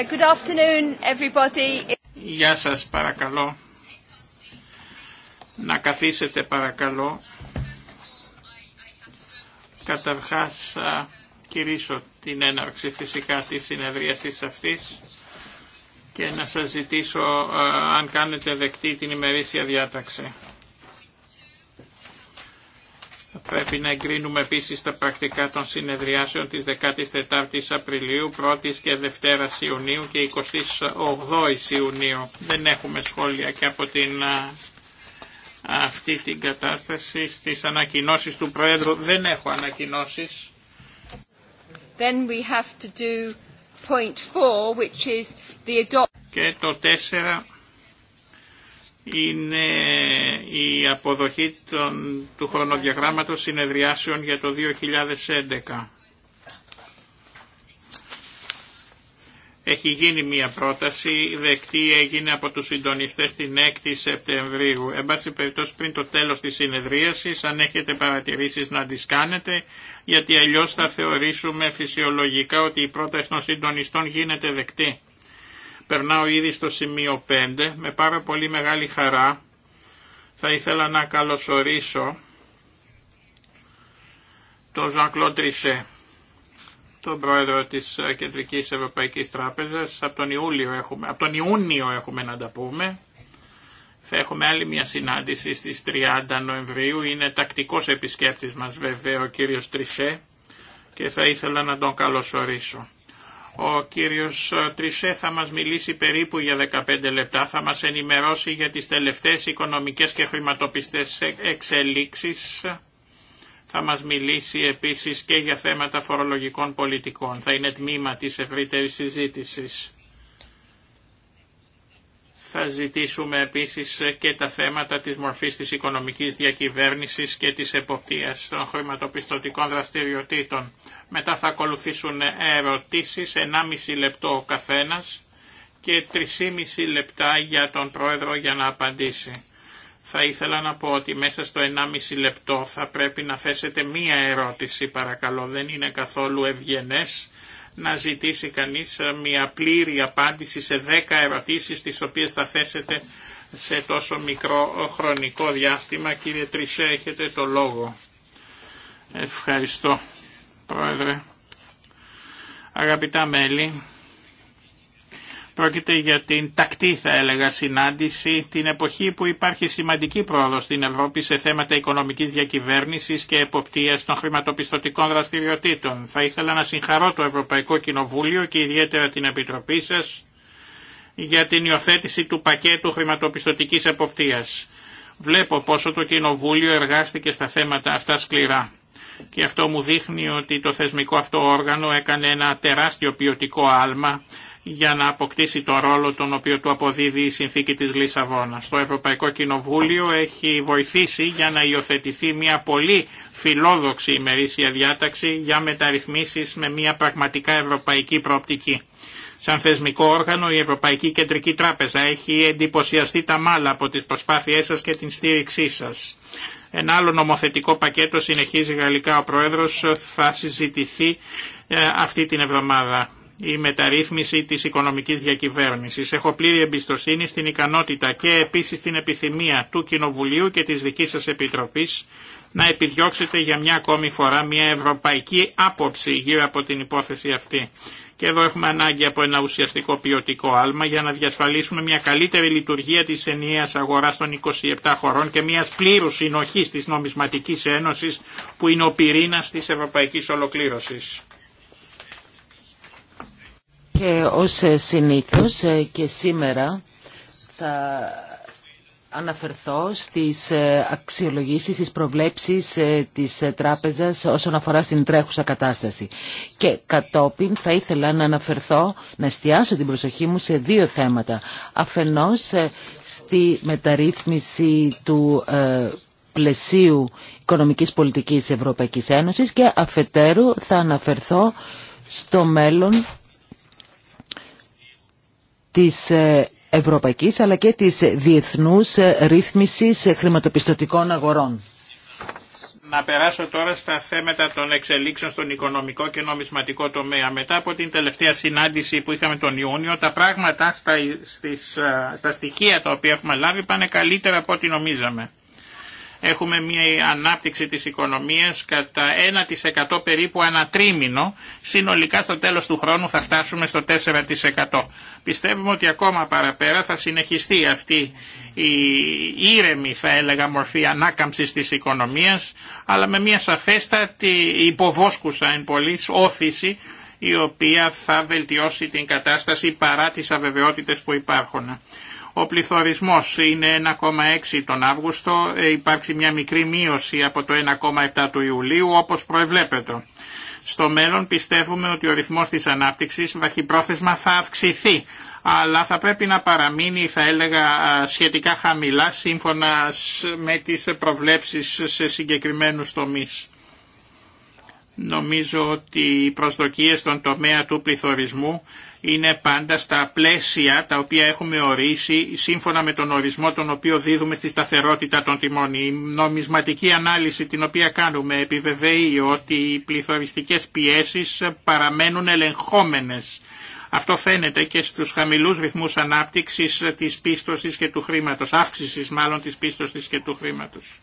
Uh, Γεια σας παρακαλώ. Να καθίσετε παρακαλώ. Καταρχάς κηρύσω την έναρξη φυσικά της συνεδρίασης αυτής και να σας ζητήσω αν κάνετε δεκτή την ημερήσια διάταξη. Πρέπει να εγκρίνουμε επίσης τα πρακτικά των συνεδριάσεων της 14ης Απριλίου, 1ης και 2ης Ιουνίου και 28ης Ιουνίου. Δεν έχουμε σχόλια και από την αυτή την κατάσταση στις ανακοινώσεις του Προέδρου. Δεν έχω ανακοινώσεις. Then we have to do point which is the... Και το 4 είναι η αποδοχή του χρονοδιαγράμματος συνεδριάσεων για το 2011. Έχει γίνει μία πρόταση, δεκτή έγινε από τους συντονιστές την 6η Σεπτεμβρίου. Εν πάση περιπτώσει πριν το τέλος της συνεδρίασης, αν έχετε παρατηρήσεις να τις κάνετε, γιατί αλλιώς θα θεωρήσουμε φυσιολογικά ότι η πρόταση των συντονιστών γίνεται δεκτή. Περνάω ήδη στο σημείο 5. Με πάρα πολύ μεγάλη χαρά θα ήθελα να καλωσορίσω τον Ζαν Τρισσέ, τον πρόεδρο της Κεντρικής Ευρωπαϊκής Τράπεζας. Από τον, Ιούλιο έχουμε, από τον Ιούνιο έχουμε να τα πούμε. Θα έχουμε άλλη μια συνάντηση στις 30 Νοεμβρίου. Είναι τακτικός επισκέπτης μας βέβαια ο κύριος Τρισέ και θα ήθελα να τον καλωσορίσω. Ο κύριος ε, Τρισέ θα μας μιλήσει περίπου για 15 λεπτά, θα μας ενημερώσει για τις τελευταίες οικονομικές και χρηματοπιστές ε, εξελίξεις. Θα μας μιλήσει επίσης και για θέματα φορολογικών πολιτικών. Θα είναι τμήμα της ευρύτερης συζήτησης. Θα ζητήσουμε επίσης και τα θέματα της μορφής της οικονομικής διακυβέρνησης και της εποπτείας των χρηματοπιστωτικών δραστηριοτήτων. Μετά θα ακολουθήσουν ερωτήσεις, 1,5 λεπτό ο καθένας και 3,5 λεπτά για τον Πρόεδρο για να απαντήσει. Θα ήθελα να πω ότι μέσα στο 1,5 λεπτό θα πρέπει να θέσετε μία ερώτηση παρακαλώ. Δεν είναι καθόλου ευγενές να ζητήσει κανείς ε, μια πλήρη απάντηση σε 10 ερωτήσεις τις οποίες θα θέσετε σε τόσο μικρό ε, χρονικό διάστημα. Κύριε Τρισέ, έχετε το λόγο. Ευχαριστώ, Πρόεδρε. Αγαπητά μέλη, Πρόκειται για την τακτή θα έλεγα συνάντηση την εποχή που υπάρχει σημαντική πρόοδο στην Ευρώπη σε θέματα οικονομικής διακυβέρνησης και εποπτείας των χρηματοπιστωτικών δραστηριοτήτων. Θα ήθελα να συγχαρώ το Ευρωπαϊκό Κοινοβούλιο και ιδιαίτερα την Επιτροπή σας για την υιοθέτηση του πακέτου χρηματοπιστωτικής εποπτείας. Βλέπω πόσο το Κοινοβούλιο εργάστηκε στα θέματα αυτά σκληρά και αυτό μου δείχνει ότι το θεσμικό αυτό όργανο έκανε ένα τεράστιο ποιοτικό άλμα για να αποκτήσει το ρόλο τον οποίο του αποδίδει η συνθήκη της Λισαβόνα. Το Ευρωπαϊκό Κοινοβούλιο έχει βοηθήσει για να υιοθετηθεί μια πολύ φιλόδοξη ημερήσια διάταξη για μεταρρυθμίσεις με μια πραγματικά ευρωπαϊκή προοπτική. Σαν θεσμικό όργανο η Ευρωπαϊκή Κεντρική Τράπεζα έχει εντυπωσιαστεί τα μάλα από τις προσπάθειές σας και την στήριξή σας. Ένα άλλο νομοθετικό πακέτο, συνεχίζει γαλλικά ο Πρόεδρος, θα συζητηθεί ε, αυτή την εβδομάδα. Η μεταρρύθμιση της οικονομικής διακυβέρνησης. Έχω πλήρη εμπιστοσύνη στην ικανότητα και επίσης την επιθυμία του Κοινοβουλίου και της δικής σας Επιτροπής να επιδιώξετε για μια ακόμη φορά μια ευρωπαϊκή άποψη γύρω από την υπόθεση αυτή. Και εδώ έχουμε ανάγκη από ένα ουσιαστικό ποιοτικό άλμα για να διασφαλίσουμε μια καλύτερη λειτουργία της ενιαίας αγοράς των 27 χωρών και μιας πλήρους συνοχής της νομισματικής ένωσης που είναι ο πυρήνας της ευρωπαϊκής ολοκλήρωσης. συνήθως ε, και σήμερα θα αναφερθώ στις ε, αξιολογήσεις, στις προβλέψεις ε, της ε, τράπεζας όσον αφορά στην τρέχουσα κατάσταση. Και κατόπιν θα ήθελα να αναφερθώ, να εστιάσω την προσοχή μου σε δύο θέματα. Αφενός στη μεταρρύθμιση του πλαισίου οικονομικής πολιτικής Ευρωπαϊκής Ένωσης και αφετέρου θα αναφερθώ στο μέλλον της ευρωπαϊκής αλλά και της διεθνούς ρύθμισης χρηματοπιστωτικών αγορών. Να περάσω τώρα στα θέματα των εξελίξεων στον οικονομικό και νομισματικό τομέα. Μετά από την τελευταία συνάντηση που είχαμε τον Ιούνιο, τα πράγματα στα, στις, στα στοιχεία τα οποία έχουμε λάβει πάνε καλύτερα από ό,τι νομίζαμε έχουμε μια ανάπτυξη της οικονομίας κατά 1% περίπου ανατρίμηνο, συνολικά στο τέλος του χρόνου θα φτάσουμε στο 4%. Πιστεύουμε ότι ακόμα παραπέρα θα συνεχιστεί αυτή η ήρεμη θα έλεγα μορφή ανάκαμψης της οικονομίας, αλλά με μια σαφέστατη υποβόσκουσα εν πολλής όθηση η οποία θα βελτιώσει την κατάσταση παρά τις αβεβαιότητες που υπάρχουν. Ο πληθωρισμός είναι 1,6 τον Αύγουστο, ε, υπάρχει μια μικρή μείωση από το 1,7 του Ιουλίου όπως προεβλέπεται. Στο μέλλον πιστεύουμε ότι ο ρυθμός της ανάπτυξης βαχυπρόθεσμα θα αυξηθεί, αλλά θα πρέπει να παραμείνει, θα έλεγα, σχετικά χαμηλά σύμφωνα με τις προβλέψεις σε συγκεκριμένους τομείς. Νομίζω ότι οι προσδοκίες στον τομέα του πληθωρισμού είναι πάντα στα πλαίσια τα οποία έχουμε ορίσει σύμφωνα με τον ορισμό τον οποίο δίδουμε στη σταθερότητα των τιμών. Η νομισματική ανάλυση την οποία κάνουμε επιβεβαιεί ότι οι πληθωριστικές πιέσεις παραμένουν ελεγχόμενες. Αυτό φαίνεται και στους χαμηλούς ρυθμούς ανάπτυξης της πίστοσης και του χρήματος, αύξησης μάλλον της πίστοσης και του χρήματος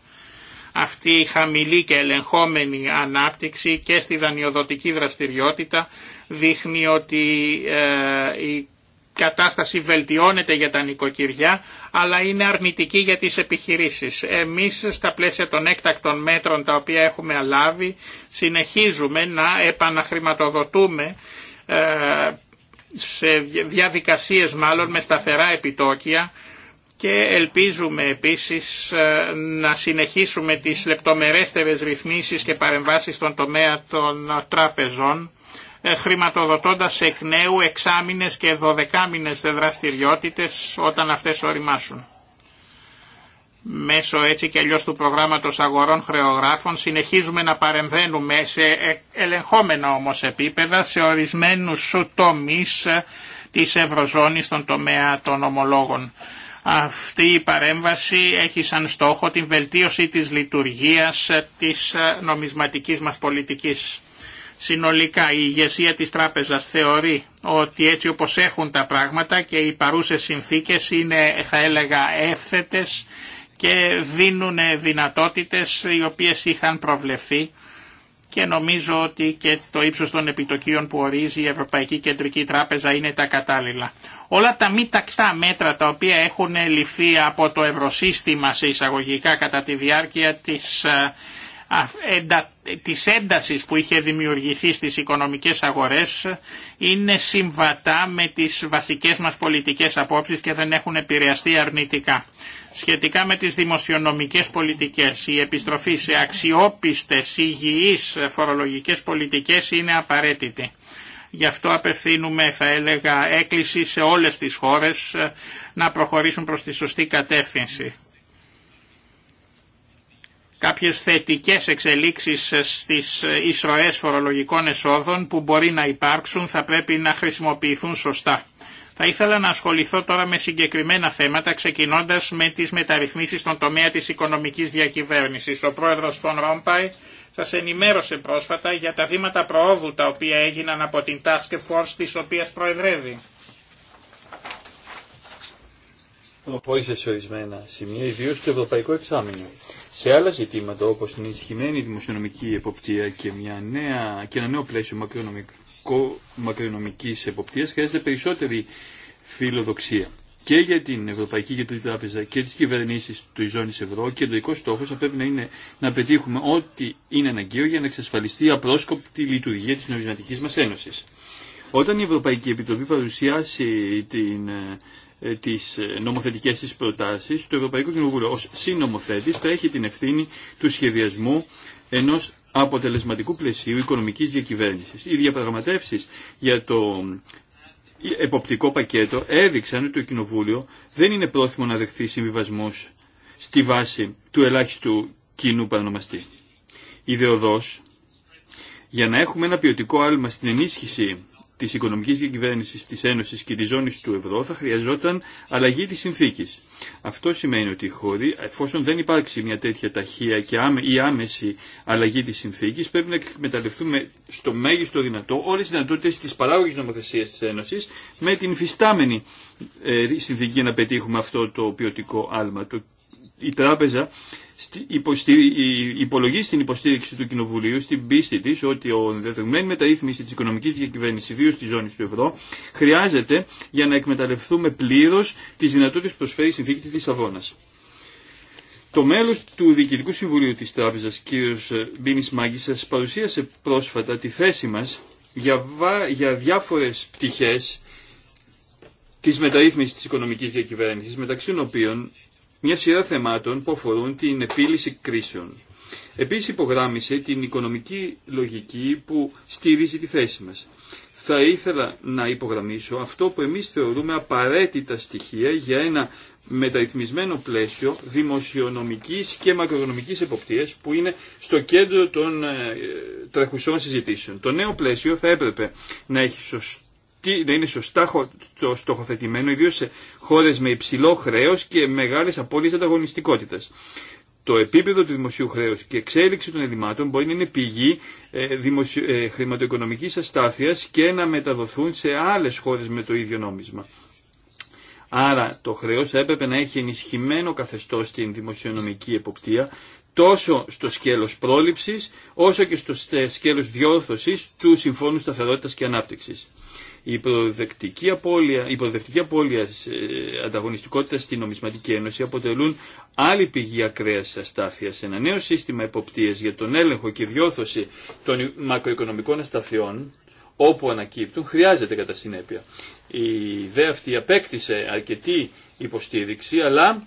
αυτή η χαμηλή και ελεγχόμενη ανάπτυξη και στη δανειοδοτική δραστηριότητα δείχνει ότι ε, η κατάσταση βελτιώνεται για τα νοικοκυριά, αλλά είναι αρνητική για τις επιχειρήσεις. Εμείς στα πλαίσια των έκτακτων μέτρων τα οποία έχουμε αλάβει, συνεχίζουμε να επαναχρηματοδοτούμε ε, σε διαδικασίες μάλλον με σταθερά επιτόκια, και ελπίζουμε επίσης ε, να συνεχίσουμε τις λεπτομερέστερες ρυθμίσεις και παρεμβάσεις στον τομέα των τραπεζών ε, χρηματοδοτώντας εκ νέου εξάμηνες και δωδεκάμηνες δραστηριότητες όταν αυτές οριμάσουν. Μέσω έτσι και αλλιώς του προγράμματος αγορών χρεογράφων συνεχίζουμε να παρεμβαίνουμε σε ε, ελεγχόμενα όμως επίπεδα σε ορισμένους τομείς της Ευρωζώνης στον τομέα των ομολόγων. Αυτή η παρέμβαση έχει σαν στόχο την βελτίωση της λειτουργίας της ε, νομισματικής μας πολιτικής. Συνολικά η ηγεσία της τράπεζας θεωρεί ότι έτσι όπως έχουν τα πράγματα και οι παρούσες συνθήκες είναι θα έλεγα εύθετες και δίνουν δυνατότητες οι οποίες είχαν προβλεφθεί και νομίζω ότι και το ύψος των επιτοκίων που ορίζει η Ευρωπαϊκή Κεντρική Τράπεζα είναι τα κατάλληλα. Όλα τα μη τακτά μέτρα τα οποία έχουν ληφθεί από το ευρωσύστημα σε εισαγωγικά κατά τη διάρκεια της ε, της έντασης που είχε δημιουργηθεί στις οικονομικές αγορές είναι συμβατά με τις βασικές μας πολιτικές απόψεις και δεν έχουν επηρεαστεί αρνητικά. Σχετικά με τις δημοσιονομικές πολιτικές, η επιστροφή σε αξιόπιστες, υγιείς φορολογικές πολιτικές είναι απαραίτητη. Γι' αυτό απευθύνουμε, θα έλεγα, έκκληση σε όλες τις χώρες να προχωρήσουν προς τη σωστή κατεύθυνση κάποιες θετικές εξελίξεις στις ισροές φορολογικών εσόδων που μπορεί να υπάρξουν θα πρέπει να χρησιμοποιηθούν σωστά. Θα ήθελα να ασχοληθώ τώρα με συγκεκριμένα θέματα, ξεκινώντας με τις μεταρρυθμίσεις στον τομέα της οικονομικής διακυβέρνησης. Ο πρόεδρος Φων Ρόμπαϊ σας ενημέρωσε πρόσφατα για τα βήματα προόδου τα οποία έγιναν από την Task Force της οποίας προεδρεύει. Προπόησε σε ορισμένα σημεία, ιδίως του Ευρωπαϊκό Εξάμεινο. Σε άλλα ζητήματα όπω την ενισχυμένη δημοσιονομική εποπτεία και, μια νέα, και ένα νέο πλαίσιο μακρονομική εποπτεία, χρειάζεται περισσότερη φιλοδοξία και για την Ευρωπαϊκή Κεντρική Τράπεζα και τις κυβερνήσει του ζώνης ευρώ κεντρικός στόχο θα πρέπει να είναι να πετύχουμε ό,τι είναι αναγκαίο για να εξασφαλιστεί η απρόσκοπτη λειτουργία τη νομισματική μα Ένωση. Όταν η Ευρωπαϊκή Επιτροπή παρουσιάσει την ε, ε, Τι ε, νομοθετικέ της προτάσει, το Ευρωπαϊκό Κοινοβούλιο ω σύνομοθετή, θα έχει την ευθύνη του σχεδιασμού ενός αποτελεσματικού πλαισίου οικονομικής διακυβέρνηση. Οι διαπραγματεύσει για το εποπτικό πακέτο έδειξαν ότι το Κοινοβούλιο δεν είναι πρόθυμο να δεχθεί συμβιβασμού στη βάση του ελάχιστου κοινού παρανομαστή. Ιδεοδός, για να έχουμε ένα ποιοτικό άλμα στην ενίσχυση τη οικονομική διακυβέρνηση τη Ένωση και τη ζώνη του ευρώ θα χρειαζόταν αλλαγή τη συνθήκη. Αυτό σημαίνει ότι οι χώροι, εφόσον δεν υπάρξει μια τέτοια ταχεία και η άμεση αλλαγή τη συνθήκη, πρέπει να εκμεταλλευτούμε στο μέγιστο δυνατό όλε τι δυνατότητε τη παράγωγης νομοθεσίας της Ένωσης με την φυστάμενη ε, συνθήκη να πετύχουμε αυτό το ποιοτικό άλμα. Η τράπεζα υπολογίζει την υποστήριξη του Κοινοβουλίου στην πίστη τη ότι ο δεδομένη μεταρρύθμιση τη οικονομική διακυβέρνηση ιδίω τη ζώνη του ευρώ χρειάζεται για να εκμεταλλευτούμε πλήρω τι δυνατότητε που προσφέρει η συνθήκη τη Λισαβόνα. Το μέλο του Διοικητικού Συμβουλίου τη Τράπεζα, κ. Μπίνη Μάγκη, σα παρουσίασε πρόσφατα τη θέση μα για, βα... για διάφορες πτυχές τη οικονομική της μεταξύ των οποίων μια σειρά θεμάτων που αφορούν την επίλυση κρίσεων. Επίσης υπογράμμισε την οικονομική λογική που στηρίζει τη θέση μας. Θα ήθελα να υπογραμμίσω αυτό που εμείς θεωρούμε απαραίτητα στοιχεία για ένα μεταρρυθμισμένο πλαίσιο δημοσιονομικής και μακροοικονομικής εποπτείας που είναι στο κέντρο των ε, τρεχουσών συζητήσεων. Το νέο πλαίσιο θα έπρεπε να έχει σωστό να είναι σωστά το στοχοθετημένο, ιδίω σε χώρε με υψηλό χρέο και μεγάλε απώλειες ανταγωνιστικότητας. Το επίπεδο του δημοσίου χρέου και εξέλιξη των ελλημάτων μπορεί να είναι πηγή ε, ε, χρηματοοικονομικής αστάθειας και να μεταδοθούν σε άλλες χώρες με το ίδιο νόμισμα. Άρα το χρέος θα έπρεπε να έχει ενισχυμένο καθεστώς στην δημοσιονομική εποπτεία, τόσο στο σκέλος πρόληψης, όσο και στο σκέλος διόρθωσης του Συμφώνου Σταθερότητας και Ανάπτυξης. Η προοδευτική απώλεια, η απώλεια ε, ανταγωνιστικότητα στην νομισματική ένωση αποτελούν άλλη πηγή ακραία αστάθεια. Ένα νέο σύστημα εποπτείας για τον έλεγχο και διόρθωση των μακροοικονομικών ασταθειών όπου ανακύπτουν χρειάζεται κατά συνέπεια. Η ιδέα αυτή απέκτησε αρκετή υποστήριξη αλλά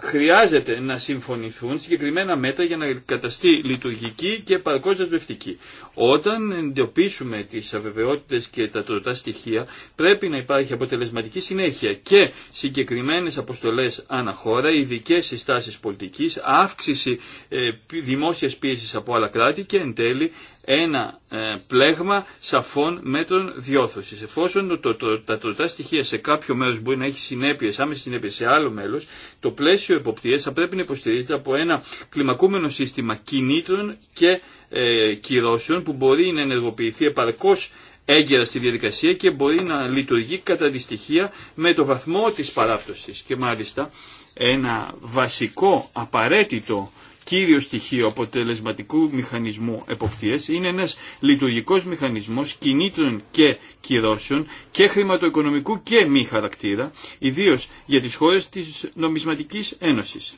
χρειάζεται να συμφωνηθούν συγκεκριμένα μέτρα για να καταστεί λειτουργική και παρκώς δεσμευτική. Όταν εντοπίσουμε τις αβεβαιότητες και τα τροτά στοιχεία, πρέπει να υπάρχει αποτελεσματική συνέχεια και συγκεκριμένες αποστολές αναχώρα, ειδικέ συστάσεις πολιτικής, αύξηση ε, δημόσιας πίεσης από άλλα κράτη και εν τέλει ένα ε, πλέγμα σαφών μέτρων διόρθωση. Εφόσον τα τροτά στοιχεία σε κάποιο μέρο μπορεί να έχει συνέπειε, άμεση συνέπειε σε άλλο μέλο, το πλαίσιο εποπτεία θα πρέπει να υποστηρίζεται από ένα κλιμακούμενο σύστημα κινήτρων και ε, κυρώσεων που μπορεί να ενεργοποιηθεί επαρκώ έγκαιρα στη διαδικασία και μπορεί να λειτουργεί κατά τη στοιχεία με το βαθμό της παράπτωσης. Και μάλιστα ένα βασικό απαραίτητο κύριο στοιχείο αποτελεσματικού μηχανισμού εποπτείας είναι ένας λειτουργικός μηχανισμός κινήτων και κυρώσεων και χρηματοοικονομικού και μη χαρακτήρα, ιδίως για τις χώρες της νομισματικής ένωσης.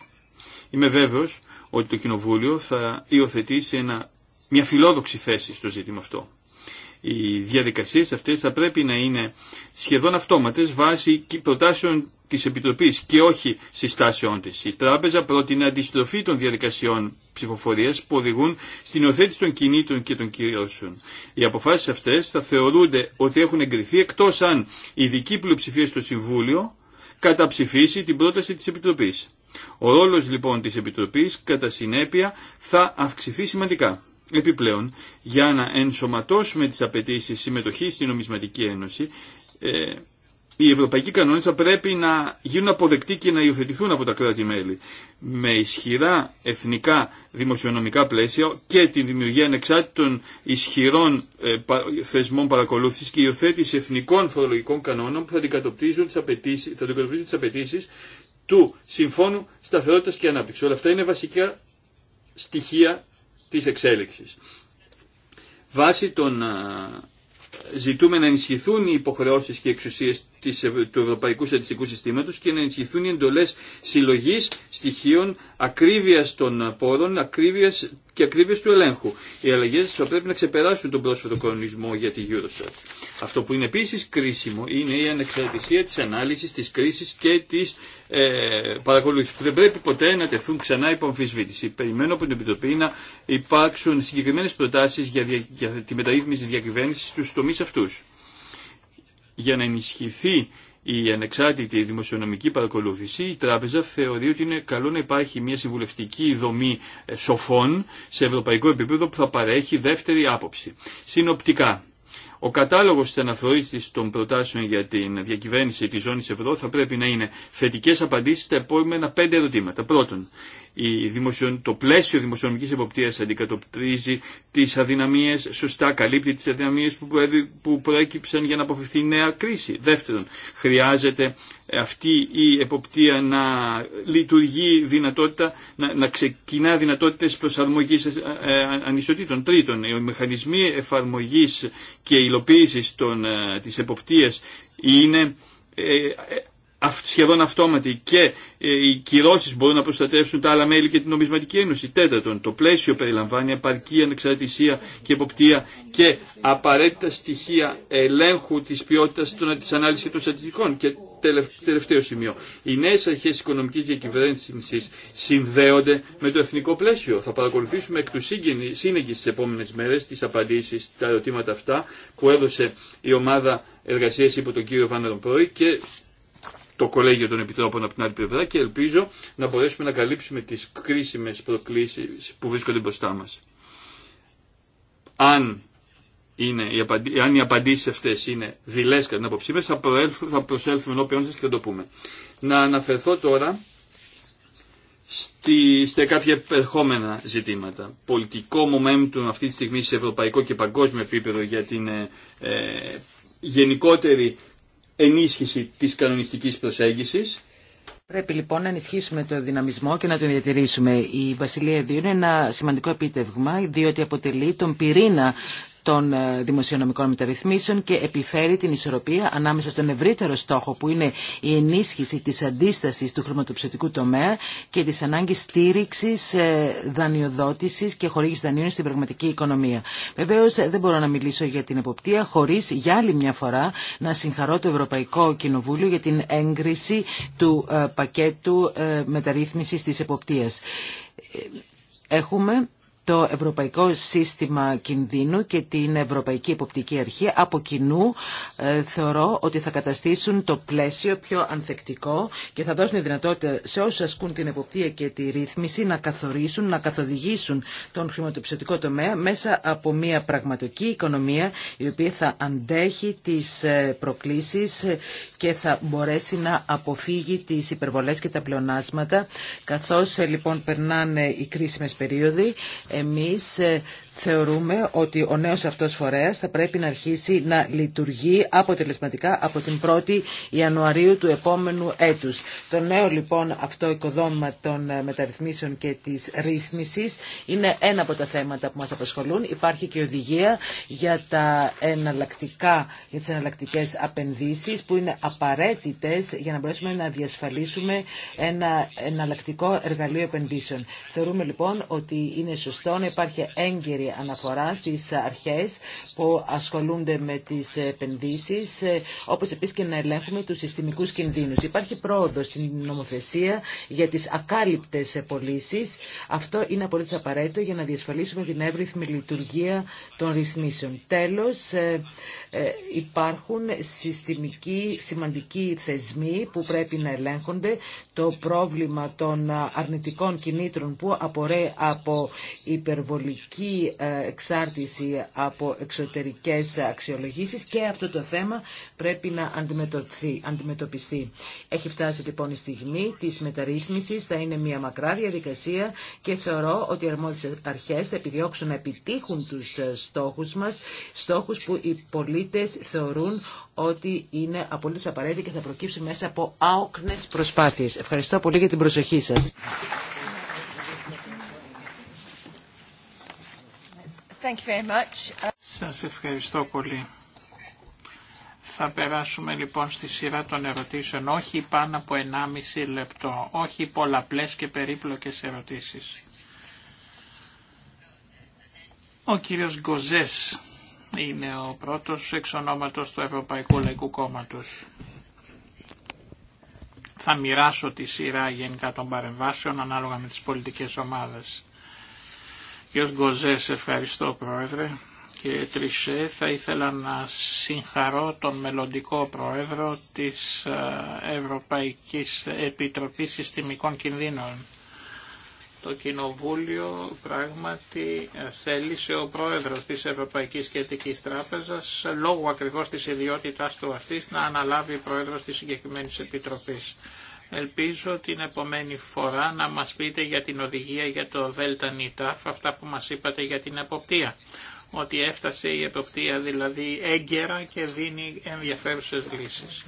Είμαι βέβαιος ότι το Κοινοβούλιο θα υιοθετήσει ένα μια φιλόδοξη θέση στο ζήτημα αυτό. Οι διαδικασίες αυτές θα πρέπει να είναι σχεδόν αυτόματες βάσει προτάσεων της Επιτροπής και όχι συστάσεών της. Η Τράπεζα πρότεινε αντιστροφή των διαδικασιών ψηφοφορίας που οδηγούν στην οθέτηση των κινήτων και των κυρώσεων. Οι αποφάσεις αυτές θα θεωρούνται ότι έχουν εγκριθεί εκτός αν η ειδική πλειοψηφία στο Συμβούλιο καταψηφίσει την πρόταση της Επιτροπής. Ο ρόλος λοιπόν της επιτροπή κατά συνέπεια θα αυξηθεί σημαντικά. Επιπλέον, για να ενσωματώσουμε τις απαιτήσει συμμετοχή στην Νομισματική Ένωση, ε, οι ευρωπαϊκοί κανόνες θα πρέπει να γίνουν αποδεκτοί και να υιοθετηθούν από τα κράτη-μέλη με ισχυρά εθνικά δημοσιονομικά πλαίσια και τη δημιουργία ανεξάρτητων ισχυρών ε, θεσμών παρακολούθησης και υιοθέτηση εθνικών φορολογικών κανόνων που θα αντικατοπτρίζουν τις απαιτήσεις, θα τις του Συμφώνου Σταθερότητας και Ανάπτυξης. Όλα αυτά είναι βασικά στοιχεία της εξέλιξης. Βάσει των ε, ζητούμε να ενισχυθούν οι υποχρεώσεις και εξουσίες του Ευρωπαϊκού Στατιστικού Συστήματος και να ενισχυθούν οι εντολές συλλογής στοιχείων ακρίβειας των πόρων ακρίβειας και ακρίβειας του ελέγχου. Οι αλλαγές θα πρέπει να ξεπεράσουν τον πρόσφατο κανονισμό για τη Eurostat. Αυτό που είναι επίσης κρίσιμο είναι η ανεξαρτησία της ανάλυσης, της κρίσης και της ε, παρακολούθησης που δεν πρέπει ποτέ να τεθούν ξανά υπό αμφισβήτηση. Περιμένω από την Επιτροπή να υπάρξουν συγκεκριμένες προτάσεις για, τη μεταρρύθμιση διακυβέρνησης στους τομείς αυτούς για να ενισχυθεί η ανεξάρτητη δημοσιονομική παρακολούθηση, η Τράπεζα θεωρεί ότι είναι καλό να υπάρχει μια συμβουλευτική δομή ε, σοφών σε ευρωπαϊκό επίπεδο που θα παρέχει δεύτερη άποψη. Συνοπτικά, ο κατάλογος της αναθεώρησης των προτάσεων για την διακυβέρνηση της ζώνης ευρώ θα πρέπει να είναι θετικές απαντήσεις στα επόμενα πέντε ερωτήματα. Πρώτον, η το πλαίσιο δημοσιονομικής εποπτείας αντικατοπτρίζει τις αδυναμίες, σωστά καλύπτει τις αδυναμίες που, που προέκυψαν για να αποφευθεί νέα κρίση. Δεύτερον, χρειάζεται αυτή η εποπτεία να λειτουργεί δυνατότητα, να, να ξεκινά δυνατότητες προσαρμογής ε, ε, ανισοτήτων. Τρίτον, οι μηχανισμοί εφαρμογή και υλοποίηση τη ε, της είναι σχεδόν αυτόματοι και ε, οι κυρώσει μπορούν να προστατεύσουν τα άλλα μέλη και την νομισματική ένωση. Τέταρτον, το πλαίσιο περιλαμβάνει επαρκή ανεξαρτησία και εποπτεία και απαραίτητα στοιχεία ελέγχου τη ποιότητα, τη ανάλυση των στατιστικών. Και τελευταίο σημείο. Οι νέε αρχέ οικονομική διακυβέρνηση συνδέονται με το εθνικό πλαίσιο. Θα παρακολουθήσουμε εκ του σύνεγγυ στι επόμενε μέρε τι απαντήσει στα ερωτήματα αυτά που έδωσε η ομάδα εργασία υπό τον κύριο Βάνερον και το Κολέγιο των Επιτρόπων από την άλλη πλευρά και ελπίζω να μπορέσουμε να καλύψουμε τις κρίσιμες προκλήσεις που βρίσκονται μπροστά μας. Αν, είναι, οι απαντήσει αν αυτές είναι δειλές κατά την απόψή μας, θα, θα προσέλθουμε ενώπιον σας και θα το πούμε. Να αναφερθώ τώρα στη, στα κάποια επερχόμενα ζητήματα. Πολιτικό momentum αυτή τη στιγμή σε ευρωπαϊκό και παγκόσμιο επίπεδο για την ε, ε, γενικότερη ενίσχυση της κανονιστικής προσέγγισης. Πρέπει λοιπόν να ενισχύσουμε το δυναμισμό και να τον διατηρήσουμε. Η Βασιλεία δύο είναι ένα σημαντικό επίτευγμα, διότι αποτελεί τον πυρήνα των ε, δημοσιονομικών μεταρρυθμίσεων και επιφέρει την ισορροπία ανάμεσα στον ευρύτερο στόχο που είναι η ενίσχυση της αντίστασης του χρηματοπιστωτικού τομέα και της ανάγκης στήριξης ε, δανειοδότησης και χορήγηση δανείων στην πραγματική οικονομία. Βεβαίως ε, δεν μπορώ να μιλήσω για την εποπτεία χωρίς για άλλη μια φορά να συγχαρώ το Ευρωπαϊκό Κοινοβούλιο για την έγκριση του πακέτου μεταρρύθμισης τη εποπτείας. Έχουμε το Ευρωπαϊκό Σύστημα Κινδύνου και την Ευρωπαϊκή Εποπτική Αρχή από κοινού ε, θεωρώ ότι θα καταστήσουν το πλαίσιο πιο ανθεκτικό και θα δώσουν δυνατότητα σε όσους ασκούν την εποπτεία και τη ρύθμιση να καθορίσουν, να καθοδηγήσουν τον χρηματοπιστωτικό τομέα μέσα από μια πραγματική οικονομία η οποία θα αντέχει τις ε, προκλήσεις ε, και θα μπορέσει να αποφύγει τις υπερβολές και τα πλεονάσματα καθώς λοιπόν περνάνε οι κρίσιμες περίοδοι εμείς ε, θεωρούμε ότι ο νέος αυτός φορέας θα πρέπει να αρχίσει να λειτουργεί αποτελεσματικά από την 1η Ιανουαρίου του επόμενου έτους. Το νέο λοιπόν αυτό οικοδόμημα των ε, μεταρρυθμίσεων και της ρύθμισης είναι ένα από τα θέματα που μας απασχολούν. Υπάρχει και οδηγία για, τα εναλλακτικά, για τις εναλλακτικές απενδύσεις που είναι απαραίτητες για να μπορέσουμε να διασφαλίσουμε ένα εναλλακτικό εργαλείο επενδύσεων. Θεωρούμε λοιπόν ότι είναι σωστό να υπάρχει έγκαιρη αναφορά στις αρχές που ασχολούνται με τις επενδύσεις, ε, όπως επίσης και να ελέγχουμε τους συστημικούς κινδύνους. Υπάρχει πρόοδο στην νομοθεσία για τις ακάλυπτες πωλήσει. Αυτό είναι απολύτως απαραίτητο για να διασφαλίσουμε την εύρυθμη λειτουργία των ρυθμίσεων. Τέλος, ε, ε, υπάρχουν συστημικοί σημαντικοί θεσμοί που πρέπει να ελέγχονται. Το πρόβλημα των αρνητικών κινήτρων που απορρέει από υπερβολική εξάρτηση από εξωτερικές αξιολογήσεις και αυτό το θέμα πρέπει να αντιμετωπιστεί. Έχει φτάσει λοιπόν η στιγμή της μεταρρύθμισης, θα είναι μια μακρά διαδικασία και θεωρώ ότι οι αρμόδιες αρχές θα επιδιώξουν να επιτύχουν τους στόχους μας, στόχους που οι πολίτες θεωρούν ότι είναι απολύτως απαραίτητοι και θα προκύψει μέσα από άοκνες προσπάθειες. Ευχαριστώ πολύ για την προσοχή σας. Thank Σας ευχαριστώ πολύ. Θα περάσουμε λοιπόν στη σειρά των ερωτήσεων. Όχι πάνω από 1,5 λεπτό. Όχι πολλαπλές και περίπλοκες ερωτήσεις. Ο κύριος Γκοζές είναι ο πρώτος εξ ονόματος του Ευρωπαϊκού Λαϊκού Κόμματος. Θα μοιράσω τη σειρά γενικά των παρεμβάσεων ανάλογα με τις πολιτικές ομάδες. Κύριος Γκοζές, ευχαριστώ Πρόεδρε. Κύριε Τρισέ, θα ήθελα να συγχαρώ τον μελλοντικό Πρόεδρο της ε, Ευρωπαϊκής Επιτροπής Συστημικών Κινδύνων. Το Κοινοβούλιο πράγματι ε, θέλησε ο Πρόεδρος της Ευρωπαϊκής Σχετικής Τράπεζας, λόγω ακριβώς της ιδιότητάς του αυτής, να αναλάβει Πρόεδρος της συγκεκριμένης Επιτροπής. Ελπίζω την επομένη φορά να μας πείτε για την οδηγία για το Δέλτα Νιτάφ, αυτά που μας είπατε για την εποπτεία. Ότι έφτασε η εποπτεία δηλαδή έγκαιρα και δίνει ενδιαφέρουσες λύσεις.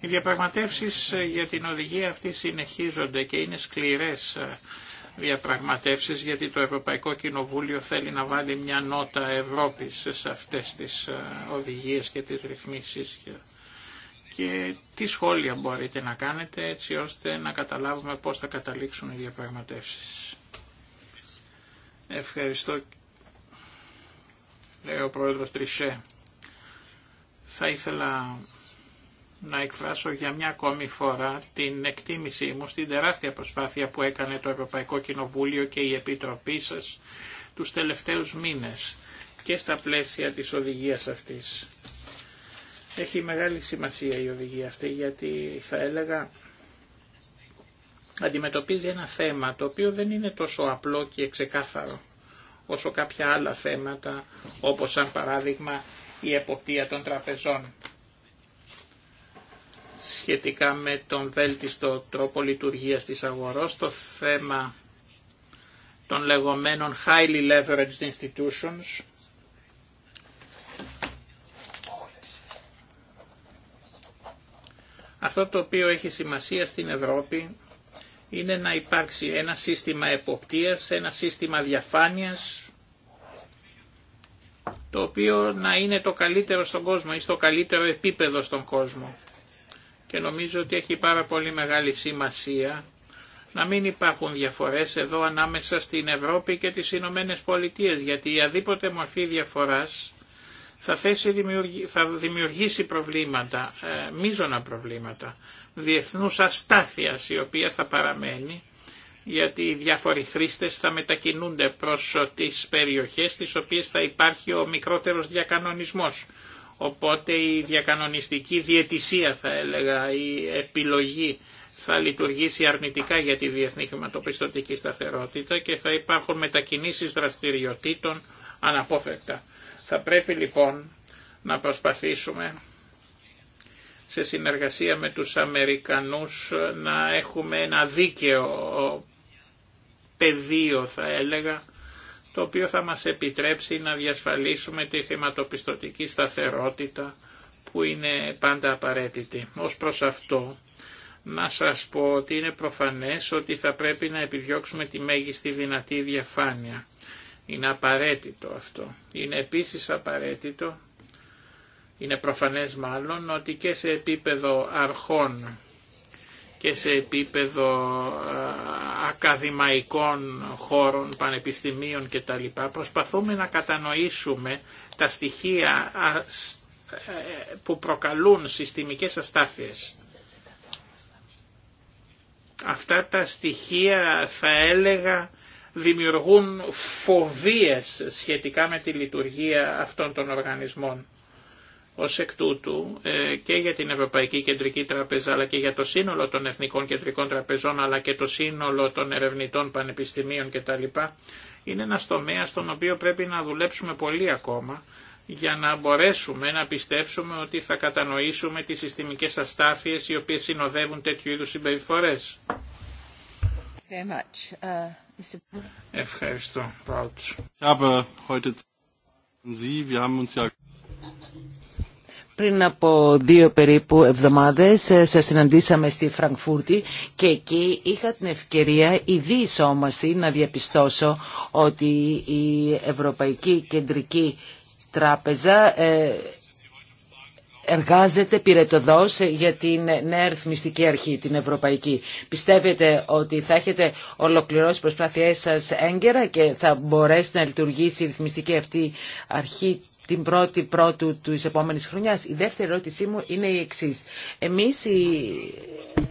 Οι διαπραγματεύσεις ε, για την οδηγία αυτή συνεχίζονται και είναι σκληρές ε, διαπραγματεύσεις γιατί το Ευρωπαϊκό Κοινοβούλιο θέλει να βάλει μια νότα Ευρώπης σε αυτές τις ε, οδηγίες και τις ρυθμίσεις και τι σχόλια μπορείτε να κάνετε έτσι ώστε να καταλάβουμε πώς θα καταλήξουν οι διαπραγματεύσεις. Ευχαριστώ, λέει ο Πρόεδρος Τρισέ. Θα ήθελα να εκφράσω για μια ακόμη φορά την εκτίμησή μου στην τεράστια προσπάθεια που έκανε το Ευρωπαϊκό Κοινοβούλιο και η Επιτροπή σας τους τελευταίους μήνες και στα πλαίσια της οδηγίας αυτής. Έχει μεγάλη σημασία η οδηγία αυτή γιατί θα έλεγα αντιμετωπίζει ένα θέμα το οποίο δεν είναι τόσο απλό και ξεκάθαρο όσο κάποια άλλα θέματα όπως σαν παράδειγμα η εποπτεία των τραπεζών σχετικά με τον βέλτιστο τρόπο λειτουργίας της αγορός, το θέμα των λεγόμενων highly leveraged institutions, Αυτό το οποίο έχει σημασία στην Ευρώπη είναι να υπάρξει ένα σύστημα εποπτείας, ένα σύστημα διαφάνειας, το οποίο να είναι το καλύτερο στον κόσμο ή στο καλύτερο επίπεδο στον κόσμο. Και νομίζω ότι έχει πάρα πολύ μεγάλη σημασία να μην υπάρχουν διαφορές εδώ ανάμεσα στην Ευρώπη και τις Ηνωμένε Πολιτείε, γιατί η αδίποτε μορφή διαφοράς θα, θέσει, θα δημιουργήσει προβλήματα, ε, μίζωνα προβλήματα, διεθνούς αστάθειας η οποία θα παραμένει γιατί οι διάφοροι χρήστες θα μετακινούνται προς τις περιοχές τις οποίες θα υπάρχει ο μικρότερος διακανονισμός. Οπότε η διακανονιστική διαιτησία θα έλεγα, η επιλογή θα λειτουργήσει αρνητικά για τη διεθνή χρηματοπιστωτική σταθερότητα και θα υπάρχουν μετακινήσεις δραστηριοτήτων αναπόφευκτα. Θα πρέπει λοιπόν να προσπαθήσουμε σε συνεργασία με τους Αμερικανούς να έχουμε ένα δίκαιο πεδίο θα έλεγα το οποίο θα μας επιτρέψει να διασφαλίσουμε τη χρηματοπιστωτική σταθερότητα που είναι πάντα απαραίτητη. Ως προς αυτό να σας πω ότι είναι προφανές ότι θα πρέπει να επιδιώξουμε τη μέγιστη δυνατή διαφάνεια. Είναι απαραίτητο αυτό. Είναι επίσης απαραίτητο, είναι προφανές μάλλον, ότι και σε επίπεδο αρχών και σε επίπεδο ακαδημαϊκών χώρων, πανεπιστημίων κτλ. Προσπαθούμε να κατανοήσουμε τα στοιχεία ε, που προκαλούν συστημικές αστάθειες. Αυτά τα στοιχεία θα έλεγα δημιουργούν φοβίες σχετικά με τη λειτουργία αυτών των οργανισμών. Ως εκ τούτου ε, και για την Ευρωπαϊκή Κεντρική Τραπεζά αλλά και για το σύνολο των Εθνικών Κεντρικών Τραπεζών αλλά και το σύνολο των ερευνητών πανεπιστημίων κτλ. Είναι ένα τομέας στον οποίο πρέπει να δουλέψουμε πολύ ακόμα για να μπορέσουμε να πιστέψουμε ότι θα κατανοήσουμε τις συστημικές αστάθειες οι οποίες συνοδεύουν τέτοιου είδους συμπεριφορές. Ευχαριστώ, Πριν από δύο περίπου εβδομάδες ε, σας συναντήσαμε στη Φραγκφούρτη και εκεί είχα την ευκαιρία η διεισόμαση να διαπιστώσω ότι η Ευρωπαϊκή Κεντρική Τράπεζα ε, εργάζεται πυρετοδός για την νέα ρυθμιστική αρχή, την ευρωπαϊκή. Πιστεύετε ότι θα έχετε ολοκληρώσει προσπάθειές σας έγκαιρα και θα μπορέσει να λειτουργήσει η ρυθμιστική αυτή αρχή την πρώτη πρώτου του επόμενης χρονιάς. Η δεύτερη ερώτησή μου είναι η εξής. Εμείς οι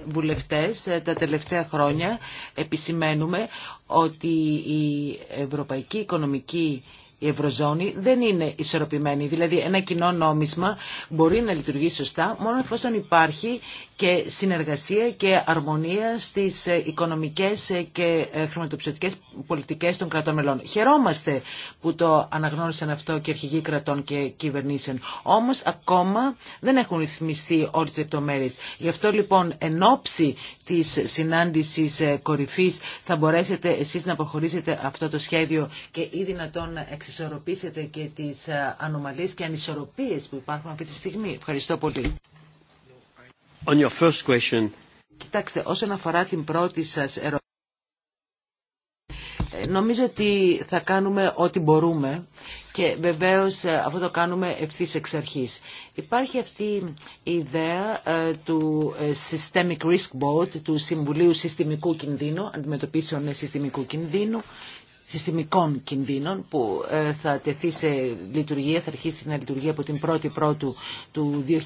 βουλευτές τα τελευταία χρόνια επισημαίνουμε ότι η ευρωπαϊκή οικονομική η Ευρωζώνη δεν είναι ισορροπημένη. Δηλαδή ένα κοινό νόμισμα μπορεί να λειτουργεί σωστά μόνο εφόσον υπάρχει και συνεργασία και αρμονία στις ε, οικονομικές ε, και ε, χρηματοπιστωτικές πολιτικές των κρατών μελών. Χαιρόμαστε που το αναγνώρισαν αυτό και αρχηγοί κρατών και κυβερνήσεων. Όμως ακόμα δεν έχουν ρυθμιστεί όλε τι λεπτομέρειες. Γι' αυτό λοιπόν εν ώψη της συνάντησης κορυφής θα μπορέσετε εσεί να αποχωρήσετε αυτό το σχέδιο και ή δυνατόν εξ εξισορροπήσετε και τις ε, ανομαλίες και ανισορροπίες που υπάρχουν αυτή τη στιγμή. Ευχαριστώ πολύ. On your first question. Κοιτάξτε, όσον αφορά την πρώτη σας ερώτηση, ε, νομίζω ότι θα κάνουμε ό,τι μπορούμε και βεβαίως ε, αυτό το κάνουμε ευθύς εξ αρχής. Υπάρχει αυτή η ιδέα του Systemic Risk Board, του Συμβουλίου Συστημικού Κινδύνου, Αντιμετωπίσεων Συστημικού Κινδύνου, συστημικών κινδύνων που ε, θα τεθεί σε λειτουργία, θα αρχίσει να λειτουργεί από την 1η Πρώτου του 2011.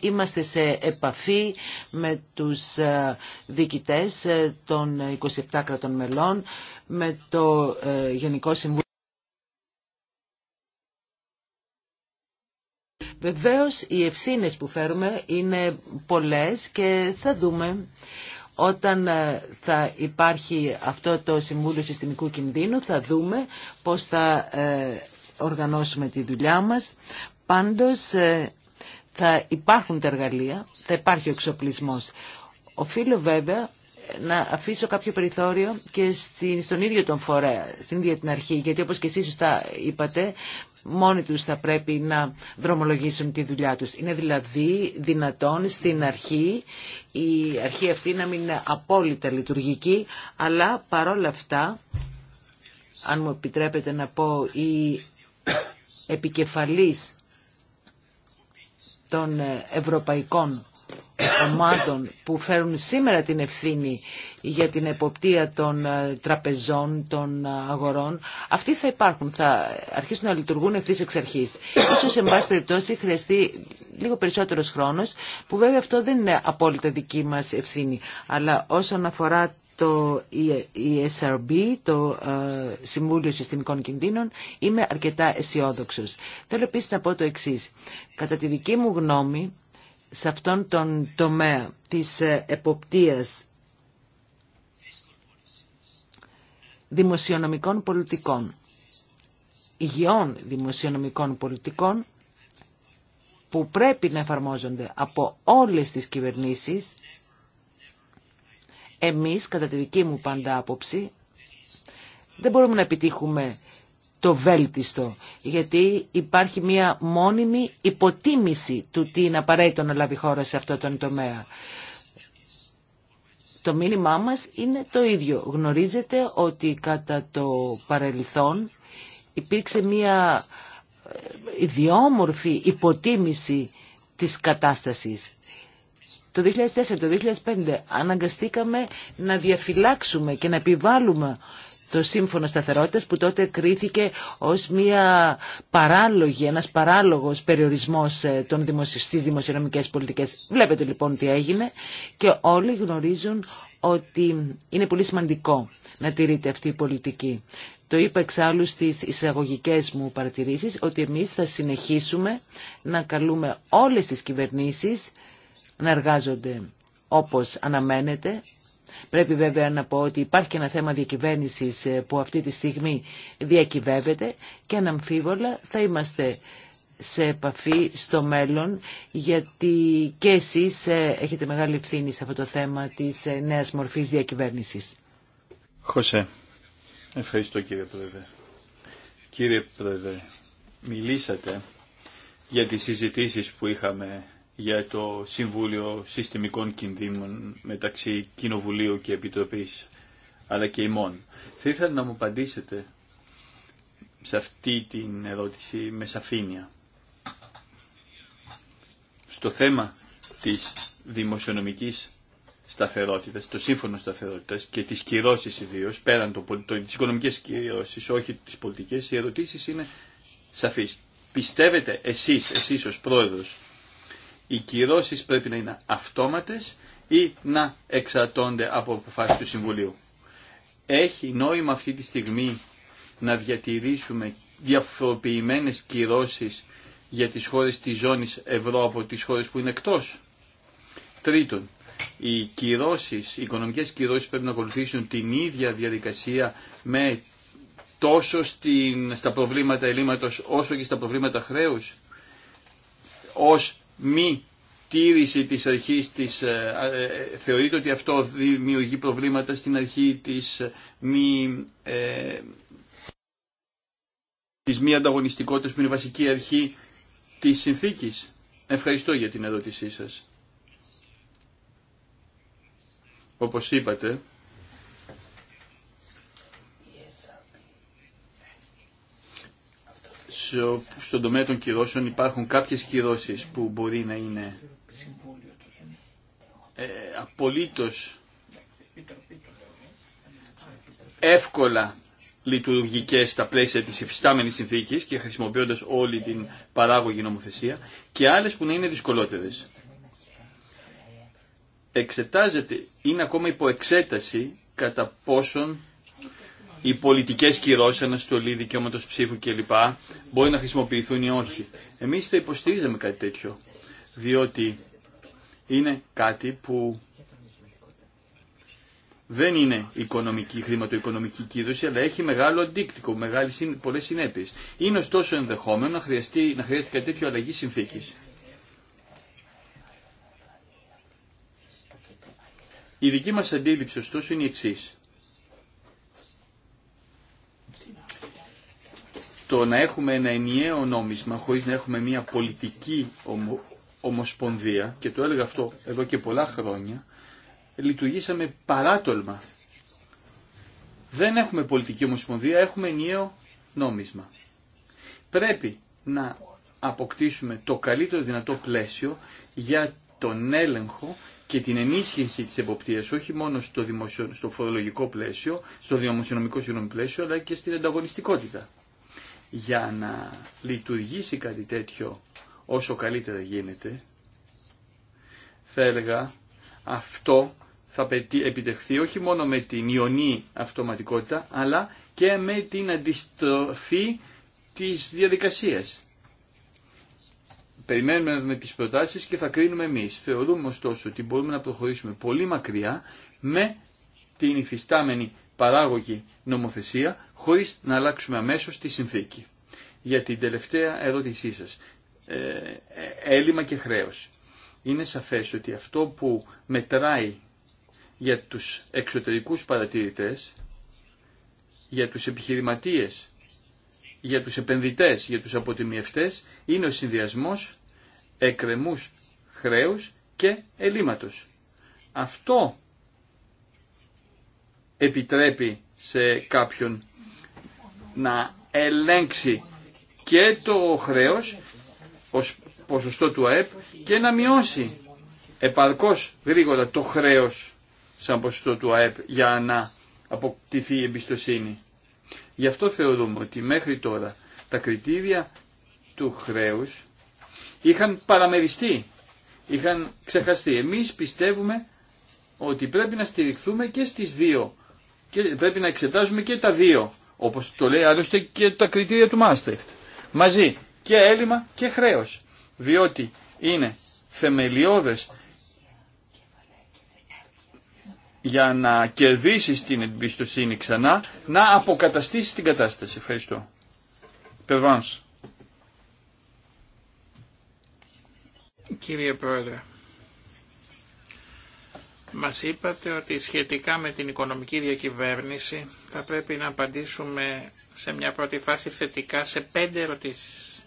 Είμαστε σε επαφή με τους ε, διοικητές ε, των 27 κρατών μελών, με το Γενικό Συμβούλιο. Βεβαίως οι ευθύνες που φέρουμε είναι πολλές και θα δούμε όταν ε, θα υπάρχει αυτό το Συμβούλιο Συστημικού Κινδύνου θα δούμε πώς θα ε, οργανώσουμε τη δουλειά μας. Πάντως ε, θα υπάρχουν τα εργαλεία, θα υπάρχει ο εξοπλισμός. Οφείλω βέβαια να αφήσω κάποιο περιθώριο και στον ίδιο τον φορέα, στην ίδια την αρχή, γιατί όπως και εσείς σωστά είπατε, μόνοι τους θα πρέπει να δρομολογήσουν τη δουλειά τους. Είναι δηλαδή δυνατόν στην αρχή, η αρχή αυτή να μην είναι απόλυτα λειτουργική, αλλά παρόλα αυτά, αν μου επιτρέπετε να πω, η επικεφαλής των ευρωπαϊκών ομάδων που φέρουν σήμερα την ευθύνη για την εποπτεία των ε, τραπεζών, των ε, αγορών, αυτοί θα υπάρχουν, θα αρχίσουν να λειτουργούν ευθύ εξ αρχή. Ίσως, σε πάση περιπτώσει, χρειαστεί λίγο περισσότερο χρόνο, που βέβαια αυτό δεν είναι απόλυτα δική μα ευθύνη. Αλλά όσον αφορά το ESRB, το ε, Συμβούλιο Συστημικών Κινδύνων, είμαι αρκετά αισιόδοξο. Θέλω επίση να πω το εξή. Κατά τη δική μου γνώμη, σε αυτόν τον τομέα της ε, εποπτείας δημοσιονομικών πολιτικών, υγιών δημοσιονομικών πολιτικών, που πρέπει να εφαρμόζονται από όλες τις κυβερνήσεις, εμείς, κατά τη δική μου πάντα άποψη, δεν μπορούμε να επιτύχουμε το βέλτιστο, γιατί υπάρχει μία μόνιμη υποτίμηση του τι είναι απαραίτητο να λάβει χώρα σε αυτό τον τομέα. Το μήνυμά μας είναι το ίδιο. Γνωρίζετε ότι κατά το παρελθόν υπήρξε μία ε, ιδιόμορφη υποτίμηση της κατάστασης. Το 2004, το 2005 αναγκαστήκαμε να διαφυλάξουμε και να επιβάλλουμε το σύμφωνο σταθερότητας που τότε κρίθηκε ως μια παράλογη, ένας παράλογος περιορισμός ε, των δημοσιο... στις δημοσιονομικές πολιτικές. Βλέπετε λοιπόν τι έγινε και όλοι γνωρίζουν ότι είναι πολύ σημαντικό να τηρείται αυτή η πολιτική. Το είπα εξάλλου στις εισαγωγικές μου παρατηρήσεις ότι εμείς θα συνεχίσουμε να καλούμε όλες τις κυβερνήσεις να εργάζονται όπως αναμένεται. Πρέπει βέβαια να πω ότι υπάρχει ένα θέμα διακυβέρνησης ε, που αυτή τη στιγμή διακυβεύεται και αναμφίβολα θα είμαστε σε επαφή στο μέλλον γιατί και εσείς ε, έχετε μεγάλη ευθύνη σε αυτό το θέμα της ε, νέας μορφής διακυβέρνησης. Χωσέ, ευχαριστώ κύριε Πρόεδρε. Κύριε Πρόεδρε, μιλήσατε για τις συζητήσεις που είχαμε για το Συμβούλιο Συστημικών Κινδύμων μεταξύ Κοινοβουλίου και Επιτροπής, αλλά και ημών. Θα ήθελα να μου απαντήσετε σε αυτή την ερώτηση με σαφήνεια. Στο θέμα της δημοσιονομικής σταθερότητας, το σύμφωνο σταθερότητας και τις κυρώσεις ιδίω, πέραν των τις οικονομικές κυρώσεις, όχι τις πολιτικές, οι ερωτήσεις είναι σαφείς. Πιστεύετε εσείς, εσείς ως πρόεδρος, οι κυρώσεις πρέπει να είναι αυτόματες ή να εξαρτώνται από αποφάσεις του Συμβουλίου. Έχει νόημα αυτή τη στιγμή να διατηρήσουμε διαφοροποιημένες κυρώσεις για τις χώρες της ζώνης ευρώ από τις χώρες που είναι εκτός. Τρίτον, οι κυρώσεις, οι οικονομικές κυρώσεις πρέπει να ακολουθήσουν την ίδια διαδικασία με τόσο στην, στα προβλήματα ελλείμματος όσο και στα προβλήματα χρέους ως μη τήρηση της αρχής της, ε, ε, θεωρείται ότι αυτό δημιουργεί προβλήματα στην αρχή της ε, μη, ε, της μη ανταγωνιστικότητας που είναι βασική αρχή της συνθήκης. Ευχαριστώ για την ερώτησή σας. Όπως είπατε, Ε, στον τομέα των κυρώσεων υπάρχουν κάποιες κυρώσεις που μπορεί να είναι ε, απολύτως εύκολα λειτουργικές στα πλαίσια της υφιστάμενης συνθήκης και χρησιμοποιώντας όλη την παράγωγη νομοθεσία και άλλες που να είναι δυσκολότερες. Εξετάζεται, είναι ακόμα υπό εξέταση κατά πόσον οι πολιτικές κυρώσεις, αναστολή δικαιώματος ψήφου κλπ. μπορεί να χρησιμοποιηθούν ή όχι. Εμείς θα υποστηρίζαμε κάτι τέτοιο, διότι είναι κάτι που δεν είναι οικονομική, χρηματοοικονομική κύρωση, αλλά έχει μεγάλο αντίκτυπο, μεγάλη, πολλές συνέπειες. Είναι ωστόσο ενδεχόμενο να, χρειαστεί, να χρειαστεί κάτι τέτοιο αλλαγή συνθήκης. Η δική μας αντίληψη ωστόσο είναι η εξής. το να έχουμε ένα ενιαίο νόμισμα χωρίς να έχουμε μια πολιτική ομοσπονδία και το έλεγα αυτό εδώ και πολλά χρόνια λειτουργήσαμε παράτολμα δεν έχουμε πολιτική ομοσπονδία έχουμε ενιαίο νόμισμα πρέπει να αποκτήσουμε το καλύτερο δυνατό πλαίσιο για τον έλεγχο και την ενίσχυση της εποπτείας όχι μόνο στο, δημοσιο... φορολογικό πλαίσιο, στο δημοσιονομικό συγγνώμη πλαίσιο, αλλά και στην ανταγωνιστικότητα για να λειτουργήσει κάτι τέτοιο όσο καλύτερα γίνεται, θα έλεγα αυτό θα επιτευχθεί όχι μόνο με την ιονή αυτοματικότητα, αλλά και με την αντιστροφή της διαδικασίας. Περιμένουμε να δούμε τις προτάσεις και θα κρίνουμε εμείς. Θεωρούμε ωστόσο ότι μπορούμε να προχωρήσουμε πολύ μακριά με την υφιστάμενη παράγωγη νομοθεσία χωρίς να αλλάξουμε αμέσως τη συνθήκη. Για την τελευταία ερώτησή σας, ε, ε, έλλειμμα και χρέος. Είναι σαφές ότι αυτό που μετράει για τους εξωτερικούς παρατηρητές, για τους επιχειρηματίες, για τους επενδυτές, για τους αποτιμιευτές, είναι ο συνδυασμός εκρεμούς χρέους και ελλείμματος. Αυτό επιτρέπει σε κάποιον να ελέγξει και το χρέος ως ποσοστό του ΑΕΠ και να μειώσει επαρκώς γρήγορα το χρέος σαν ποσοστό του ΑΕΠ για να αποκτηθεί η εμπιστοσύνη. Γι' αυτό θεωρούμε ότι μέχρι τώρα τα κριτήρια του χρέους είχαν παραμεριστεί, είχαν ξεχαστεί. Εμείς πιστεύουμε ότι πρέπει να στηριχθούμε και στις δύο και πρέπει να εξετάζουμε και τα δύο, όπως το λέει άλλωστε και τα κριτήρια του Μάστεχτ. Μαζί και έλλειμμα και χρέος, διότι είναι θεμελιώδες για να κερδίσεις την εμπιστοσύνη ξανά, να αποκαταστήσεις την κατάσταση. Ευχαριστώ. Περβάνς. Κύριε Πρόεδρε, μας είπατε ότι σχετικά με την οικονομική διακυβέρνηση θα πρέπει να απαντήσουμε σε μια πρώτη φάση θετικά σε πέντε ερωτήσεις.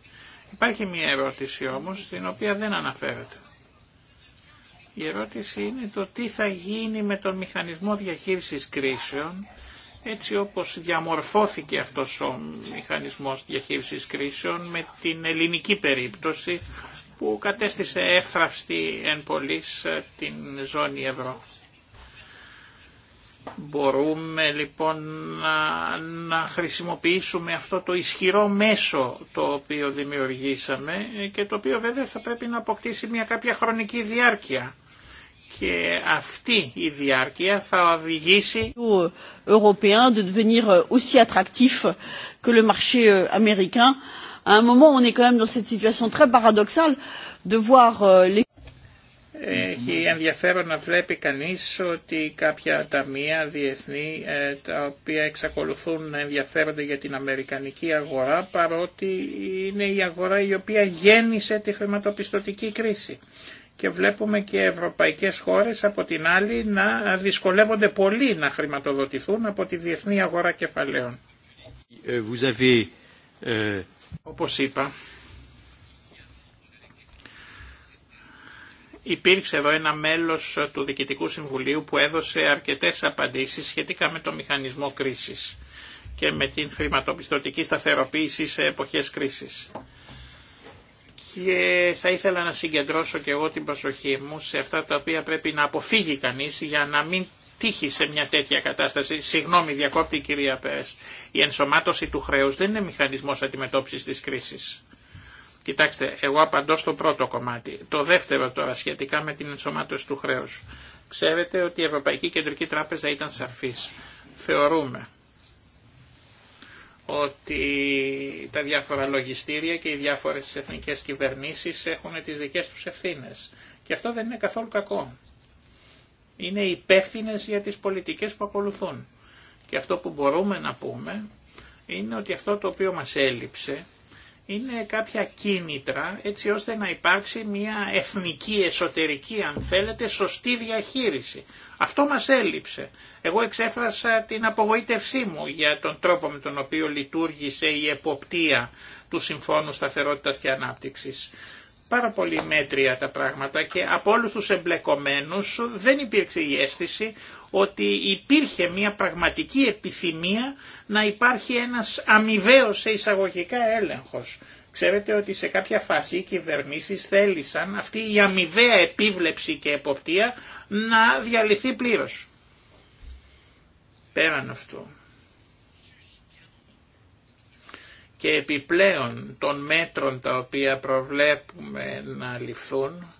Υπάρχει μια ερώτηση όμως την οποία δεν αναφέρεται. Η ερώτηση είναι το τι θα γίνει με τον μηχανισμό διαχείρισης κρίσεων έτσι όπως διαμορφώθηκε αυτός ο μηχανισμός διαχείρισης κρίσεων με την ελληνική περίπτωση που κατέστησε εύθραυστη εν πολλής ε, την ζώνη ευρώ. Μπορούμε λοιπόν να, χρησιμοποιήσουμε αυτό το ισχυρό μέσο το οποίο δημιουργήσαμε και το οποίο βέβαια θα πρέπει να αποκτήσει μια κάποια χρονική διάρκεια. Και αυτή η διάρκεια θα οδηγήσει να de devenir aussi attractif que le marché euh, américain à un Έχει ενδιαφέρον να βλέπει κανείς ότι κάποια ταμεία διεθνή ε, τα οποία εξακολουθούν να ενδιαφέρονται για την Αμερικανική αγορά παρότι είναι η αγορά η οποία γέννησε τη χρηματοπιστωτική κρίση. Και βλέπουμε και ευρωπαϊκές χώρες από την άλλη να δυσκολεύονται πολύ να χρηματοδοτηθούν από τη διεθνή αγορά κεφαλαίων. Ε, ε, όπως είπα, υπήρξε εδώ ένα μέλος του Δικητικού Συμβουλίου που έδωσε αρκετές απαντήσεις σχετικά με το μηχανισμό κρίσης και με την χρηματοπιστωτική σταθεροποίηση σε εποχές κρίσης. Και θα ήθελα να συγκεντρώσω και εγώ την προσοχή μου σε αυτά τα οποία πρέπει να αποφύγει κανείς για να μην τύχει σε μια τέτοια κατάσταση. Συγγνώμη, διακόπτη κυρία Πέρες. Η ενσωμάτωση του χρέους δεν είναι μηχανισμός αντιμετώπισης της κρίσης. Κοιτάξτε, εγώ απαντώ στο πρώτο κομμάτι. Το δεύτερο τώρα σχετικά με την ενσωμάτωση του χρέους. Ξέρετε ότι η Ευρωπαϊκή Κεντρική Τράπεζα ήταν σαφής. Θεωρούμε ότι τα διάφορα λογιστήρια και οι διάφορες εθνικές κυβερνήσεις έχουν τις δικές τους ευθύνες. Και αυτό δεν είναι καθόλου κακό είναι υπεύθυνε για τις πολιτικές που ακολουθούν. Και αυτό που μπορούμε να πούμε είναι ότι αυτό το οποίο μας έλειψε είναι κάποια κίνητρα έτσι ώστε να υπάρξει μια εθνική, εσωτερική αν θέλετε, σωστή διαχείριση. Αυτό μας έλειψε. Εγώ εξέφρασα την απογοήτευσή μου για τον τρόπο με τον οποίο λειτουργήσε η εποπτεία του Συμφώνου Σταθερότητας και Ανάπτυξης πάρα πολύ μέτρια τα πράγματα και από όλου τους εμπλεκομένους δεν υπήρξε η αίσθηση ότι υπήρχε μια πραγματική επιθυμία να υπάρχει ένας αμοιβαίος σε εισαγωγικά έλεγχος. Ξέρετε ότι σε κάποια φάση οι κυβερνήσει θέλησαν αυτή η αμοιβαία επίβλεψη και εποπτεία να διαλυθεί πλήρως. Πέραν αυτού και επιπλέον των μέτρων τα οποία προβλέπουμε να ληφθούν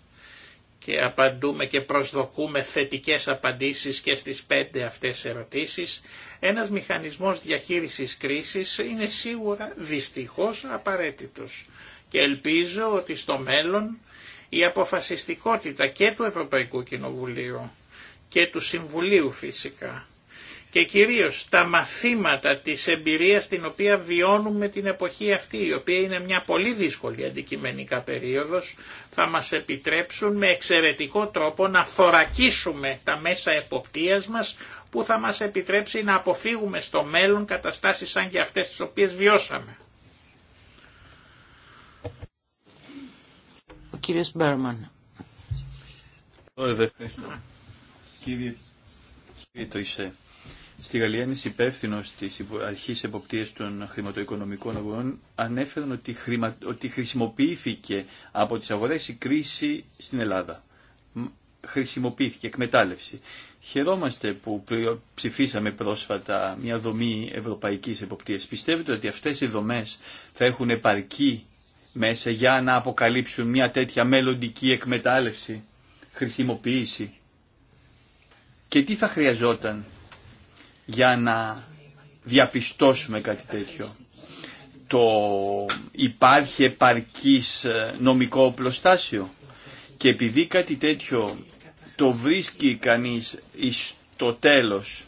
και απαντούμε και προσδοκούμε θετικές απαντήσεις και στις πέντε αυτές ερωτήσεις, ένας μηχανισμός διαχείρισης κρίσης είναι σίγουρα δυστυχώς απαραίτητος και ελπίζω ότι στο μέλλον η αποφασιστικότητα και του Ευρωπαϊκού Κοινοβουλίου και του Συμβουλίου φυσικά και κυρίως τα μαθήματα της εμπειρίας την οποία βιώνουμε την εποχή αυτή, η οποία είναι μια πολύ δύσκολη αντικειμενικά περίοδος, θα μας επιτρέψουν με εξαιρετικό τρόπο να θωρακίσουμε τα μέσα εποπτείας μας, που θα μας επιτρέψει να αποφύγουμε στο μέλλον καταστάσεις σαν και αυτές τις οποίες βιώσαμε. Ο κύριος Μπέρμαν. Κύριε, στη Γαλλία είναι υπεύθυνο τη αρχή εποπτεία των χρηματοοικονομικών αγορών ανέφεραν ότι, χρημα... ότι χρησιμοποιήθηκε από τι αγορέ η κρίση στην Ελλάδα. Χρησιμοποιήθηκε, εκμετάλλευση. Χαιρόμαστε που ψηφίσαμε πρόσφατα μια δομή ευρωπαϊκή εποπτεία. Πιστεύετε ότι αυτέ οι δομέ θα έχουν επαρκή μέσα για να αποκαλύψουν μια τέτοια μελλοντική εκμετάλλευση, χρησιμοποίηση. Και τι θα χρειαζόταν για να διαπιστώσουμε κάτι τέτοιο. Το υπάρχει επαρκής ε, νομικό οπλοστάσιο και επειδή κάτι τέτοιο το βρίσκει κανείς στο τέλος,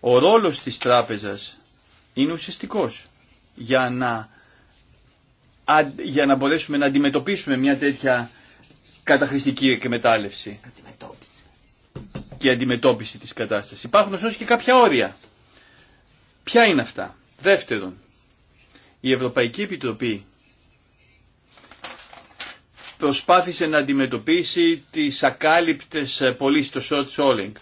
ο ρόλος της τράπεζας είναι ουσιαστικός για να, για να μπορέσουμε να αντιμετωπίσουμε μια τέτοια καταχρηστική εκμετάλλευση και αντιμετώπιση της κατάστασης. Υπάρχουν ωστόσο και κάποια όρια. Ποια είναι αυτά. Δεύτερον, η Ευρωπαϊκή Επιτροπή προσπάθησε να αντιμετωπίσει τις ακάλυπτες πωλήσει στο short selling.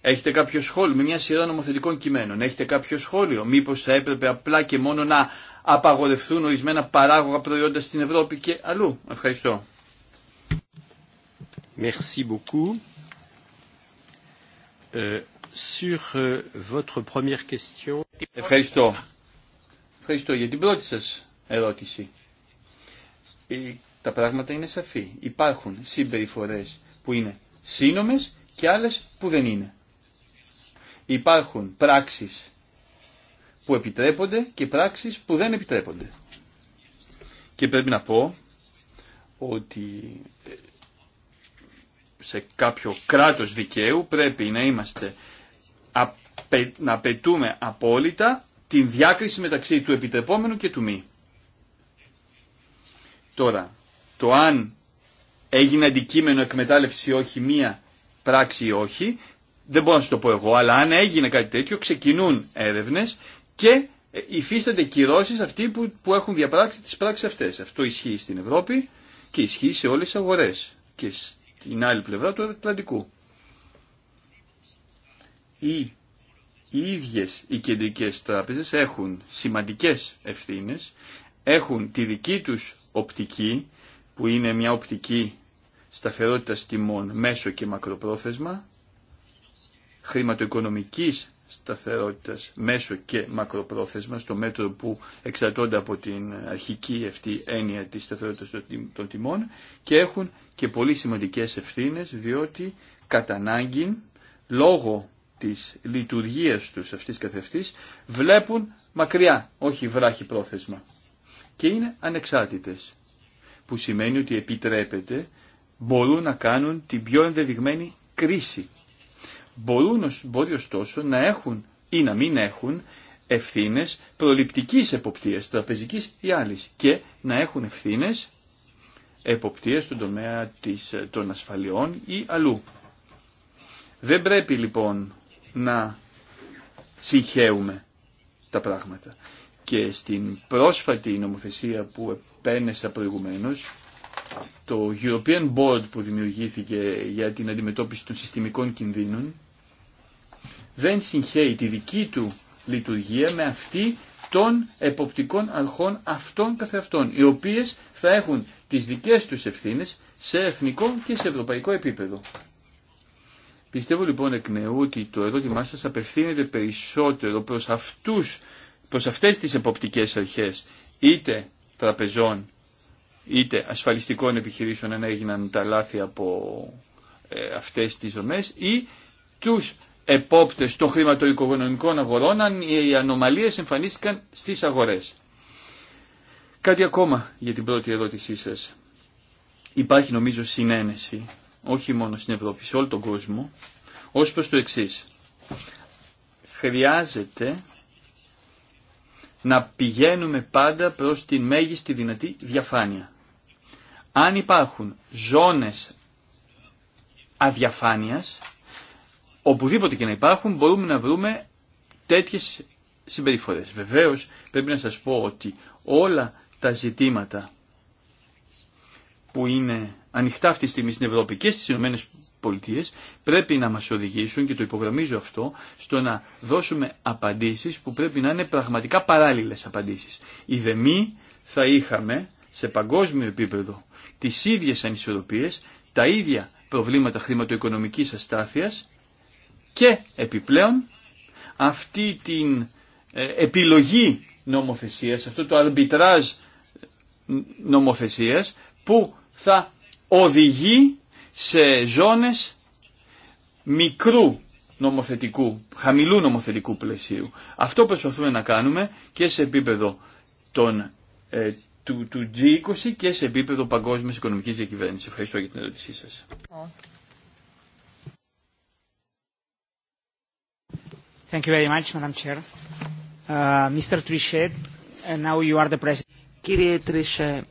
Έχετε κάποιο σχόλιο με μια σειρά νομοθετικών κειμένων. Έχετε κάποιο σχόλιο. Μήπως θα έπρεπε απλά και μόνο να απαγορευτούν ορισμένα παράγωγα προϊόντα στην Ευρώπη και αλλού. Ευχαριστώ. Merci beaucoup. Euh, euh, Ευχαριστώ. Ευχαριστώ για την πρώτη σας ερώτηση. Ε, τα πράγματα είναι σαφή. Υπάρχουν συμπεριφορές που είναι σύνομες και άλλες που δεν είναι. Υπάρχουν πράξεις που επιτρέπονται και πράξεις που δεν επιτρέπονται. Και πρέπει να πω ότι σε κάποιο κράτος δικαίου πρέπει να είμαστε να απαιτούμε απόλυτα την διάκριση μεταξύ του επιτρεπόμενου και του μη. Τώρα, το αν έγινε αντικείμενο εκμετάλλευση ή όχι μία πράξη ή όχι, δεν μπορώ να σου το πω εγώ, αλλά αν έγινε κάτι τέτοιο ξεκινούν έρευνες και ε, υφίστανται κυρώσεις αυτοί που, έχουν διαπράξει τις πράξεις αυτές. Αυτό ισχύει στην Ευρώπη και ισχύει σε όλες τις αγορές την άλλη πλευρά του Ατλαντικού. Οι, ίδιες οι κεντρικές τράπεζες έχουν σημαντικές ευθύνες, έχουν τη δική τους οπτική, που είναι μια οπτική σταθερότητα τιμών μέσω και μακροπρόθεσμα, χρηματοοικονομικής σταθερότητας μέσω και μακροπρόθεσμα στο μέτρο που εξαρτώνται από την αρχική αυτή έννοια της σταθερότητας των τιμών και έχουν και πολύ σημαντικές ευθύνες διότι κατά ανάγκη λόγω της λειτουργίας τους αυτής καθευτής βλέπουν μακριά, όχι βράχη πρόθεσμα. Και είναι ανεξάρτητες, που σημαίνει ότι επιτρέπεται, μπορούν να κάνουν την πιο ενδεδειγμένη κρίση μπορούν, μπορεί ωστόσο να έχουν ή να μην έχουν ευθύνε προληπτική εποπτεία, τραπεζική ή άλλη, και να έχουν ευθύνε εποπτεία στον τομέα της, ε, των ασφαλιών ή αλλού. Δεν πρέπει λοιπόν να συγχαίουμε τα πράγματα. Και στην πρόσφατη νομοθεσία που επένεσα προηγουμένως, το European Board που δημιουργήθηκε για την αντιμετώπιση των συστημικών κινδύνων, δεν συγχαίει τη δική του λειτουργία με αυτή των εποπτικών αρχών αυτών καθεαυτών, οι οποίες θα έχουν τις δικές τους ευθύνες σε εθνικό και σε ευρωπαϊκό επίπεδο. Πιστεύω λοιπόν εκ νεού ότι το ερώτημά σας απευθύνεται περισσότερο προς, αυτούς, προς αυτές τις εποπτικές αρχές, είτε τραπεζών, είτε ασφαλιστικών επιχειρήσεων αν έγιναν τα λάθη από ε, αυτές τις δομές, ή τους επόπτες των χρηματοοικονομικών αγορών αν οι ανομαλίες εμφανίστηκαν στις αγορές. Κάτι ακόμα για την πρώτη ερώτησή σας. Υπάρχει νομίζω συνένεση, όχι μόνο στην Ευρώπη, σε όλο τον κόσμο, ως προς το εξής. Χρειάζεται να πηγαίνουμε πάντα προς την μέγιστη δυνατή διαφάνεια. Αν υπάρχουν ζώνες αδιαφάνειας, Οπουδήποτε και να υπάρχουν μπορούμε να βρούμε τέτοιες συμπεριφορές. Βεβαίως πρέπει να σας πω ότι όλα τα ζητήματα που είναι ανοιχτά αυτή τη στιγμή στην Ευρώπη και στις Ηνωμένες Πολιτείες πρέπει να μας οδηγήσουν και το υπογραμμίζω αυτό στο να δώσουμε απαντήσεις που πρέπει να είναι πραγματικά παράλληλες απαντήσεις. Η δεμή θα είχαμε σε παγκόσμιο επίπεδο τις ίδιες ανισορροπίες, τα ίδια προβλήματα χρηματοοικονομικής αστάθειας και επιπλέον αυτή την ε, επιλογή νομοθεσίας, αυτό το αρμπιτράζ νομοθεσίας που θα οδηγεί σε ζώνες μικρού νομοθετικού, χαμηλού νομοθετικού πλαισίου. Αυτό προσπαθούμε να κάνουμε και σε επίπεδο των, ε, του, του G20 και σε επίπεδο παγκόσμιας οικονομικής διακυβέρνησης. Ευχαριστώ για την ερώτησή σας. Thank you very Κύριε Τρισέ,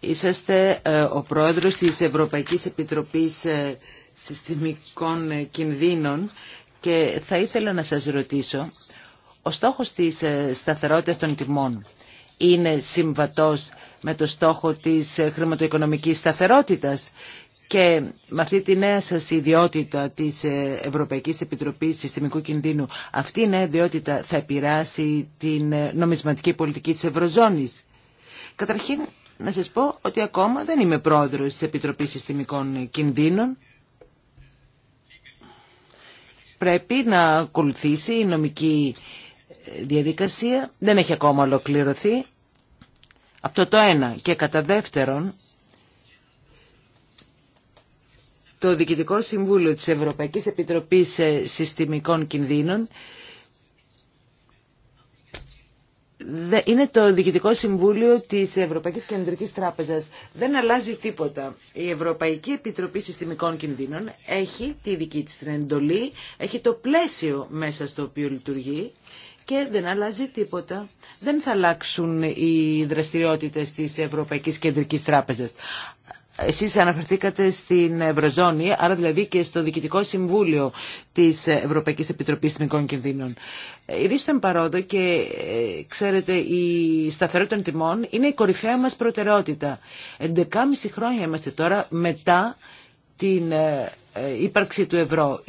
είσαστε ε, ο πρόεδρος της Ευρωπαϊκής Επιτροπής ε, Συστημικών ε, Κινδύνων και θα ήθελα να σας ρωτήσω, ο στόχος της σταθερότητας των τιμών είναι συμβατός με το στόχο της χρηματοοικονομικής σταθερότητας και με αυτή τη νέα σας ιδιότητα της ε, Ευρωπαϊκής Επιτροπής Συστημικού Κινδύνου, αυτή η νέα ιδιότητα θα επηρεάσει την ε, νομισματική πολιτική της Ευρωζώνης. Καταρχήν, να σας πω ότι ακόμα δεν είμαι πρόεδρος της Επιτροπής Συστημικών Κινδύνων. Πρέπει να ακολουθήσει η νομική ε, διαδικασία. Δεν έχει ακόμα ολοκληρωθεί. Αυτό το ένα. Και κατά δεύτερον, το Διοικητικό Συμβούλιο της Ευρωπαϊκής Επιτροπής ε, Συστημικών Κινδύνων είναι το Διοικητικό Συμβούλιο της Ευρωπαϊκής Κεντρικής Τράπεζας. Δεν αλλάζει τίποτα. Η Ευρωπαϊκή Επιτροπή Συστημικών Κινδύνων έχει τη δική της εντολή, έχει το πλαίσιο μέσα στο οποίο λειτουργεί και δεν αλλάζει τίποτα. Δεν θα αλλάξουν οι δραστηριότητες της Ευρωπαϊκής Κεντρικής Τράπεζας. Εσείς αναφερθήκατε στην Ευρωζώνη, άρα δηλαδή και στο Διοικητικό Συμβούλιο της Ευρωπαϊκής Επιτροπής Τιμικών Κινδύνων. Ήρθαν ε, παρόδο και ε, ξέρετε η σταθερότητα των τιμών είναι η κορυφαία μας προτεραιότητα. 11,5 χρόνια είμαστε τώρα μετά την ε, ύπαρξη του ευρώ.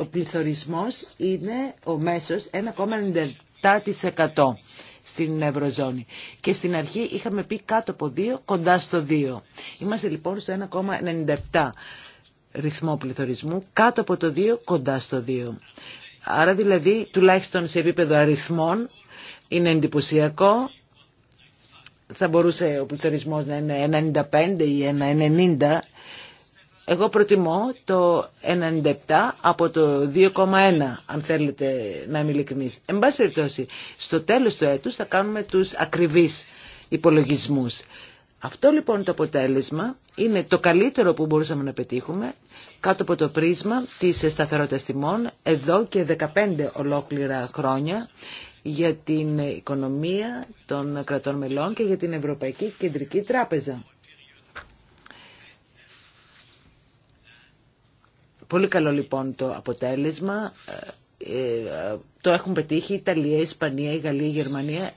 Ο πληθωρισμός είναι ο μέσος 1,97% στην Ευρωζώνη. Και στην αρχή είχαμε πει κάτω από 2, κοντά στο 2. Είμαστε λοιπόν στο 1,97 ρυθμό πληθωρισμού, κάτω από το 2, κοντά στο 2. Άρα δηλαδή, τουλάχιστον σε επίπεδο αριθμών, είναι εντυπωσιακό. Θα μπορούσε ο πληθωρισμός να είναι 95 ή 1,90 εγώ προτιμώ το 97 από το 2,1, αν θέλετε να είμαι ειλικρινής. Εν πάση περιπτώσει, στο τέλος του έτους θα κάνουμε τους ακριβείς υπολογισμούς. Αυτό λοιπόν το αποτέλεσμα είναι το καλύτερο που μπορούσαμε να πετύχουμε κάτω από το πρίσμα της σταθερότητας τιμών εδώ και 15 ολόκληρα χρόνια για την οικονομία των κρατών μελών και για την Ευρωπαϊκή Κεντρική Τράπεζα. Πολύ καλό λοιπόν το αποτέλεσμα. Ε, ε, το έχουν πετύχει η Ιταλία, η Ισπανία, η Γαλλία, η Γερμανία.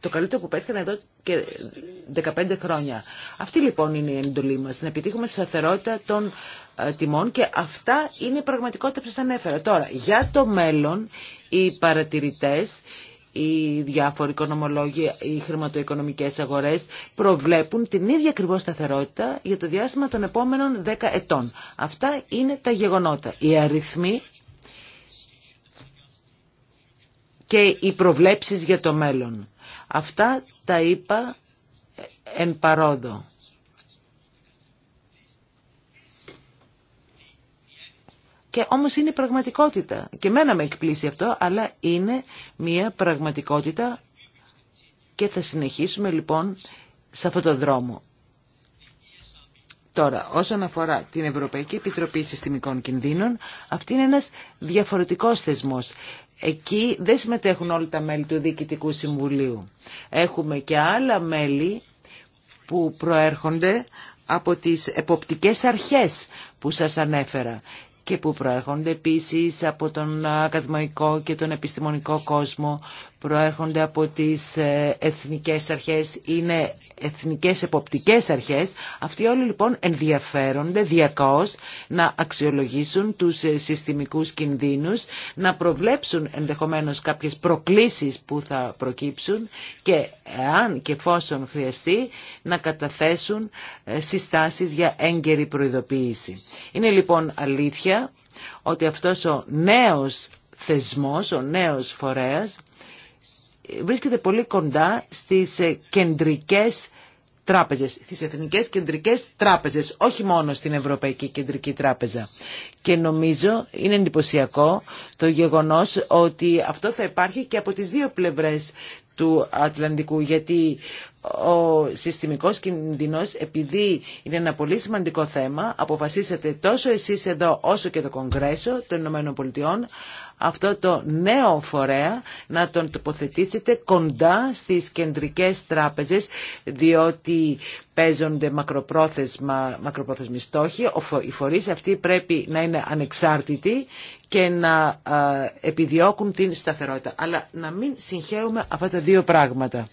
Το καλύτερο που πέτυχαν εδώ και 15 χρόνια. Αυτή λοιπόν είναι η εντολή μας, να επιτύχουμε τη σταθερότητα των ε, τιμών και αυτά είναι η πραγματικότητα που σας ανέφερα. Τώρα, για το μέλλον, οι παρατηρητές οι διάφοροι οικονομολόγοι, οι χρηματοοικονομικές αγορές προβλέπουν την ίδια ακριβώς σταθερότητα για το διάστημα των επόμενων 10 ετών. Αυτά είναι τα γεγονότα. Οι αριθμοί και οι προβλέψεις για το μέλλον. Αυτά τα είπα εν παρόδο. και όμως είναι πραγματικότητα. Και μένα με εκπλήσει αυτό, αλλά είναι μια πραγματικότητα και θα συνεχίσουμε λοιπόν σε αυτό το δρόμο. Τώρα, όσον αφορά την Ευρωπαϊκή Επιτροπή Συστημικών Κινδύνων, αυτή είναι ένας διαφορετικός θεσμός. Εκεί δεν συμμετέχουν όλα τα μέλη του Διοικητικού Συμβουλίου. Έχουμε και άλλα μέλη που προέρχονται από τις εποπτικές αρχές που σας ανέφερα και που προέρχονται επίσης από τον ακαδημαϊκό και τον επιστημονικό κόσμο προέρχονται από τις ε, εθνικές αρχές, είναι εθνικές εποπτικές αρχές. Αυτοί όλοι λοιπόν ενδιαφέρονται διακαώς να αξιολογήσουν τους ε, συστημικούς κινδύνους, να προβλέψουν ενδεχομένως κάποιες προκλήσεις που θα προκύψουν και αν και εφόσον χρειαστεί να καταθέσουν ε, συστάσεις για έγκαιρη προειδοποίηση. Είναι λοιπόν αλήθεια ότι αυτός ο νέος θεσμός, ο νέος φορέας βρίσκεται πολύ κοντά στις ε, κεντρικές τράπεζες, στις εθνικές κεντρικές τράπεζες, όχι μόνο στην Ευρωπαϊκή Κεντρική Τράπεζα. Και νομίζω είναι εντυπωσιακό το γεγονός ότι αυτό θα υπάρχει και από τις δύο πλευρές του Ατλαντικού, γιατί ο συστημικός κινδυνός, επειδή είναι ένα πολύ σημαντικό θέμα, αποφασίσατε τόσο εσείς εδώ όσο και το Κογκρέσο των Ηνωμένων αυτό το νέο φορέα να τον τοποθετήσετε κοντά στις κεντρικές τράπεζες διότι παίζονται μακροπρόθεσμα, μακροπρόθεσμοι στόχοι. Οι φορείς αυτοί πρέπει να είναι ανεξάρτητοι και να επιδιώκουν την σταθερότητα. Αλλά να μην συγχαίουμε αυτά τα δύο πράγματα.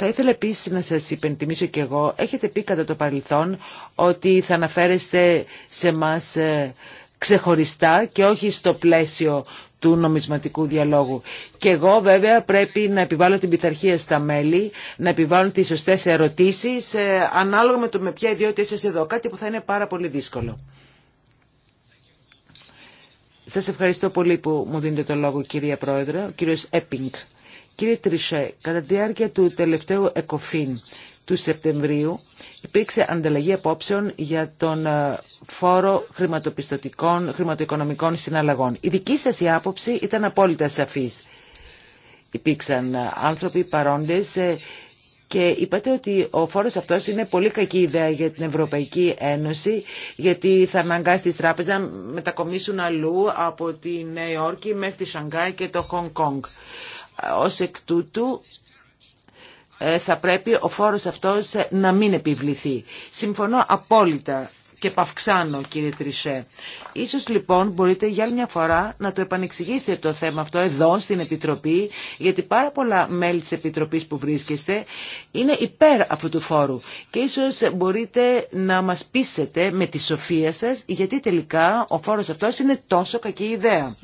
Θα ήθελα επίσης να σας υπενθυμίσω και εγώ, έχετε πει κατά το παρελθόν ότι θα αναφέρεστε σε μας ε, ξεχωριστά και όχι στο πλαίσιο του νομισματικού διαλόγου. Και εγώ βέβαια πρέπει να επιβάλλω την πειθαρχία στα μέλη, να επιβάλλω τις σωστές ερωτήσεις, ε, ανάλογα με το με ποια ιδιότητα είστε εδώ, κάτι που θα είναι πάρα πολύ δύσκολο. Σας ευχαριστώ πολύ που μου δίνετε το λόγο κυρία Πρόεδρε, ο κύριος Έπινγκ. Κύριε Τρισέ, κατά τη διάρκεια του τελευταίου ΕΚΟΦΗΝ, του Σεπτεμβρίου υπήρξε ανταλλαγή απόψεων για τον ε, φόρο χρηματοπιστωτικών, χρηματοοικονομικών συναλλαγών. Η δική σας η άποψη ήταν απόλυτα σαφής. Υπήρξαν ε, άνθρωποι παρόντες ε, και είπατε ότι ο φόρος αυτός είναι πολύ κακή ιδέα για την Ευρωπαϊκή Ένωση γιατί θα αναγκάσει τις τράπεζες να μετακομίσουν αλλού από τη Νέα Υόρκη μέχρι τη Σανγκάη και το Χονγκ Κόνγκ. Ως εκ τούτου ε, θα πρέπει ο φόρος αυτός ε, να μην επιβληθεί. Συμφωνώ απόλυτα και παυξάνω κύριε Τρισέ. Ίσως λοιπόν μπορείτε για άλλη μια φορά να το επανεξηγήσετε το θέμα αυτό εδώ στην Επιτροπή γιατί πάρα πολλά μέλη της Επιτροπής που βρίσκεστε είναι υπέρ αυτού του φόρου και ίσως μπορείτε να μας πείσετε με τη σοφία σας γιατί τελικά ο φόρος αυτός είναι τόσο κακή ιδέα.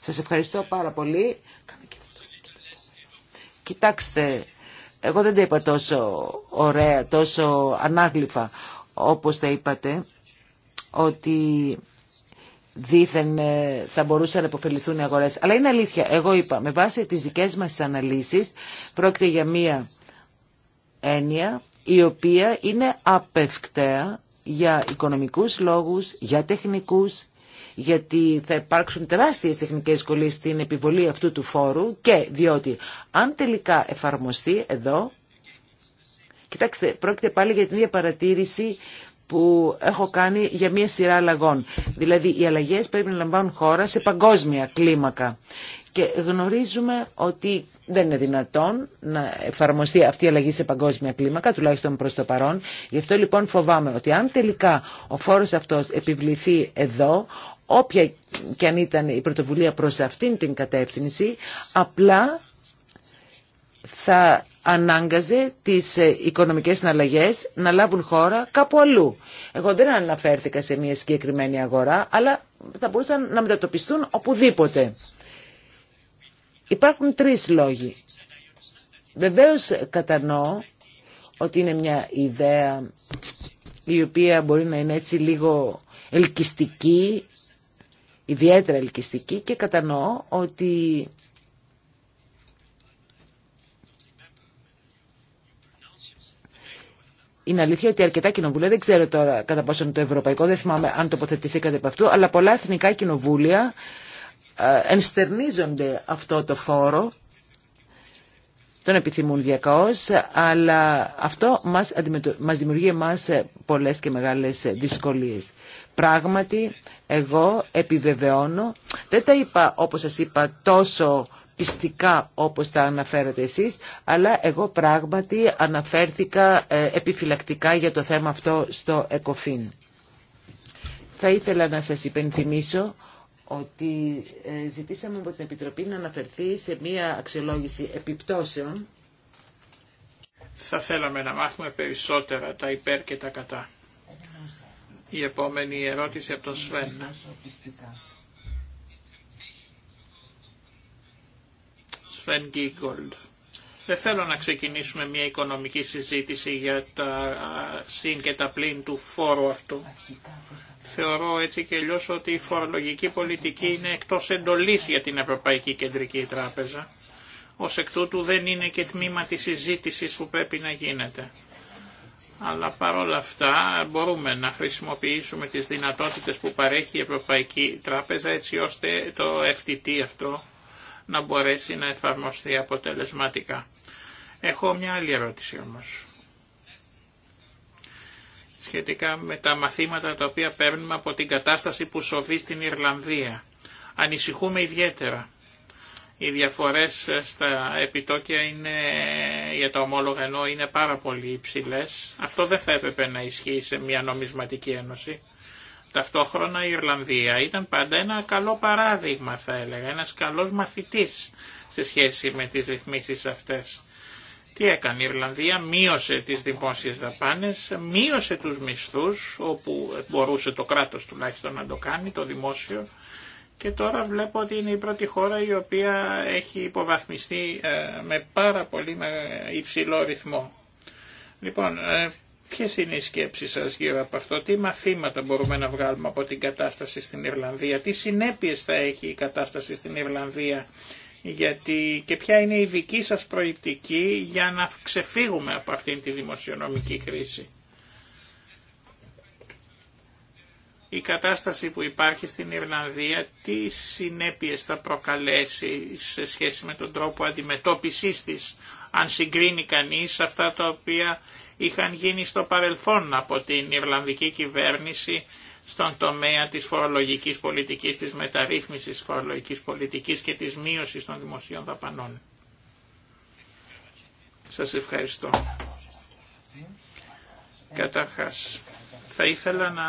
Σας ευχαριστώ πάρα πολύ. Κοιτάξτε εγώ δεν τα είπα τόσο ωραία, τόσο ανάγλυφα όπως τα είπατε ότι δήθεν ε, θα μπορούσαν να υποφεληθούν οι αγορές. Αλλά είναι αλήθεια. Εγώ είπα, με βάση τις δικές μας αναλύσεις, πρόκειται για μία έννοια η οποία είναι απευκταία για οικονομικούς λόγους, για τεχνικούς γιατί θα υπάρξουν τεράστιες τεχνικές δυσκολίε στην επιβολή αυτού του φόρου και διότι αν τελικά εφαρμοστεί εδώ, κοιτάξτε, πρόκειται πάλι για την ίδια παρατήρηση που έχω κάνει για μια σειρά αλλαγών. Δηλαδή, οι αλλαγές πρέπει να λαμβάνουν χώρα σε παγκόσμια κλίμακα. Και γνωρίζουμε ότι δεν είναι δυνατόν να εφαρμοστεί αυτή η αλλαγή σε παγκόσμια κλίμακα, τουλάχιστον προς το παρόν. Γι' αυτό λοιπόν φοβάμαι ότι αν τελικά ο φόρος αυτός επιβληθεί εδώ, όποια και αν ήταν η πρωτοβουλία προς αυτήν την κατεύθυνση, απλά θα ανάγκαζε τις ε, οικονομικές συναλλαγές να λάβουν χώρα κάπου αλλού. Εγώ δεν αναφέρθηκα σε μια συγκεκριμένη αγορά, αλλά θα μπορούσαν να μετατοπιστούν οπουδήποτε. Υπάρχουν τρεις λόγοι. Βεβαίως κατανοώ ότι είναι μια ιδέα η οποία μπορεί να είναι έτσι λίγο ελκυστική ιδιαίτερα ελκυστική και κατανοώ ότι Είναι αλήθεια ότι αρκετά κοινοβούλια, δεν ξέρω τώρα κατά πόσο είναι το ευρωπαϊκό, δεν θυμάμαι αν τοποθετηθήκατε από αυτού, αλλά πολλά εθνικά κοινοβούλια ε, ενστερνίζονται αυτό το φόρο τον επιθυμούν διακαώς, αλλά αυτό μας, μας δημιουργεί μας πολλές και μεγάλες δυσκολίες. Πράγματι, εγώ επιβεβαιώνω, δεν τα είπα όπως σας είπα τόσο πιστικά όπως τα αναφέρατε εσείς, αλλά εγώ πράγματι αναφέρθηκα ε, επιφυλακτικά για το θέμα αυτό στο ΕΚΟΦΗΝ. Θα ήθελα να σας υπενθυμίσω ότι ε, ζητήσαμε από την Επιτροπή να αναφερθεί σε μία αξιολόγηση επιπτώσεων. Θα θέλαμε να μάθουμε περισσότερα τα υπέρ και τα κατά. Η επόμενη ερώτηση από τον Σφεν. Σφεν Γκίγκολντ. Δεν θέλω να ξεκινήσουμε μια οικονομική συζήτηση για τα συν και τα πλήν του φόρου αυτού. Θεωρώ έτσι και αλλιώ ότι η φορολογική πολιτική είναι εκτός εντολής για την Ευρωπαϊκή Κεντρική Τράπεζα. ω εκ τούτου δεν είναι και τμήμα της συζήτηση που πρέπει να γίνεται. Αλλά παρόλα αυτά μπορούμε να χρησιμοποιήσουμε τις δυνατότητες που παρέχει η Ευρωπαϊκή Τράπεζα έτσι ώστε το FTT αυτό να μπορέσει να εφαρμοστεί αποτελεσματικά. Έχω μια άλλη ερώτηση όμως σχετικά με τα μαθήματα τα οποία παίρνουμε από την κατάσταση που σοβεί στην Ιρλανδία. Ανησυχούμε ιδιαίτερα. Οι διαφορές στα επιτόκια είναι, για τα ομόλογα ενώ είναι πάρα πολύ υψηλές. Αυτό δεν θα έπρεπε να ισχύει σε μια νομισματική ένωση. Ταυτόχρονα η Ιρλανδία ήταν πάντα ένα καλό παράδειγμα θα έλεγα, ένας καλός μαθητής σε σχέση με τις ρυθμίσεις αυτές. Τι έκανε η Ιρλανδία, μείωσε τις δημόσιες δαπάνες, μείωσε τους μισθούς, όπου μπορούσε το κράτος τουλάχιστον να το κάνει, το δημόσιο, και τώρα βλέπω ότι είναι η πρώτη χώρα η οποία έχει υποβαθμιστεί ε, με πάρα πολύ υψηλό ρυθμό. Λοιπόν, ε, ποιες είναι οι σκέψεις σας γύρω από αυτό, τι μαθήματα μπορούμε να βγάλουμε από την κατάσταση στην Ιρλανδία, τι συνέπειες θα έχει η κατάσταση στην Ιρλανδία γιατί και ποια είναι η δική σας προιπτική για να ξεφύγουμε από αυτήν τη δημοσιονομική κρίση. Η κατάσταση που υπάρχει στην Ιρλανδία τι συνέπειες θα προκαλέσει σε σχέση με τον τρόπο αντιμετώπισης της αν συγκρίνει κανείς αυτά τα οποία είχαν γίνει στο παρελθόν από την Ιρλανδική κυβέρνηση στον τομέα της φορολογικής πολιτικής, της μεταρρύθμισης φορολογικής πολιτικής και της μείωσης των δημοσίων δαπανών. Σας ευχαριστώ. Καταρχάς, θα ήθελα να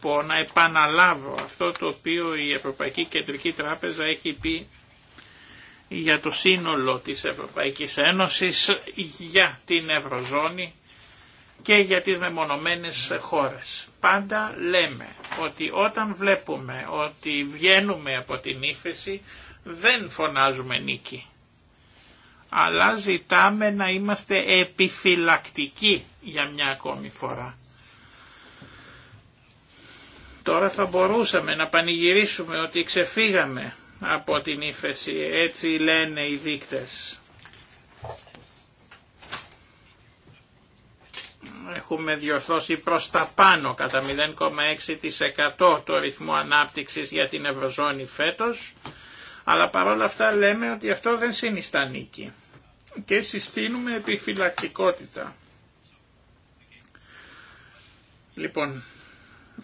πω, να επαναλάβω αυτό το οποίο η Ευρωπαϊκή Κεντρική Τράπεζα έχει πει για το σύνολο της Ευρωπαϊκής Ένωσης, για την Ευρωζώνη και για τις μεμονωμένες χώρες. Πάντα λέμε ότι όταν βλέπουμε ότι βγαίνουμε από την ύφεση δεν φωνάζουμε νίκη. Αλλά ζητάμε να είμαστε επιφυλακτικοί για μια ακόμη φορά. Τώρα θα μπορούσαμε να πανηγυρίσουμε ότι ξεφύγαμε από την ύφεση, έτσι λένε οι δείκτες. έχουμε διορθώσει προς τα πάνω κατά 0,6% το ρυθμό ανάπτυξης για την Ευρωζώνη φέτος, αλλά παρόλα αυτά λέμε ότι αυτό δεν συνιστά νίκη και συστήνουμε επιφυλακτικότητα. Λοιπόν,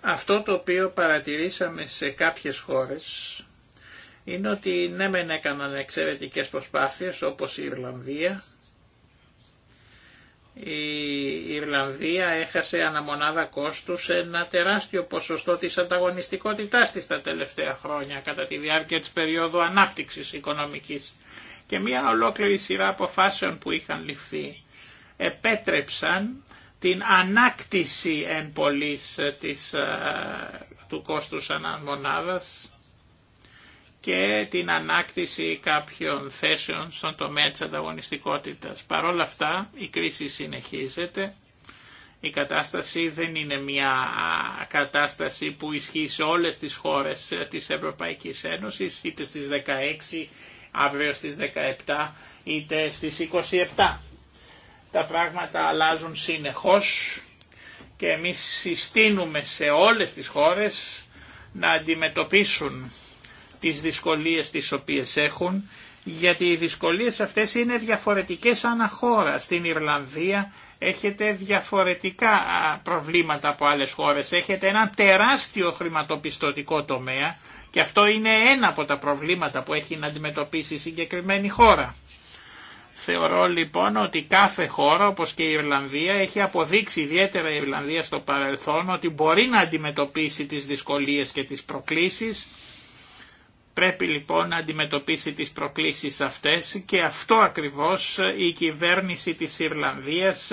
αυτό το οποίο παρατηρήσαμε σε κάποιες χώρες είναι ότι ναι μεν έκαναν εξαιρετικές προσπάθειες όπως η Ιρλανδία η Ιρλανδία έχασε αναμονάδα σε ένα τεράστιο ποσοστό της ανταγωνιστικότητάς της τα τελευταία χρόνια κατά τη διάρκεια της περίοδου ανάπτυξης οικονομικής και μια ολόκληρη σειρά αποφάσεων που είχαν ληφθεί επέτρεψαν την ανάκτηση εν πολλής ε, της, ε, του κόστους αναμονάδας και την ανάκτηση κάποιων θέσεων στον τομέα της ανταγωνιστικότητας. Παρ' όλα αυτά η κρίση συνεχίζεται, η κατάσταση δεν είναι μια κατάσταση που ισχύει σε όλες τις χώρες της Ευρωπαϊκής Ένωσης, είτε στις 16, αύριο στις 17, είτε στις 27. Τα πράγματα αλλάζουν συνεχώς και εμείς συστήνουμε σε όλες τις χώρες να αντιμετωπίσουν τις δυσκολίες τις οποίες έχουν, γιατί οι δυσκολίες αυτές είναι διαφορετικές χώρα. Στην Ιρλανδία έχετε διαφορετικά προβλήματα από άλλες χώρες. Έχετε ένα τεράστιο χρηματοπιστωτικό τομέα και αυτό είναι ένα από τα προβλήματα που έχει να αντιμετωπίσει η συγκεκριμένη χώρα. Θεωρώ λοιπόν ότι κάθε χώρα όπως και η Ιρλανδία έχει αποδείξει ιδιαίτερα η Ιρλανδία στο παρελθόν ότι μπορεί να αντιμετωπίσει τις δυσκολίες και τις προκλήσεις Πρέπει λοιπόν να αντιμετωπίσει τις προκλήσεις αυτές και αυτό ακριβώς η κυβέρνηση της Ιρλανδίας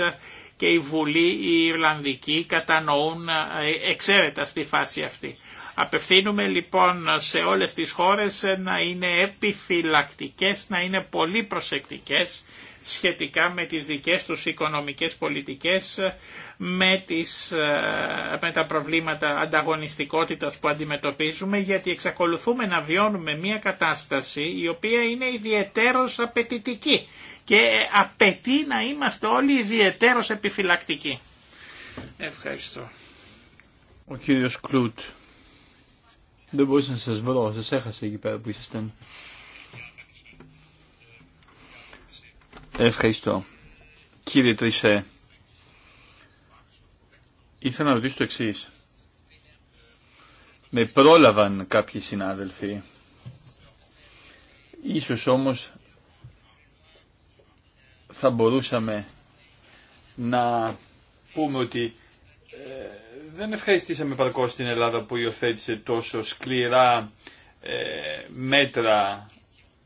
και η Βουλή η Ιρλανδική κατανοούν ε, εξαίρετα στη φάση αυτή. Απευθύνουμε λοιπόν σε όλες τις χώρες να είναι επιφυλακτικές, να είναι πολύ προσεκτικές σχετικά με τις δικές τους οικονομικές πολιτικές, με, τις, ε, με τα προβλήματα ανταγωνιστικότητας που αντιμετωπίζουμε, γιατί εξακολουθούμε να βιώνουμε μια κατάσταση η οποία είναι ιδιαιτέρως απαιτητική και απαιτεί να είμαστε όλοι ιδιαιτέρως επιφυλακτικοί. Ευχαριστώ. Ο κύριος Κλούτ. Δεν μπορούσα να σας βρω, σας έχασα εκεί πέρα που ήσασταν. Ευχαριστώ. Κύριε Τρισέ, ήθελα να ρωτήσω το εξή. Με πρόλαβαν κάποιοι συνάδελφοι. Ίσως όμως θα μπορούσαμε να πούμε ότι ε, δεν ευχαριστήσαμε παρκώς την Ελλάδα που υιοθέτησε τόσο σκληρά ε, μέτρα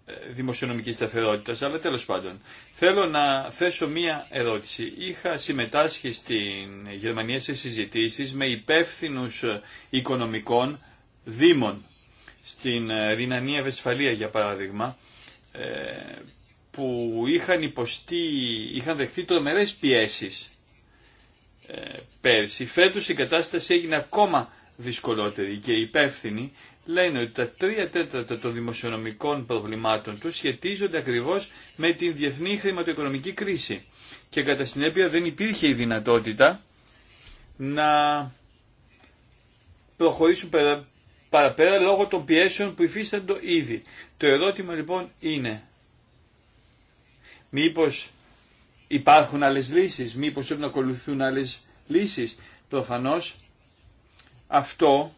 ε, δημοσιονομικής σταθερότητας, αλλά τέλος πάντων. Θέλω να θέσω μία ερώτηση. Είχα συμμετάσχει στην Γερμανία σε συζητήσεις με υπεύθυνου οικονομικών δήμων. Στην ε, Ρινανία Βεσφαλία, για παράδειγμα, ε, που είχαν υποστεί, είχαν δεχθεί τρομερές πιέσεις πέρσι. Φέτος η κατάσταση έγινε ακόμα δυσκολότερη και υπεύθυνη λένε ότι τα τρία τέταρτα των δημοσιονομικών προβλημάτων του σχετίζονται ακριβώς με την διεθνή χρηματοοικονομική κρίση και κατά συνέπεια δεν υπήρχε η δυνατότητα να προχωρήσουν παραπέρα λόγω των πιέσεων που υφίστανται ήδη. Το ερώτημα λοιπόν είναι μήπως υπάρχουν άλλες λύσεις, μήπως πρέπει να ακολουθούν άλλες λύσεις. Προφανώς αυτό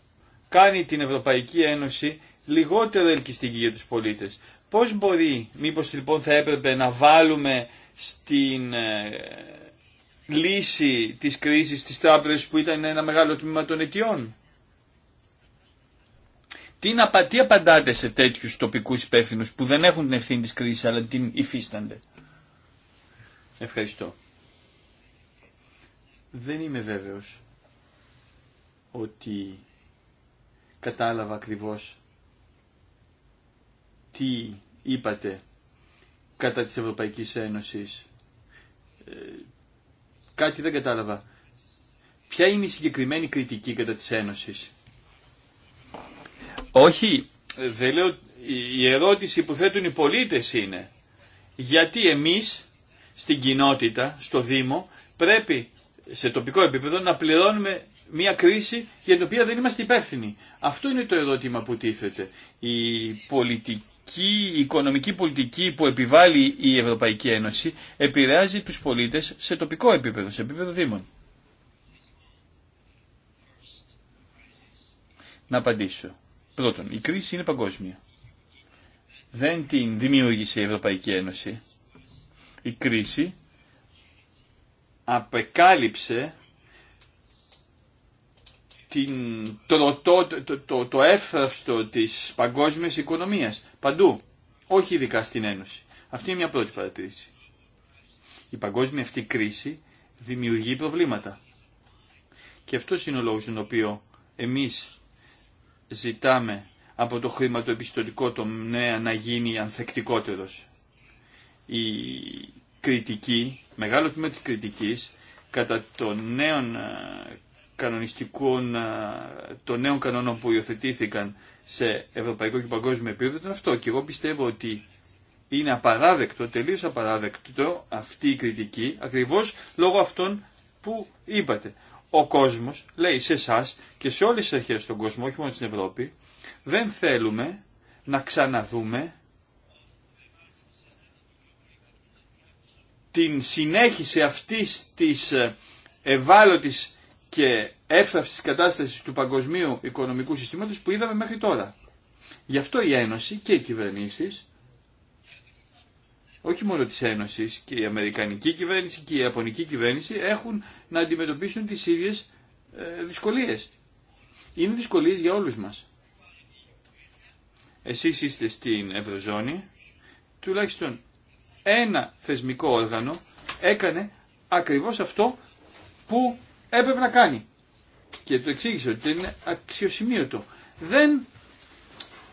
κάνει την Ευρωπαϊκή Ένωση λιγότερο ελκυστική για τους πολίτες. Πώς μπορεί, μήπως λοιπόν θα έπρεπε να βάλουμε στην ε, λύση της κρίσης της τράπεζας που ήταν ένα μεγάλο τμήμα των αιτιών. Τι να απαντάτε σε τέτοιους τοπικούς υπεύθυνου που δεν έχουν την ευθύνη της κρίσης αλλά την υφίστανται. Ευχαριστώ. Δεν είμαι βέβαιος ότι κατάλαβα ακριβώς τι είπατε κατά της Ευρωπαϊκής Ένωσης. Ε, κάτι δεν κατάλαβα. Ποια είναι η συγκεκριμένη κριτική κατά της Ένωσης. Όχι, ε, δεν λέω, η ερώτηση που θέτουν οι πολίτες είναι γιατί εμείς στην κοινότητα, στο Δήμο, πρέπει σε τοπικό επίπεδο να πληρώνουμε μια κρίση για την οποία δεν είμαστε υπεύθυνοι. Αυτό είναι το ερώτημα που τίθεται. Η πολιτική η οικονομική πολιτική που επιβάλλει η Ευρωπαϊκή Ένωση επηρεάζει τους πολίτες σε τοπικό επίπεδο, σε επίπεδο δήμων. Να απαντήσω. Πρώτον, η κρίση είναι παγκόσμια. Δεν την δημιούργησε η Ευρωπαϊκή Ένωση. Η κρίση απεκάλυψε το, το, το, το εύθραυστο της παγκόσμιας οικονομίας. Παντού. Όχι ειδικά στην Ένωση. Αυτή είναι μια πρώτη παρατήρηση. Η παγκόσμια αυτή κρίση δημιουργεί προβλήματα. Και αυτό είναι ο λόγος τον οποίο εμείς ζητάμε από το χρηματοεπιστωτικό νέα να γίνει ανθεκτικότερος. Η κριτική, μεγάλο τμήμα της κριτικής κατά των νέων κανονιστικών, των νέων κανόνων που υιοθετήθηκαν σε ευρωπαϊκό και παγκόσμιο επίπεδο ήταν αυτό. Και εγώ πιστεύω ότι είναι απαράδεκτο, τελείω απαράδεκτο αυτή η κριτική, ακριβώς λόγω αυτών που είπατε. Ο κόσμος λέει σε εσά και σε όλες τις αρχές στον κόσμο, όχι μόνο στην Ευρώπη, δεν θέλουμε να ξαναδούμε την συνέχιση αυτής της ε, ευάλωτης και έφταυση κατάστασης του παγκοσμίου οικονομικού συστήματος που είδαμε μέχρι τώρα. Γι' αυτό η Ένωση και οι κυβερνήσεις, όχι μόνο της Ένωση, και η Αμερικανική κυβέρνηση και η Ιαπωνική κυβέρνηση έχουν να αντιμετωπίσουν τις ίδιες ε, δυσκολίες. Είναι δυσκολίες για όλους μας. Εσείς είστε στην Ευρωζώνη, τουλάχιστον ένα θεσμικό όργανο έκανε ακριβώς αυτό που έπρεπε να κάνει. Και το εξήγησε ότι είναι αξιοσημείωτο. Δεν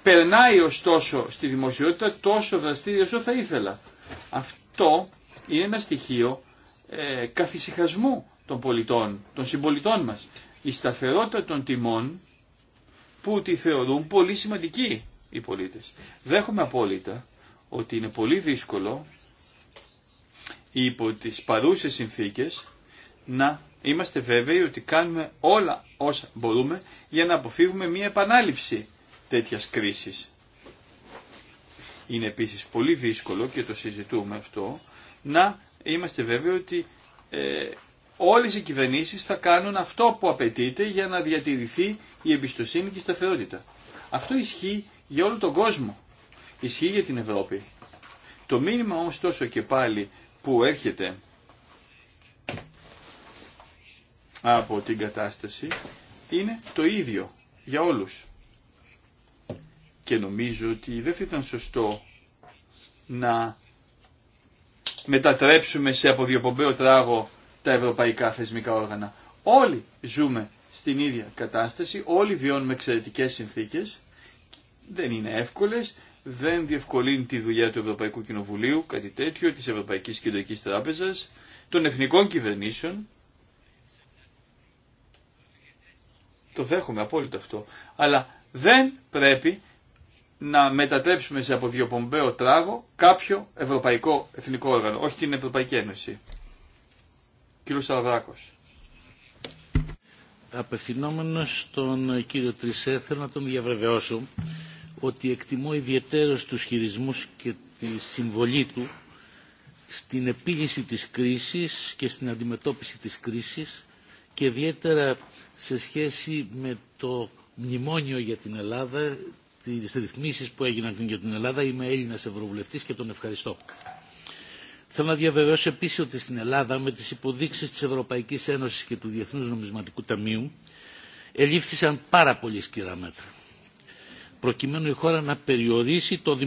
περνάει ωστόσο στη δημοσιότητα τόσο δραστήριο όσο θα ήθελα. Αυτό είναι ένα στοιχείο ε, καθησυχασμού των πολιτών, των συμπολιτών μας. Η σταθερότητα των τιμών που τη θεωρούν πολύ σημαντική οι πολίτες. Δέχομαι απόλυτα ότι είναι πολύ δύσκολο υπό τις παρούσες συνθήκες να είμαστε βέβαιοι ότι κάνουμε όλα όσα μπορούμε για να αποφύγουμε μια επανάληψη τέτοιας κρίσης. Είναι επίσης πολύ δύσκολο και το συζητούμε αυτό να είμαστε βέβαιοι ότι ε, όλες οι κυβερνήσεις θα κάνουν αυτό που απαιτείται για να διατηρηθεί η εμπιστοσύνη και η σταθερότητα. Αυτό ισχύει για όλο τον κόσμο. Ισχύει για την Ευρώπη. Το μήνυμα όμως τόσο και πάλι που έρχεται από την κατάσταση είναι το ίδιο για όλους. Και νομίζω ότι δεν θα ήταν σωστό να μετατρέψουμε σε αποδιοπομπαίο τράγο τα ευρωπαϊκά θεσμικά όργανα. Όλοι ζούμε στην ίδια κατάσταση, όλοι βιώνουμε εξαιρετικέ συνθήκες, δεν είναι εύκολες, δεν διευκολύνει τη δουλειά του Ευρωπαϊκού Κοινοβουλίου, κάτι τέτοιο, της Ευρωπαϊκής Κεντρικής Τράπεζας, των εθνικών κυβερνήσεων, Το δέχομαι απόλυτα αυτό. Αλλά δεν πρέπει να μετατρέψουμε σε αποδιοπομπαίο τράγο κάποιο ευρωπαϊκό εθνικό όργανο, όχι την Ευρωπαϊκή Ένωση. Κύριο Σαραδράκος. Απευθυνόμενος στον κύριο Τρισέ, θέλω να τον διαβεβαιώσω ότι εκτιμώ ιδιαίτερω τους χειρισμούς και τη συμβολή του στην επίλυση της κρίσης και στην αντιμετώπιση της κρίσης και ιδιαίτερα σε σχέση με το μνημόνιο για την Ελλάδα, τις ρυθμίσεις που έγιναν για την Ελλάδα. Είμαι Έλληνας Ευρωβουλευτής και τον ευχαριστώ. Θέλω να διαβεβαιώσω επίσης ότι στην Ελλάδα με τις υποδείξεις της Ευρωπαϊκής Ένωσης και του Διεθνούς Νομισματικού Ταμείου ελήφθησαν πάρα πολύ σκυρά μέτρα προκειμένου η χώρα να περιορίσει το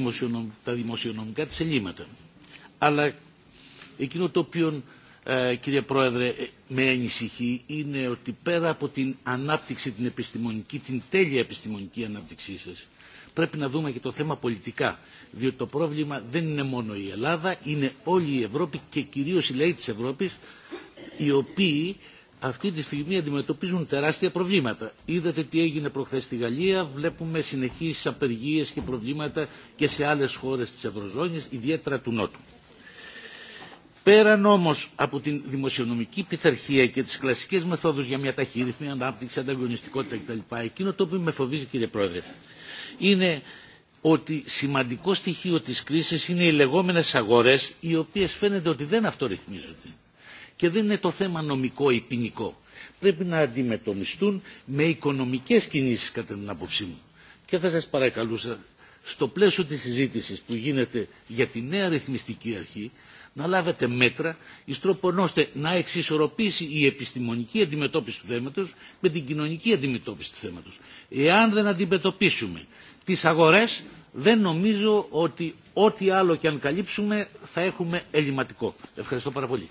τα δημοσιονομικά της ελλείμματα. Αλλά εκείνο το οποίο ε, κύριε Πρόεδρε, ε, με ανησυχεί είναι ότι πέρα από την ανάπτυξη την επιστημονική, την τέλεια επιστημονική ανάπτυξή σας, πρέπει να δούμε και το θέμα πολιτικά. Διότι το πρόβλημα δεν είναι μόνο η Ελλάδα, είναι όλη η Ευρώπη και κυρίως οι λαοί της Ευρώπης, οι οποίοι αυτή τη στιγμή αντιμετωπίζουν τεράστια προβλήματα. Είδατε τι έγινε προχθές στη Γαλλία, βλέπουμε συνεχείς απεργίες και προβλήματα και σε άλλες χώρες της Ευρωζώνης, ιδιαίτερα του Νότου. Πέραν όμως από την δημοσιονομική πειθαρχία και τις κλασικές μεθόδους για μια ταχύρυθμη ανάπτυξη, ανταγωνιστικότητα κτλ. Εκείνο το οποίο με φοβίζει κύριε Πρόεδρε είναι ότι σημαντικό στοιχείο της κρίσης είναι οι λεγόμενες αγορές οι οποίες φαίνεται ότι δεν αυτορυθμίζονται. Και δεν είναι το θέμα νομικό ή ποινικό. Πρέπει να αντιμετωπιστούν με οικονομικές κινήσεις κατά την άποψή μου. Και θα σας παρακαλούσα στο πλαίσιο της συζήτησης που γίνεται για τη νέα ρυθμιστική αρχή να λάβετε μέτρα εις τρόπον ώστε να εξισορροπήσει η επιστημονική αντιμετώπιση του θέματος με την κοινωνική αντιμετώπιση του θέματος. Εάν δεν αντιμετωπίσουμε τις αγορές δεν νομίζω ότι ό,τι άλλο και αν καλύψουμε θα έχουμε ελληματικό. Ευχαριστώ πάρα πολύ.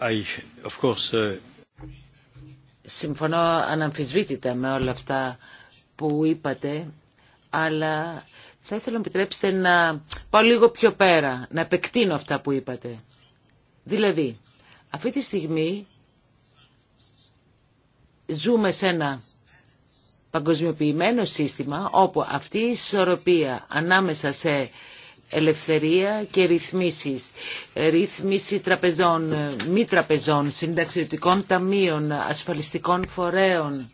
I, of course, uh, Συμφωνώ αναμφισβήτητα με όλα αυτά που είπατε, αλλά θα ήθελα να επιτρέψετε να πάω λίγο πιο πέρα, να επεκτείνω αυτά που είπατε. Δηλαδή, αυτή τη στιγμή ζούμε σε ένα παγκοσμιοποιημένο σύστημα όπου αυτή η ισορροπία ανάμεσα σε ελευθερία και ρυθμίσεις. Ε, ρύθμιση τραπεζών, ε, μη τραπεζών, συνταξιωτικών ταμείων, ασφαλιστικών φορέων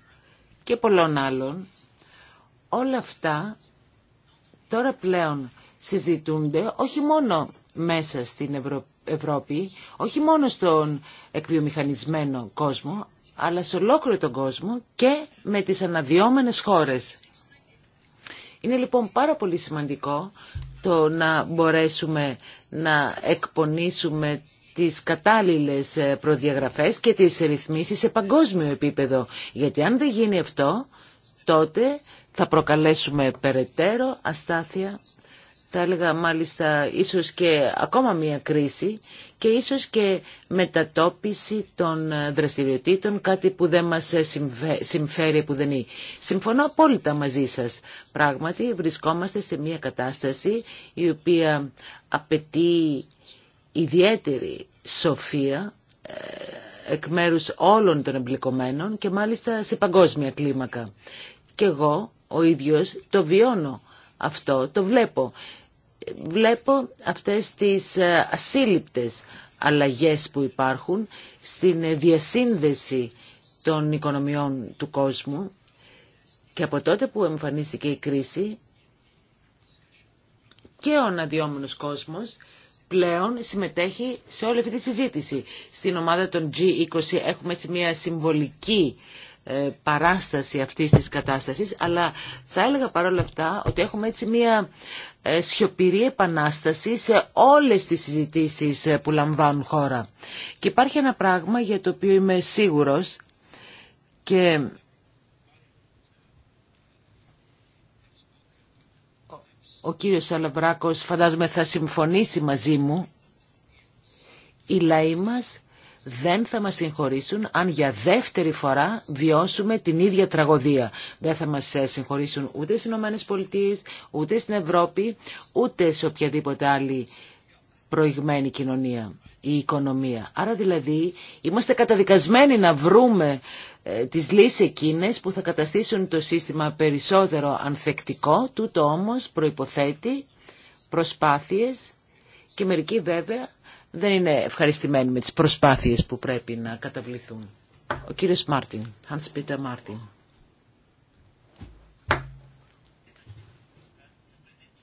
και πολλών άλλων. Όλα αυτά τώρα πλέον συζητούνται όχι μόνο μέσα στην Ευρώπη, όχι μόνο στον εκβιομηχανισμένο κόσμο, αλλά σε ολόκληρο τον κόσμο και με τις αναδυόμενες χώρες. Είναι λοιπόν πάρα πολύ σημαντικό το να μπορέσουμε να εκπονήσουμε τις κατάλληλες ε, προδιαγραφές και τις ρυθμίσεις σε παγκόσμιο επίπεδο. Γιατί αν δεν γίνει αυτό, τότε θα προκαλέσουμε περαιτέρω αστάθεια θα έλεγα μάλιστα ίσως και ακόμα μία κρίση και ίσως και μετατόπιση των δραστηριοτήτων, κάτι που δεν μας συμφέρει που δεν είναι. Συμφωνώ απόλυτα μαζί σας. Πράγματι βρισκόμαστε σε μία κατάσταση η οποία απαιτεί ιδιαίτερη σοφία ε, εκ μέρους όλων των εμπλεκομένων και μάλιστα σε παγκόσμια κλίμακα. Και εγώ ο ίδιος το βιώνω αυτό, το βλέπω βλέπω αυτές τις ε, ασύλληπτες αλλαγές που υπάρχουν στην ε, διασύνδεση των οικονομιών του κόσμου και από τότε που εμφανίστηκε η κρίση και ο αναδιόμενος κόσμος πλέον συμμετέχει σε όλη αυτή τη συζήτηση. Στην ομάδα των G20 έχουμε έτσι μια συμβολική ε, παράσταση αυτής της κατάστασης, αλλά θα έλεγα παρόλα αυτά ότι έχουμε έτσι μια ε, σιωπηρή επανάσταση σε όλες τις συζητήσεις ε, που λαμβάνουν χώρα. Και υπάρχει ένα πράγμα για το οποίο είμαι σίγουρος και ο κύριος Αλαβράκος φαντάζομαι θα συμφωνήσει μαζί μου. Οι λαοί μας δεν θα μας συγχωρήσουν αν για δεύτερη φορά βιώσουμε την ίδια τραγωδία. Δεν θα μας ε, συγχωρήσουν ούτε στις Ηνωμένες Πολιτείες, ούτε στην Ευρώπη, ούτε σε οποιαδήποτε άλλη προηγμένη κοινωνία ή οικονομία. Άρα δηλαδή είμαστε καταδικασμένοι να βρούμε ε, τις λύσεις εκείνες που θα καταστήσουν το σύστημα περισσότερο ανθεκτικό, τούτο όμως προϋποθέτει προσπάθειες και μερικοί βέβαια δεν είναι ευχαριστημένοι με τις προσπάθειες που πρέπει να καταβληθούν. Ο κύριος Μάρτιν, Hans Peter Martin.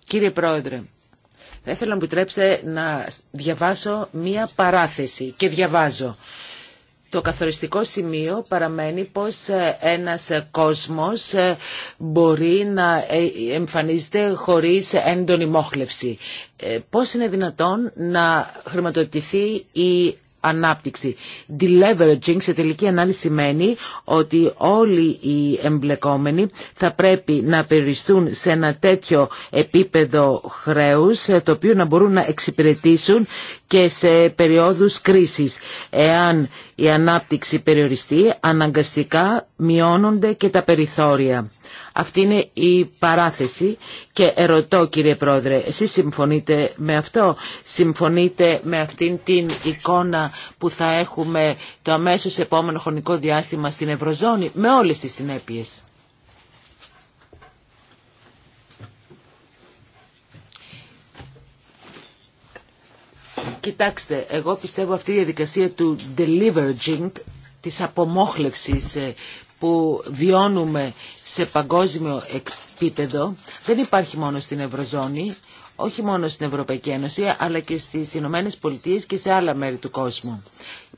Κύριε Πρόεδρε, θα ήθελα να μου επιτρέψετε να διαβάσω μία παράθεση και διαβάζω το καθοριστικό σημείο παραμένει πως ε, ένας ε, κόσμος ε, μπορεί να εμφανίζεται χωρίς έντονη μόχλευση. Πώς είναι δυνατόν να χρηματοδοτηθεί η ανάπτυξη. Deleveraging σε τελική ανάλυση σημαίνει ότι όλοι οι εμπλεκόμενοι θα πρέπει να περιοριστούν σε ένα τέτοιο επίπεδο χρέους ε, το οποίο να μπορούν να εξυπηρετήσουν και σε περιόδους κρίσης. Εάν η ανάπτυξη περιοριστεί αναγκαστικά μειώνονται και τα περιθώρια. Αυτή είναι η παράθεση και ερωτώ κύριε Πρόεδρε, εσείς συμφωνείτε με αυτό, συμφωνείτε με αυτήν την εικόνα που θα έχουμε το αμέσως επόμενο χρονικό διάστημα στην Ευρωζώνη με όλες τις συνέπειες. Κοιτάξτε, εγώ πιστεύω αυτή η διαδικασία του deliveraging της απομόχλευσης ε, που βιώνουμε σε παγκόσμιο επίπεδο δεν υπάρχει μόνο στην Ευρωζώνη, όχι μόνο στην Ευρωπαϊκή Ένωση, αλλά και στις Ηνωμένε Πολιτείες... και σε άλλα μέρη του κόσμου.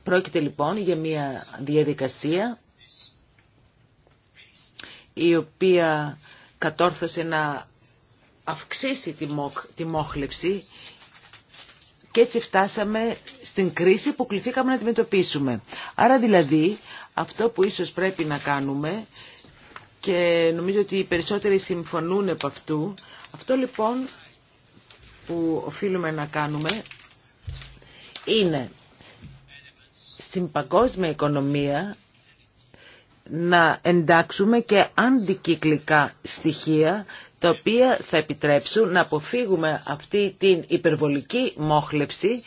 Πρόκειται λοιπόν για μια διαδικασία η οποία κατόρθωσε να αυξήσει τη μόχλεψη και έτσι φτάσαμε στην κρίση που κληθήκαμε να αντιμετωπίσουμε. Άρα δηλαδή αυτό που ίσως πρέπει να κάνουμε και νομίζω ότι οι περισσότεροι συμφωνούν από αυτού. Αυτό λοιπόν που οφείλουμε να κάνουμε είναι στην παγκόσμια οικονομία να εντάξουμε και αντικυκλικά στοιχεία τα οποία θα επιτρέψουν να αποφύγουμε αυτή την υπερβολική μόχλεψη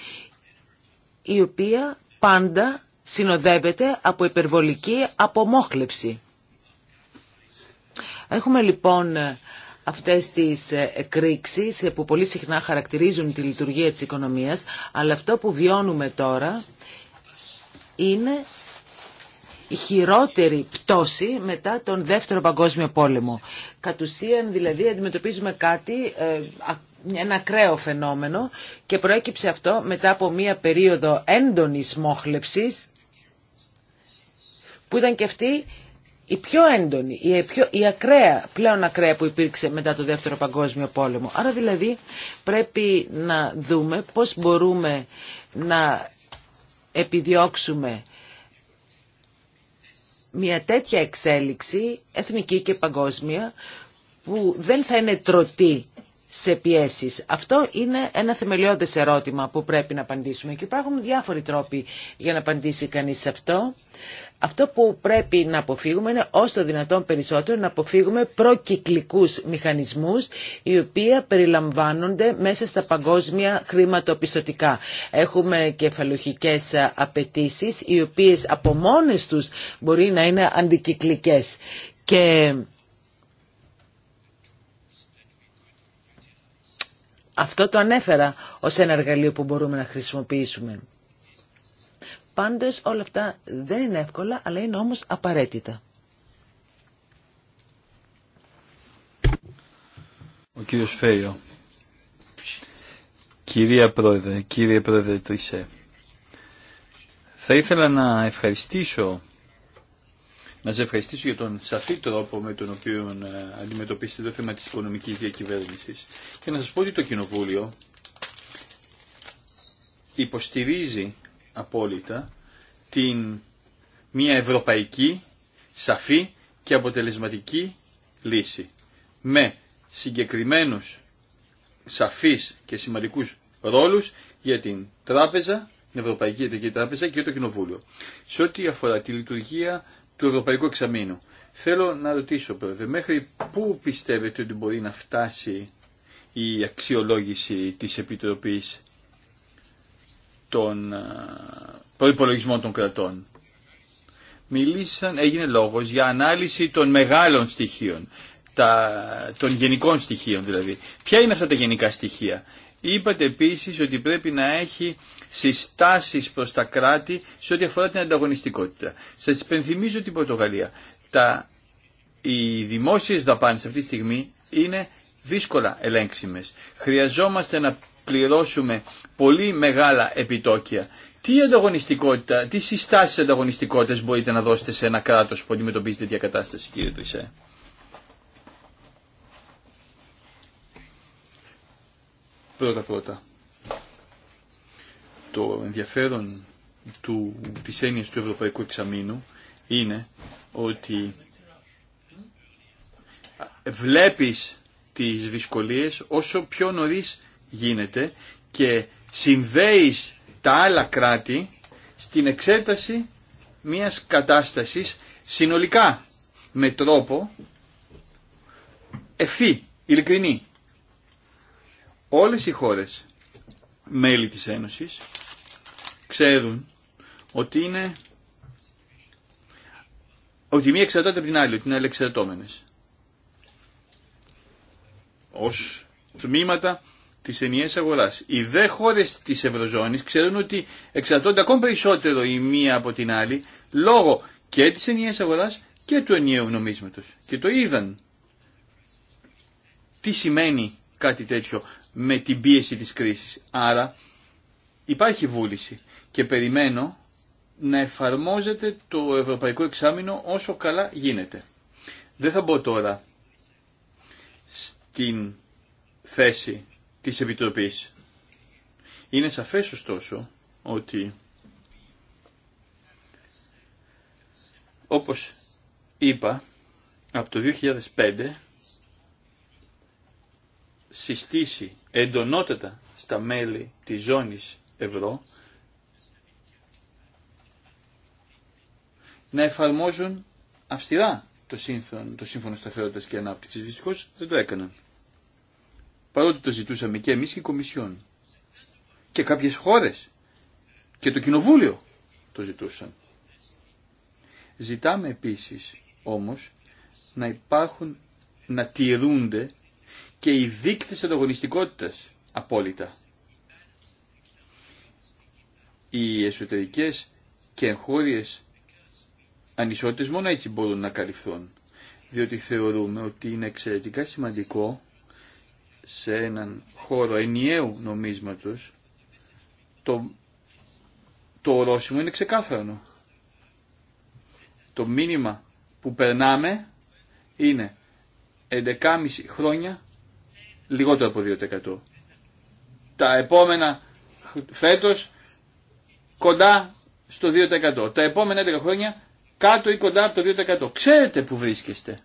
η οποία πάντα συνοδεύεται από υπερβολική απομόχλευση. Έχουμε λοιπόν ε, αυτές τις ε, εκρήξεις ε, που πολύ συχνά χαρακτηρίζουν τη λειτουργία της οικονομίας, αλλά αυτό που βιώνουμε τώρα είναι η χειρότερη πτώση μετά τον Δεύτερο Παγκόσμιο Πόλεμο. Κατ' ουσίαν δηλαδή αντιμετωπίζουμε κάτι, ένα ακραίο φαινόμενο και προέκυψε αυτό μετά από μία περίοδο έντονης μόχλευσης που ήταν και αυτή η πιο έντονη, η, πιο, η ακραία, πλέον ακραία που υπήρξε μετά το Δεύτερο Παγκόσμιο Πόλεμο. Άρα δηλαδή πρέπει να δούμε πώς μπορούμε να επιδιώξουμε μια τέτοια εξέλιξη, εθνική και παγκόσμια, που δεν θα είναι τρωτή σε πιέσεις. Αυτό είναι ένα θεμελιώδες ερώτημα που πρέπει να απαντήσουμε και υπάρχουν διάφοροι τρόποι για να απαντήσει κανείς σε αυτό. Αυτό που πρέπει να αποφύγουμε είναι ως το δυνατόν περισσότερο να αποφύγουμε προκυκλικούς μηχανισμούς οι οποίοι περιλαμβάνονται μέσα στα παγκόσμια χρηματοπιστωτικά. Έχουμε κεφαλουχικές απαιτήσει, οι οποίες από μόνες τους μπορεί να είναι αντικυκλικές. Και Αυτό το ανέφερα ως ένα εργαλείο που μπορούμε να χρησιμοποιήσουμε. Πάντως όλα αυτά δεν είναι εύκολα, αλλά είναι όμως απαραίτητα. Ο κύριος Φέιο. Κυρία Πρόεδρε, κύριε Πρόεδρε Τρισέ, θα ήθελα να ευχαριστήσω να σας ευχαριστήσω για τον σαφή τρόπο με τον οποίο ε, αντιμετωπίσετε το θέμα της οικονομικής διακυβέρνησης και να σας πω ότι το Κοινοβούλιο υποστηρίζει απόλυτα την μια ευρωπαϊκή, σαφή και αποτελεσματική λύση με συγκεκριμένους σαφείς και σημαντικούς ρόλους για την τράπεζα, την Ευρωπαϊκή Εταιρική Τράπεζα και το Κοινοβούλιο. Σε ό,τι αφορά τη λειτουργία του Ευρωπαϊκού Εξαμήνου. Θέλω να ρωτήσω, Πρόεδρε, μέχρι πού πιστεύετε ότι μπορεί να φτάσει η αξιολόγηση της Επιτροπής των ε, προϋπολογισμών των κρατών. Μιλήσαν, έγινε λόγος για ανάλυση των μεγάλων στοιχείων, τα, των γενικών στοιχείων δηλαδή. Ποια είναι αυτά τα γενικά στοιχεία. Είπατε επίσης ότι πρέπει να έχει συστάσεις προς τα κράτη σε ό,τι αφορά την ανταγωνιστικότητα. Σας υπενθυμίζω την Πορτογαλία. Τα, οι δημόσιες δαπάνες αυτή τη στιγμή είναι δύσκολα ελέγξιμες. Χρειαζόμαστε να πληρώσουμε πολύ μεγάλα επιτόκια. Τι ανταγωνιστικότητα, τι συστάσεις ανταγωνιστικότητας μπορείτε να δώσετε σε ένα κράτος που αντιμετωπίζει τέτοια κατάσταση κύριε Τρισέ. Πρώτα-πρώτα, το ενδιαφέρον του, της έννοιας του Ευρωπαϊκού Εξαμήνου είναι ότι βλέπεις τις δυσκολίες όσο πιο νωρίς γίνεται και συνδέεις τα άλλα κράτη στην εξέταση μιας κατάστασης συνολικά με τρόπο ευθύ, ειλικρινή όλες οι χώρες μέλη της Ένωσης ξέρουν ότι είναι ότι μία εξαρτάται από την άλλη, ότι είναι αλεξαρτώμενες. Ως τμήματα της ενιαίας αγοράς. Οι δε χώρες της Ευρωζώνης ξέρουν ότι εξαρτώνται ακόμη περισσότερο η μία από την άλλη λόγω και της ενιαίας αγοράς και του ενιαίου νομίσματος. Και το είδαν. Τι σημαίνει κάτι τέτοιο με την πίεση της κρίσης. Άρα υπάρχει βούληση και περιμένω να εφαρμόζεται το ευρωπαϊκό εξάμεινο όσο καλά γίνεται. Δεν θα μπω τώρα στην θέση της Επιτροπής. Είναι σαφές ωστόσο ότι όπως είπα από το 2005 συστήσει εντονότατα στα μέλη της ζώνης ευρώ να εφαρμόζουν αυστηρά το σύμφωνο, το σύμφωνο σταθερότητας και ανάπτυξης. Δυστυχώς δεν το έκαναν. Παρότι το ζητούσαμε και εμείς και η Κομισιόν. Και κάποιες χώρες και το Κοινοβούλιο το ζητούσαν. Ζητάμε επίσης όμως να υπάρχουν, να τηρούνται και οι δείκτες ανταγωνιστικότητας απόλυτα. Οι εσωτερικές και εγχώριες ανισότητες μόνο έτσι μπορούν να καλυφθούν, διότι θεωρούμε ότι είναι εξαιρετικά σημαντικό σε έναν χώρο ενιαίου νομίσματος το, το ορόσημο είναι ξεκάθαρο. Το μήνυμα που περνάμε είναι 11,5 χρόνια λιγότερο από 2%. Τα επόμενα φέτος κοντά στο 2%. Τα επόμενα 11 χρόνια κάτω ή κοντά από το 2%. Ξέρετε που βρίσκεστε.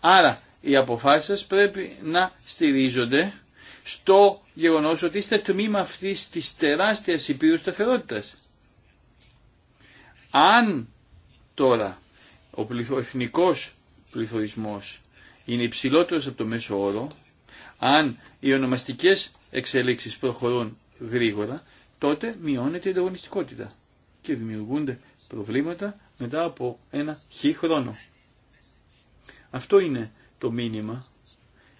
Άρα οι αποφάσεις σας πρέπει να στηρίζονται στο γεγονός ότι είστε τμήμα αυτής της τεράστιας υπήρου σταθερότητα. Αν τώρα ο εθνικός πληθωρισμός είναι υψηλότερος από το μέσο όρο, αν οι ονομαστικές εξελίξεις προχωρούν γρήγορα, τότε μειώνεται η ανταγωνιστικότητα και δημιουργούνται προβλήματα μετά από ένα χι χρόνο. Αυτό είναι το μήνυμα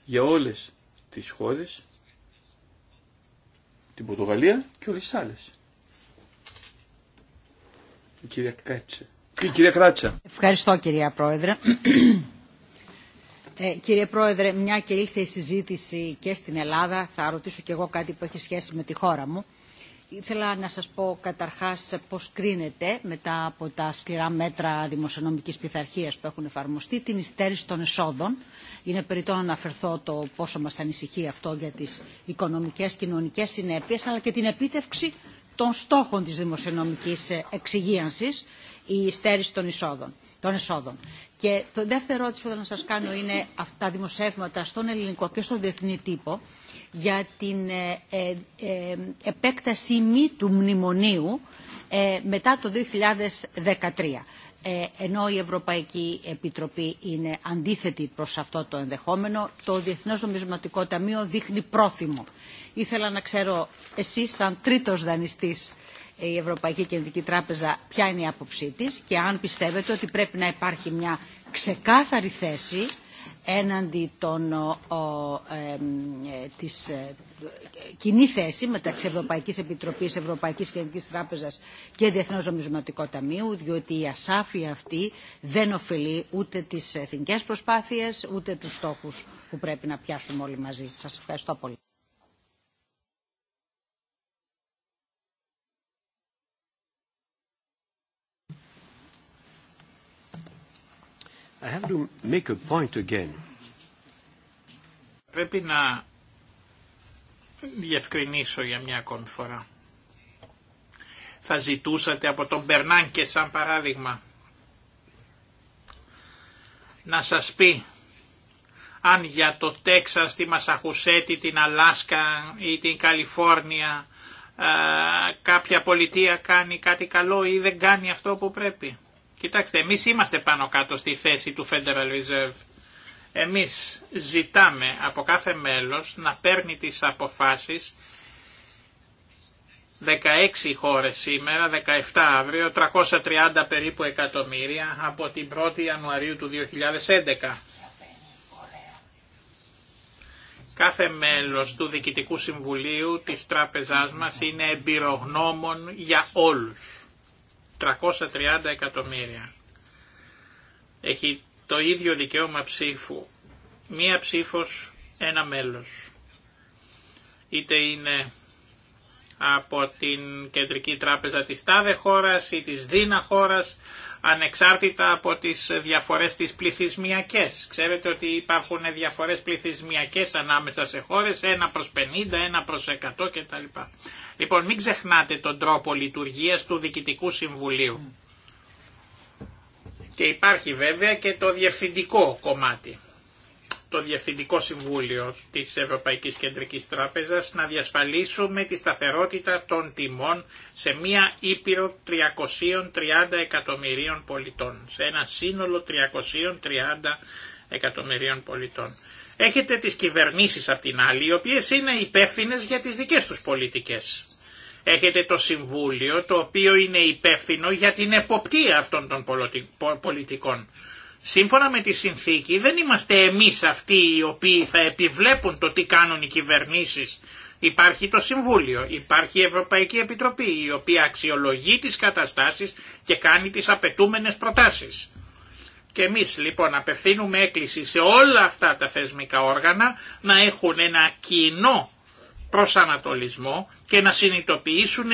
για όλες τις χώρες, την Πορτογαλία και όλες τις άλλες. Η κυρία Κράτσα. Ευχαριστώ κυρία Πρόεδρε. Ε, κύριε Πρόεδρε, μια και ήλθε η συζήτηση και στην Ελλάδα, θα ρωτήσω και εγώ κάτι που έχει σχέση με τη χώρα μου. Ήθελα να σας πω καταρχάς πώς κρίνεται μετά από τα σκληρά μέτρα δημοσιονομικής πειθαρχίας που έχουν εφαρμοστεί την υστέρηση των εσόδων. Είναι περιττό να αναφερθώ το πόσο μας ανησυχεί αυτό για τις οικονομικές, κοινωνικές συνέπειες αλλά και την επίτευξη των στόχων της δημοσιονομικής εξυγίανσης, η υστέρηση των εισόδων των εσόδων. Και το δεύτερο ερώτηση που θέλω να σας κάνω είναι τα δημοσιεύματα στον ελληνικό και στον διεθνή τύπο για την ε, ε, ε, επέκταση μη του μνημονίου μετά το 2013. Ενώ η Ευρωπαϊκή Επιτροπή είναι αντίθετη προς αυτό το ενδεχόμενο, το Διεθνές Νομισματικό Ταμείο δείχνει πρόθυμο. Ήθελα να ξέρω εσείς, σαν τρίτος δανειστής η Ευρωπαϊκή Κεντρική Τράπεζα ποια είναι η άποψή της και αν πιστεύετε ότι πρέπει να υπάρχει μια ξεκάθαρη θέση έναντι των, ε, της ε, κοινή θέση μεταξύ Ευρωπαϊκής Επιτροπής, Ευρωπαϊκής Κεντρικής Τράπεζας και Διεθνώς Νομισματικό Ταμείου, διότι η ασάφεια αυτή δεν ωφελεί ούτε τις εθνικές προσπάθειες, ούτε τους στόχους που πρέπει να πιάσουμε όλοι μαζί. Σας ευχαριστώ πολύ. Πρέπει να διευκρινίσω για μια ακόμη φορά. Θα ζητούσατε από τον Μπερνάνκε σαν παράδειγμα να σας πει αν για το Τέξας, τη Μασαχουσέτη, την Αλάσκα ή την Καλιφόρνια κάποια πολιτεία κάνει κάτι καλό ή δεν κάνει αυτό που πρέπει. Κοιτάξτε, εμεί είμαστε πάνω κάτω στη θέση του Federal Reserve. Εμείς ζητάμε από κάθε μέλος να παίρνει τι αποφάσεις 16 χώρες σήμερα, 17 αύριο, 330 περίπου εκατομμύρια από την 1η Ιανουαρίου του 2011. Κάθε μέλος του Διοικητικού Συμβουλίου της Τράπεζάς μας είναι εμπειρογνώμων για όλους. 330 εκατομμύρια. Έχει το ίδιο δικαίωμα ψήφου. Μία ψήφος, ένα μέλος. Είτε είναι από την Κεντρική Τράπεζα της τάδε χώρας ή της δίνα χώρας, ανεξάρτητα από τις διαφορές τις πληθυσμιακές. Ξέρετε ότι υπάρχουν διαφορές πληθυσμιακές ανάμεσα σε χώρες, ένα προς 50, ένα προς 100 κτλ. Λοιπόν, μην ξεχνάτε τον τρόπο λειτουργίας του Διοικητικού Συμβουλίου. Mm. Και υπάρχει βέβαια και το διευθυντικό κομμάτι. Το Διευθυντικό Συμβούλιο της Ευρωπαϊκής Κεντρικής Τράπεζας να διασφαλίσουμε τη σταθερότητα των τιμών σε μία ήπειρο 330 εκατομμυρίων πολιτών. Σε ένα σύνολο 330 εκατομμυρίων πολιτών. Έχετε τις κυβερνήσεις απ' την άλλη, οι οποίες είναι υπεύθυνε για τις δικές τους πολιτικές. Έχετε το Συμβούλιο, το οποίο είναι υπεύθυνο για την εποπτεία αυτών των πολιτικών. Σύμφωνα με τη συνθήκη δεν είμαστε εμείς αυτοί οι οποίοι θα επιβλέπουν το τι κάνουν οι κυβερνήσεις. Υπάρχει το Συμβούλιο, υπάρχει η Ευρωπαϊκή Επιτροπή η οποία αξιολογεί τις καταστάσεις και κάνει τις απαιτούμενες προτάσεις. Και εμεί λοιπόν απευθύνουμε έκκληση σε όλα αυτά τα θεσμικά όργανα να έχουν ένα κοινό προσανατολισμό και να συνειδητοποιήσουν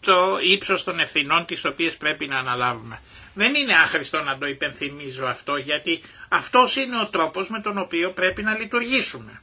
το ύψος των ευθυνών τις οποίες πρέπει να αναλάβουμε. Δεν είναι άχρηστο να το υπενθυμίζω αυτό γιατί αυτός είναι ο τρόπος με τον οποίο πρέπει να λειτουργήσουμε.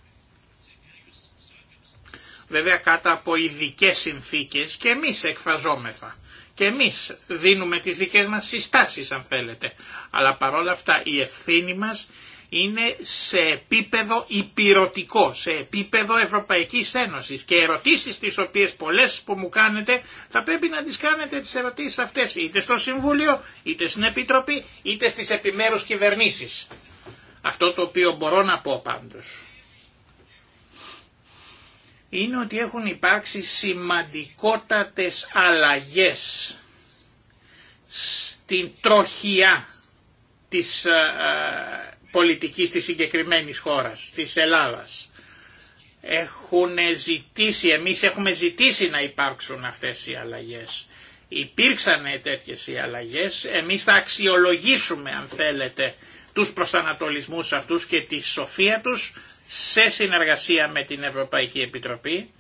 Βέβαια κάτω από ειδικέ συνθήκες και εμείς εκφραζόμεθα και εμείς δίνουμε τις δικές μας συστάσεις αν θέλετε. Αλλά παρόλα αυτά η ευθύνη μας είναι σε επίπεδο υπηρετικό, σε επίπεδο Ευρωπαϊκής Ένωσης και ερωτήσεις τις οποίες πολλές που μου κάνετε θα πρέπει να τις κάνετε τις ερωτήσεις αυτές είτε στο Συμβούλιο, είτε στην Επιτροπή, είτε στις επιμέρους κυβερνήσεις. Αυτό το οποίο μπορώ να πω πάντως είναι ότι έχουν υπάρξει σημαντικότατες αλλαγές στην τροχιά της ε, ε, πολιτικής της συγκεκριμένης χώρας, της Ελλάδας. Έχουν ζητήσει, εμείς έχουμε ζητήσει να υπάρξουν αυτές οι αλλαγές. Υπήρξαν τέτοιες οι αλλαγές, εμείς θα αξιολογήσουμε αν θέλετε τους προσανατολισμούς αυτούς και τη σοφία τους σε συνεργασία με την Ευρωπαϊκή Επιτροπή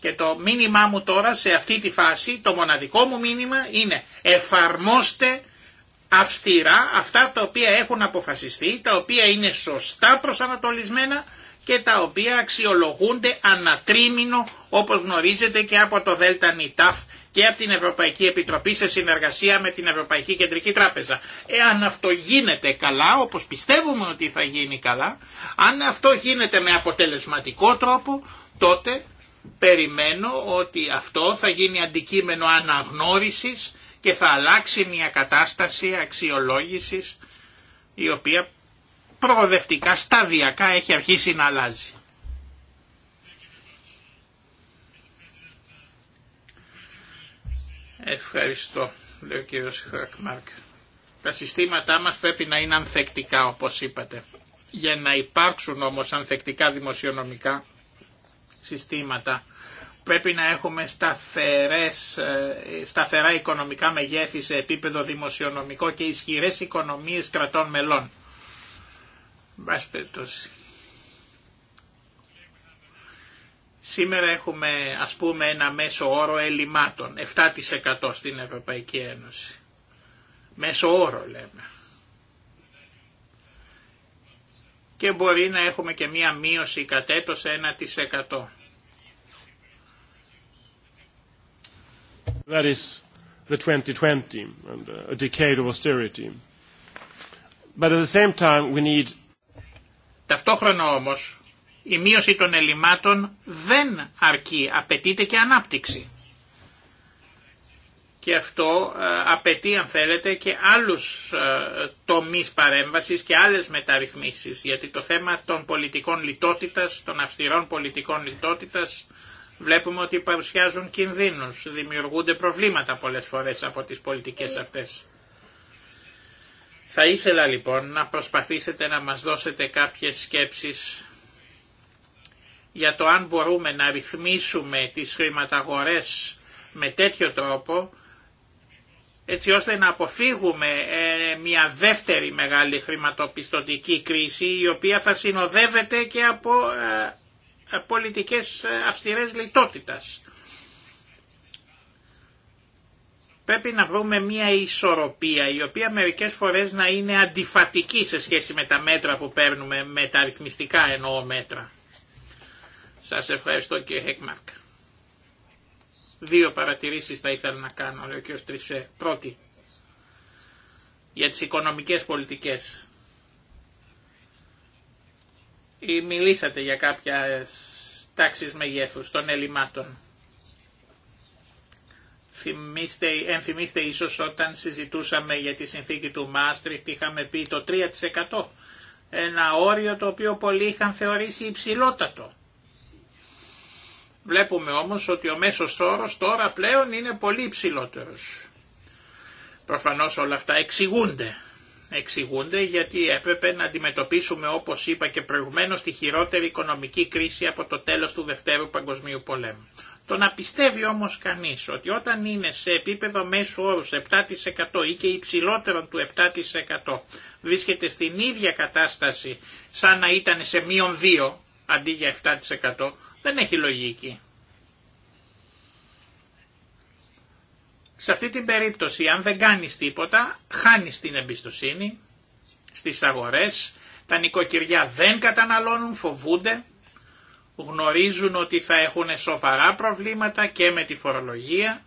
και το μήνυμά μου τώρα σε αυτή τη φάση, το μοναδικό μου μήνυμα είναι εφαρμόστε αυστηρά αυτά τα οποία έχουν αποφασιστεί, τα οποία είναι σωστά προσανατολισμένα και τα οποία αξιολογούνται ανατρίμηνο όπως γνωρίζετε και από το ΔΝΤ και από την Ευρωπαϊκή Επιτροπή σε συνεργασία με την Ευρωπαϊκή Κεντρική Τράπεζα. Εάν αυτό γίνεται καλά, όπως πιστεύουμε ότι θα γίνει καλά, αν αυτό γίνεται με αποτελεσματικό τρόπο, τότε περιμένω ότι αυτό θα γίνει αντικείμενο αναγνώρισης και θα αλλάξει μια κατάσταση αξιολόγησης η οποία προοδευτικά σταδιακά έχει αρχίσει να αλλάζει. Ευχαριστώ, λέει ο κύριος Χακμάρκ. Τα συστήματά μας πρέπει να είναι ανθεκτικά, όπως είπατε. Για να υπάρξουν όμως ανθεκτικά δημοσιονομικά συστήματα, πρέπει να έχουμε σταθερές, ε, σταθερά οικονομικά μεγέθη σε επίπεδο δημοσιονομικό και ισχυρές οικονομίες κρατών μελών. Μπας Σήμερα έχουμε ας πούμε ένα μέσο όρο ελλημάτων, 7% στην Ευρωπαϊκή Ένωση. Μέσο όρο λέμε. Και μπορεί να έχουμε και μία μείωση κατ' έτος 1%. That is the 2020 and uh, a decade of austerity. But at the same time we need... Ταυτόχρονα όμως η μείωση των ελλημάτων δεν αρκεί, απαιτείται και ανάπτυξη. Και αυτό ε, απαιτεί αν θέλετε και άλλους ε, τομείς παρέμβασης και άλλες μεταρρυθμίσεις γιατί το θέμα των πολιτικών λιτότητας, των αυστηρών πολιτικών λιτότητας βλέπουμε ότι παρουσιάζουν κινδύνους, δημιουργούνται προβλήματα πολλές φορές από τις πολιτικές αυτές. Θα ήθελα λοιπόν να προσπαθήσετε να μας δώσετε κάποιες σκέψεις για το αν μπορούμε να ρυθμίσουμε τις χρηματαγορές με τέτοιο τρόπο έτσι ώστε να αποφύγουμε ε, μια δεύτερη μεγάλη χρηματοπιστωτική κρίση η οποία θα συνοδεύεται και από ε, πολιτικές ε, αυστηρές λιτότητας. Πρέπει να βρούμε μια ισορροπία η οποία μερικές φορές να είναι αντιφατική σε σχέση με τα μέτρα που παίρνουμε, με τα αριθμιστικά εννοώ μέτρα. Σας ευχαριστώ κύριε Χεκμάρκ. Δύο παρατηρήσεις θα ήθελα να κάνω, λέει ο κ. Τρισέ. Πρώτη, για τις οικονομικές πολιτικές. Ή μιλήσατε για κάποια τάξεις μεγέθους των ελλημάτων. Θυμίστε, ενθυμίστε ίσως όταν συζητούσαμε για τη συνθήκη του Μάστριχτ είχαμε πει το 3% ένα όριο το οποίο πολλοί είχαν θεωρήσει υψηλότατο. Βλέπουμε όμως ότι ο μέσος όρος τώρα πλέον είναι πολύ υψηλότερος. Προφανώς όλα αυτά εξηγούνται. Εξηγούνται γιατί έπρεπε να αντιμετωπίσουμε όπως είπα και προηγουμένως τη χειρότερη οικονομική κρίση από το τέλος του Δευτέρου Παγκοσμίου Πολέμου. Το να πιστεύει όμως κανείς ότι όταν είναι σε επίπεδο μέσου όρου 7% ή και υψηλότερον του 7% βρίσκεται στην ίδια κατάσταση σαν να ήταν σε μείον 2 αντί για 7% δεν έχει λογική. Σε αυτή την περίπτωση αν δεν κάνεις τίποτα χάνεις την εμπιστοσύνη στις αγορές, τα νοικοκυριά δεν καταναλώνουν, φοβούνται, γνωρίζουν ότι θα έχουν σοβαρά προβλήματα και με τη φορολογία,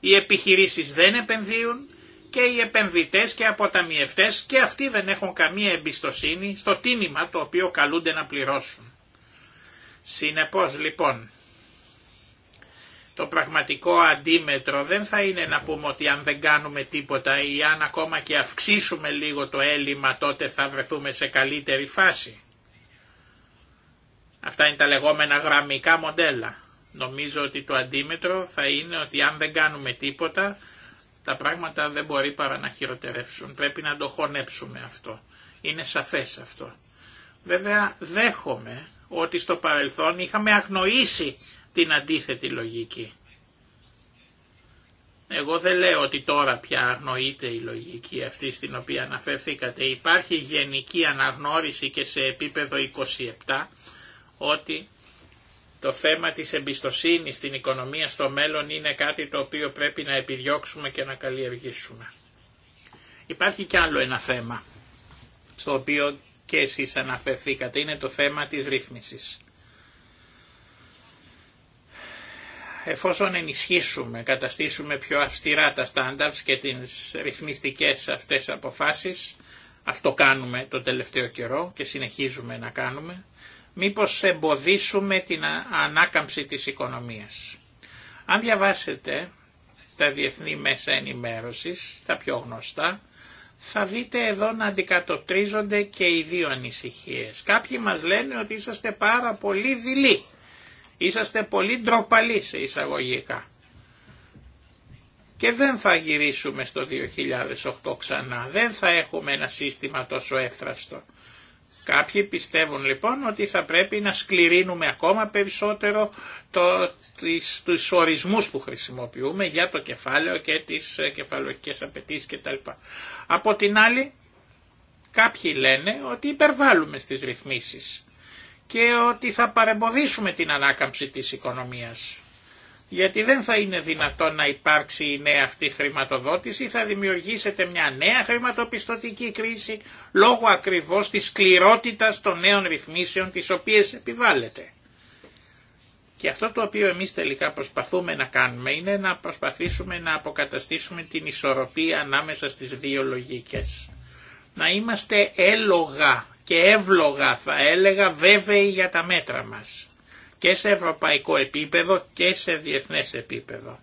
οι επιχειρήσεις δεν επενδύουν και οι επενδυτές και αποταμιευτές και αυτοί δεν έχουν καμία εμπιστοσύνη στο τίμημα το οποίο καλούνται να πληρώσουν. Συνεπώς λοιπόν, το πραγματικό αντίμετρο δεν θα είναι να πούμε ότι αν δεν κάνουμε τίποτα ή αν ακόμα και αυξήσουμε λίγο το έλλειμμα τότε θα βρεθούμε σε καλύτερη φάση. Αυτά είναι τα λεγόμενα γραμμικά μοντέλα. Νομίζω ότι το αντίμετρο θα είναι ότι αν δεν κάνουμε τίποτα τα πράγματα δεν μπορεί παρά να χειροτερεύσουν. Πρέπει να το χωνέψουμε αυτό. Είναι σαφές αυτό. Βέβαια δέχομαι ότι στο παρελθόν είχαμε αγνοήσει την αντίθετη λογική. Εγώ δεν λέω ότι τώρα πια αγνοείται η λογική αυτή στην οποία αναφερθήκατε. Υπάρχει γενική αναγνώριση και σε επίπεδο 27 ότι το θέμα της εμπιστοσύνης στην οικονομία στο μέλλον είναι κάτι το οποίο πρέπει να επιδιώξουμε και να καλλιεργήσουμε. Υπάρχει κι άλλο ένα θέμα στο οποίο και εσείς αναφερθήκατε, είναι το θέμα της ρύθμισης. Εφόσον ενισχύσουμε, καταστήσουμε πιο αυστηρά τα στάνταρτς και τις ρυθμιστικές αυτές αποφάσεις, αυτό κάνουμε το τελευταίο καιρό και συνεχίζουμε να κάνουμε, μήπως εμποδίσουμε την ανάκαμψη της οικονομίας. Αν διαβάσετε τα διεθνή μέσα ενημέρωσης, τα πιο γνωστά, θα δείτε εδώ να αντικατοπτρίζονται και οι δύο ανησυχίες. Κάποιοι μας λένε ότι είσαστε πάρα πολύ δειλοί, είσαστε πολύ ντροπαλοί σε εισαγωγικά. Και δεν θα γυρίσουμε στο 2008 ξανά, δεν θα έχουμε ένα σύστημα τόσο εύθραστο. Κάποιοι πιστεύουν λοιπόν ότι θα πρέπει να σκληρύνουμε ακόμα περισσότερο το, τις, τους ορισμούς που χρησιμοποιούμε για το κεφάλαιο και τις ε, κεφαλαιοκές απαιτήσεις κτλ. Από την άλλη, κάποιοι λένε ότι υπερβάλλουμε στις ρυθμίσεις και ότι θα παρεμποδίσουμε την ανάκαμψη της οικονομίας. Γιατί δεν θα είναι δυνατόν να υπάρξει η νέα αυτή χρηματοδότηση, θα δημιουργήσετε μια νέα χρηματοπιστωτική κρίση λόγω ακριβώς της σκληρότητας των νέων ρυθμίσεων τις οποίες επιβάλλεται. Και αυτό το οποίο εμείς τελικά προσπαθούμε να κάνουμε είναι να προσπαθήσουμε να αποκαταστήσουμε την ισορροπία ανάμεσα στις δύο λογικές. Να είμαστε έλογα και εύλογα θα έλεγα βέβαιοι για τα μέτρα μας και σε ευρωπαϊκό επίπεδο και σε διεθνές επίπεδο.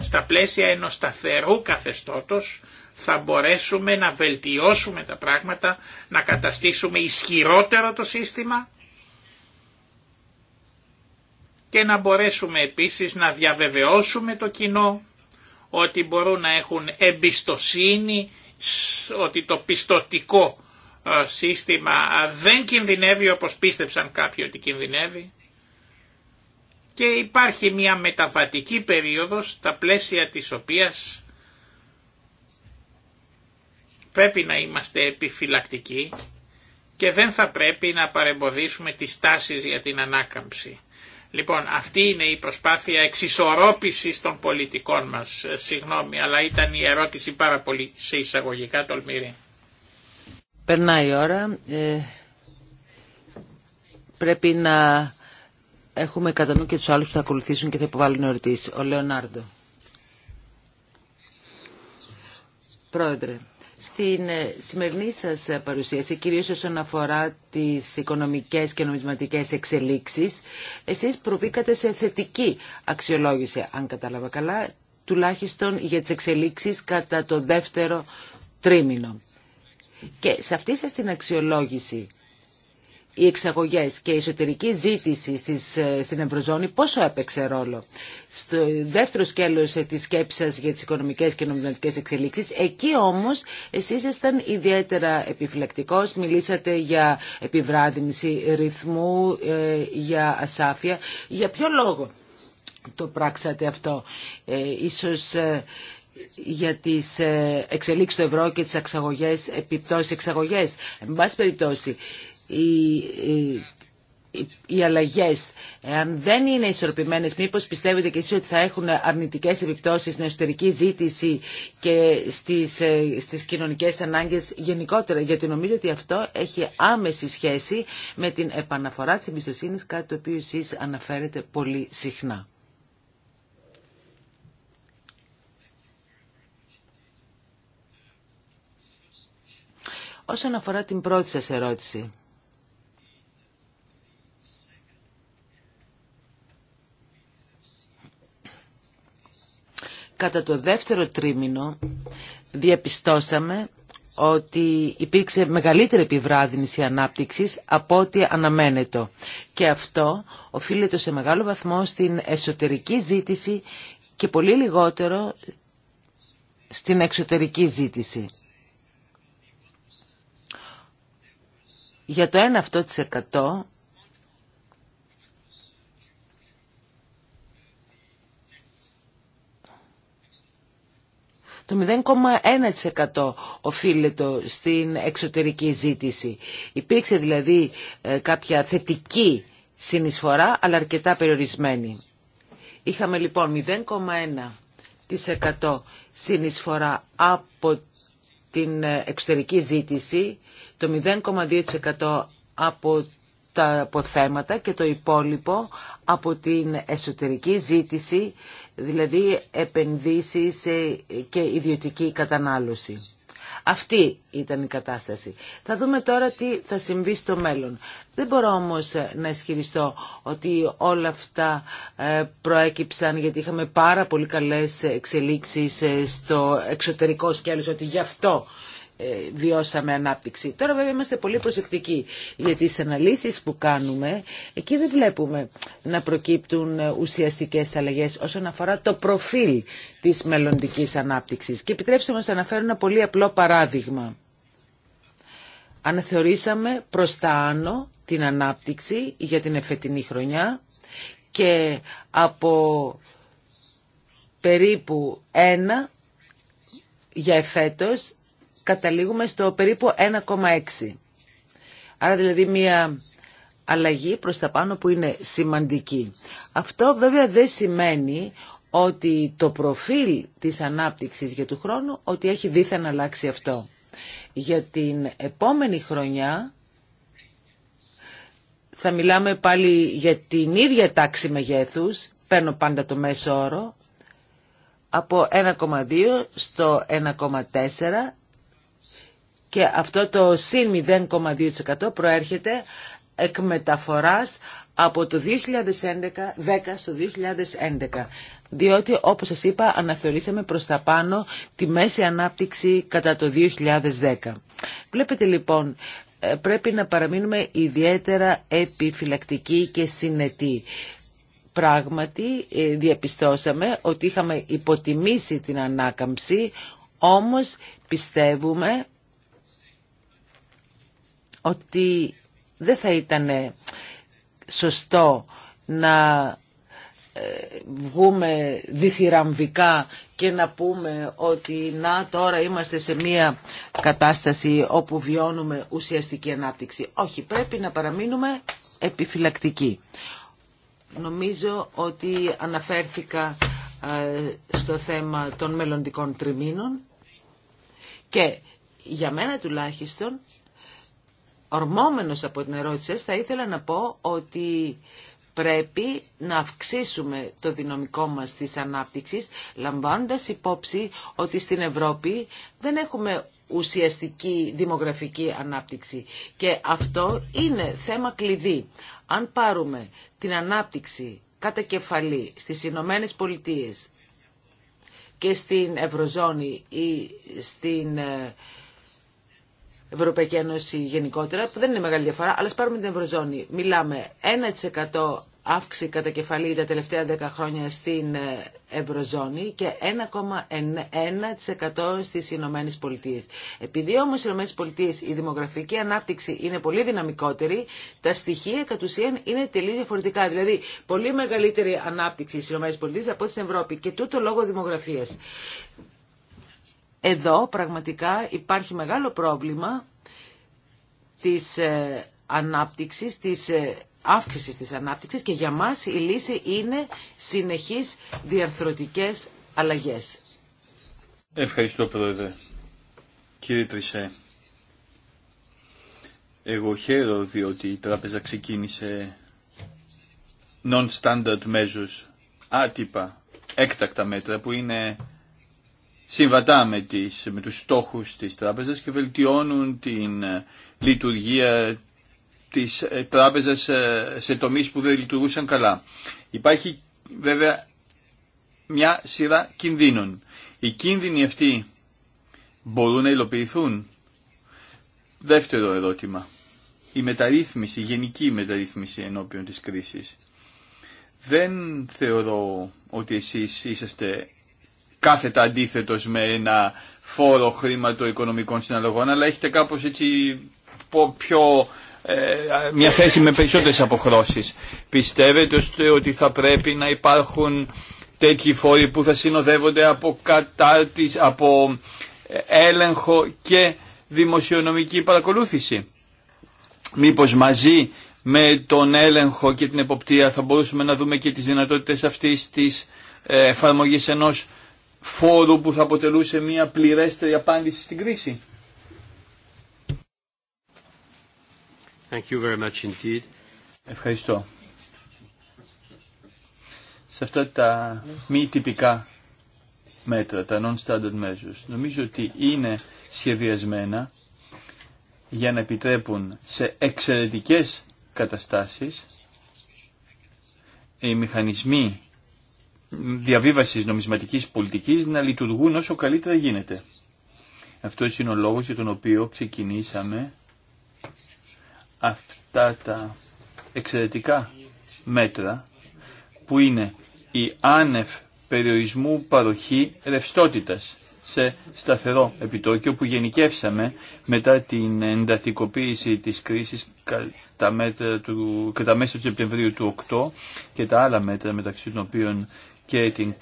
Στα πλαίσια ενός σταθερού καθεστώτος θα μπορέσουμε να βελτιώσουμε τα πράγματα, να καταστήσουμε ισχυρότερο το σύστημα και να μπορέσουμε επίσης να διαβεβαιώσουμε το κοινό ότι μπορούν να έχουν εμπιστοσύνη ότι το πιστοτικό ε, σύστημα ε, δεν κινδυνεύει όπως πίστεψαν κάποιοι ότι κινδυνεύει και υπάρχει μια μεταβατική περίοδος τα πλαίσια της οποίας πρέπει να είμαστε επιφυλακτικοί και δεν θα πρέπει να παρεμποδίσουμε τις τάσεις για την ανάκαμψη. Λοιπόν, αυτή είναι η προσπάθεια εξισορρόπησης των πολιτικών μας. Ε, συγγνώμη, αλλά ήταν η ερώτηση πάρα πολύ σε εισαγωγικά τολμηρή. Περνάει η ώρα. Ε, πρέπει να έχουμε κατά νου και τους άλλους που θα ακολουθήσουν και θα υποβάλουν ερωτήσεις. Ο Λεωνάρντο. Πρόεδρε, στην ε, σημερινή σας ε, παρουσίαση, κυρίως όσον αφορά τις οικονομικές και νομισματικές εξελίξεις, εσείς προβήκατε σε θετική αξιολόγηση, αν κατάλαβα καλά, τουλάχιστον για τις εξελίξεις κατά το δεύτερο τρίμηνο. Και σε αυτή σας την αξιολόγηση οι εξαγωγέ και η εσωτερική ζήτηση ε, στην Ευρωζώνη πόσο έπαιξε ρόλο. Στο δεύτερο σκέλος ε, τη σκέψη σα για τι οικονομικές και νομισματικές εξελίξεις, εκεί όμως εσείς ήσασταν ιδιαίτερα επιφυλακτικό. μιλήσατε για επιβράδυνση ρυθμού, ε, για ασάφεια. Για ποιο λόγο το πράξατε αυτό. Ίσως για τις εξελίξεις του ευρώ και τις εξαγωγές, επιπτώσεις εξαγωγές. Εν πάση περιπτώσει, οι αλλαγές, αν δεν είναι ισορροπημένες, μήπως πιστεύετε και εσείς ότι θα έχουν αρνητικές επιπτώσεις στην εσωτερική ζήτηση και στις, ε, στις κοινωνικές ανάγκες γενικότερα, γιατί νομίζω ότι αυτό έχει άμεση σχέση με την επαναφορά της εμπιστοσύνη κάτι το οποίο εσείς αναφέρετε πολύ συχνά. Όσον αφορά την πρώτη σας ερώτηση, Κατά το δεύτερο τρίμηνο διαπιστώσαμε ότι υπήρξε μεγαλύτερη επιβράδυνση ανάπτυξης από ό,τι αναμένετο. Και αυτό οφείλεται σε μεγάλο βαθμό στην εσωτερική ζήτηση και πολύ λιγότερο στην εξωτερική ζήτηση. Για το 1% Το 0,1% οφείλεται στην εξωτερική ζήτηση. Υπήρξε δηλαδή ε, κάποια θετική συνεισφορά, αλλά αρκετά περιορισμένη. Είχαμε λοιπόν 0,1% συνεισφορά από την ε, εξωτερική ζήτηση, το 0,2% από τα αποθέματα και το υπόλοιπο από την εσωτερική ζήτηση δηλαδή επενδύσεις ε, και ιδιωτική κατανάλωση. Αυτή ήταν η κατάσταση. Θα δούμε τώρα τι θα συμβεί στο μέλλον. Δεν μπορώ όμως ε, να ισχυριστώ ότι όλα αυτά ε, προέκυψαν γιατί είχαμε πάρα πολύ καλές εξελίξεις στο εξωτερικό σκέλος, ότι γι' αυτό ε, βιώσαμε ανάπτυξη. Τώρα βέβαια είμαστε πολύ προσεκτικοί για τις αναλύσεις που κάνουμε. Εκεί δεν βλέπουμε να προκύπτουν ε, ουσιαστικές αλλαγές όσον αφορά το προφίλ της μελλοντικής ανάπτυξης. Και επιτρέψτε μας να αναφέρω ένα πολύ απλό παράδειγμα. Αναθεωρήσαμε προς τα άνω την ανάπτυξη για την εφετινή χρονιά και από περίπου ένα για εφέτος καταλήγουμε στο περίπου 1,6. Άρα δηλαδή μια αλλαγή προς τα πάνω που είναι σημαντική. Αυτό βέβαια δεν σημαίνει ότι το προφίλ της ανάπτυξης για του χρόνου ότι έχει δίθεν αλλάξει αυτό. Για την επόμενη χρονιά θα μιλάμε πάλι για την ίδια τάξη μεγέθους, παίρνω πάντα το μέσο όρο, από 1,2 στο 1,4 και αυτό το συν 0,2% προέρχεται εκ μεταφοράς από το 2011 10 στο 2011. Διότι, όπως σας είπα, αναθεωρήσαμε προς τα πάνω τη μέση ανάπτυξη κατά το 2010. Βλέπετε λοιπόν, ε, πρέπει να παραμείνουμε ιδιαίτερα επιφυλακτικοί και συνετοί. Πράγματι, ε, διαπιστώσαμε ότι είχαμε υποτιμήσει την ανάκαμψη, όμως πιστεύουμε ότι δεν θα ήταν σωστό να ε, βγούμε διθυραμβικά και να πούμε ότι να τώρα είμαστε σε μια κατάσταση όπου βιώνουμε ουσιαστική ανάπτυξη. Όχι, πρέπει να παραμείνουμε επιφυλακτικοί. Νομίζω ότι αναφέρθηκα ε, στο θέμα των μελλοντικών τριμήνων και για μένα τουλάχιστον Ορμόμενος από την ερώτηση θα ήθελα να πω ότι πρέπει να αυξήσουμε το δυναμικό μας της ανάπτυξης, λαμβάνοντας υπόψη ότι στην Ευρώπη δεν έχουμε ουσιαστική δημογραφική ανάπτυξη. Και αυτό είναι θέμα κλειδί. Αν πάρουμε την ανάπτυξη κατά κεφαλή στις Ηνωμένε Πολιτείες και στην Ευρωζώνη ή στην ε, Ευρωπαϊκή Ένωση γενικότερα, που δεν είναι μεγάλη διαφορά, αλλά πάρουμε την Ευρωζώνη. Μιλάμε 1% αύξηση κατά κεφαλή τα τελευταία 10 χρόνια στην ε, Ευρωζώνη και 1,1% στις Ηνωμένε Πολιτείες. Επειδή όμως οι Ηνωμένε Πολιτείες η δημογραφική ανάπτυξη είναι πολύ δυναμικότερη, τα στοιχεία κατ' ουσίαν είναι τελείως διαφορετικά. Δηλαδή, πολύ μεγαλύτερη ανάπτυξη στις Ηνωμένε Πολιτείες από ό,τι στην Ευρώπη και τούτο λόγω δημογραφίας. Εδώ πραγματικά υπάρχει μεγάλο πρόβλημα της ε, ανάπτυξης, της ε, αύξησης της ανάπτυξης και για μας η λύση είναι συνεχείς διαρθρωτικές αλλαγές. Ευχαριστώ Πρόεδρε. Κύριε Τρισέ, εγώ χαίρο διότι η τράπεζα ξεκίνησε non-standard measures, άτυπα, έκτακτα μέτρα που είναι συμβατά με, τις, με τους στόχους της τράπεζας και βελτιώνουν την ε, λειτουργία της ε, τράπεζας ε, σε τομείς που δεν λειτουργούσαν καλά. Υπάρχει βέβαια μια σειρά κινδύνων. Οι κίνδυνοι αυτοί μπορούν να υλοποιηθούν. Δεύτερο ερώτημα. Η μεταρρύθμιση, η γενική μεταρρύθμιση ενώπιον της κρίσης. Δεν θεωρώ ότι εσείς είσαστε κάθετα αντίθετο με ένα φόρο φόρο χρήματο-οικονομικών συναλλαγών, αλλά έχετε κάπω έτσι ε, μια θέση με περισσότερες αποχρώσεις. Πιστεύετε ότι θα πρέπει να υπάρχουν τέτοιοι φόροι που θα συνοδεύονται από, από ε, έλεγχο και δημοσιονομική παρακολούθηση. Μήπως μαζί με τον έλεγχο και την εποπτεία θα μπορούσαμε να δούμε και τις δυνατότητες αυτής της ε, εφαρμογής ενός φόρο που θα αποτελούσε μια πληρέστερη απάντηση στην κρίση. Thank you very Ευχαριστώ. Σε αυτά τα μη τυπικά μέτρα, τα non-standard measures, νομίζω ότι είναι σχεδιασμένα για να επιτρέπουν σε εξαιρετικές καταστάσεις οι μηχανισμοί διαβίβασης νομισματικής πολιτικής να λειτουργούν όσο καλύτερα γίνεται. Αυτό είναι ο λόγος για τον οποίο ξεκινήσαμε αυτά τα εξαιρετικά μέτρα που είναι η άνευ περιορισμού παροχή ρευστότητας σε σταθερό επιτόκιο που γενικεύσαμε μετά την εντατικοποίηση της κρίσης κατά, μέσο του, κατά μέσα του Σεπτεμβρίου του 8 και τα άλλα μέτρα μεταξύ των οποίων και την,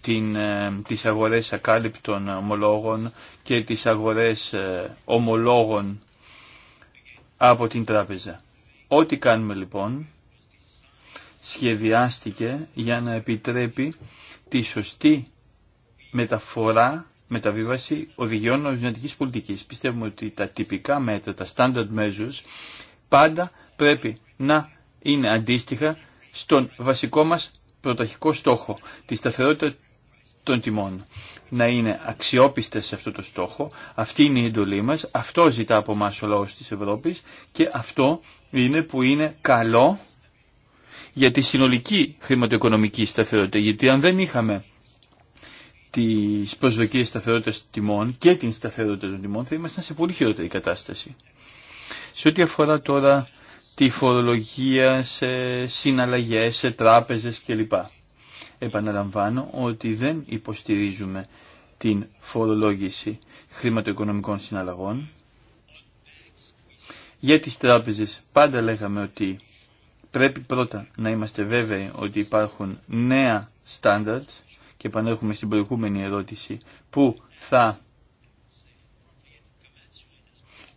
την, ε, τις αγορές ακάλυπτων ομολόγων και τις αγορές ε, ομολόγων από την τράπεζα. Ό,τι κάνουμε λοιπόν σχεδιάστηκε για να επιτρέπει τη σωστή μεταφορά, μεταβίβαση οδηγιών οριζοντικής πολιτικής. Πιστεύουμε ότι τα τυπικά μέτρα, τα standard measures, πάντα πρέπει να είναι αντίστοιχα στον βασικό μας πρωταρχικό στόχο, τη σταθερότητα των τιμών. Να είναι αξιόπιστε σε αυτό το στόχο, αυτή είναι η εντολή μα, αυτό ζητά από εμά ο λαό τη Ευρώπη και αυτό είναι που είναι καλό για τη συνολική χρηματοοικονομική σταθερότητα. Γιατί αν δεν είχαμε τις προσδοκίες σταθερότητας τιμών και την σταθερότητα των τιμών θα ήμασταν σε πολύ χειρότερη κατάσταση. Σε ό,τι αφορά τώρα τη φορολογία σε συναλλαγές, σε τράπεζες κλπ. Επαναλαμβάνω ότι δεν υποστηρίζουμε την φορολόγηση χρηματοοικονομικών συναλλαγών. Για τις τράπεζες πάντα λέγαμε ότι πρέπει πρώτα να είμαστε βέβαιοι ότι υπάρχουν νέα standards και επανέρχομαι στην προηγούμενη ερώτηση που θα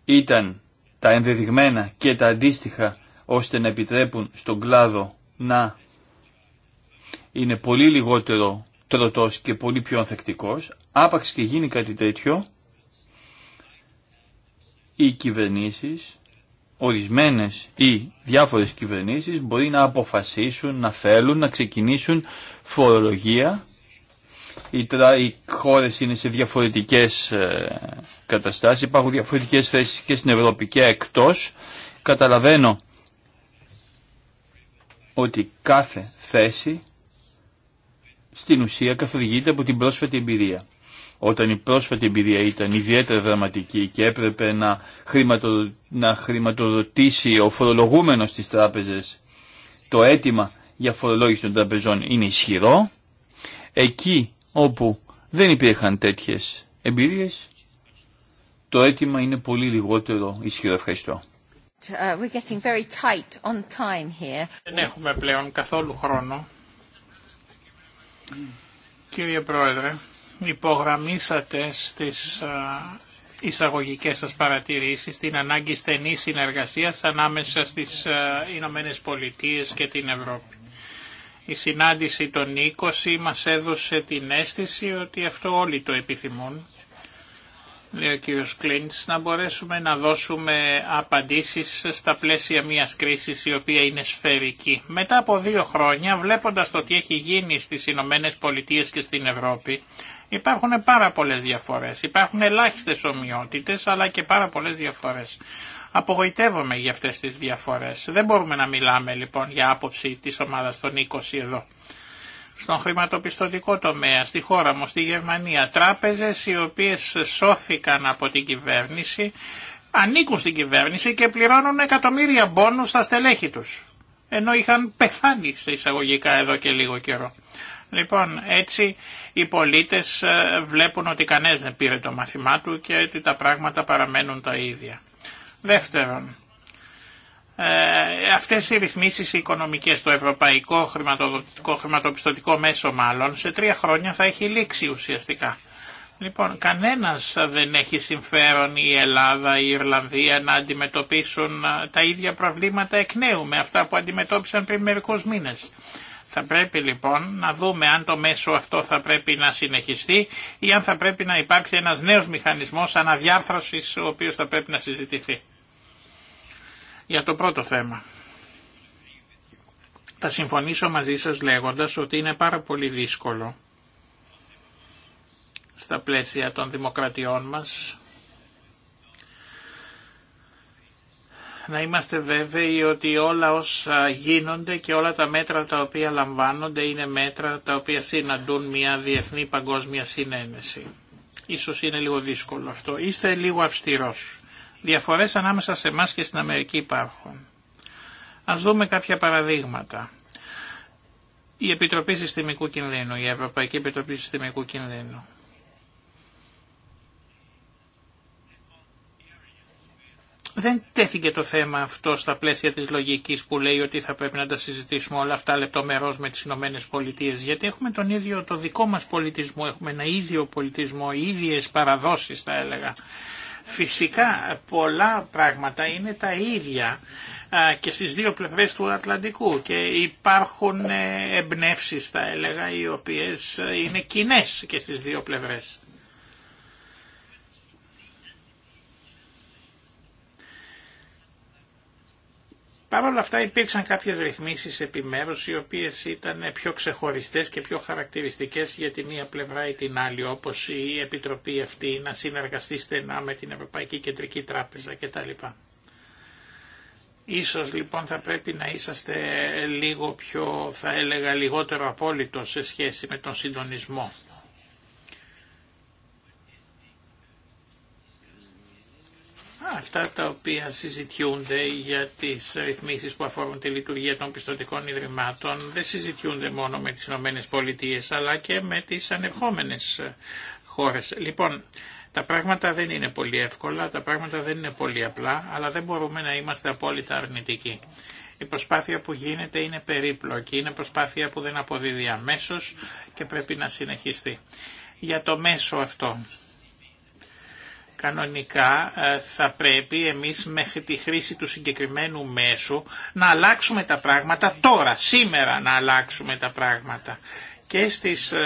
ήταν τα ενδεδειγμένα και τα αντίστοιχα ώστε να επιτρέπουν στον κλάδο να είναι πολύ λιγότερο τρωτός και πολύ πιο ανθεκτικός, άπαξ και γίνει κάτι τέτοιο, οι κυβερνήσεις, ορισμένες ή διάφορες κυβερνήσεις μπορεί να αποφασίσουν, να θέλουν, να ξεκινήσουν φορολογία οι, τρα, οι χώρες είναι σε διαφορετικές ε, καταστάσεις, υπάρχουν διαφορετικές θέσεις και στην Ευρώπη και εκτός. Καταλαβαίνω ότι κάθε θέση στην ουσία καθοδηγείται από την πρόσφατη εμπειρία. Όταν η πρόσφατη εμπειρία ήταν ιδιαίτερα δραματική και έπρεπε να, χρηματο να χρηματοδοτήσει ο φορολογούμενος στις τράπεζες το αίτημα για φορολόγηση των τραπεζών είναι ισχυρό, εκεί όπου δεν υπήρχαν τέτοιες εμπειρίες, το αίτημα είναι πολύ λιγότερο ισχυρό. Ευχαριστώ. Uh, δεν έχουμε πλέον καθόλου χρόνο. Κύριε Πρόεδρε, υπογραμμίσατε στις uh, εισαγωγικές σας παρατηρήσεις την ανάγκη στενής συνεργασίας ανάμεσα στις uh, Ηνωμένε Πολιτείες και την Ευρώπη. Η συνάντηση των 20 μας έδωσε την αίσθηση ότι αυτό όλοι το επιθυμούν. Λέει ο κ. Κλίντς, να μπορέσουμε να δώσουμε απαντήσεις στα πλαίσια μιας κρίσης η οποία είναι σφαιρική. Μετά από δύο χρόνια, βλέποντας το τι έχει γίνει στις Ηνωμένε Πολιτείε και στην Ευρώπη, υπάρχουν πάρα πολλές διαφορές. Υπάρχουν ελάχιστες ομοιότητες, αλλά και πάρα πολλές διαφορές. Απογοητεύομαι για αυτές τις διαφορές. Δεν μπορούμε να μιλάμε λοιπόν για άποψη της ομάδας των 20 εδώ. Στον χρηματοπιστωτικό τομέα, στη χώρα μου, στη Γερμανία, τράπεζες οι οποίες σώθηκαν από την κυβέρνηση, ανήκουν στην κυβέρνηση και πληρώνουν εκατομμύρια μπόνους στα στελέχη τους. Ενώ είχαν πεθάνει σε εισαγωγικά εδώ και λίγο καιρό. Λοιπόν, έτσι οι πολίτες ε, βλέπουν ότι κανένας δεν πήρε το μαθημά του και ότι τα πράγματα παραμένουν τα ίδια. Δεύτερον, ε, αυτές οι ρυθμίσεις οι οικονομικές, το ευρωπαϊκό χρηματοδοτικό, χρηματοπιστωτικό μέσο μάλλον, σε τρία χρόνια θα έχει λήξει ουσιαστικά. Λοιπόν, κανένας δεν έχει συμφέρον η Ελλάδα, η Ιρλανδία να αντιμετωπίσουν ε, τα ίδια προβλήματα εκ νέου με αυτά που αντιμετώπισαν πριν μερικούς μήνες. Θα πρέπει λοιπόν να δούμε αν το μέσο αυτό θα πρέπει να συνεχιστεί ή αν θα πρέπει να υπάρξει ένας νέος μηχανισμός αναδιάρθρωσης ο οποίος θα πρέπει να συζητηθεί. Για το πρώτο θέμα. Θα συμφωνήσω μαζί σας λέγοντας ότι είναι πάρα πολύ δύσκολο στα πλαίσια των δημοκρατιών μας να είμαστε βέβαιοι ότι όλα όσα γίνονται και όλα τα μέτρα τα οποία λαμβάνονται είναι μέτρα τα οποία συναντούν μια διεθνή παγκόσμια συνένεση. Ίσως είναι λίγο δύσκολο αυτό. Είστε λίγο αυστηρός. Διαφορές ανάμεσα σε εμά και στην Αμερική υπάρχουν. Ας δούμε κάποια παραδείγματα. Η Επιτροπή Συστημικού Κινδύνου, η Ευρωπαϊκή Επιτροπή Συστημικού Κινδύνου. Δεν τέθηκε το θέμα αυτό στα πλαίσια της λογικής που λέει ότι θα πρέπει να τα συζητήσουμε όλα αυτά λεπτομερώς με τις Ηνωμένε Πολιτείε. γιατί έχουμε τον ίδιο το δικό μας πολιτισμό, έχουμε ένα ίδιο πολιτισμό, ίδιες παραδόσεις θα έλεγα. Φυσικά πολλά πράγματα είναι τα ίδια και στις δύο πλευρές του Ατλαντικού και υπάρχουν ε, εμπνεύσει θα έλεγα οι οποίες ε, είναι κοινέ και στις δύο πλευρές. Παρ' όλα αυτά υπήρξαν κάποιες ρυθμίσεις επιμέρους οι οποίες ήταν πιο ξεχωριστές και πιο χαρακτηριστικές για τη μία πλευρά ή την άλλη όπως η Επιτροπή αυτή να συνεργαστεί στενά με την Ευρωπαϊκή Κεντρική Τράπεζα κτλ. Ίσως λοιπόν θα πρέπει να είσαστε λίγο πιο, θα έλεγα, λιγότερο απόλυτο σε σχέση με τον συντονισμό αυτά τα οποία συζητιούνται για τις ρυθμίσεις που αφορούν τη λειτουργία των πιστοτικών ιδρυμάτων δεν συζητιούνται μόνο με τις Πολιτείες αλλά και με τις ανερχόμενες χώρες. Λοιπόν, τα πράγματα δεν είναι πολύ εύκολα, τα πράγματα δεν είναι πολύ απλά, αλλά δεν μπορούμε να είμαστε απόλυτα αρνητικοί. Η προσπάθεια που γίνεται είναι περίπλοκη, είναι προσπάθεια που δεν αποδίδει αμέσω και πρέπει να συνεχιστεί. Για το μέσο αυτό, Κανονικά ε, θα πρέπει εμείς μέχρι τη χρήση του συγκεκριμένου μέσου να αλλάξουμε τα πράγματα τώρα, σήμερα να αλλάξουμε τα πράγματα και στις ε,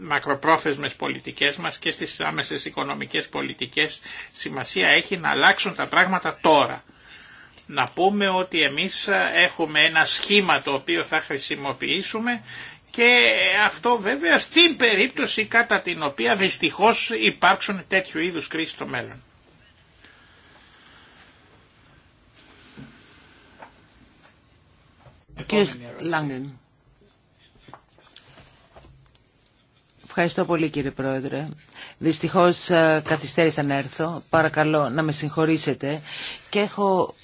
μακροπρόθεσμες πολιτικές μας και στις άμεσες οικονομικές πολιτικές σημασία έχει να αλλάξουν τα πράγματα τώρα. Να πούμε ότι εμείς ε, έχουμε ένα σχήμα το οποίο θα χρησιμοποιήσουμε και αυτό βέβαια στην περίπτωση κατά την οποία δυστυχώς υπάρξουν τέτοιου είδους κρίσεις στο μέλλον. Ευχαριστώ πολύ κύριε Πρόεδρε. Δυστυχώς ε, καθυστέρησα να έρθω. Παρακαλώ να με συγχωρήσετε. Και έχω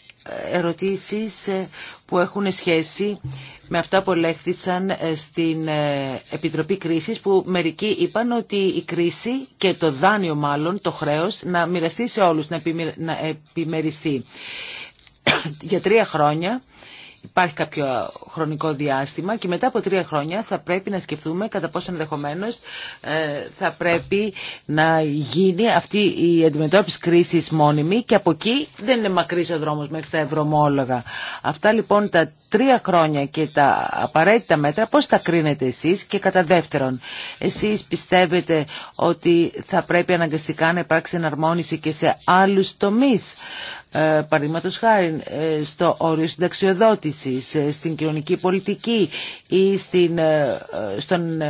ερωτήσεις ε, που έχουν σχέση με αυτά που ελέγχθησαν ε, στην ε, Επιτροπή Κρίσης που μερικοί είπαν ότι η κρίση και το δάνειο μάλλον, το χρέος, να μοιραστεί σε όλους, να επιμεριστεί. Για τρία χρόνια υπάρχει κάποιο χρονικό διάστημα και μετά από τρία χρόνια θα πρέπει να σκεφτούμε κατά πόσο ενδεχομένω ε, θα πρέπει να γίνει αυτή η αντιμετώπιση κρίσης μόνιμη και από εκεί δεν είναι μακρύς ο δρόμος μέχρι τα ευρωμόλογα. Αυτά λοιπόν τα τρία χρόνια και τα απαραίτητα μέτρα πώς τα κρίνετε εσείς και κατά δεύτερον εσείς πιστεύετε ότι θα πρέπει αναγκαστικά να υπάρξει εναρμόνιση και σε άλλους τομείς ε, παραδείγματο χάρη ε, στο όριο συνταξιοδότηση, ε, στην κοινωνική πολιτική ή στην, στον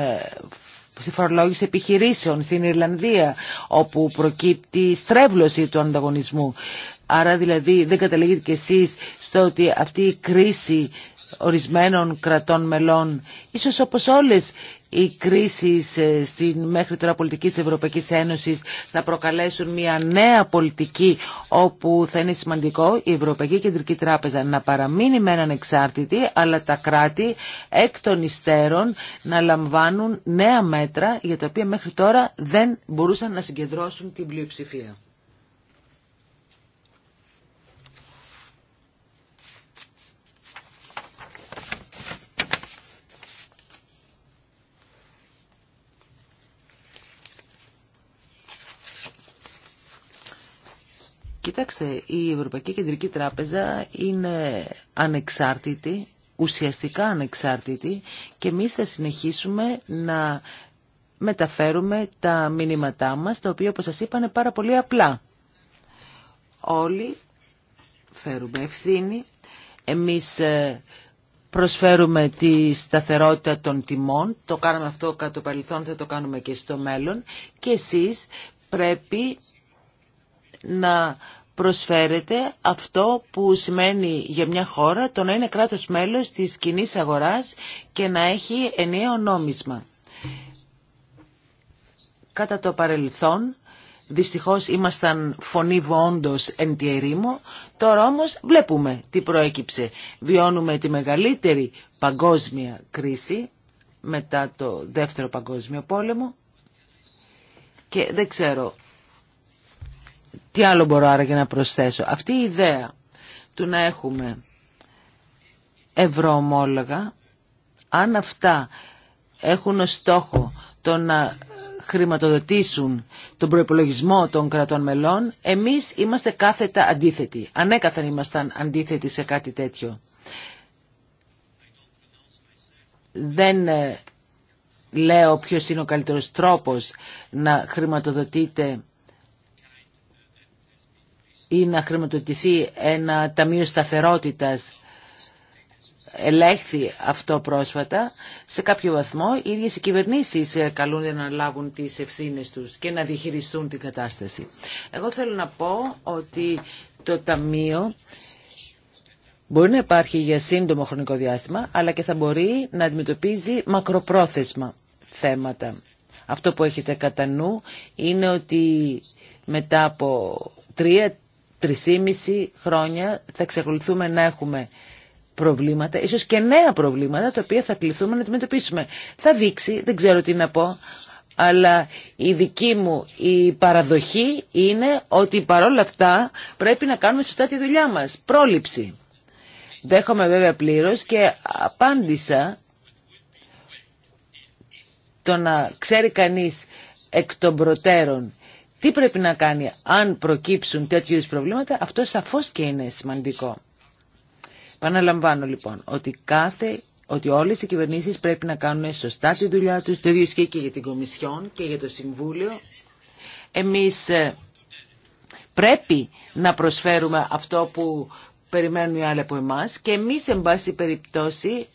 στη φορολόγηση επιχειρήσεων στην Ιρλανδία όπου προκύπτει στρέβλωση του ανταγωνισμού. Άρα δηλαδή δεν καταλήγετε κι εσείς στο ότι αυτή η κρίση ορισμένων κρατών μελών, ίσως όπως όλες οι κρίσεις ε, στην μέχρι τώρα πολιτική της Ευρωπαϊκής Ένωσης θα προκαλέσουν μια νέα πολιτική όπου θα είναι σημαντικό η Ευρωπαϊκή Κεντρική Τράπεζα να παραμείνει με έναν εξάρτητη αλλά τα κράτη εκ των υστέρων να λαμβάνουν νέα μέτρα για τα οποία μέχρι τώρα δεν μπορούσαν να συγκεντρώσουν την πλειοψηφία. Κοιτάξτε, η Ευρωπαϊκή Κεντρική Τράπεζα είναι ανεξάρτητη, ουσιαστικά ανεξάρτητη και εμεί θα συνεχίσουμε να μεταφέρουμε τα μηνύματά μας, τα οποία όπως σας είπα είναι πάρα πολύ απλά. Όλοι φέρουμε ευθύνη, εμείς ε, προσφέρουμε τη σταθερότητα των τιμών, το κάναμε αυτό κατά το παρελθόν, θα το κάνουμε και στο μέλλον και εσείς πρέπει να προσφέρεται αυτό που σημαίνει για μια χώρα το να είναι κράτος μέλος της κοινή αγοράς και να έχει ενιαίο νόμισμα. Κατά το παρελθόν, δυστυχώς ήμασταν φωνή βόντος εν τη τώρα όμως βλέπουμε τι προέκυψε. Βιώνουμε τη μεγαλύτερη παγκόσμια κρίση μετά το δεύτερο παγκόσμιο πόλεμο και δεν ξέρω τι άλλο μπορώ άραγε να προσθέσω. Αυτή η ιδέα του να έχουμε ευρωομόλογα, αν αυτά έχουν ως στόχο το να χρηματοδοτήσουν τον προπολογισμό των κρατών μελών, εμείς είμαστε κάθετα αντίθετοι. Ανέκαθεν ήμασταν αντίθετοι σε κάτι τέτοιο. Δεν ε, λέω ποιος είναι ο καλύτερος τρόπος να χρηματοδοτείται ή να χρηματοδοτηθεί ένα ταμείο σταθερότητας ελέγχθη αυτό πρόσφατα, σε κάποιο βαθμό οι ίδιες οι ε, καλούνται να λάβουν τις ευθύνες τους και να διχειριστούν την κατάσταση. Εγώ θέλω να πω ότι το Ταμείο μπορεί να υπάρχει για σύντομο χρονικό διάστημα, αλλά και θα μπορεί να αντιμετωπίζει μακροπρόθεσμα θέματα. Αυτό που έχετε κατά νου είναι ότι μετά από τρία 3,5 χρόνια θα εξακολουθούμε να έχουμε προβλήματα, ίσως και νέα προβλήματα, τα οποία θα κληθούμε να αντιμετωπίσουμε. Θα δείξει, δεν ξέρω τι να πω, αλλά η δική μου η παραδοχή είναι ότι παρόλα αυτά πρέπει να κάνουμε σωστά τη δουλειά μας. Πρόληψη. Δέχομαι βέβαια πλήρως και απάντησα το να ξέρει κανείς εκ των προτέρων τι πρέπει να κάνει αν προκύψουν τέτοιου προβλήματα, αυτό σαφώς και είναι σημαντικό. Παναλαμβάνω λοιπόν ότι κάθε ότι όλες οι κυβερνήσεις πρέπει να κάνουν σωστά τη δουλειά τους, το ίδιο ισχύει και για την Κομισιόν και για το Συμβούλιο. Εμείς ε, πρέπει να προσφέρουμε αυτό που περιμένουν οι άλλοι από εμάς και εμείς, εν πάση περιπτώσει,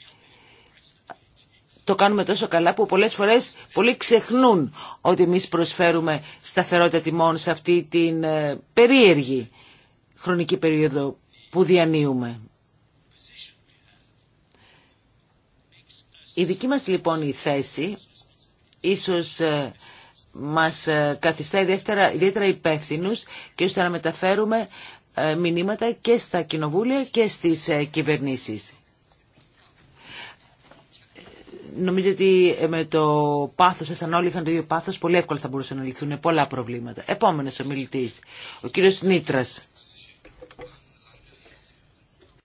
το κάνουμε τόσο καλά που πολλές φορές πολλοί ξεχνούν ότι εμείς προσφέρουμε σταθερότητα τιμών σε αυτή την ε, περίεργη χρονική περίοδο που διανύουμε. Η δική μας λοιπόν η θέση ίσως ε, μας ε, καθιστά ιδιαίτερα, ιδιαίτερα υπεύθυνου και ώστε να μεταφέρουμε μηνύματα και στα κοινοβούλια και στις κυβερνήσεις νομίζω ότι ε, με το πάθο σα αν όλοι είχαν το ίδιο πάθος, πολύ εύκολα θα μπορούσαν να λυθούν πολλά προβλήματα. Επόμενο ο ο κύριο Νίτρας.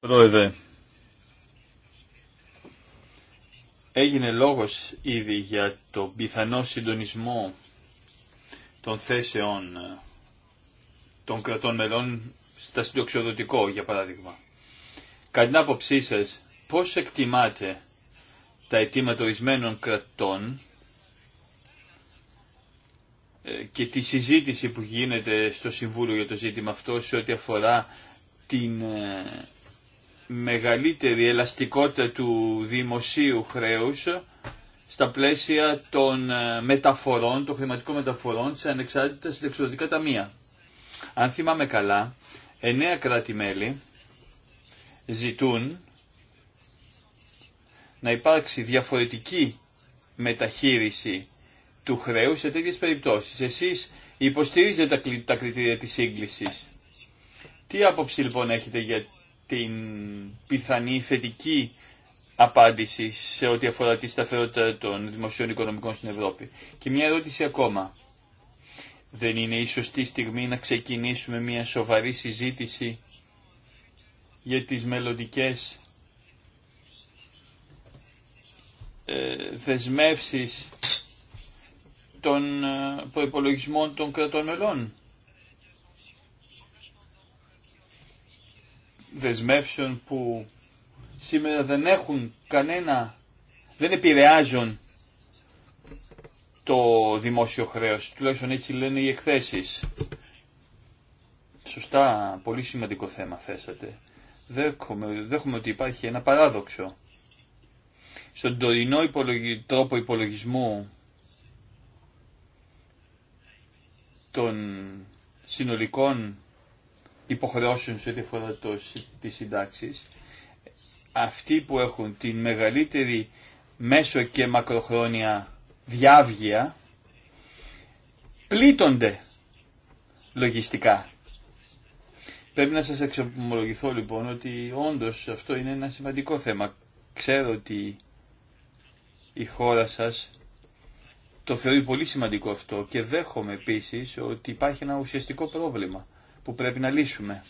Πρόεδρε, έγινε λόγος ήδη για το πιθανό συντονισμό των θέσεων ε, των κρατών μελών στα συντοξιοδοτικό, για παράδειγμα. Κατά την άποψή σας, πώς εκτιμάτε τα αιτήματα ορισμένων κρατών ε, και τη συζήτηση που γίνεται στο Συμβούλιο για το ζήτημα αυτό σε ό,τι αφορά την ε, μεγαλύτερη ελαστικότητα του δημοσίου χρέους στα πλαίσια των ε, μεταφορών, των χρηματικών μεταφορών σε ανεξάρτητα συνεξοδοτικά ταμεία. Αν θυμάμαι καλά, εννέα κράτη-μέλη ζητούν να υπάρξει διαφορετική μεταχείριση του χρέους σε τέτοιες περιπτώσεις. Εσείς υποστηρίζετε τα κριτήρια της σύγκλησης. Τι άποψη λοιπόν έχετε για την πιθανή θετική απάντηση σε ό,τι αφορά τη σταθερότητα των δημοσίων οικονομικών στην Ευρώπη. Και μια ερώτηση ακόμα. Δεν είναι η σωστή στιγμή να ξεκινήσουμε μια σοβαρή συζήτηση για τις μελλοντικές Ε, δεσμεύσεις των ε, προϋπολογισμών των κρατών μελών. Δεσμεύσεων που σήμερα δεν έχουν κανένα, δεν επηρεάζουν το δημόσιο χρέος, τουλάχιστον έτσι λένε οι εκθέσεις. Σωστά, πολύ σημαντικό θέμα θέσατε. Δέχομαι, δέχομαι ότι υπάρχει ένα παράδοξο στον τωρινό τρόπο υπολογισμού των συνολικών υποχρεώσεων σε ό,τι αφορά το, αυτοί που έχουν την μεγαλύτερη μέσο και μακροχρόνια διάβγεια, πλήττονται λογιστικά. Πρέπει να σας εξομολογηθώ λοιπόν ότι όντως αυτό είναι ένα σημαντικό θέμα. Ξέρω ότι η χώρα σας το θεωρεί πολύ σημαντικό αυτό και δέχομαι επίσης ότι υπάρχει ένα ουσιαστικό πρόβλημα που πρέπει να λύσουμε.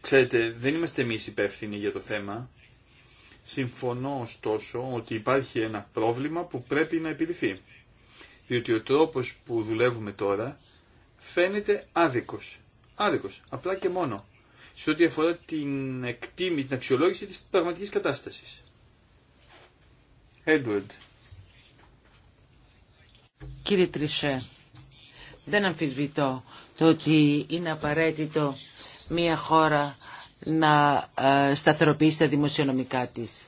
Ξέρετε, δεν είμαστε εμείς υπεύθυνοι για το θέμα. Συμφωνώ ωστόσο ότι υπάρχει ένα πρόβλημα που πρέπει να επιληθεί. Διότι ο τρόπος που δουλεύουμε τώρα φαίνεται άδικος. Άδικος, απλά και μόνο σε ό,τι αφορά την εκτίμη, την αξιολόγηση της πραγματικής κατάστασης. Edward. Κύριε Τρισέ, δεν αμφισβητώ το ότι είναι απαραίτητο μία χώρα να ε, σταθεροποιήσει τα δημοσιονομικά της.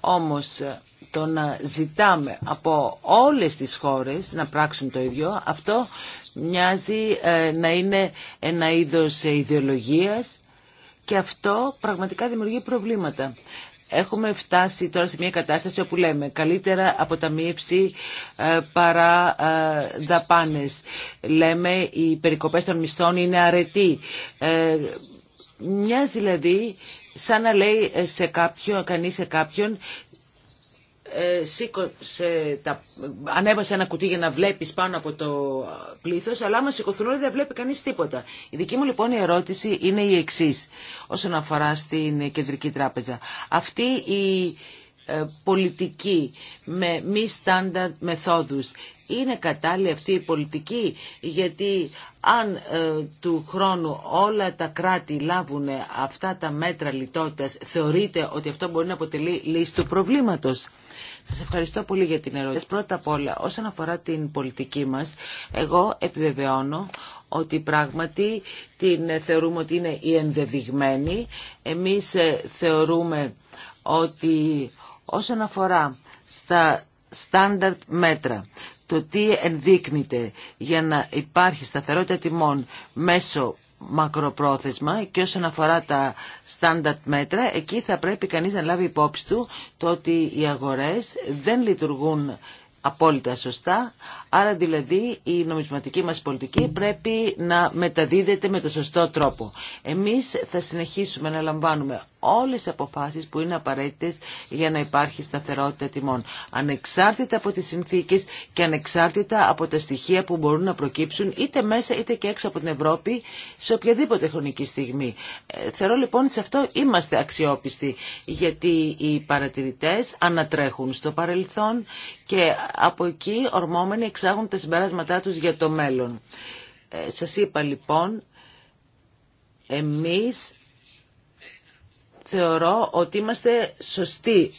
Όμως ε, το να ζητάμε από όλες τις χώρες να πράξουν το ίδιο, αυτό μοιάζει ε, να είναι ένα είδος ε, ιδεολογίας και αυτό πραγματικά δημιουργεί προβλήματα. Έχουμε φτάσει τώρα σε μια κατάσταση όπου λέμε καλύτερα αποταμίευση ε, παρά δαπάνες. Λέμε οι περικοπές των μισθών είναι αρετοί. Μοιάζει δηλαδή σαν να λέει σε κάποιον, κανείς σε κάποιον ε, σήκωσε τα, ανέβασε ένα κουτί για να βλέπεις πάνω από το πλήθος, αλλά άμα σηκωθούν όλοι δεν βλέπει κανείς τίποτα. Η δική μου λοιπόν η ερώτηση είναι η εξής όσον αφορά στην Κεντρική Τράπεζα. Αυτή η ε, πολιτική με μη στάνταρτ μεθόδους. Είναι κατάλληλη αυτή η πολιτική γιατί αν ε, του χρόνου όλα τα κράτη λάβουν αυτά τα μέτρα λιτότητας θεωρείται ότι αυτό μπορεί να αποτελεί λύση του προβλήματος. Σας ευχαριστώ πολύ για την ερώτηση. Πρώτα απ' όλα όσον αφορά την πολιτική μας εγώ επιβεβαιώνω ότι πράγματι την θεωρούμε ότι είναι η ενδεδειγμένη. Εμείς ε, θεωρούμε ότι Όσον αφορά στα στάνταρτ μέτρα, το τι ενδείκνυται για να υπάρχει σταθερότητα τιμών μέσω μακροπρόθεσμα και όσον αφορά τα στάνταρτ μέτρα, εκεί θα πρέπει κανείς να λάβει υπόψη του το ότι οι αγορές δεν λειτουργούν απόλυτα σωστά. Άρα δηλαδή η νομισματική μας πολιτική πρέπει να μεταδίδεται με το σωστό τρόπο. Εμείς θα συνεχίσουμε να λαμβάνουμε όλες τις αποφάσεις που είναι απαραίτητες για να υπάρχει σταθερότητα τιμών. Ανεξάρτητα από τις συνθήκες και ανεξάρτητα από τα στοιχεία που μπορούν να προκύψουν είτε μέσα είτε και έξω από την Ευρώπη σε οποιαδήποτε χρονική στιγμή. Ε, θεωρώ λοιπόν ότι σε αυτό είμαστε αξιόπιστοι γιατί οι παρατηρητές ανατρέχουν στο παρελθόν και από εκεί ορμόμενοι εξάγουν τα συμπεράσματά τους για το μέλλον. Ε, σας είπα λοιπόν, εμείς θεωρώ ότι είμαστε σωστοί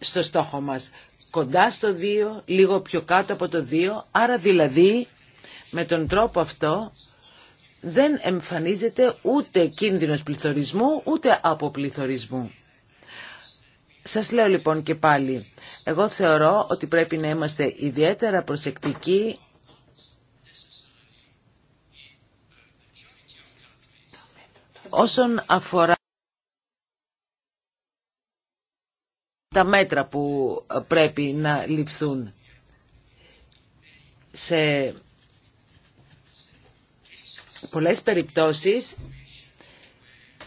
στο στόχο μας. Κοντά στο 2, λίγο πιο κάτω από το 2, άρα δηλαδή με τον τρόπο αυτό δεν εμφανίζεται ούτε κίνδυνος πληθωρισμού ούτε αποπληθωρισμού. Σας λέω λοιπόν και πάλι, εγώ θεωρώ ότι πρέπει να είμαστε ιδιαίτερα προσεκτικοί όσον αφορά τα μέτρα που πρέπει να ληφθούν σε πολλές περιπτώσεις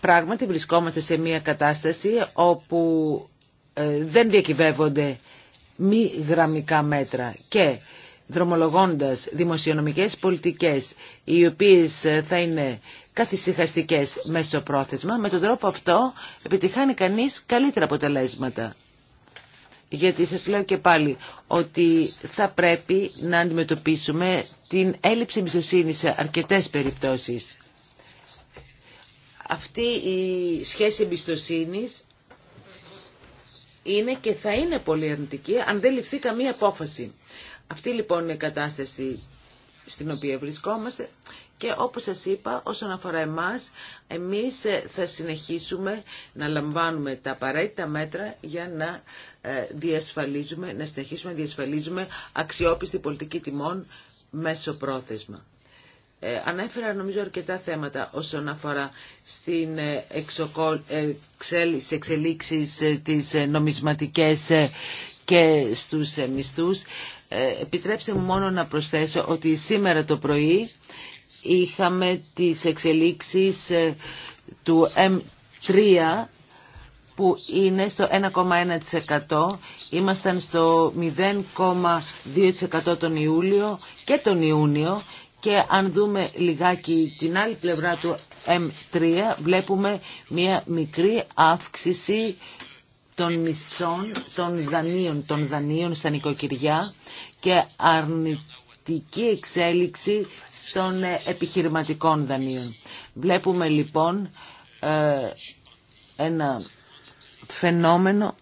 πράγματι βρισκόμαστε σε μια κατάσταση όπου ε, δεν διακυβεύονται μη γραμμικά μέτρα και δρομολογώντας δημοσιονομικές πολιτικές οι οποίες ε, θα είναι καθησυχαστικές μέσω πρόθεσμα, με τον τρόπο αυτό επιτυχάνει κανείς καλύτερα αποτελέσματα. Γιατί σας λέω και πάλι ότι θα πρέπει να αντιμετωπίσουμε την έλλειψη εμπιστοσύνη σε αρκετές περιπτώσεις. Αυτή η σχέση εμπιστοσύνης είναι και θα είναι πολύ αρνητική αν δεν ληφθεί καμία απόφαση. Αυτή λοιπόν είναι η κατάσταση στην οποία βρισκόμαστε και όπως σας είπα όσον αφορά εμάς εμείς ε, θα συνεχίσουμε να λαμβάνουμε τα απαραίτητα μέτρα για να ε, διασφαλίζουμε, να συνεχίσουμε να διασφαλίζουμε αξιόπιστη πολιτική τιμών μέσω πρόθεσμα. Ε, ανέφερα νομίζω αρκετά θέματα όσον αφορά στην ε, ε, ξελ, εξελίξεις της νομισματικές και στους μισθούς. Επιτρέψτε μου μόνο να προσθέσω ότι σήμερα το πρωί είχαμε τις εξελίξεις του M3 που είναι στο 1,1%. Ήμασταν στο 0,2% τον Ιούλιο και τον Ιούνιο και αν δούμε λιγάκι την άλλη πλευρά του M3, βλέπουμε μία μικρή αύξηση των μισθών, των δανείων, των δανείων στα νοικοκυριά και αρνητική εξέλιξη των ε, επιχειρηματικών δανείων. Βλέπουμε λοιπόν ε, ένα φαινόμενο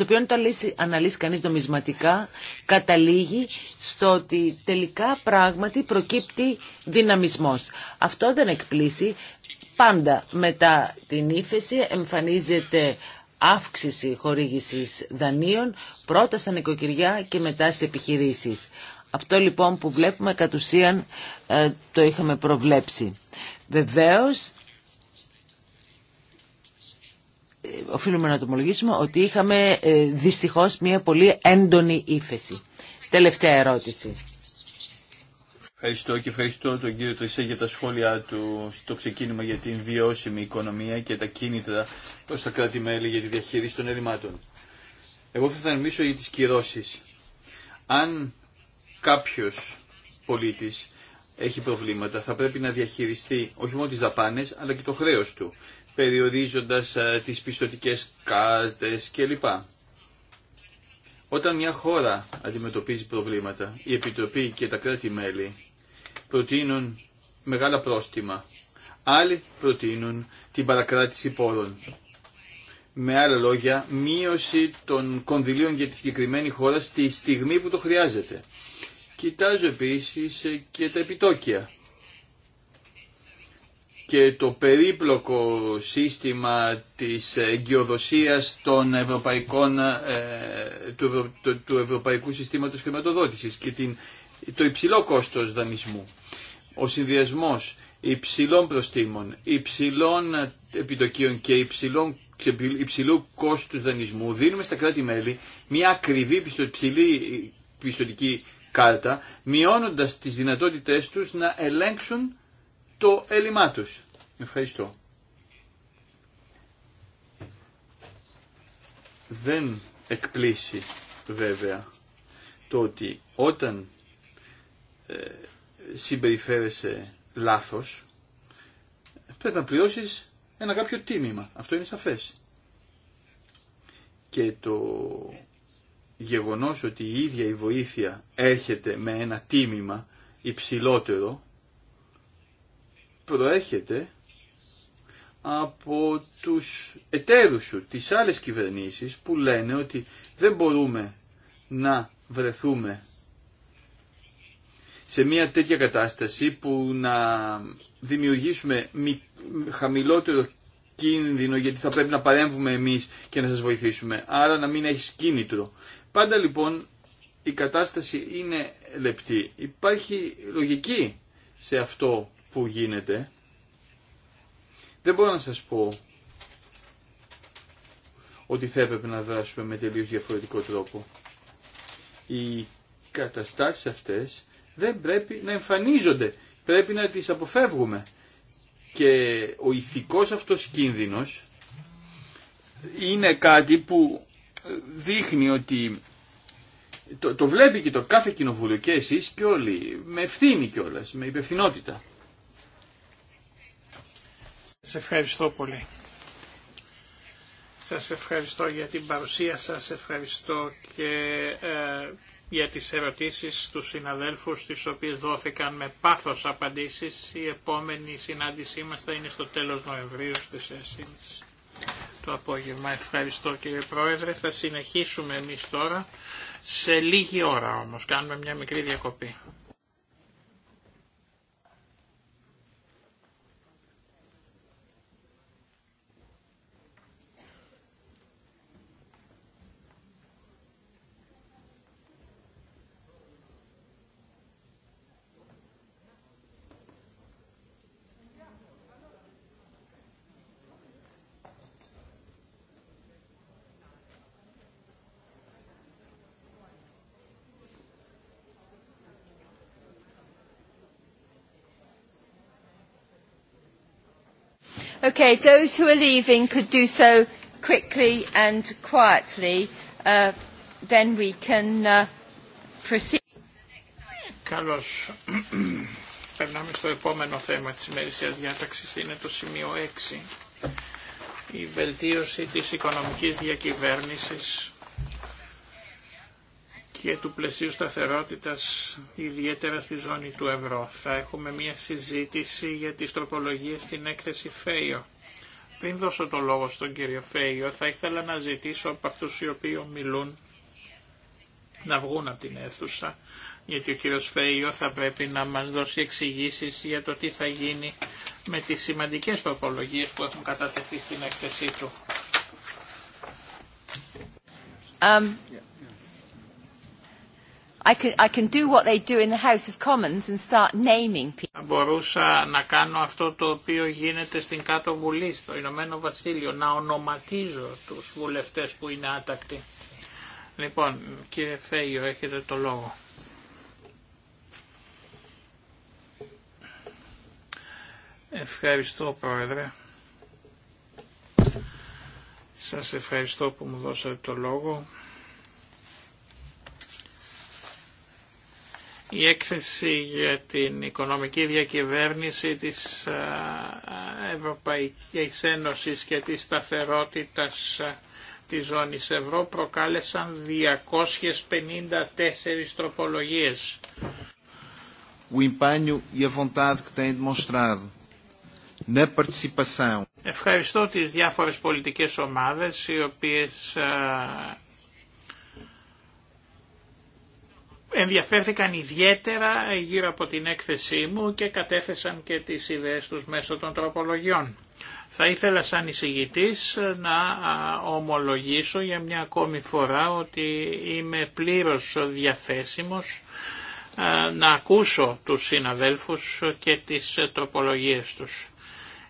το οποίο το αναλύσει κανείς νομισματικά καταλήγει στο ότι τελικά πράγματι προκύπτει δυναμισμός. Αυτό δεν εκπλήσει. Πάντα μετά την ύφεση εμφανίζεται αύξηση χορήγησης δανείων πρώτα στα νοικοκυριά και μετά στις επιχειρήσεις. Αυτό λοιπόν που βλέπουμε κατ' ουσίαν ε, το είχαμε προβλέψει. Βεβαίως οφείλουμε να το ομολογήσουμε ότι είχαμε ε, δυστυχώς μια πολύ έντονη ύφεση. Τελευταία ερώτηση. Ευχαριστώ και ευχαριστώ τον κύριο Τρισέ για τα σχόλιά του στο ξεκίνημα για την βιώσιμη οικονομία και τα κίνητρα προς τα κράτη-μέλη για τη διαχείριση των έρηματων. Εγώ θα θα για τις κυρώσεις. Αν κάποιος πολίτης έχει προβλήματα, θα πρέπει να διαχειριστεί όχι μόνο τις δαπάνες, αλλά και το χρέος του περιορίζοντας ε, τις πιστοτικές κάρτες κλπ. Όταν μια χώρα αντιμετωπίζει προβλήματα, η Επιτροπή και τα κράτη-μέλη προτείνουν μεγάλα πρόστιμα. Άλλοι προτείνουν την παρακράτηση πόρων. Με άλλα λόγια, μείωση των κονδυλίων για τη συγκεκριμένη χώρα στη στιγμή που το χρειάζεται. Κοιτάζω επίσης και τα επιτόκια και το περίπλοκο σύστημα της εγκυοδοσίας των ευρωπαϊκών, ε, του, Ευρωπαϊκού Συστήματος Χρηματοδότησης και την, το υψηλό κόστος δανεισμού. Ο συνδυασμός υψηλών προστήμων, υψηλών επιτοκίων και υψηλών και υψηλού κόστου δανεισμού δίνουμε στα κράτη-μέλη μια ακριβή ψηλή πιστοτική κάρτα, μειώνοντας τις δυνατότητές τους να ελέγξουν το έλλειμμά του. Ευχαριστώ. Δεν εκπλήσει βέβαια το ότι όταν ε, συμπεριφέρεσαι λάθος πρέπει να πληρώσεις ένα κάποιο τίμημα. Αυτό είναι σαφές. Και το γεγονός ότι η ίδια η βοήθεια έρχεται με ένα τίμημα υψηλότερο προέρχεται από τους εταίρους σου, τις άλλες κυβερνήσεις που λένε ότι δεν μπορούμε να βρεθούμε σε μια τέτοια κατάσταση που να δημιουργήσουμε χαμηλότερο κίνδυνο γιατί θα πρέπει να παρέμβουμε εμείς και να σας βοηθήσουμε. Άρα να μην έχεις κίνητρο. Πάντα λοιπόν η κατάσταση είναι λεπτή. Υπάρχει λογική σε αυτό που γίνεται, δεν μπορώ να σας πω ότι θα έπρεπε να δράσουμε με τελείως διαφορετικό τρόπο. Οι καταστάσεις αυτές δεν πρέπει να εμφανίζονται, πρέπει να τις αποφεύγουμε. Και ο ηθικός αυτός κίνδυνος είναι κάτι που δείχνει ότι το, το βλέπει και το κάθε κοινοβούλιο και εσείς και όλοι, με ευθύνη κιόλα, με υπευθυνότητα. Σε ευχαριστώ πολύ. Σας ευχαριστώ για την παρουσία σας, ευχαριστώ και ε, για τις ερωτήσεις του συναδέλφου τις οποίες δόθηκαν με πάθος απαντήσεις. Η επόμενη συνάντησή μας θα είναι στο τέλος Νοεμβρίου στις 4.30 το απόγευμα. Ευχαριστώ κύριε Πρόεδρε. Θα συνεχίσουμε εμείς τώρα σε λίγη ώρα όμως. Κάνουμε μια μικρή διακοπή. Okay, those who are leaving could do so quickly and quietly. Uh, then we can uh, proceed. Καλώς. Περνάμε στο επόμενο θέμα της ημερησίας διάταξης. Είναι το σημείο 6. Η βελτίωση της οικονομικής διακυβέρνησης και του πλαισίου σταθερότητας ιδιαίτερα στη ζώνη του ευρώ. Θα έχουμε μια συζήτηση για τις τροπολογίες στην έκθεση ΦΕΙΟ. Πριν δώσω το λόγο στον κύριο Φέιο, θα ήθελα να ζητήσω από αυτούς οι οποίοι μιλούν να βγουν από την αίθουσα, γιατί ο κύριος Φέιο θα πρέπει να μας δώσει εξηγήσεις για το τι θα γίνει με τις σημαντικές τροπολογίες που έχουν κατατεθεί στην έκθεσή του. Um, I can, do what they do in the House of Commons and start naming Μπορούσα να κάνω αυτό το οποίο γίνεται στην κάτω βουλή στο Ηνωμένο Βασίλειο, να ονοματίζω τους βουλευτές που είναι άτακτοι. Λοιπόν, κύριε Φέγιο, έχετε το λόγο. Ευχαριστώ, Πρόεδρε. Σας ευχαριστώ που μου δώσατε το λόγο. Η έκθεση για την οικονομική διακυβέρνηση της ε, ε, Ευρωπαϊκής Ένωσης και της σταθερότητας ε, της ζώνης ευρώ προκάλεσαν 254 τροπολογίες. E Ευχαριστώ τις διάφορες πολιτικές ομάδες οι οποίες ενδιαφέρθηκαν ιδιαίτερα γύρω από την έκθεσή μου και κατέθεσαν και τις ιδέες τους μέσω των τροπολογιών. Θα ήθελα σαν εισηγητής να ομολογήσω για μια ακόμη φορά ότι είμαι πλήρως διαθέσιμος να ακούσω τους συναδέλφους και τις τροπολογίες τους.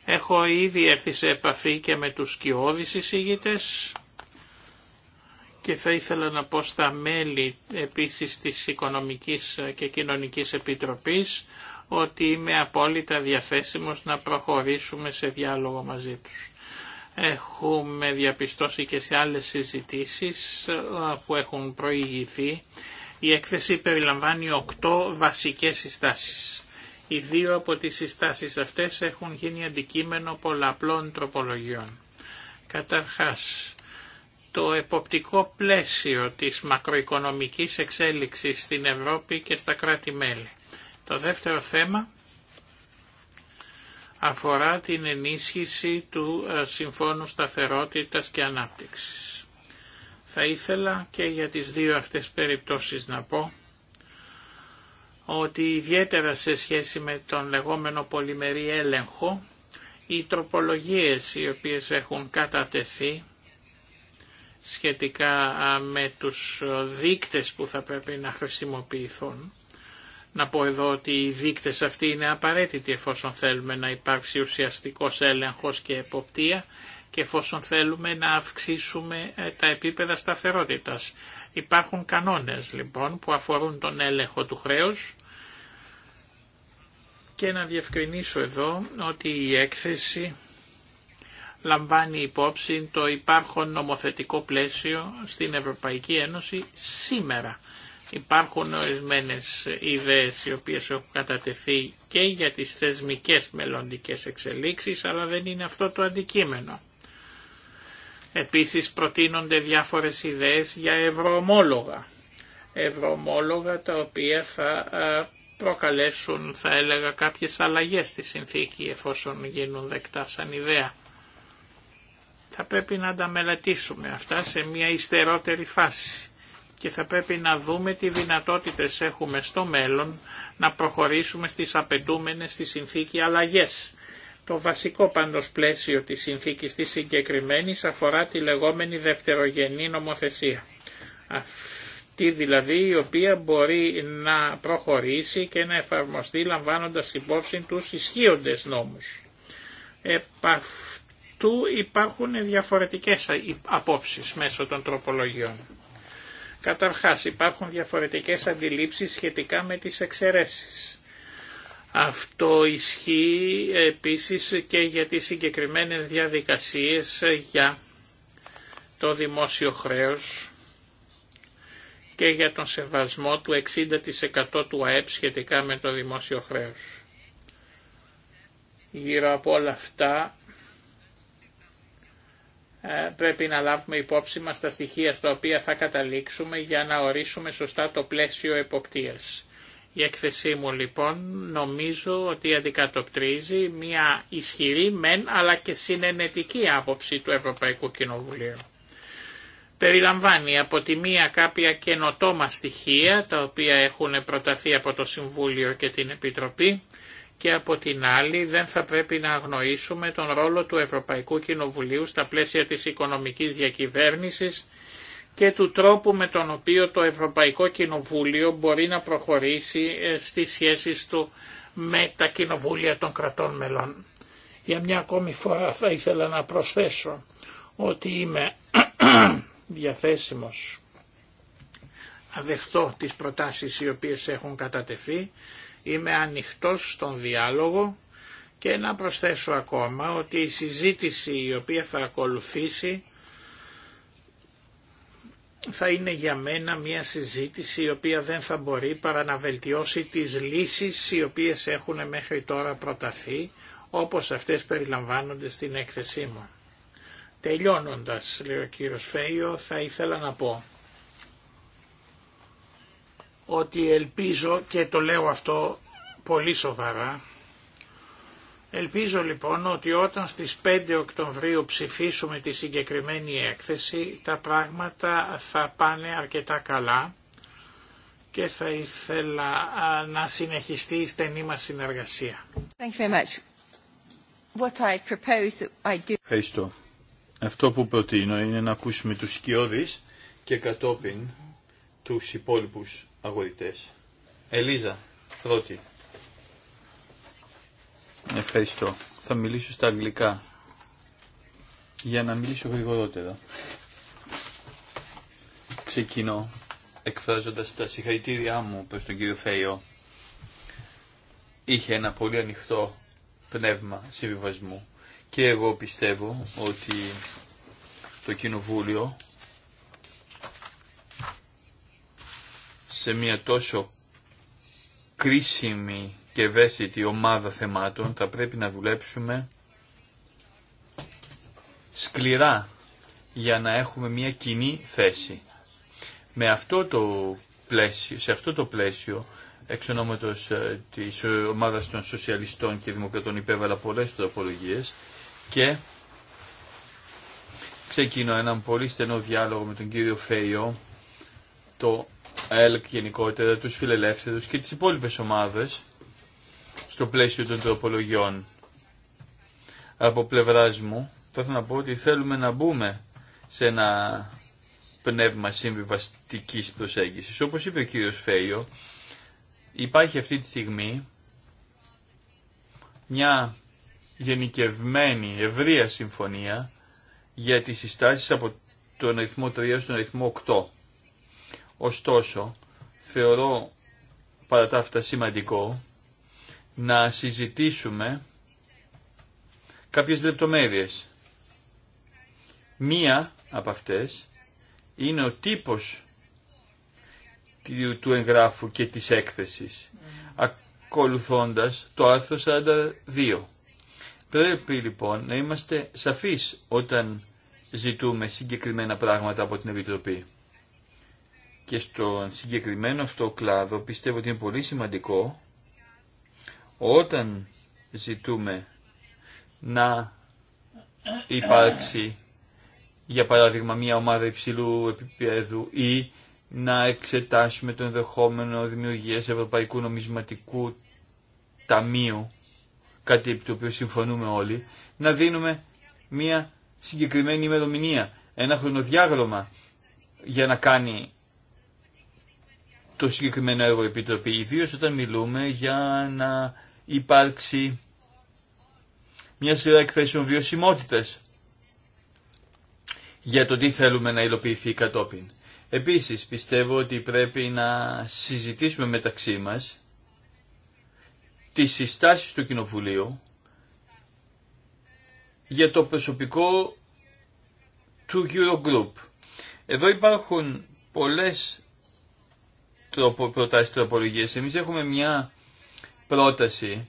Έχω ήδη έρθει σε επαφή και με τους σκιώδεις εισηγητές και θα ήθελα να πω στα μέλη επίσης της Οικονομικής και Κοινωνικής Επιτροπής ότι είμαι απόλυτα διαθέσιμος να προχωρήσουμε σε διάλογο μαζί τους. Έχουμε διαπιστώσει και σε άλλες συζητήσεις ε, που έχουν προηγηθεί. Η έκθεση περιλαμβάνει οκτώ βασικές συστάσεις. Οι δύο από τις συστάσεις αυτές έχουν γίνει αντικείμενο πολλαπλών τροπολογιών. Καταρχάς, το εποπτικό πλαίσιο της μακροοικονομικής εξέλιξης στην Ευρώπη και στα κράτη-μέλη. Το δεύτερο θέμα αφορά την ενίσχυση του ε, Συμφώνου Σταθερότητας και Ανάπτυξης. Θα ήθελα και για τις δύο αυτές περιπτώσεις να πω ότι ιδιαίτερα σε σχέση με τον λεγόμενο πολυμερή έλεγχο, οι τροπολογίες οι οποίες έχουν κατατεθεί σχετικά με τους δείκτες που θα πρέπει να χρησιμοποιηθούν. Να πω εδώ ότι οι δείκτες αυτοί είναι απαραίτητοι εφόσον θέλουμε να υπάρξει ουσιαστικός έλεγχος και εποπτεία και εφόσον θέλουμε να αυξήσουμε ε, τα επίπεδα σταθερότητας. Υπάρχουν κανόνες λοιπόν που αφορούν τον έλεγχο του χρέους και να διευκρινίσω εδώ ότι η έκθεση λαμβάνει υπόψη το υπάρχον νομοθετικό πλαίσιο στην Ευρωπαϊκή Ένωση σήμερα. Υπάρχουν ορισμένε ιδέες οι οποίες έχουν κατατεθεί και για τις θεσμικές μελλοντικέ εξελίξεις, αλλά δεν είναι αυτό το αντικείμενο. Επίσης προτείνονται διάφορες ιδέες για ευρωομόλογα. Ευρωομόλογα τα οποία θα ε, προκαλέσουν, θα έλεγα, κάποιες αλλαγές στη συνθήκη εφόσον γίνουν δεκτά σαν ιδέα θα πρέπει να τα μελετήσουμε αυτά σε μια ιστερότερη φάση και θα πρέπει να δούμε τι δυνατότητες έχουμε στο μέλλον να προχωρήσουμε στις απαιτούμενες στη συνθήκη αλλαγές. Το βασικό πάντως πλαίσιο της συνθήκης της συγκεκριμένη αφορά τη λεγόμενη δευτερογενή νομοθεσία. Αυτή δηλαδή η οποία μπορεί να προχωρήσει και να εφαρμοστεί λαμβάνοντας υπόψη τους ισχύοντες νόμους. Επ' αυτού υπάρχουν διαφορετικές απόψεις μέσω των τροπολογιών. Καταρχάς υπάρχουν διαφορετικές αντιλήψεις σχετικά με τις εξαιρέσεις. Αυτό ισχύει επίσης και για τις συγκεκριμένες διαδικασίες για το δημόσιο χρέος και για τον σεβασμό του 60% του ΑΕΠ σχετικά με το δημόσιο χρέος. Γύρω από όλα αυτά ε, πρέπει να λάβουμε υπόψη μας τα στοιχεία στα οποία θα καταλήξουμε για να ορίσουμε σωστά το πλαίσιο εποπτείας. Η έκθεσή μου λοιπόν νομίζω ότι αντικατοπτρίζει μια ισχυρή μεν αλλά και συνενετική άποψη του Ευρωπαϊκού Κοινοβουλίου. Περιλαμβάνει από τη μία κάποια καινοτόμα στοιχεία τα οποία έχουν προταθεί από το Συμβούλιο και την Επιτροπή και από την άλλη δεν θα πρέπει να αγνοήσουμε τον ρόλο του Ευρωπαϊκού Κοινοβουλίου στα πλαίσια της οικονομικής διακυβέρνησης και του τρόπου με τον οποίο το Ευρωπαϊκό Κοινοβούλιο μπορεί να προχωρήσει ε, στις σχέσεις του με τα κοινοβούλια των κρατών μελών. Για μια ακόμη φορά θα ήθελα να προσθέσω ότι είμαι διαθέσιμος να δεχτώ τις προτάσεις οι οποίες έχουν κατατεθεί Είμαι ανοιχτός στον διάλογο και να προσθέσω ακόμα ότι η συζήτηση η οποία θα ακολουθήσει θα είναι για μένα μια συζήτηση η οποία δεν θα μπορεί παρά να βελτιώσει τις λύσεις οι οποίες έχουν μέχρι τώρα προταθεί όπως αυτές περιλαμβάνονται στην έκθεσή μου. Τελειώνοντας, λέει ο κύριος Φέιο, θα ήθελα να πω ότι ελπίζω και το λέω αυτό πολύ σοβαρά, Ελπίζω λοιπόν ότι όταν στις 5 Οκτωβρίου ψηφίσουμε τη συγκεκριμένη έκθεση τα πράγματα θα πάνε αρκετά καλά και θα ήθελα να συνεχιστεί η στενή μας συνεργασία. Ευχαριστώ. Αυτό που προτείνω είναι να ακούσουμε τους σκιώδεις και κατόπιν τους υπόλοιπους Αγωγητές. Ελίζα, πρώτη. Ευχαριστώ. Θα μιλήσω στα αγγλικά για να μιλήσω γρηγορότερα. Ξεκινώ εκφράζοντας τα συγχαρητήριά μου προς τον κύριο Φέιο. Είχε ένα πολύ ανοιχτό πνεύμα συμβιβασμού και εγώ πιστεύω ότι το Κοινοβούλιο σε μια τόσο κρίσιμη και ευαίσθητη ομάδα θεμάτων θα πρέπει να δουλέψουμε σκληρά για να έχουμε μια κοινή θέση. Με αυτό το πλαίσιο, σε αυτό το πλαίσιο εξ ονόματος ε, της ομάδας των σοσιαλιστών και δημοκρατών υπέβαλα πολλές τροπολογίες και ξεκίνω έναν πολύ στενό διάλογο με τον κύριο Φέιο το ΕΛΚ γενικότερα, τους φιλελεύθερους και τις υπόλοιπες ομάδες στο πλαίσιο των τροπολογιών. Από πλευράς μου θα ήθελα να πω ότι θέλουμε να μπούμε σε ένα πνεύμα συμβιβαστικής προσέγγισης. Όπως είπε ο κύριος Φέιο, υπάρχει αυτή τη στιγμή μια γενικευμένη ευρεία συμφωνία για τις συστάσεις από τον αριθμό 3 στον αριθμό 8. Ωστόσο, θεωρώ παρά τα σημαντικό να συζητήσουμε κάποιες λεπτομέρειες. Μία από αυτές είναι ο τύπος του εγγράφου και της έκθεσης, ακολουθώντας το άρθρο 42. Πρέπει λοιπόν να είμαστε σαφείς όταν ζητούμε συγκεκριμένα πράγματα από την Επιτροπή και στο συγκεκριμένο αυτό κλάδο πιστεύω ότι είναι πολύ σημαντικό όταν ζητούμε να υπάρξει για παράδειγμα μια ομάδα υψηλού επίπεδου ή να εξετάσουμε το ενδεχόμενο δημιουργίας Ευρωπαϊκού Νομισματικού Ταμείου, κάτι επί το οποίο συμφωνούμε όλοι, να δίνουμε μια συγκεκριμένη ημερομηνία, ένα χρονοδιάγραμμα για να κάνει το συγκεκριμένο έργο επιτροπή, ιδίω όταν μιλούμε για να υπάρξει μια σειρά εκθέσεων βιωσιμότητες για το τι θέλουμε να υλοποιηθεί κατόπιν. Επίσης πιστεύω ότι πρέπει να συζητήσουμε μεταξύ μας τις συστάσεις του Κοινοβουλίου για το προσωπικό του Eurogroup. Εδώ υπάρχουν πολλές προτάσει τροπολογία. Εμείς έχουμε μια πρόταση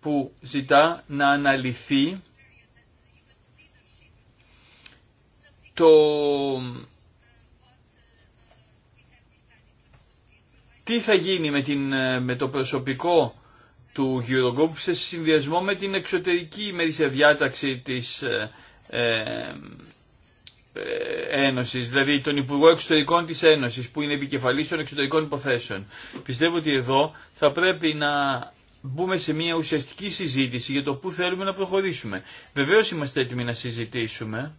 που ζητά να αναλυθεί το τι θα γίνει με, την, με το προσωπικό του Eurogroup σε συνδυασμό με την εξωτερική ημερήσια διάταξη της ε, ε, ε, Ένωση, δηλαδή τον Υπουργό Εξωτερικών τη Ένωση που είναι επικεφαλή των εξωτερικών υποθέσεων. Πιστεύω ότι εδώ θα πρέπει να μπούμε σε μια ουσιαστική συζήτηση για το πού θέλουμε να προχωρήσουμε. Βεβαίω είμαστε έτοιμοι να συζητήσουμε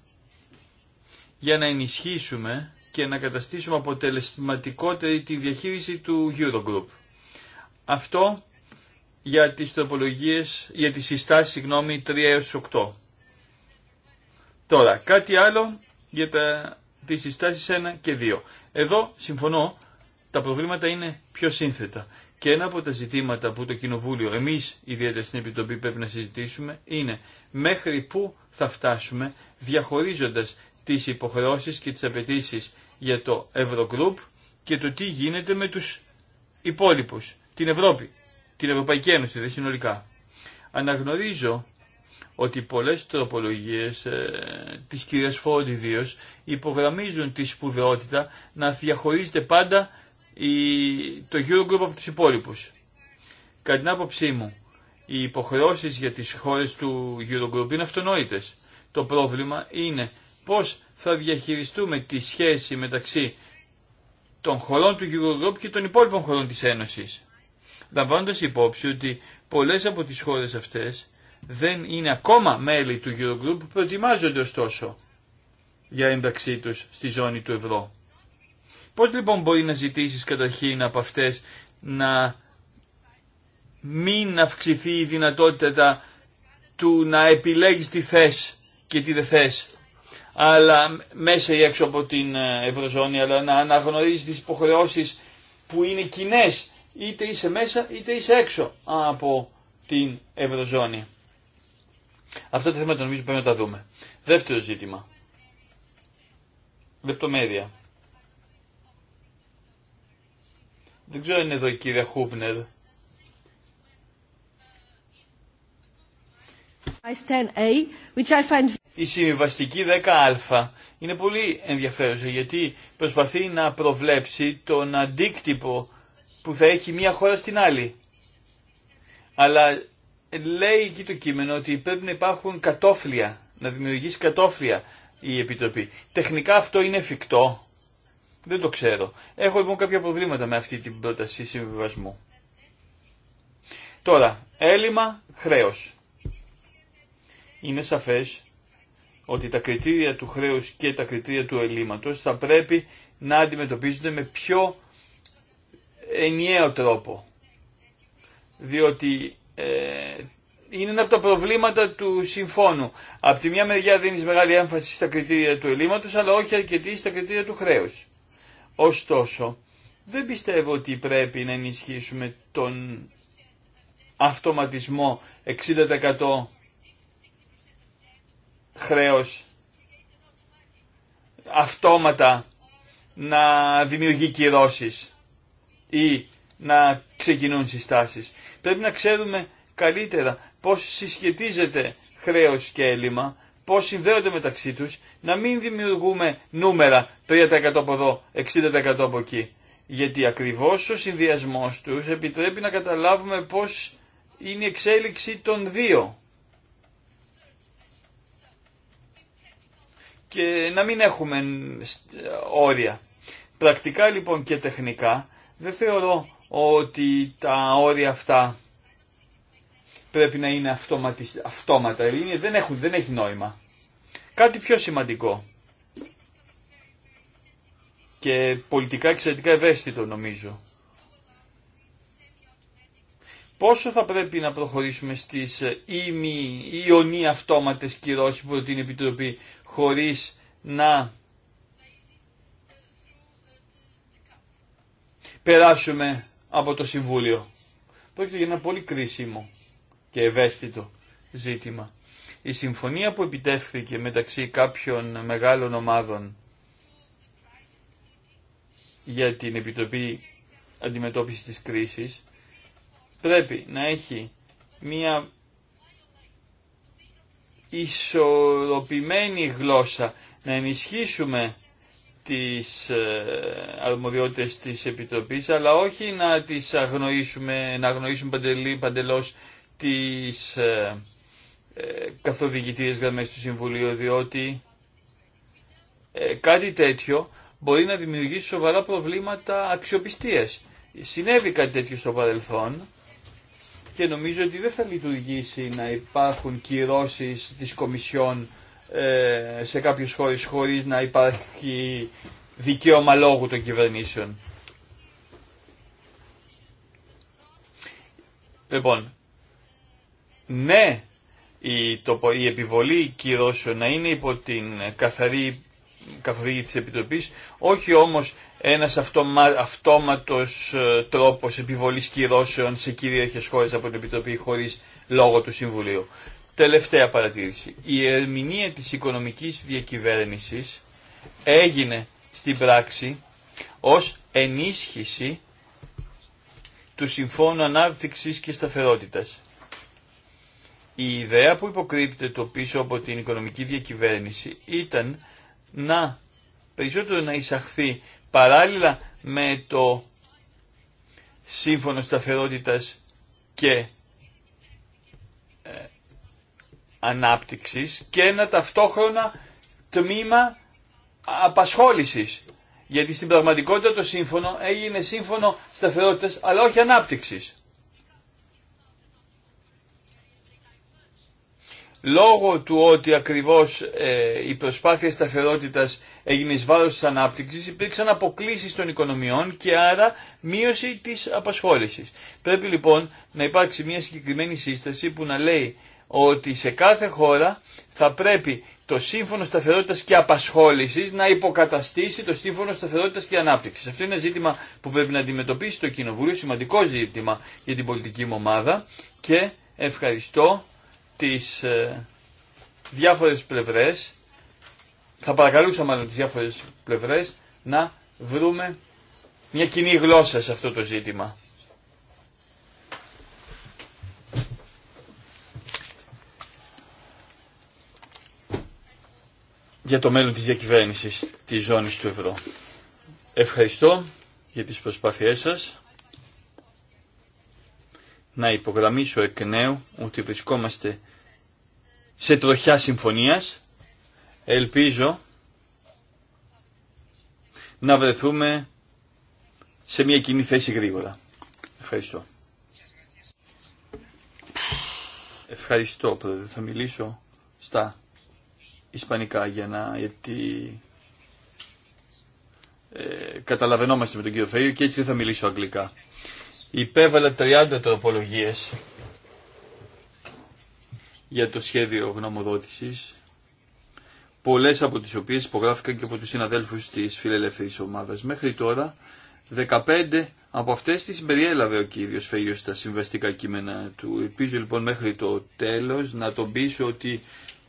για να ενισχύσουμε και να καταστήσουμε αποτελεσματικότερη τη διαχείριση του Eurogroup. Αυτό για τις τροπολογίες, για τις συστάσεις, συγγνώμη, 3 έως 8. Τώρα, κάτι άλλο για τα, τις συστάσεις 1 και 2. Εδώ συμφωνώ, τα προβλήματα είναι πιο σύνθετα. Και ένα από τα ζητήματα που το Κοινοβούλιο, εμείς ιδιαίτερα στην Επιτροπή πρέπει να συζητήσουμε, είναι μέχρι πού θα φτάσουμε διαχωρίζοντας τις υποχρεώσεις και τις απαιτήσει για το Eurogroup και το τι γίνεται με τους υπόλοιπους, την Ευρώπη, την Ευρωπαϊκή Ένωση, δεν συνολικά. Αναγνωρίζω ότι πολλές τροπολογίες ε, της κυρίας Φόρντ υπογραμμίζουν τη σπουδαιότητα να διαχωρίζεται πάντα η, το Eurogroup από τους υπόλοιπους. Κατά την άποψή μου, οι υποχρεώσεις για τις χώρες του Eurogroup είναι αυτονόητες. Το πρόβλημα είναι πώς θα διαχειριστούμε τη σχέση μεταξύ των χωρών του Eurogroup και των υπόλοιπων χωρών της Ένωσης. Λαμβάνοντα υπόψη ότι πολλές από τις χώρες αυτές δεν είναι ακόμα μέλη του Eurogroup που προετοιμάζονται ωστόσο για ένταξή τους στη ζώνη του ευρώ. Πώς λοιπόν μπορεί να ζητήσεις καταρχήν από αυτές να μην αυξηθεί η δυνατότητα του να επιλέγεις τι θες και τι δεν θες αλλά μέσα ή έξω από την ε, Ευρωζώνη αλλά να αναγνωρίζεις τις υποχρεώσεις που είναι κοινέ είτε είσαι μέσα είτε είσαι έξω από την Ευρωζώνη. Αυτά τα θέματα νομίζω πρέπει να τα δούμε. Δεύτερο ζήτημα. Λεπτομέρεια. Δεν ξέρω αν είναι εδώ η κυρία Χούπνερ. Η συμβιβαστική 10α είναι πολύ ενδιαφέρουσα γιατί προσπαθεί να προβλέψει τον αντίκτυπο που θα έχει μία χώρα στην άλλη. Αλλά λέει εκεί το κείμενο ότι πρέπει να υπάρχουν κατόφλια, να δημιουργήσει κατόφλια η Επιτροπή. Τεχνικά αυτό είναι εφικτό. Δεν το ξέρω. Έχω λοιπόν κάποια προβλήματα με αυτή την πρόταση συμβιβασμού. Τώρα, έλλειμμα χρέος. Είναι σαφές ότι τα κριτήρια του χρέους και τα κριτήρια του ελλείμματος θα πρέπει να αντιμετωπίζονται με πιο ενιαίο τρόπο. Διότι ε, είναι ένα από τα προβλήματα του συμφώνου. Από τη μια μεριά δίνει μεγάλη έμφαση στα κριτήρια του ελλείμματος, αλλά όχι αρκετή στα κριτήρια του χρέους. Ωστόσο, δεν πιστεύω ότι πρέπει να ενισχύσουμε τον αυτοματισμό 60% χρέος αυτόματα να δημιουργεί κυρώσεις ή να ξεκινούν συστάσεις. Πρέπει να ξέρουμε καλύτερα πώς συσχετίζεται χρέος και έλλειμμα, πώς συνδέονται μεταξύ τους, να μην δημιουργούμε νούμερα 3% από εδώ, 60% από εκεί. Γιατί ακριβώς ο συνδυασμός τους επιτρέπει να καταλάβουμε πώς είναι η εξέλιξη των δύο. Και να μην έχουμε όρια. Πρακτικά λοιπόν και τεχνικά δεν θεωρώ ότι τα όρια αυτά πρέπει να είναι αυτόματα. Είναι, δεν, έχουν, δεν έχει νόημα. Κάτι πιο σημαντικό και πολιτικά εξαιρετικά ευαίσθητο νομίζω. Πόσο θα πρέπει να προχωρήσουμε στις ήμι ε, ή ονή αυτόματες κυρώσεις που προτείνει η αυτοματες κυρωσεις που προτεινει επιτροπη χωρις να περάσουμε από το Συμβούλιο. Πρόκειται για ένα πολύ κρίσιμο και ευαίσθητο ζήτημα. Η συμφωνία που επιτεύχθηκε μεταξύ κάποιων μεγάλων ομάδων για την Επιτροπή Αντιμετώπισης της Κρίσης πρέπει να έχει μία ισορροπημένη γλώσσα, να ενισχύσουμε τις ε, αρμοδιότητες της Επιτροπής, αλλά όχι να τις αγνοήσουμε, να αγνοήσουμε παντελή, παντελώς τις ε, ε, γραμμές του Συμβουλίου, διότι ε, κάτι τέτοιο μπορεί να δημιουργήσει σοβαρά προβλήματα αξιοπιστίας. Συνέβη κάτι τέτοιο στο παρελθόν και νομίζω ότι δεν θα λειτουργήσει να υπάρχουν κυρώσεις της Κομισιόν ε, σε κάποιους χώρες χωρίς να υπάρχει δικαίωμα λόγου των κυβερνήσεων. Λοιπόν, ναι, η, τοπο, η επιβολή κυρώσεων να είναι υπό την καθαρή καθοδήγη της Επιτροπής, όχι όμως ένας αυτόματος ε, τρόπος επιβολής κυρώσεων σε κυρίαρχες χώρες από την Επιτροπή χωρίς λόγο του Συμβουλίου. Τελευταία παρατήρηση. Η ερμηνεία της οικονομικής διακυβέρνησης έγινε στην πράξη ως ενίσχυση του Συμφώνου Ανάπτυξης και Σταθερότητας. Η ιδέα που υποκρύπτεται το πίσω από την οικονομική διακυβέρνηση ήταν να περισσότερο να εισαχθεί παράλληλα με το Σύμφωνο Σταθερότητας και ανάπτυξης και ένα ταυτόχρονα τμήμα απασχόλησης. Γιατί στην πραγματικότητα το σύμφωνο έγινε σύμφωνο σταθερότητας αλλά όχι ανάπτυξης. Λόγω του ότι ακριβώς ε, η προσπάθεια σταθερότητας έγινε εις βάρος της ανάπτυξης υπήρξαν αποκλήσεις των οικονομιών και άρα μείωση της απασχόλησης. Πρέπει λοιπόν να υπάρξει μια συγκεκριμένη σύσταση που να λέει ότι σε κάθε χώρα θα πρέπει το σύμφωνο σταθερότητας και απασχόλησης να υποκαταστήσει το σύμφωνο σταθερότητας και ανάπτυξης. Αυτό είναι ένα ζήτημα που πρέπει να αντιμετωπίσει το Κοινοβούλιο, σημαντικό ζήτημα για την πολιτική μου ομάδα και ευχαριστώ τις ε, διάφορες πλευρές, θα παρακαλούσα μάλλον τις διάφορες πλευρές να βρούμε μια κοινή γλώσσα σε αυτό το ζήτημα. για το μέλλον της διακυβέρνησης της ζώνης του ευρώ. Ευχαριστώ για τις προσπάθειές σας. Να υπογραμμίσω εκ νέου ότι βρισκόμαστε σε τροχιά συμφωνίας. Ελπίζω να βρεθούμε σε μια κοινή θέση γρήγορα. Ευχαριστώ. Ευχαριστώ, πρόεδρε. Θα μιλήσω στα ισπανικά για να, γιατί ε, καταλαβαίνόμαστε με τον κύριο Φέιο και έτσι δεν θα μιλήσω αγγλικά. Υπέβαλα 30 τροπολογίες για το σχέδιο γνωμοδότησης, πολλές από τις οποίες υπογράφηκαν και από τους συναδέλφους της φιλελεύθερης ομάδας. Μέχρι τώρα 15 από αυτές τις περιέλαβε ο κύριος Φέγιος στα συμβαστικά κείμενα του. Ελπίζω λοιπόν μέχρι το τέλος να τον πείσω ότι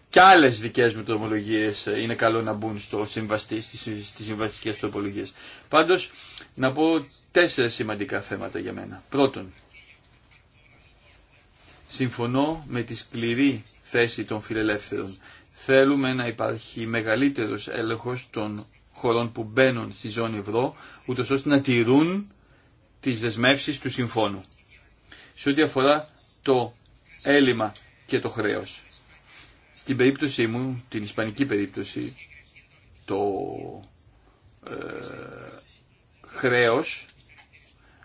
και άλλε δικές μου τρομολογίε ε, είναι καλό να μπουν στο συμβαστή, στις, συμβαστικέ συμβαστικές τοπολογίες Πάντως, να πω τέσσερα σημαντικά θέματα για μένα. Πρώτον, συμφωνώ με τη σκληρή θέση των φιλελεύθερων. Θέλουμε να υπάρχει μεγαλύτερος έλεγχος των χωρών που μπαίνουν στη ζώνη ευρώ, ούτω ώστε να τηρούν τις δεσμεύσεις του συμφώνου. Σε ό,τι αφορά το έλλειμμα και το χρέος. Στην περίπτωσή μου, την ισπανική περίπτωση, το ε, χρέος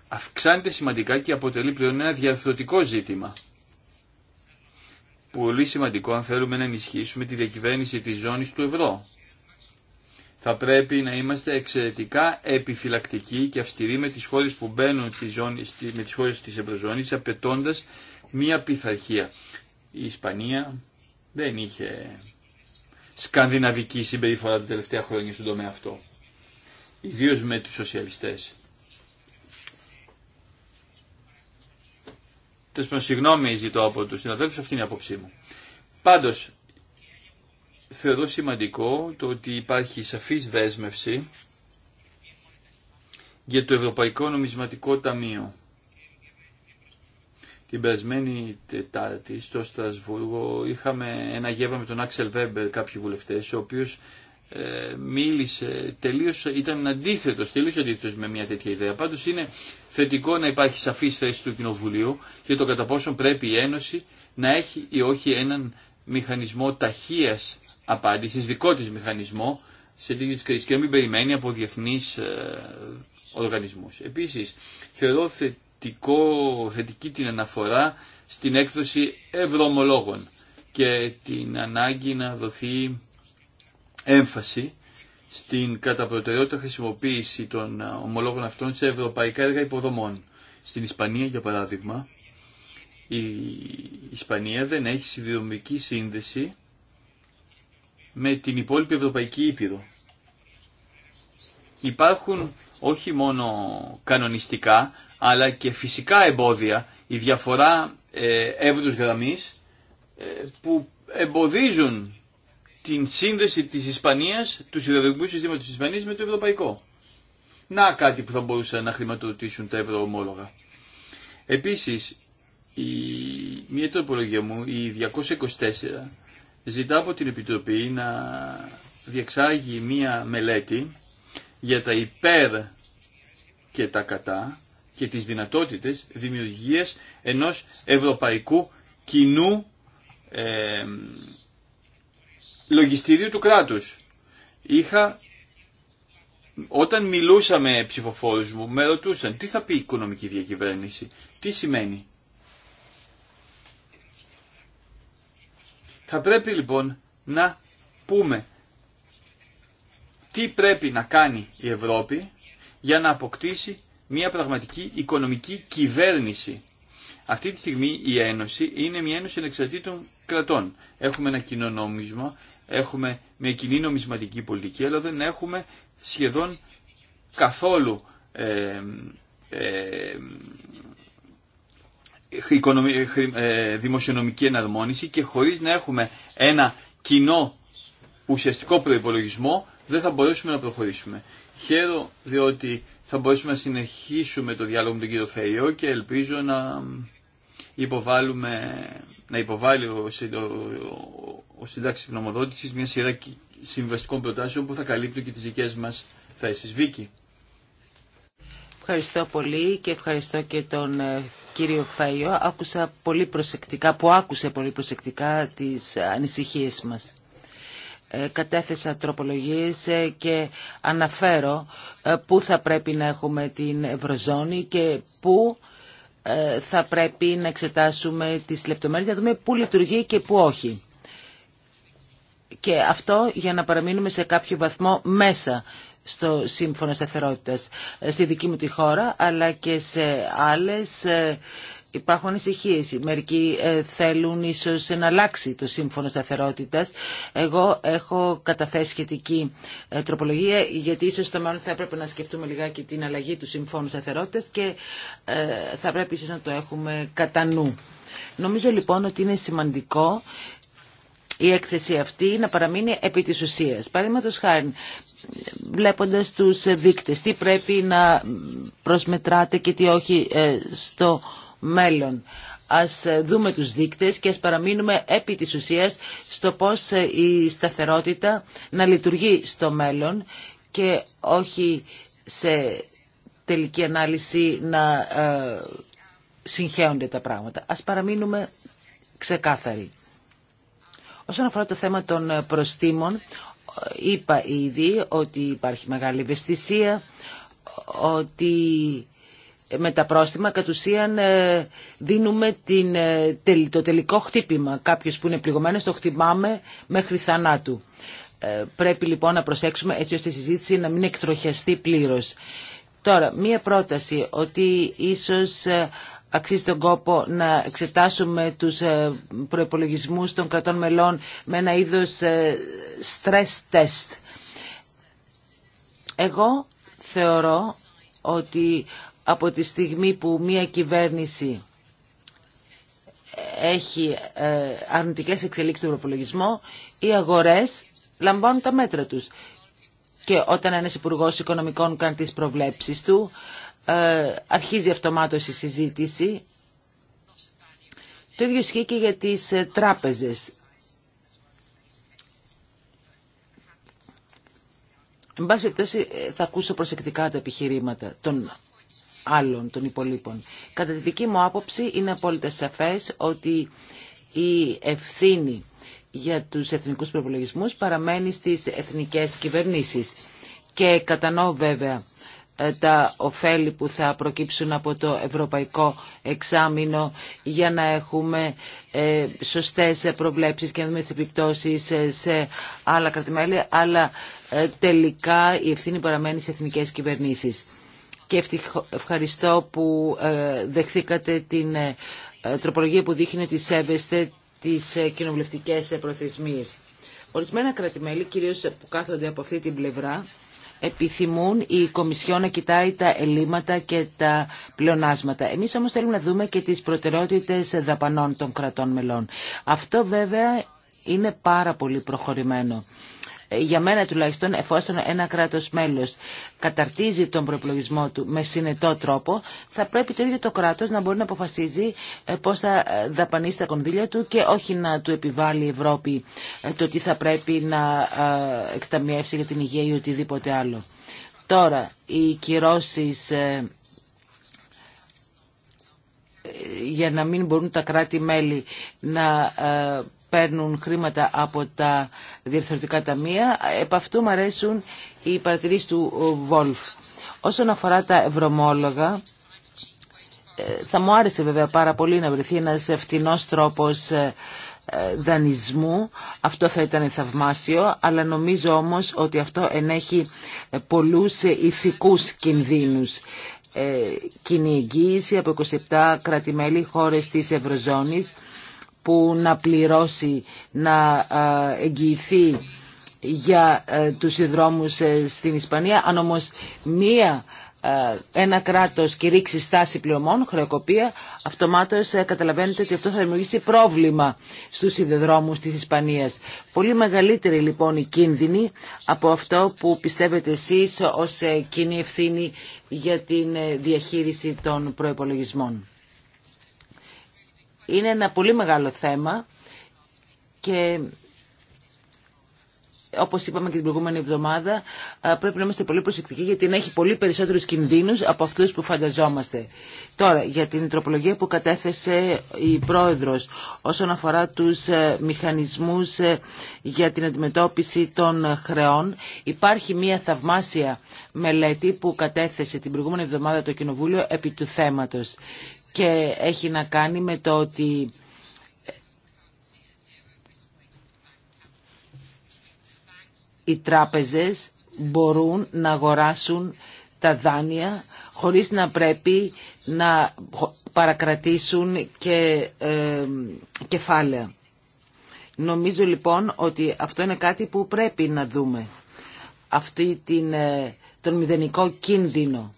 αυξάνεται σημαντικά και αποτελεί πλέον ένα διαρθρωτικό ζήτημα. Πολύ σημαντικό αν θέλουμε να ενισχύσουμε τη διακυβέρνηση της ζώνης του ευρώ. Θα πρέπει να είμαστε εξαιρετικά επιφυλακτικοί και αυστηροί με τις χώρες που μπαίνουν στη ζώνη, με τις χώρες της Ευρωζώνης απαιτώντα μία πειθαρχία. Η Ισπανία δεν είχε σκανδιναβική συμπεριφορά τα τελευταία χρόνια στον τομέα αυτό. Ιδίω με τους σοσιαλιστές. Τέλο πάντων, συγγνώμη ζητώ από του συναδέλφου, αυτή είναι η άποψή μου. Πάντω, θεωρώ σημαντικό το ότι υπάρχει σαφή δέσμευση για το Ευρωπαϊκό Νομισματικό Ταμείο. Την περασμένη Τετάρτη στο Στρασβούργο είχαμε ένα γεύμα με τον Άξελ Βέμπερ, κάποιοι βουλευτέ, ο οποίο ε, μίλησε τελείως, ήταν αντίθετο τελείως αντίθετος με μια τέτοια ιδέα. Πάντω είναι θετικό να υπάρχει σαφή θέση του Κοινοβουλίου για το κατά πόσο πρέπει η Ένωση να έχει ή όχι έναν μηχανισμό ταχεία απάντηση, δικό τη μηχανισμό, σε τέτοιε κρίσει και να μην περιμένει από διεθνεί ε, οργανισμούς. θεωρώ θετικό, θετική την αναφορά στην έκδοση ευρωμολόγων. και την ανάγκη να δοθεί έμφαση στην κατά προτεραιότητα χρησιμοποίηση των ομολόγων αυτών σε ευρωπαϊκά έργα υποδομών. Στην Ισπανία, για παράδειγμα, η Ισπανία δεν έχει συνδρομική σύνδεση με την υπόλοιπη Ευρωπαϊκή Ήπειρο. Υπάρχουν όχι μόνο κανονιστικά, αλλά και φυσικά εμπόδια, η διαφορά ε, εύρους γραμμής ε, που εμποδίζουν την σύνδεση της Ισπανίας, του σιδηροδρομικού συστήματος της Ισπανίας με το ευρωπαϊκό. Να κάτι που θα μπορούσαν να χρηματοδοτήσουν τα ευρωομόλογα. Επίσης, η, μια τροπολογία μου, η 224, ζητά από την Επιτροπή να διεξάγει μια μελέτη για τα υπέρ και τα κατά και τις δυνατότητες δημιουργίας ενός ευρωπαϊκού κοινού ε, λογιστήριου του κράτους. Είχα, όταν μιλούσα με ψηφοφόρους μου, με ρωτούσαν τι θα πει η οικονομική διακυβέρνηση, τι σημαίνει. Θα πρέπει λοιπόν να πούμε τι πρέπει να κάνει η Ευρώπη για να αποκτήσει μια πραγματική οικονομική κυβέρνηση. Αυτή τη στιγμή η Ένωση είναι μια Ένωση ανεξαρτήτων κρατών. Έχουμε ένα κοινό νόμισμα, έχουμε μια κοινή νομισματική πολιτική, αλλά δεν έχουμε σχεδόν καθόλου ε, δημοσιονομική εναρμόνιση και χωρίς να έχουμε ένα κοινό ουσιαστικό προϋπολογισμό δεν θα μπορέσουμε να προχωρήσουμε. Χαίρο διότι θα μπορέσουμε να συνεχίσουμε το διάλογο με τον κύριο Φαϊό και ελπίζω να υποβάλουμε να υποβάλει ο, ο, ο συντάξη μια σειρά συμβαστικών προτάσεων που θα καλύπτουν και τι δικέ μα θέσει. Βίκη. Ευχαριστώ πολύ και ευχαριστώ και τον ε, κύριο Φαϊό. Άκουσα πολύ προσεκτικά, που άκουσε πολύ προσεκτικά τις ανησυχίες μας κατέθεσα τροπολογίες ε, και αναφέρω ε, πού θα πρέπει να έχουμε την Ευρωζώνη και πού ε, θα πρέπει να εξετάσουμε τις λεπτομέρειες, να δούμε πού λειτουργεί και πού όχι. Και αυτό για να παραμείνουμε σε κάποιο βαθμό μέσα στο σύμφωνο σταθερότητας στη δική μου τη χώρα, αλλά και σε άλλες υπάρχουν ανησυχίε. Μερικοί ε, θέλουν ίσως να αλλάξει το σύμφωνο σταθερότητας. Εγώ έχω καταθέσει σχετική ε, τροπολογία γιατί ίσως στο μέλλον θα έπρεπε να σκεφτούμε λιγάκι την αλλαγή του σύμφωνου σταθερότητας και ε, θα πρέπει ίσως να το έχουμε κατά νου. Νομίζω λοιπόν ότι είναι σημαντικό η έκθεση αυτή να παραμείνει επί της ουσίας. Παραδείγματος χάρη, βλέποντας τους δείκτες, τι πρέπει να προσμετράτε και τι όχι στο μέλλον. Ας ε, δούμε τους δείκτες και ας παραμείνουμε επί της ουσίας στο πώς ε, η σταθερότητα να λειτουργεί στο μέλλον και όχι σε τελική ανάλυση να ε, συγχέονται τα πράγματα. Ας παραμείνουμε ξεκάθαροι. Όσον αφορά το θέμα των προστήμων, είπα ήδη ότι υπάρχει μεγάλη ευαισθησία, ότι με τα πρόστιμα κατ' ουσίαν ε, δίνουμε την, ε, το τελικό χτύπημα. Κάποιος που είναι πληγωμένος το χτυπάμε μέχρι θανάτου. Ε, πρέπει λοιπόν να προσέξουμε έτσι ώστε η συζήτηση να μην εκτροχιαστεί πλήρως. Τώρα, μία πρόταση ότι ίσως αξίζει τον κόπο να εξετάσουμε τους προπολογισμού των κρατών μελών με ένα είδος stress test. Εγώ θεωρώ ότι από τη στιγμή που μια κυβέρνηση έχει ε, αρνητικές εξελίξεις στον προπολογισμό, οι αγορές λαμβάνουν τα μέτρα τους. Και όταν ένας υπουργό Οικονομικών κάνει τις προβλέψεις του, ε, αρχίζει αυτομάτως η συζήτηση. Το ίδιο ισχύει και για τις ε, τράπεζες. Εν πάση περιπτώσει, θα ακούσω προσεκτικά τα επιχειρήματα των άλλων, των υπολείπων. Κατά τη δική μου άποψη είναι απόλυτα σαφές ότι η ευθύνη για τους εθνικούς προπολογισμούς παραμένει στις εθνικές κυβερνήσεις. Και κατανοώ βέβαια ε, τα ωφέλη που θα προκύψουν από το ευρωπαϊκό εξάμεινο για να έχουμε ε, σωστές προβλέψεις και να δούμε τις επιπτώσεις ε, σε άλλα κρατημέλη, αλλά τελικά η ευθύνη παραμένει σε εθνικές κυβερνήσεις και ευχαριστώ που ε, δεχθήκατε την ε, ε, τροπολογία που δείχνει ότι σέβεστε τις κοινοβουλευτικές προθεσμίες. Ορισμένα κρατημέλη, κυρίως που κάθονται από αυτή την πλευρά, επιθυμούν η Κομισιό να κοιτάει τα ελλείμματα και τα πλεονάσματα. Εμείς όμως θέλουμε να δούμε και τις προτεραιότητες δαπανών των κρατών μελών. Αυτό βέβαια είναι πάρα πολύ προχωρημένο. Ε, για μένα τουλάχιστον, εφόσον ένα κράτος μέλος καταρτίζει τον προπολογισμό του με συνετό τρόπο, θα πρέπει το ίδιο το κράτος να μπορεί να αποφασίζει ε, πώς θα ε, δαπανίσει τα κονδύλια του και όχι να του επιβάλλει η Ευρώπη το τι θα πρέπει να εκταμιεύσει για την υγεία ή οτιδήποτε άλλο. Τώρα, οι κυρώσεις για να μην μπορούν τα κράτη-μέλη να παίρνουν χρήματα από τα διευθυντικά ταμεία. Επ' αυτού μου αρέσουν οι παρατηρήσει του ε, Βόλφ. Όσον αφορά τα ευρωμόλογα, ε, θα μου άρεσε βέβαια πάρα πολύ να βρεθεί ένας φτηνός τρόπος ε, δανεισμού. Αυτό θα ήταν θαυμάσιο, αλλά νομίζω όμως ότι αυτό ενέχει πολλούς ηθικούς κινδύνους. Ε, κοινή εγγύηση από 27 κράτη-μέλη χώρες της Ευρωζώνης που να πληρώσει, να ε, εγγυηθεί για ε, τους συνδρόμους ε, στην Ισπανία. Αν όμως μία ένα κράτος κηρύξει στάση πληρωμών, χρεοκοπία, αυτομάτως καταλαβαίνετε ότι αυτό θα δημιουργήσει πρόβλημα στους συνδρόμους της Ισπανίας. Πολύ μεγαλύτερη λοιπόν η κίνδυνη από αυτό που πιστεύετε εσείς ως κοινή ευθύνη για την διαχείριση των προϋπολογισμών. Είναι ένα πολύ μεγάλο θέμα και όπως είπαμε και την προηγούμενη εβδομάδα, πρέπει να είμαστε πολύ προσεκτικοί γιατί να έχει πολύ περισσότερους κινδύνους από αυτούς που φανταζόμαστε. Τώρα, για την τροπολογία που κατέθεσε η Πρόεδρος όσον αφορά τους ε, μηχανισμούς ε, για την αντιμετώπιση των χρεών, υπάρχει μια θαυμάσια μελέτη που κατέθεσε την προηγούμενη εβδομάδα το Κοινοβούλιο επί του θέματος και έχει να κάνει με το ότι οι τράπεζες μπορούν να αγοράσουν τα δάνεια χωρίς να πρέπει να παρακρατήσουν και ε, κεφάλαια. Νομίζω λοιπόν ότι αυτό είναι κάτι που πρέπει να δούμε. Αυτή την, ε, τον μηδενικό κίνδυνο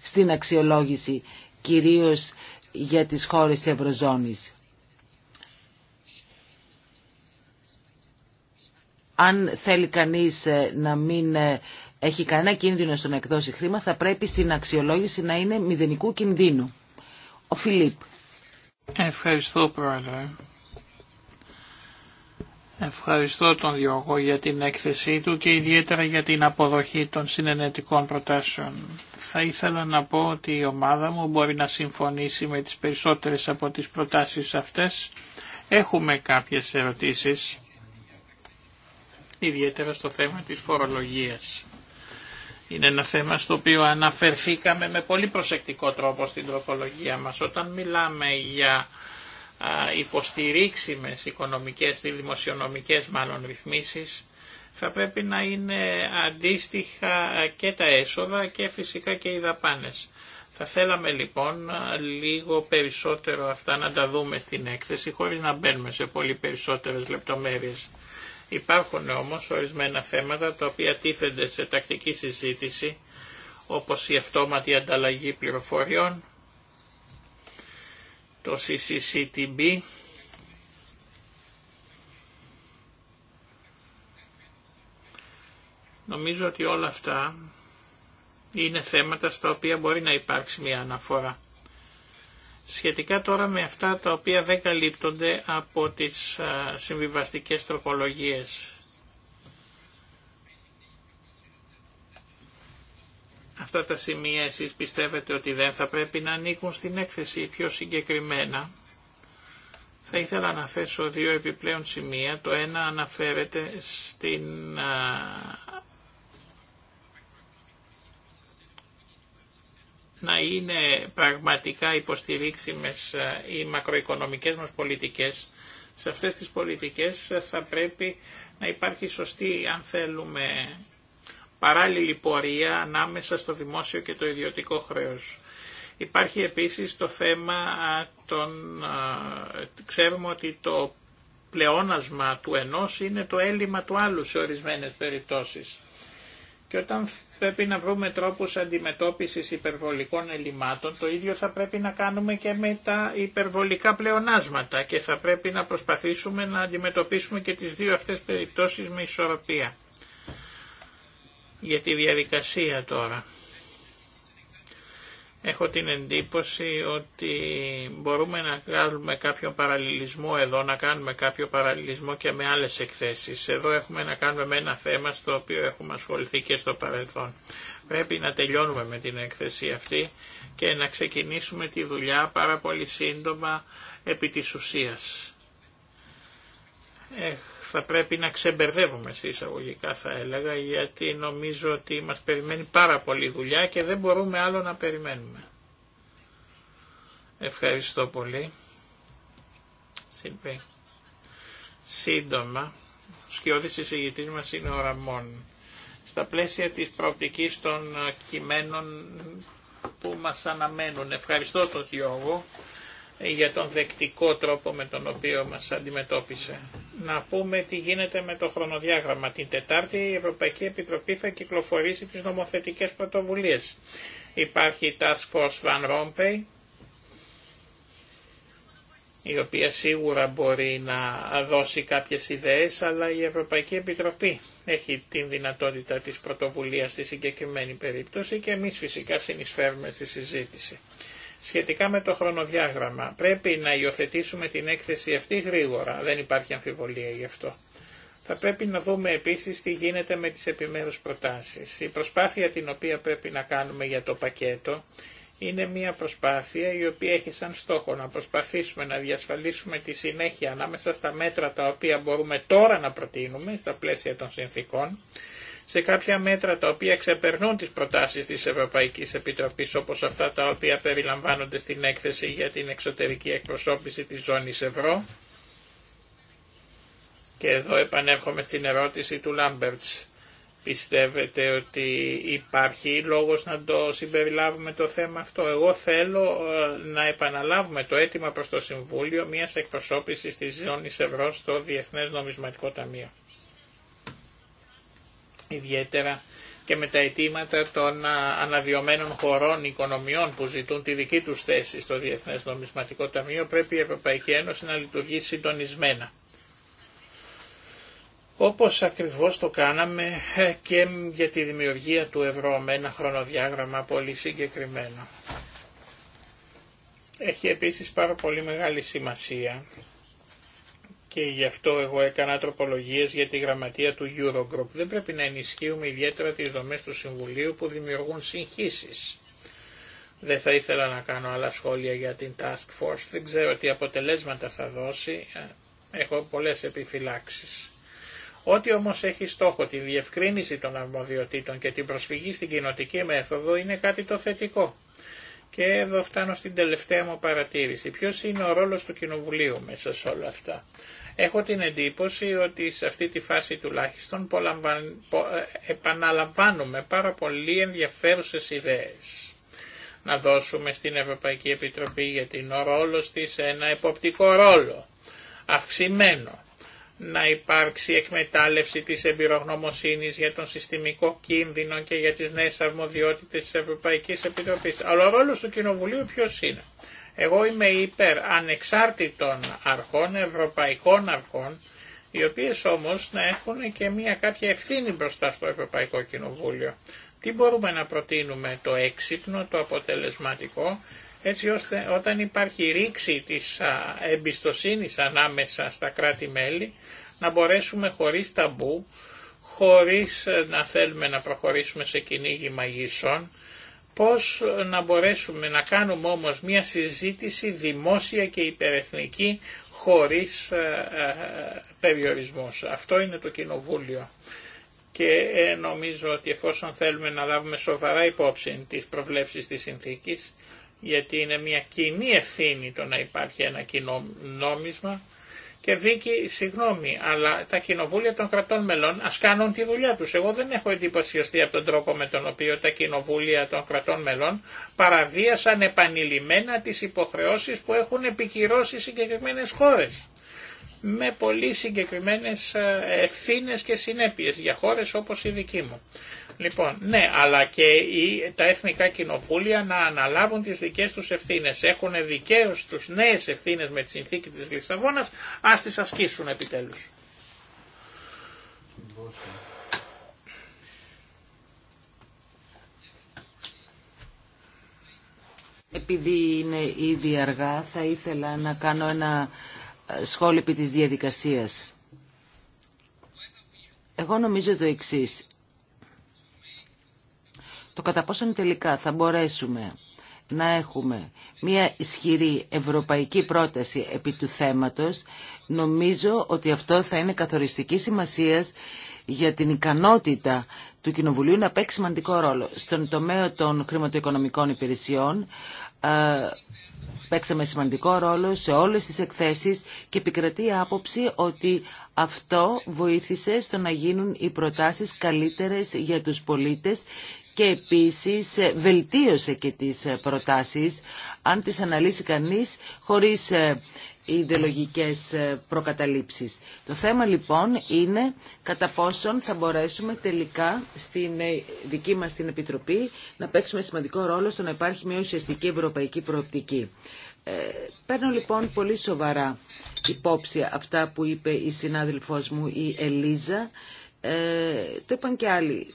στην αξιολόγηση κυρίως για τις χώρες της Ευρωζώνης. Αν θέλει κανείς ε, να μην ε, έχει κανένα κίνδυνο στο να εκδώσει χρήμα, θα πρέπει στην αξιολόγηση να είναι μηδενικού κινδύνου. Ο Φιλίπ. Ευχαριστώ πρόεδρε. Ευχαριστώ τον Διώργο για την έκθεσή του και ιδιαίτερα για την αποδοχή των συνενετικών προτάσεων θα ήθελα να πω ότι η ομάδα μου μπορεί να συμφωνήσει με τις περισσότερες από τις προτάσεις αυτές. Έχουμε κάποιες ερωτήσεις, ιδιαίτερα στο θέμα της φορολογίας. Είναι ένα θέμα στο οποίο αναφερθήκαμε με πολύ προσεκτικό τρόπο στην τροπολογία μας. Όταν μιλάμε για υποστηρίξιμες οικονομικές ή δημοσιονομικές μάλλον ρυθμίσεις, θα πρέπει να είναι αντίστοιχα και τα έσοδα και φυσικά και οι δαπάνες. Θα θέλαμε λοιπόν λίγο περισσότερο αυτά να τα δούμε στην έκθεση χωρίς να μπαίνουμε σε πολύ περισσότερες λεπτομέρειες. Υπάρχουν όμως ορισμένα θέματα τα οποία τίθενται σε τακτική συζήτηση όπως η αυτόματη ανταλλαγή πληροφοριών, το CCCTB, Νομίζω ότι όλα αυτά είναι θέματα στα οποία μπορεί να υπάρξει μια αναφορά. Σχετικά τώρα με αυτά τα οποία δεν καλύπτονται από τις συμβιβαστικές τροπολογίες. Αυτά τα σημεία εσείς πιστεύετε ότι δεν θα πρέπει να ανήκουν στην έκθεση πιο συγκεκριμένα. Θα ήθελα να θέσω δύο επιπλέον σημεία. Το ένα αναφέρεται στην να είναι πραγματικά υποστηρίξιμες ε, οι μακροοικονομικές μας πολιτικές. Σε αυτές τις πολιτικές ε, θα πρέπει να υπάρχει σωστή, αν θέλουμε, παράλληλη πορεία ανάμεσα στο δημόσιο και το ιδιωτικό χρέος. Υπάρχει επίσης το θέμα ε, των... Ξέρουμε ότι το πλεόνασμα του ενός είναι το έλλειμμα του άλλου σε ορισμένες περιπτώσεις. Και όταν πρέπει να βρούμε τρόπους αντιμετώπισης υπερβολικών ελλημάτων. Το ίδιο θα πρέπει να κάνουμε και με τα υπερβολικά πλεονάσματα και θα πρέπει να προσπαθήσουμε να αντιμετωπίσουμε και τις δύο αυτές περιπτώσεις με ισορροπία. Για τη διαδικασία τώρα. Έχω την εντύπωση ότι μπορούμε να κάνουμε κάποιο παραλληλισμό εδώ, να κάνουμε κάποιο παραλληλισμό και με άλλες εκθέσεις. Εδώ έχουμε να κάνουμε με ένα θέμα στο οποίο έχουμε ασχοληθεί και στο παρελθόν. Πρέπει να τελειώνουμε με την έκθεση αυτή και να ξεκινήσουμε τη δουλειά πάρα πολύ σύντομα επί της ουσίας θα πρέπει να ξεμπερδεύουμε σε εισαγωγικά θα έλεγα γιατί νομίζω ότι μας περιμένει πάρα πολύ δουλειά και δεν μπορούμε άλλο να περιμένουμε. Ευχαριστώ πολύ. Σύντομα, Σύντομα ο σκιώδης εισηγητής μας είναι ο Ραμών. Στα πλαίσια της προοπτικής των κειμένων που μας αναμένουν. Ευχαριστώ τον Διόγο για τον δεκτικό τρόπο με τον οποίο μας αντιμετώπισε να πούμε τι γίνεται με το χρονοδιάγραμμα. Την Τετάρτη η Ευρωπαϊκή Επιτροπή θα κυκλοφορήσει τις νομοθετικές πρωτοβουλίες. Υπάρχει η Task Force Van Rompuy, η οποία σίγουρα μπορεί να δώσει κάποιες ιδέες, αλλά η Ευρωπαϊκή Επιτροπή έχει την δυνατότητα της πρωτοβουλίας στη συγκεκριμένη περίπτωση και εμείς φυσικά συνεισφέρουμε στη συζήτηση. Σχετικά με το χρονοδιάγραμμα, πρέπει να υιοθετήσουμε την έκθεση αυτή γρήγορα, δεν υπάρχει αμφιβολία γι' αυτό. Θα πρέπει να δούμε επίσης τι γίνεται με τις επιμέρους προτάσεις. Η προσπάθεια την οποία πρέπει να κάνουμε για το πακέτο είναι μια προσπάθεια η οποία έχει σαν στόχο να προσπαθήσουμε να διασφαλίσουμε τη συνέχεια ανάμεσα στα μέτρα τα οποία μπορούμε τώρα να προτείνουμε στα πλαίσια των συνθήκων σε κάποια μέτρα τα οποία ξεπερνούν τις προτάσεις της Ευρωπαϊκής Επιτροπής όπως αυτά τα οποία περιλαμβάνονται στην έκθεση για την εξωτερική εκπροσώπηση της ζώνης ευρώ. Και εδώ επανέρχομαι στην ερώτηση του Λάμπερτς. Πιστεύετε ότι υπάρχει λόγος να το συμπεριλάβουμε το θέμα αυτό. Εγώ θέλω ε, να επαναλάβουμε το αίτημα προς το Συμβούλιο μιας εκπροσώπησης της ζώνης ευρώ στο Διεθνές Νομισματικό Ταμείο ιδιαίτερα και με τα αιτήματα των αναδειωμένων χωρών οικονομιών που ζητούν τη δική τους θέση στο Διεθνές Νομισματικό Ταμείο, πρέπει η Ευρωπαϊκή Ένωση να λειτουργεί συντονισμένα. Όπως ακριβώς το κάναμε ε, και για τη δημιουργία του ευρώ με ένα χρονοδιάγραμμα πολύ συγκεκριμένο. Έχει επίσης πάρα πολύ μεγάλη σημασία και γι' αυτό εγώ έκανα τροπολογίε για τη γραμματεία του Eurogroup. Δεν πρέπει να ενισχύουμε ιδιαίτερα τι δομέ του Συμβουλίου που δημιουργούν συγχύσει. Δεν θα ήθελα να κάνω άλλα σχόλια για την Task Force. Δεν ξέρω τι αποτελέσματα θα δώσει. Έχω πολλέ επιφυλάξει. Ό,τι όμω έχει στόχο τη διευκρίνηση των αρμοδιοτήτων και την προσφυγή στην κοινοτική μέθοδο είναι κάτι το θετικό. Και εδώ φτάνω στην τελευταία μου παρατήρηση. Ποιος είναι ο ρόλος του Κοινοβουλίου μέσα σε όλα αυτά. Έχω την εντύπωση ότι σε αυτή τη φάση τουλάχιστον ε, επαναλαμβάνουμε πάρα πολύ ενδιαφέρουσες ιδέες. Να δώσουμε στην Ευρωπαϊκή Επιτροπή για την ρόλο της ένα εποπτικό ρόλο, αυξημένο. Να υπάρξει εκμετάλλευση της εμπειρογνωμοσύνης για τον συστημικό κίνδυνο και για τις νέες αρμοδιότητες της Ευρωπαϊκής Επιτροπής. Αλλά ο ρόλος του Κοινοβουλίου ποιος είναι. Εγώ είμαι υπέρ ανεξάρτητων αρχών, ευρωπαϊκών αρχών, οι οποίες όμως να έχουν και μια κάποια ευθύνη μπροστά στο Ευρωπαϊκό Κοινοβούλιο. Τι μπορούμε να προτείνουμε το έξυπνο, το αποτελεσματικό, έτσι ώστε όταν υπάρχει ρήξη της εμπιστοσύνης ανάμεσα στα κράτη-μέλη, να μπορέσουμε χωρίς ταμπού, χωρίς ε, να θέλουμε να προχωρήσουμε σε κυνήγι μαγισσών, Πώς να μπορέσουμε να κάνουμε όμως μια συζήτηση δημόσια και υπερεθνική χωρίς ε, ε, περιορισμούς. Αυτό είναι το κοινοβούλιο. Και ε, νομίζω ότι εφόσον θέλουμε να λάβουμε σοβαρά υπόψη τις προβλέψεις της συνθήκης, γιατί είναι μια κοινή ευθύνη το να υπάρχει ένα κοινό νόμισμα, και Βίκυ, συγγνώμη, αλλά τα κοινοβούλια των κρατών μελών α κάνουν τη δουλειά του. Εγώ δεν έχω εντυπωσιαστεί από τον τρόπο με τον οποίο τα κοινοβούλια των κρατών μελών παραβίασαν επανειλημμένα τις υποχρεώσεις που έχουν επικυρώσει συγκεκριμένες χώρες με πολύ συγκεκριμένε ε, ευθύνε και συνέπειε για χώρε όπω η δική μου. Λοιπόν, ναι, αλλά και οι, τα εθνικά κοινοβούλια να αναλάβουν τις δικές τους ευθύνες. Έχουν δικαίως τους νέες ευθύνες με τη συνθήκη της Λισαβόνας, ας τις ασκήσουν επιτέλους. Επειδή είναι ήδη αργά, θα ήθελα να κάνω ένα ε, σχόλιο επί της διαδικασίας. Εγώ νομίζω το εξής. Το κατά πόσον τελικά θα μπορέσουμε να έχουμε μια ισχυρή ευρωπαϊκή πρόταση επί του θέματος, νομίζω ότι αυτό θα είναι καθοριστική σημασίας για την ικανότητα του Κοινοβουλίου να παίξει σημαντικό ρόλο. Στον τομέα των χρηματοοικονομικών υπηρεσιών παίξαμε σημαντικό ρόλο σε όλες τις εκθέσεις και επικρατεί η άποψη ότι αυτό βοήθησε στο να γίνουν οι προτάσεις καλύτερες για τους πολίτες και επίσης ε, βελτίωσε και τις ε, προτάσεις αν τις αναλύσει κανείς χωρίς ε, ιδεολογικές προκαταλήψεις. Το θέμα λοιπόν είναι κατά πόσον θα μπορέσουμε τελικά στην δική μας την Επιτροπή να παίξουμε σημαντικό ρόλο στο να υπάρχει μια ουσιαστική ευρωπαϊκή προοπτική. Ε, παίρνω λοιπόν πολύ σοβαρά υπόψη αυτά που είπε η συνάδελφός μου η Ελίζα. το είπαν και άλλοι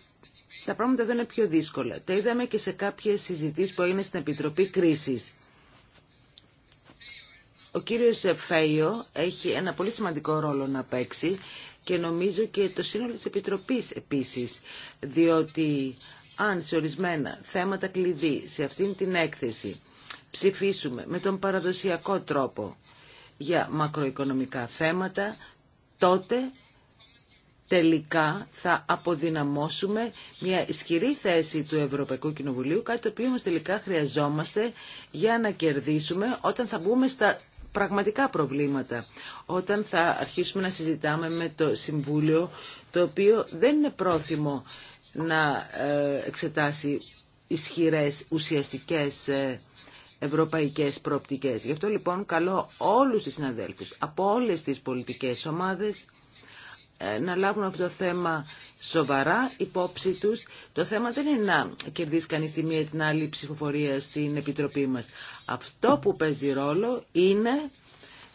τα πράγματα δεν είναι πιο δύσκολα. Τα είδαμε και σε κάποιες συζητήσεις που έγινε στην Επιτροπή Κρίσης. Ο κύριος Φέιο έχει ένα πολύ σημαντικό ρόλο να παίξει και νομίζω και το σύνολο της Επιτροπής επίσης, διότι αν σε ορισμένα θέματα κλειδί σε αυτήν την έκθεση ψηφίσουμε με τον παραδοσιακό τρόπο για μακροοικονομικά θέματα, τότε τελικά θα αποδυναμώσουμε μια ισχυρή θέση του Ευρωπαϊκού Κοινοβουλίου, κάτι το οποίο μας τελικά χρειαζόμαστε για να κερδίσουμε όταν θα μπούμε στα πραγματικά προβλήματα, όταν θα αρχίσουμε να συζητάμε με το Συμβούλιο, το οποίο δεν είναι πρόθυμο να ε, εξετάσει ισχυρές, ουσιαστικές ε, ευρωπαϊκές προοπτικές. Γι' αυτό λοιπόν καλώ όλους τους συναδέλφους από όλες τις πολιτικές ομάδες ε, να λάβουν αυτό το θέμα σοβαρά υπόψη τους. Το θέμα δεν είναι να κερδίσει κανείς τη μία την άλλη ψηφοφορία στην Επιτροπή μας. Αυτό που παίζει ρόλο είναι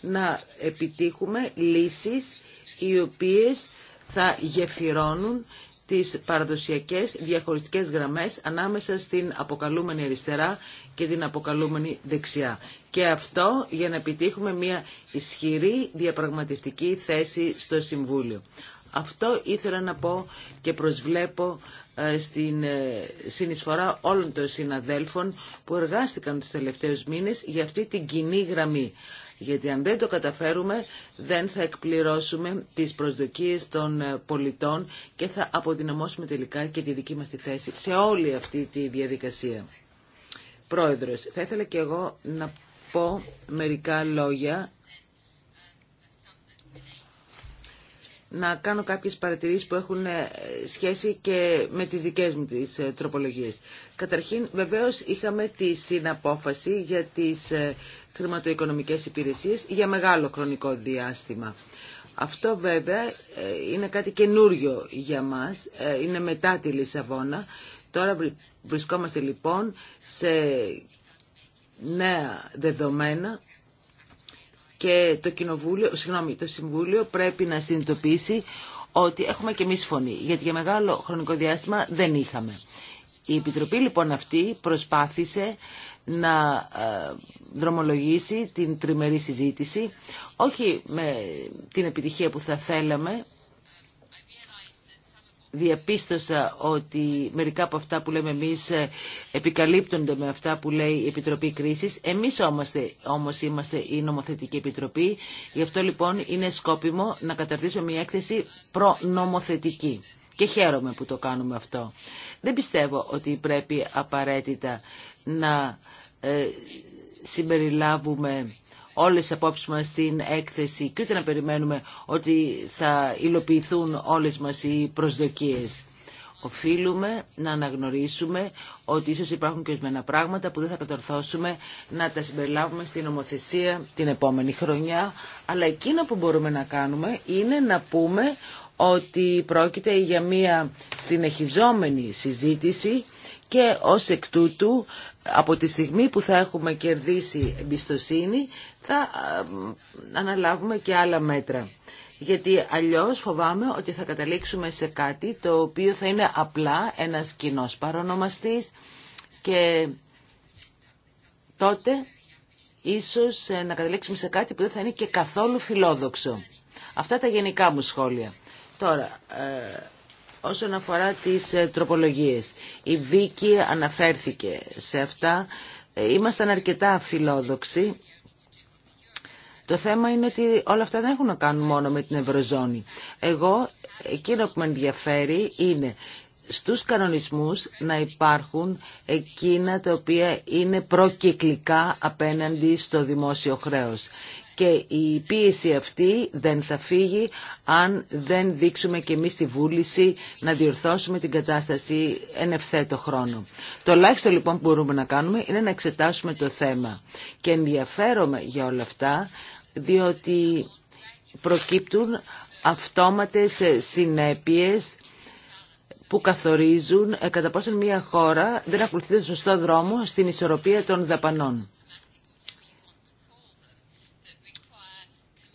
να επιτύχουμε λύσεις οι οποίες θα γεφυρώνουν τις παραδοσιακές διαχωριστικές γραμμές ανάμεσα στην αποκαλούμενη αριστερά και την αποκαλούμενη δεξιά. Και αυτό για να επιτύχουμε μια ισχυρή διαπραγματευτική θέση στο Συμβούλιο. Αυτό ήθελα να πω και προσβλέπω ε, στην ε, συνεισφορά όλων των συναδέλφων που εργάστηκαν τους τελευταίους μήνες για αυτή την κοινή γραμμή. Γιατί αν δεν το καταφέρουμε δεν θα εκπληρώσουμε τις προσδοκίες των ε, πολιτών και θα αποδυναμώσουμε τελικά και τη δική μας τη θέση σε όλη αυτή τη διαδικασία. Πρόεδρος, θα ήθελα και εγώ να πω μερικά λόγια να κάνω κάποιες παρατηρήσεις που έχουν ε, σχέση και με τις δικές μου τις ε, τροπολογίες. Καταρχήν, βεβαίως είχαμε τη συναπόφαση για τις χρηματοοικονομικές υπηρεσίες για μεγάλο χρονικό διάστημα. Αυτό βέβαια ε, είναι κάτι καινούριο για μας, ε, είναι μετά τη Λισαβόνα. Τώρα βρισκόμαστε λοιπόν σε νέα δεδομένα και το, κοινοβούλιο, συγγνώμη, το Συμβούλιο πρέπει να συνειδητοποιήσει ότι έχουμε και εμεί φωνή, γιατί για μεγάλο χρονικό διάστημα δεν είχαμε. Η Επιτροπή λοιπόν αυτή προσπάθησε να ε, δρομολογήσει την τριμερή συζήτηση, όχι με την επιτυχία που θα θέλαμε. Διαπίστωσα ότι μερικά από αυτά που λέμε εμείς ε, επικαλύπτονται με αυτά που λέει η Επιτροπή Κρίσης. Εμείς όμως, είμαστε η Νομοθετική Επιτροπή, γι' αυτό λοιπόν είναι σκόπιμο να καταρτήσουμε μια έκθεση προνομοθετική και χαίρομαι που το κάνουμε αυτό. Δεν πιστεύω ότι πρέπει απαραίτητα να ε, συμπεριλάβουμε όλες τις απόψεις μας στην έκθεση και ούτε να περιμένουμε ότι θα υλοποιηθούν όλες μας οι προσδοκίες. Οφείλουμε να αναγνωρίσουμε ότι ίσως υπάρχουν και ορισμένα πράγματα που δεν θα κατορθώσουμε να τα συμπεριλάβουμε στην νομοθεσία την επόμενη χρονιά, αλλά εκείνο που μπορούμε να κάνουμε είναι να πούμε ότι πρόκειται για μια συνεχιζόμενη συζήτηση και ως εκ τούτου από τη στιγμή που θα έχουμε κερδίσει εμπιστοσύνη θα ε, αναλάβουμε και άλλα μέτρα. Γιατί αλλιώς φοβάμαι ότι θα καταλήξουμε σε κάτι το οποίο θα είναι απλά ένας κοινό παρονομαστής και τότε ίσως ε, να καταλήξουμε σε κάτι που δεν θα είναι και καθόλου φιλόδοξο. Αυτά τα γενικά μου σχόλια. Τώρα, ε, Όσον αφορά τις ε, τροπολογίες, η Βίκη αναφέρθηκε σε αυτά. Ε, ήμασταν αρκετά φιλόδοξοι. Το θέμα είναι ότι όλα αυτά δεν έχουν να κάνουν μόνο με την Ευρωζώνη. Εγώ, εκείνο που με ενδιαφέρει είναι στους κανονισμούς να υπάρχουν εκείνα τα οποία είναι προκυκλικά απέναντι στο δημόσιο χρέος και η πίεση αυτή δεν θα φύγει αν δεν δείξουμε και εμείς τη βούληση να διορθώσουμε την κατάσταση εν ευθέτω χρόνο. Το ελάχιστο λοιπόν που μπορούμε να κάνουμε είναι να εξετάσουμε το θέμα. Και ενδιαφέρομαι για όλα αυτά διότι προκύπτουν αυτόματες συνέπειες που καθορίζουν ε, κατά πόσον μια χώρα δεν ακολουθεί το σωστό δρόμο στην ισορροπία των δαπανών.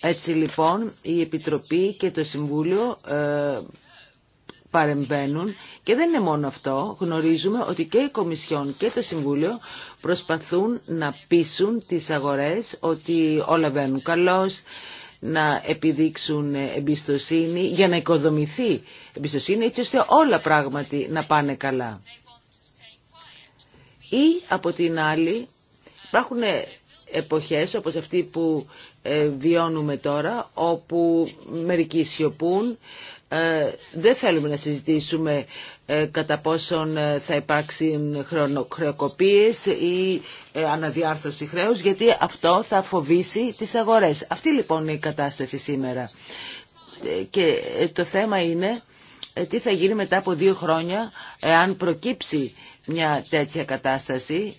Έτσι λοιπόν η Επιτροπή και το Συμβούλιο ε, παρεμβαίνουν και δεν είναι μόνο αυτό. Γνωρίζουμε ότι και η Κομισιόν και το Συμβούλιο προσπαθούν να πείσουν τις αγορές ότι όλα βαίνουν καλώς, να επιδείξουν εμπιστοσύνη για να οικοδομηθεί εμπιστοσύνη έτσι ώστε όλα πράγματι να πάνε καλά. Ή από την άλλη υπάρχουν εποχές όπως αυτή που ε, βιώνουμε τώρα, όπου μερικοί σιωπούν, ε, δεν θέλουμε να συζητήσουμε ε, κατά πόσον θα υπάρξουν χρεοκοπίες ή αναδιάρθρωση χρέους, γιατί αυτό θα φοβήσει τις αγορές. Αυτή λοιπόν είναι η κατάσταση σήμερα. Και το θέμα είναι τι θα γίνει μετά από δύο χρόνια εάν προκύψει μια τέτοια κατάσταση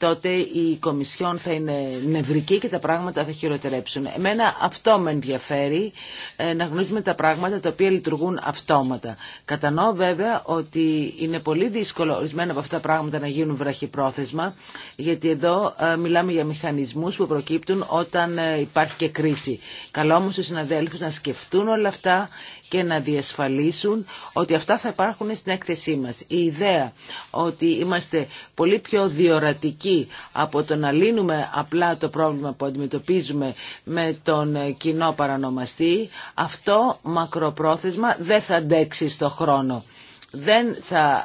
τότε η Κομισιόν θα είναι νευρική και τα πράγματα θα χειροτερέψουν. Εμένα αυτό με ενδιαφέρει, ε, να γνωρίζουμε τα πράγματα τα οποία λειτουργούν αυτόματα. Κατανοώ βέβαια ότι είναι πολύ δύσκολο ορισμένα από αυτά τα πράγματα να γίνουν βραχυπρόθεσμα, γιατί εδώ ε, μιλάμε για μηχανισμούς που προκύπτουν όταν ε, υπάρχει και κρίση. Καλό όμως τους συναδέλφους να σκεφτούν όλα αυτά και να διασφαλίσουν ότι αυτά θα υπάρχουν στην έκθεσή μας. Η ιδέα ότι είμαστε πολύ πιο διορατικοί από το να λύνουμε απλά το πρόβλημα που αντιμετωπίζουμε με τον κοινό παρανομαστή, αυτό μακροπρόθεσμα δεν θα αντέξει στο χρόνο δεν θα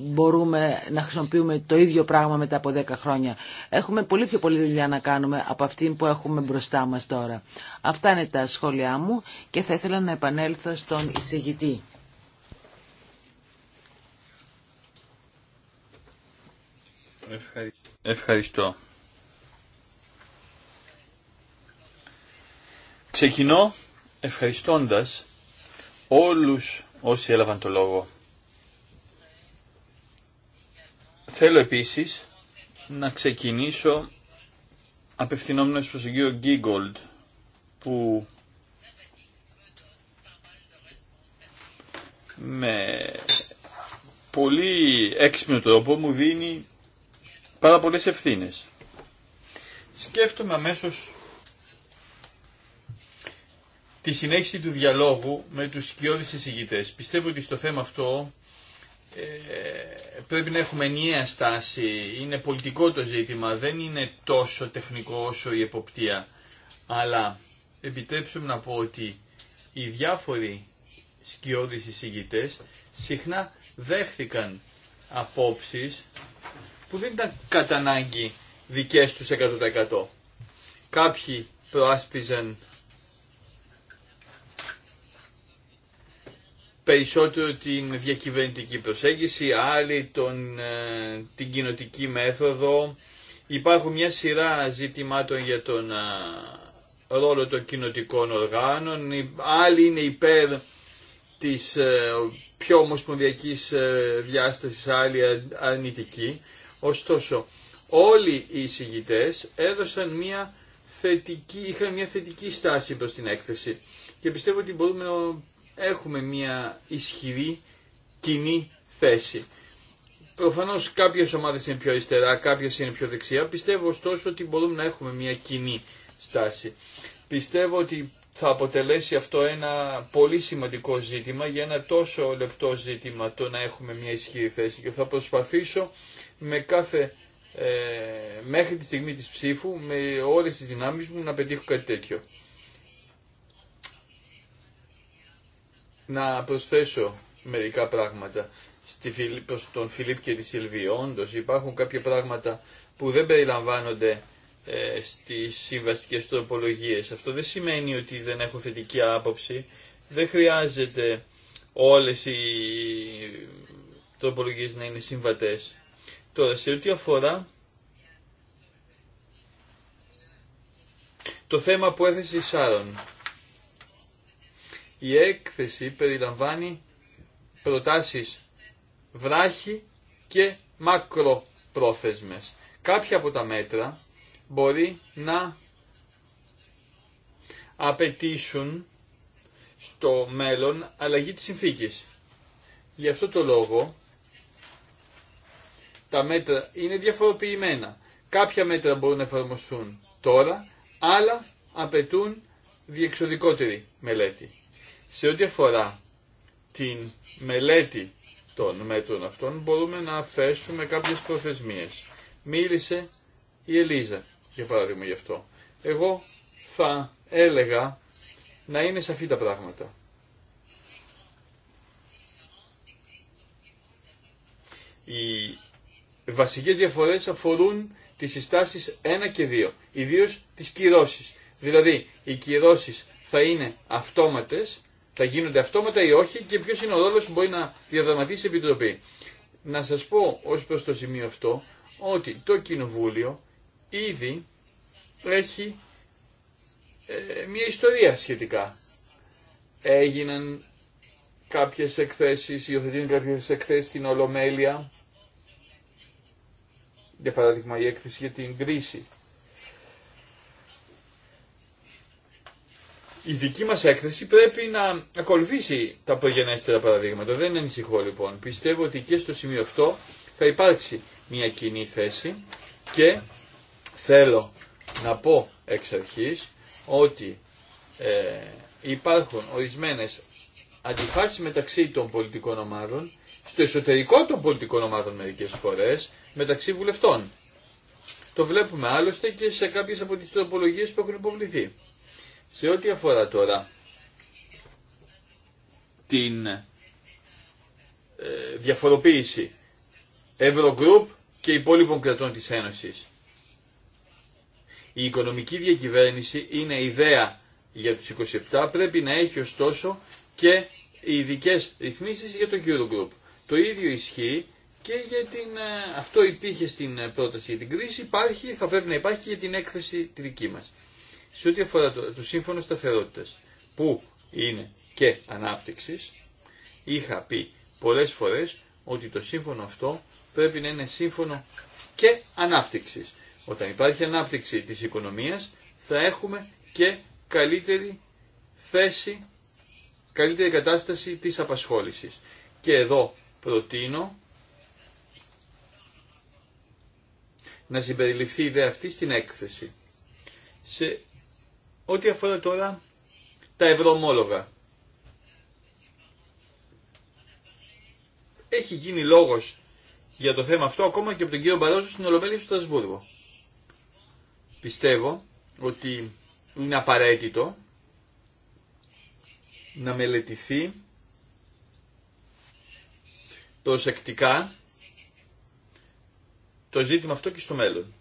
μπορούμε να χρησιμοποιούμε το ίδιο πράγμα μετά από 10 χρόνια. Έχουμε πολύ πιο πολλή δουλειά να κάνουμε από αυτή που έχουμε μπροστά μας τώρα. Αυτά είναι τα σχόλιά μου και θα ήθελα να επανέλθω στον εισηγητή. Ευχαριστώ. Ξεκινώ ευχαριστώντας όλους όσοι έλαβαν το λόγο. Θέλω επίσης να ξεκινήσω απευθυνόμενος προς τον κύριο Γκίγκολντ που με πολύ έξυπνο τρόπο μου δίνει πάρα πολλές ευθύνες. Σκέφτομαι αμέσως τη συνέχιση του διαλόγου με τους σκιώδεις εισηγητές. Πιστεύω ότι στο θέμα αυτό ε, πρέπει να έχουμε ενιαία στάση. Είναι πολιτικό το ζήτημα, δεν είναι τόσο τεχνικό όσο η εποπτεία. Αλλά επιτρέψτε να πω ότι οι διάφοροι σκιώδεις εισηγητές συχνά δέχθηκαν απόψεις που δεν ήταν κατά ανάγκη δικές τους 100%. Κάποιοι προάσπιζαν περισσότερο την διακυβερνητική προσέγγιση, Άλλη τον, ε, την κοινοτική μέθοδο. Υπάρχουν μια σειρά ζητημάτων για τον ε, ρόλο των κοινοτικών οργάνων, άλλοι είναι υπέρ της ε, πιο ομοσπονδιακής διάστασης, άλλοι αρνητικοί. Ωστόσο, όλοι οι εισηγητές έδωσαν μια θετική, είχαν μια θετική στάση προς την έκθεση και πιστεύω ότι μπορούμε να έχουμε μια ισχυρή κοινή θέση. Προφανώ κάποιε ομάδε είναι πιο αριστερά, κάποιε είναι πιο δεξιά. Πιστεύω ωστόσο ότι μπορούμε να έχουμε μια κοινή στάση. Πιστεύω ότι θα αποτελέσει αυτό ένα πολύ σημαντικό ζήτημα για ένα τόσο λεπτό ζήτημα το να έχουμε μια ισχυρή θέση και θα προσπαθήσω με κάθε ε, μέχρι τη στιγμή της ψήφου με όλες τις δυνάμεις μου να πετύχω κάτι τέτοιο. να προσθέσω μερικά πράγματα στη, προς τον Φιλίπ και τη Σιλβία. Όντως υπάρχουν κάποια πράγματα που δεν περιλαμβάνονται ε, στις συμβαστικές τροπολογίες. Αυτό δεν σημαίνει ότι δεν έχω θετική άποψη. Δεν χρειάζεται όλες οι τροπολογίες να είναι συμβατές. Τώρα, σε ό,τι αφορά το θέμα που έθεσε η η έκθεση περιλαμβάνει προτάσεις βράχη και μακροπρόθεσμες. Κάποια από τα μέτρα μπορεί να απαιτήσουν στο μέλλον αλλαγή της συνθήκης. Γι' αυτό το λόγο τα μέτρα είναι διαφοροποιημένα. Κάποια μέτρα μπορούν να εφαρμοστούν τώρα, άλλα απαιτούν διεξοδικότερη μελέτη. Σε ό,τι αφορά την μελέτη των μέτρων αυτών μπορούμε να αφέσουμε κάποιες προθεσμίες. Μίλησε η Ελίζα για παράδειγμα γι' αυτό. Εγώ θα έλεγα να είναι σαφή τα πράγματα. Οι βασικές διαφορές αφορούν τις συστάσεις 1 και 2, ιδίως τις κυρώσεις. Δηλαδή, οι κυρώσεις θα είναι αυτόματες θα γίνονται αυτόματα ή όχι και ποιο είναι ο ρόλο που μπορεί να διαδραματίσει η Επιτροπή. Να σα πω ω προ το σημείο αυτό ότι το Κοινοβούλιο ήδη έχει ε, μια ιστορία σχετικά. Έγιναν κάποιες εκθέσεις, υιοθετούν κάποιες εκθέσεις στην Ολομέλεια, για παράδειγμα η έκθεση για την κρίση η δική μας έκθεση πρέπει να ακολουθήσει τα προγενέστερα παραδείγματα. Δεν ανησυχώ λοιπόν. Πιστεύω ότι και στο σημείο αυτό θα υπάρξει μια κοινή θέση και θέλω να πω εξ αρχής ότι ε, υπάρχουν ορισμένες αντιφάσεις μεταξύ των πολιτικών ομάδων, στο εσωτερικό των πολιτικών ομάδων μερικές φορές, μεταξύ βουλευτών. Το βλέπουμε άλλωστε και σε κάποιες από τις τροπολογίες που έχουν υποβληθεί. Σε ό,τι αφορά τώρα την ε, διαφοροποίηση Eurogroup και υπόλοιπων κρατών της Ένωσης. Η οικονομική διακυβέρνηση είναι ιδέα για τους 27, πρέπει να έχει ωστόσο και οι ειδικέ ρυθμίσεις για το Eurogroup. Το ίδιο ισχύει και για την, ε, αυτό υπήρχε στην ε, πρόταση για την κρίση, υπάρχει, θα πρέπει να υπάρχει και για την έκθεση τη δική μας. Σε ό,τι αφορά το, σύμφωνο σταθερότητα που είναι και ανάπτυξης, είχα πει πολλέ φορές ότι το σύμφωνο αυτό πρέπει να είναι σύμφωνο και ανάπτυξη. Όταν υπάρχει ανάπτυξη της οικονομία θα έχουμε και καλύτερη θέση, καλύτερη κατάσταση της απασχόλησης. Και εδώ προτείνω να συμπεριληφθεί η ιδέα αυτή στην έκθεση. Ό,τι αφορά τώρα τα ευρωομόλογα. Έχει γίνει λόγος για το θέμα αυτό ακόμα και από τον κύριο Μπαρόζο στην Ολομέλεια του Στρασβούργο. Πιστεύω ότι είναι απαραίτητο να μελετηθεί προσεκτικά το ζήτημα αυτό και στο μέλλον.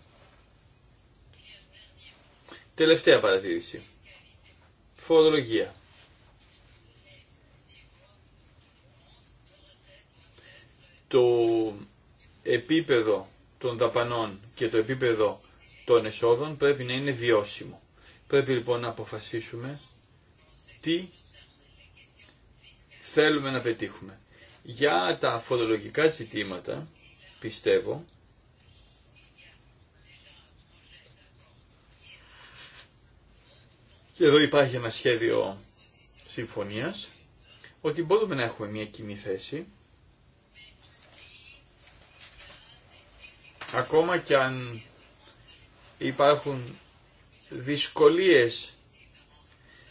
Τελευταία παρατήρηση. Φορολογία. Το επίπεδο των δαπανών και το επίπεδο των εσόδων πρέπει να είναι βιώσιμο. Πρέπει λοιπόν να αποφασίσουμε τι θέλουμε να πετύχουμε. Για τα φορολογικά ζητήματα πιστεύω και εδώ υπάρχει ένα σχέδιο συμφωνίας, ότι μπορούμε να έχουμε μια κοινή θέση, ακόμα και αν υπάρχουν δυσκολίες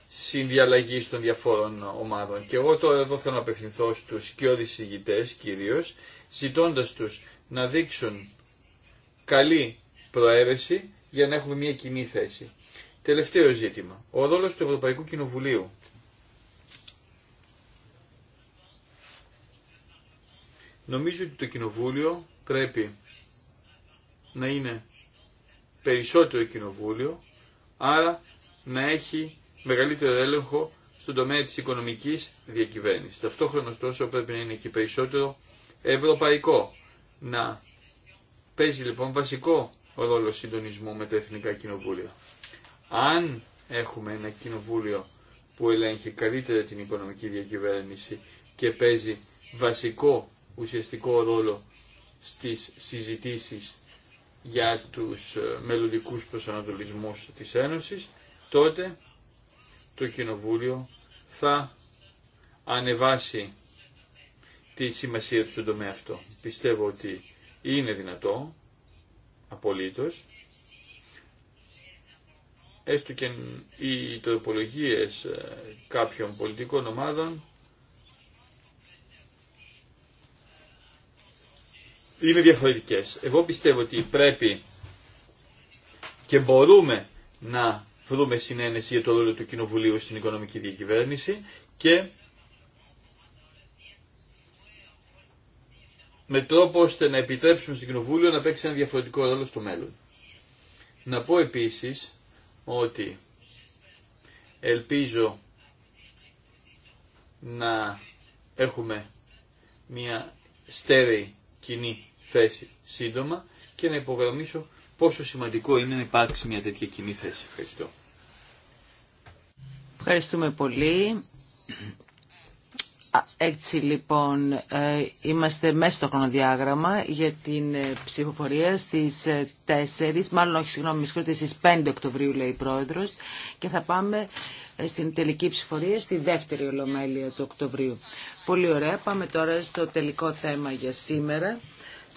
συνδιαλλαγής των διαφόρων ομάδων. Και εγώ τώρα εδώ θέλω να απευθυνθώ στους και ηγητές κυρίως, ζητώντας τους να δείξουν καλή προαίρεση για να έχουμε μια κοινή θέση. Τελευταίο ζήτημα. Ο ρόλος του Ευρωπαϊκού Κοινοβουλίου. Νομίζω ότι το Κοινοβούλιο πρέπει να είναι περισσότερο Κοινοβούλιο, άρα να έχει μεγαλύτερο έλεγχο στον τομέα της οικονομικής διακυβέρνησης. Ταυτόχρονα ωστόσο πρέπει να είναι και περισσότερο ευρωπαϊκό. Να παίζει λοιπόν βασικό ρόλο συντονισμού με τα εθνικά κοινοβούλια. Αν έχουμε ένα κοινοβούλιο που ελέγχει καλύτερα την οικονομική διακυβέρνηση και παίζει βασικό ουσιαστικό ρόλο στις συζητήσεις για τους ε, μελλοντικούς προσανατολισμούς της Ένωσης, τότε το Κοινοβούλιο θα ανεβάσει τη σημασία του στον τομέα αυτό. Πιστεύω ότι είναι δυνατό, απολύτως, έστω και οι τοπολογίες ε, κάποιων πολιτικών ομάδων είναι διαφορετικές. Εγώ πιστεύω ότι πρέπει και μπορούμε να βρούμε συνένεση για το ρόλο του Κοινοβουλίου στην οικονομική διακυβέρνηση και με τρόπο ώστε να επιτρέψουμε στο Κοινοβούλιο να παίξει ένα διαφορετικό ρόλο στο μέλλον. Να πω επίσης ότι ελπίζω να έχουμε μια στέρεη κοινή θέση σύντομα και να υπογραμμίσω πόσο σημαντικό είναι να υπάρξει μια τέτοια κοινή θέση. Ευχαριστώ. Ευχαριστούμε πολύ. Έτσι λοιπόν ε, είμαστε μέσα στο χρονοδιάγραμμα για την ε, ψηφοφορία στις 4, ε, μάλλον όχι συγγνώμη στις 5 Οκτωβρίου λέει η Πρόεδρος και θα πάμε στην τελική ψηφοφορία στη δεύτερη ολομέλεια του Οκτωβρίου. Πολύ ωραία, πάμε τώρα στο τελικό θέμα για σήμερα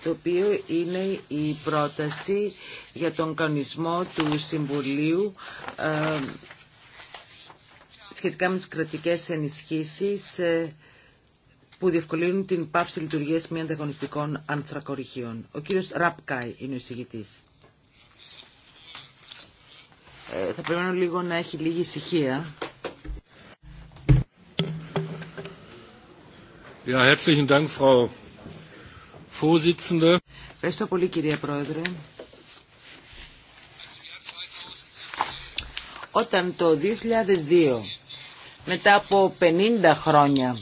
το οποίο είναι η πρόταση για τον κανονισμό του Συμβουλίου σχετικά με τις κρατικές ενισχύσεις ε, που διευκολύνουν την πάυση λειτουργίας μη ανταγωνιστικών ανθρακοριχείων. Ο κύριος Ραπκάι είναι ο εισηγητής. Ε, θα περιμένω λίγο να έχει λίγη ησυχία. Ja, herzlichen Dank, Frau Ευχαριστώ πολύ κυρία Πρόεδρε. Όταν το 2002 μετά από 50 χρόνια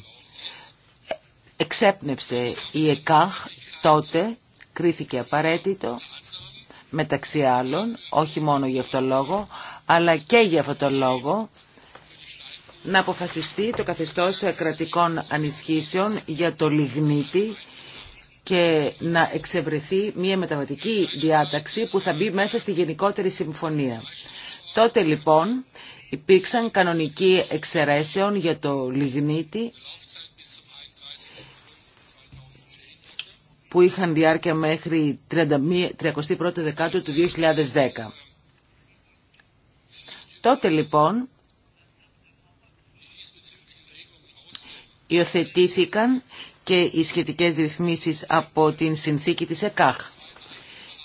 εξέπνευσε η ΕΚΑΧ τότε κρίθηκε απαραίτητο μεταξύ άλλων όχι μόνο για αυτό λόγο αλλά και για αυτό το λόγο να αποφασιστεί το καθεστώς κρατικών ανισχύσεων για το λιγνίτη και να εξευρεθεί μια μεταβατική διάταξη που θα μπει μέσα στη γενικότερη συμφωνία. Τότε λοιπόν υπήρξαν κανονικοί εξαιρέσεων για το λιγνίτη που είχαν διάρκεια μέχρι 31 Δεκάτου του 2010. Τότε λοιπόν υιοθετήθηκαν και οι σχετικές ρυθμίσεις από την συνθήκη της ΕΚΑΧ.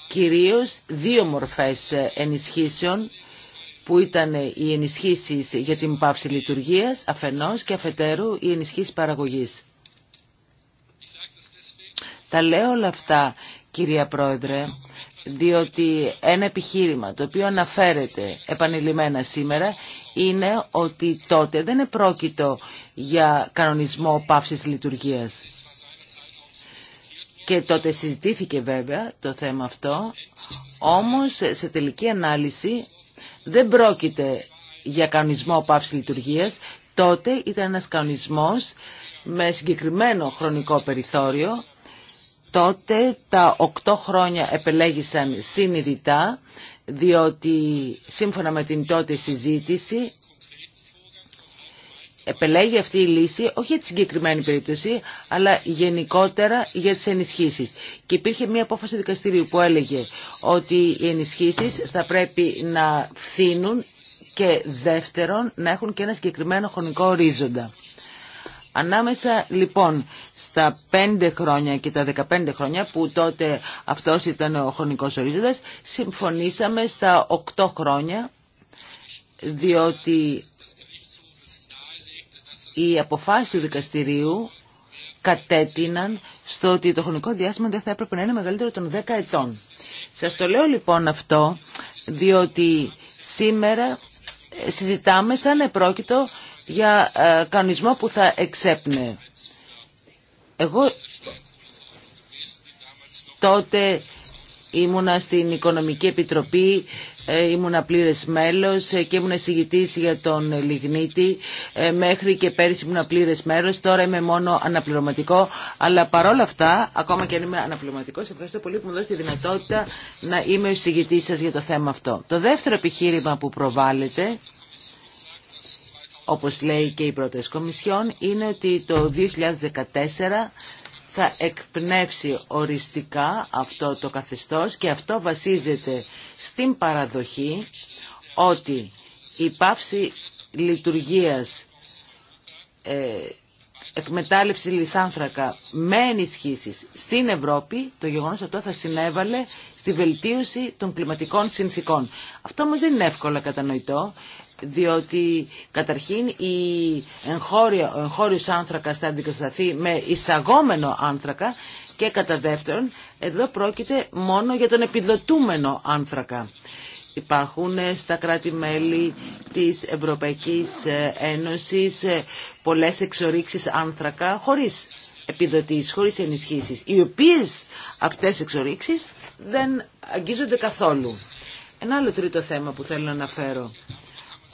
Κυρίως δύο μορφές ενισχύσεων που ήταν οι ενισχύσεις για την πάυση λειτουργίας αφενός και αφετέρου οι ενισχύσεις παραγωγής. Τα λέω όλα αυτά, κυρία Πρόεδρε, διότι ένα επιχείρημα το οποίο αναφέρεται επανειλημμένα σήμερα είναι ότι τότε δεν επρόκειτο για κανονισμό πάυσης λειτουργίας. Και τότε συζητήθηκε βέβαια το θέμα αυτό, όμως σε τελική ανάλυση δεν πρόκειται για κανονισμό πάυση λειτουργίας, τότε ήταν ένας κανονισμός με συγκεκριμένο χρονικό περιθώριο. Τότε τα οκτώ χρόνια επελέγησαν συνειδητά, διότι σύμφωνα με την τότε συζήτηση επελέγει αυτή η λύση όχι για τη συγκεκριμένη περίπτωση, αλλά γενικότερα για τις ενισχύσεις. Και υπήρχε μια απόφαση δικαστηρίου που έλεγε ότι οι ενισχύσεις θα πρέπει να φθήνουν και δεύτερον να έχουν και ένα συγκεκριμένο χρονικό ορίζοντα. Ανάμεσα λοιπόν στα 5 χρόνια και τα 15 χρόνια που τότε αυτός ήταν ο χρονικός ορίζοντας συμφωνήσαμε στα 8 χρόνια διότι οι αποφάσει του δικαστηρίου κατέτειναν στο ότι το χρονικό διάστημα δεν θα έπρεπε να είναι μεγαλύτερο των 10 ετών. Σας το λέω λοιπόν αυτό, διότι σήμερα συζητάμε σαν επρόκειτο για ε, κανονισμό που θα εξέπνε. Εγώ τότε ήμουνα στην Οικονομική Επιτροπή ε, ήμουν πλήρες μέλος ε, και ήμουν εισηγητής για τον Λιγνίτη. Ε, μέχρι και πέρυσι ήμουν πλήρες μέλος, τώρα είμαι μόνο αναπληρωματικό. Αλλά παρόλα αυτά, ακόμα και αν είμαι αναπληρωματικός, ευχαριστώ πολύ που μου δώσετε τη δυνατότητα να είμαι ο εισηγητής σας για το θέμα αυτό. Το δεύτερο επιχείρημα που προβάλλεται όπως λέει και η πρόταση Κομισιόν, είναι ότι το 2014 θα εκπνεύσει οριστικά αυτό το καθεστώς και αυτό βασίζεται στην παραδοχή ότι η πάυση λειτουργίας ε, εκμετάλλευση λιθάνθρακα με ενισχύσει στην Ευρώπη, το γεγονός αυτό θα συνέβαλε στη βελτίωση των κλιματικών συνθήκων. Αυτό όμως δεν είναι εύκολα κατανοητό, διότι καταρχήν η ο εγχώριος άνθρακας θα αντικατασταθεί με εισαγόμενο άνθρακα και κατά δεύτερον εδώ πρόκειται μόνο για τον επιδοτούμενο άνθρακα. Υπάρχουν στα κράτη-μέλη της Ευρωπαϊκής Ένωσης πολλές εξορίξεις άνθρακα χωρίς επιδοτήσεις, χωρίς ενισχύσεις, οι οποίες αυτές εξορίξεις δεν αγγίζονται καθόλου. Ένα άλλο τρίτο θέμα που θέλω να αναφέρω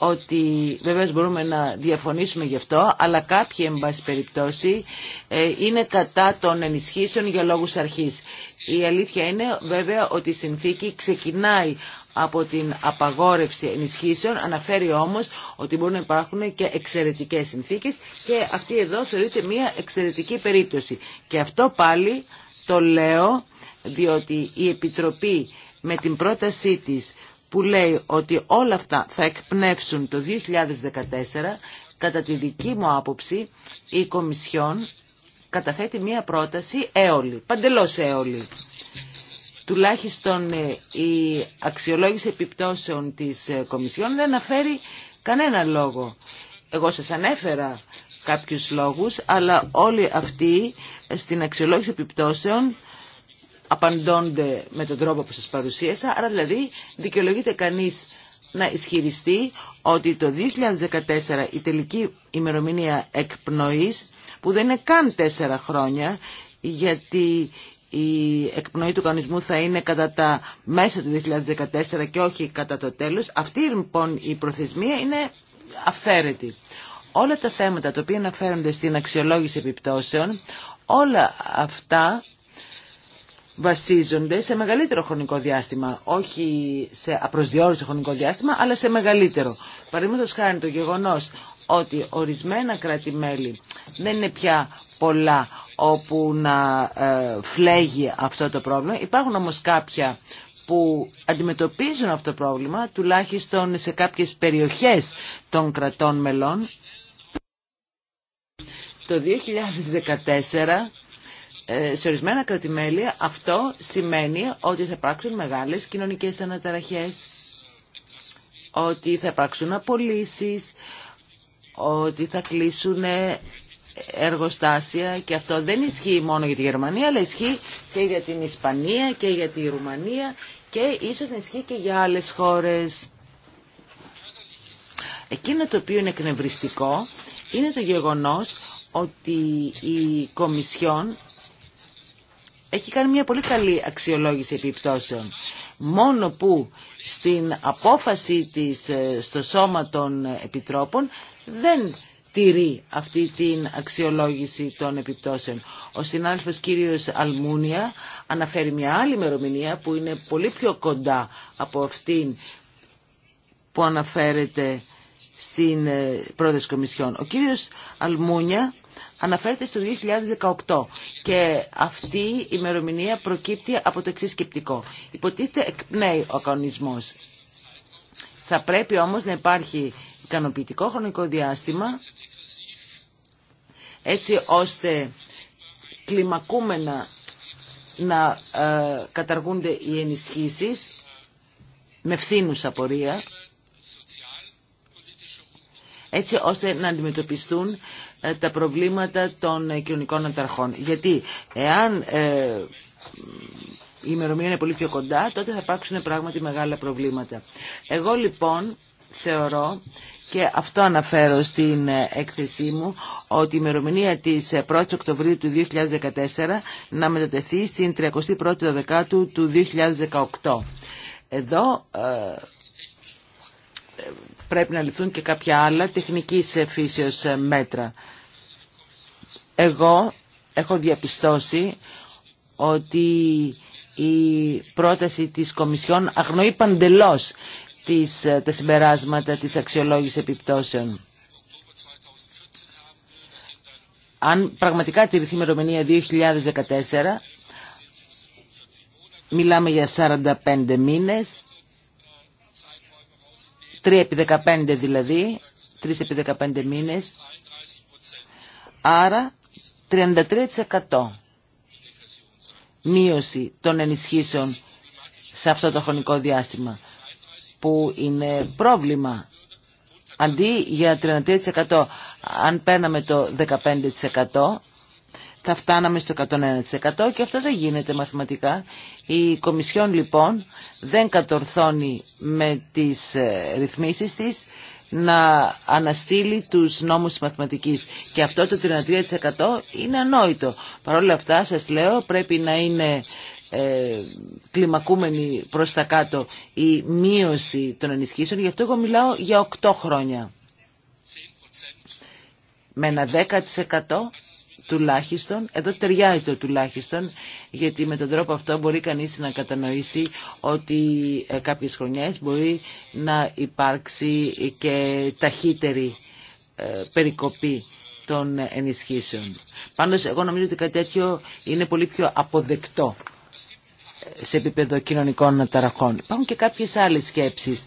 ότι βέβαια μπορούμε να διαφωνήσουμε γι' αυτό, αλλά κάποιοι, εν πάση περιπτώσει, ε, είναι κατά των ενισχύσεων για λόγους αρχής. Η αλήθεια είναι βέβαια ότι η συνθήκη ξεκινάει από την απαγόρευση ενισχύσεων, αναφέρει όμως ότι μπορούν να υπάρχουν και εξαιρετικές συνθήκες και αυτή εδώ θεωρείται μια εξαιρετική περίπτωση. Και αυτό πάλι το λέω διότι η Επιτροπή με την πρότασή της που λέει ότι όλα αυτά θα εκπνεύσουν το 2014, κατά τη δική μου άποψη η Κομισιόν καταθέτει μία πρόταση έολη, παντελώς έολη. Τουλάχιστον ε, η αξιολόγηση επιπτώσεων της ε, Κομισιόν δεν αναφέρει κανένα λόγο. Εγώ σας ανέφερα κάποιους λόγους, αλλά όλοι αυτοί ε, στην αξιολόγηση επιπτώσεων απαντώνται με τον τρόπο που σας παρουσίασα, άρα δηλαδή δικαιολογείται κανείς να ισχυριστεί ότι το 2014 η τελική ημερομηνία εκπνοής, που δεν είναι καν τέσσερα χρόνια, γιατί η εκπνοή του κανονισμού θα είναι κατά τα μέσα του 2014 και όχι κατά το τέλος. Αυτή λοιπόν η προθεσμία είναι αυθαίρετη. Όλα τα θέματα τα οποία αναφέρονται στην αξιολόγηση επιπτώσεων, όλα αυτά βασίζονται σε μεγαλύτερο χρονικό διάστημα. Όχι σε απροσδιόριστο χρονικό διάστημα, αλλά σε μεγαλύτερο. Παραδείγματο χάρη το γεγονό ότι ορισμένα κράτη-μέλη δεν είναι πια πολλά όπου να ε, φλέγει αυτό το πρόβλημα. Υπάρχουν όμως κάποια που αντιμετωπίζουν αυτό το πρόβλημα, τουλάχιστον σε κάποιες περιοχές των κρατών μελών. Το 2014 ε, σε ορισμένα κρατημέλια αυτό σημαίνει ότι θα υπάρξουν μεγάλες κοινωνικές αναταραχές, ότι θα υπάρξουν απολύσει, ότι θα κλείσουν εργοστάσια και αυτό δεν ισχύει μόνο για τη Γερμανία, αλλά ισχύει και για την Ισπανία και για τη Ρουμανία και ίσως ισχύει και για άλλες χώρες. Εκείνο το οποίο είναι εκνευριστικό είναι το γεγονός ότι η Κομισιόν έχει κάνει μια πολύ καλή αξιολόγηση επιπτώσεων. Μόνο που στην απόφαση της ε, στο σώμα των επιτρόπων δεν τηρεί αυτή την αξιολόγηση των επιπτώσεων. Ο συνάδελφος κύριος Αλμούνια αναφέρει μια άλλη ημερομηνία που είναι πολύ πιο κοντά από αυτήν που αναφέρεται στην ε, πρόθεση Κομισιόν. Ο κύριος Αλμούνια αναφέρεται στο 2018 και αυτή η ημερομηνία προκύπτει από το εξή σκεπτικό. Υποτίθεται εκπνέει ο κανονισμό. Θα πρέπει όμως να υπάρχει ικανοποιητικό χρονικό διάστημα έτσι ώστε κλιμακούμενα να ε, καταργούνται οι ενισχύσεις με φθήνουσα πορεία έτσι ώστε να αντιμετωπιστούν τα προβλήματα των ε, κοινωνικών ανταρχών. Γιατί εάν ε, η ημερομηνία είναι πολύ πιο κοντά, τότε θα υπάρξουν πράγματι μεγάλα προβλήματα. Εγώ λοιπόν θεωρώ και αυτό αναφέρω στην ε, έκθεσή μου ότι η ημερομηνία της 1ης Οκτωβρίου του 2014 να μετατεθεί στην 31η Δεκάτου του 2018. Εδώ πρέπει να ληφθούν και κάποια άλλα τεχνικής φύσεως μέτρα. Εγώ έχω διαπιστώσει ότι η πρόταση της Κομισιόν αγνοεί παντελώς ε, τα συμπεράσματα της αξιολόγησης επιπτώσεων. Αν πραγματικά τηρηθεί η ημερομηνία 2014, μιλάμε για 45 μήνες, 3 επί 15 δηλαδή, 3 επί 15 μήνες, άρα 33% μείωση των ενισχύσεων σε αυτό το χρονικό διάστημα που είναι πρόβλημα. Αντί για 33% αν παίρναμε το 15% θα φτάναμε στο 101% και αυτό δεν γίνεται μαθηματικά. Η Κομισιόν λοιπόν δεν κατορθώνει με τις ε, ρυθμίσεις της να αναστείλει τους νόμους της μαθηματικής. Και αυτό το 33% είναι ανόητο. Παρ' όλα αυτά σας λέω πρέπει να είναι ε, κλιμακούμενη προς τα κάτω η μείωση των ενισχύσεων. Γι' αυτό εγώ μιλάω για 8 χρόνια. Με ένα 10% τουλάχιστον, εδώ ταιριάζει το τουλάχιστον, γιατί με τον τρόπο αυτό μπορεί κανείς να κατανοήσει ότι ε, κάποιες χρονιές μπορεί να υπάρξει και ταχύτερη ε, περικοπή των ενισχύσεων. Πάντως εγώ νομίζω ότι κάτι τέτοιο είναι πολύ πιο αποδεκτό ε, σε επίπεδο κοινωνικών ταραχών. Υπάρχουν και κάποιες άλλες σκέψεις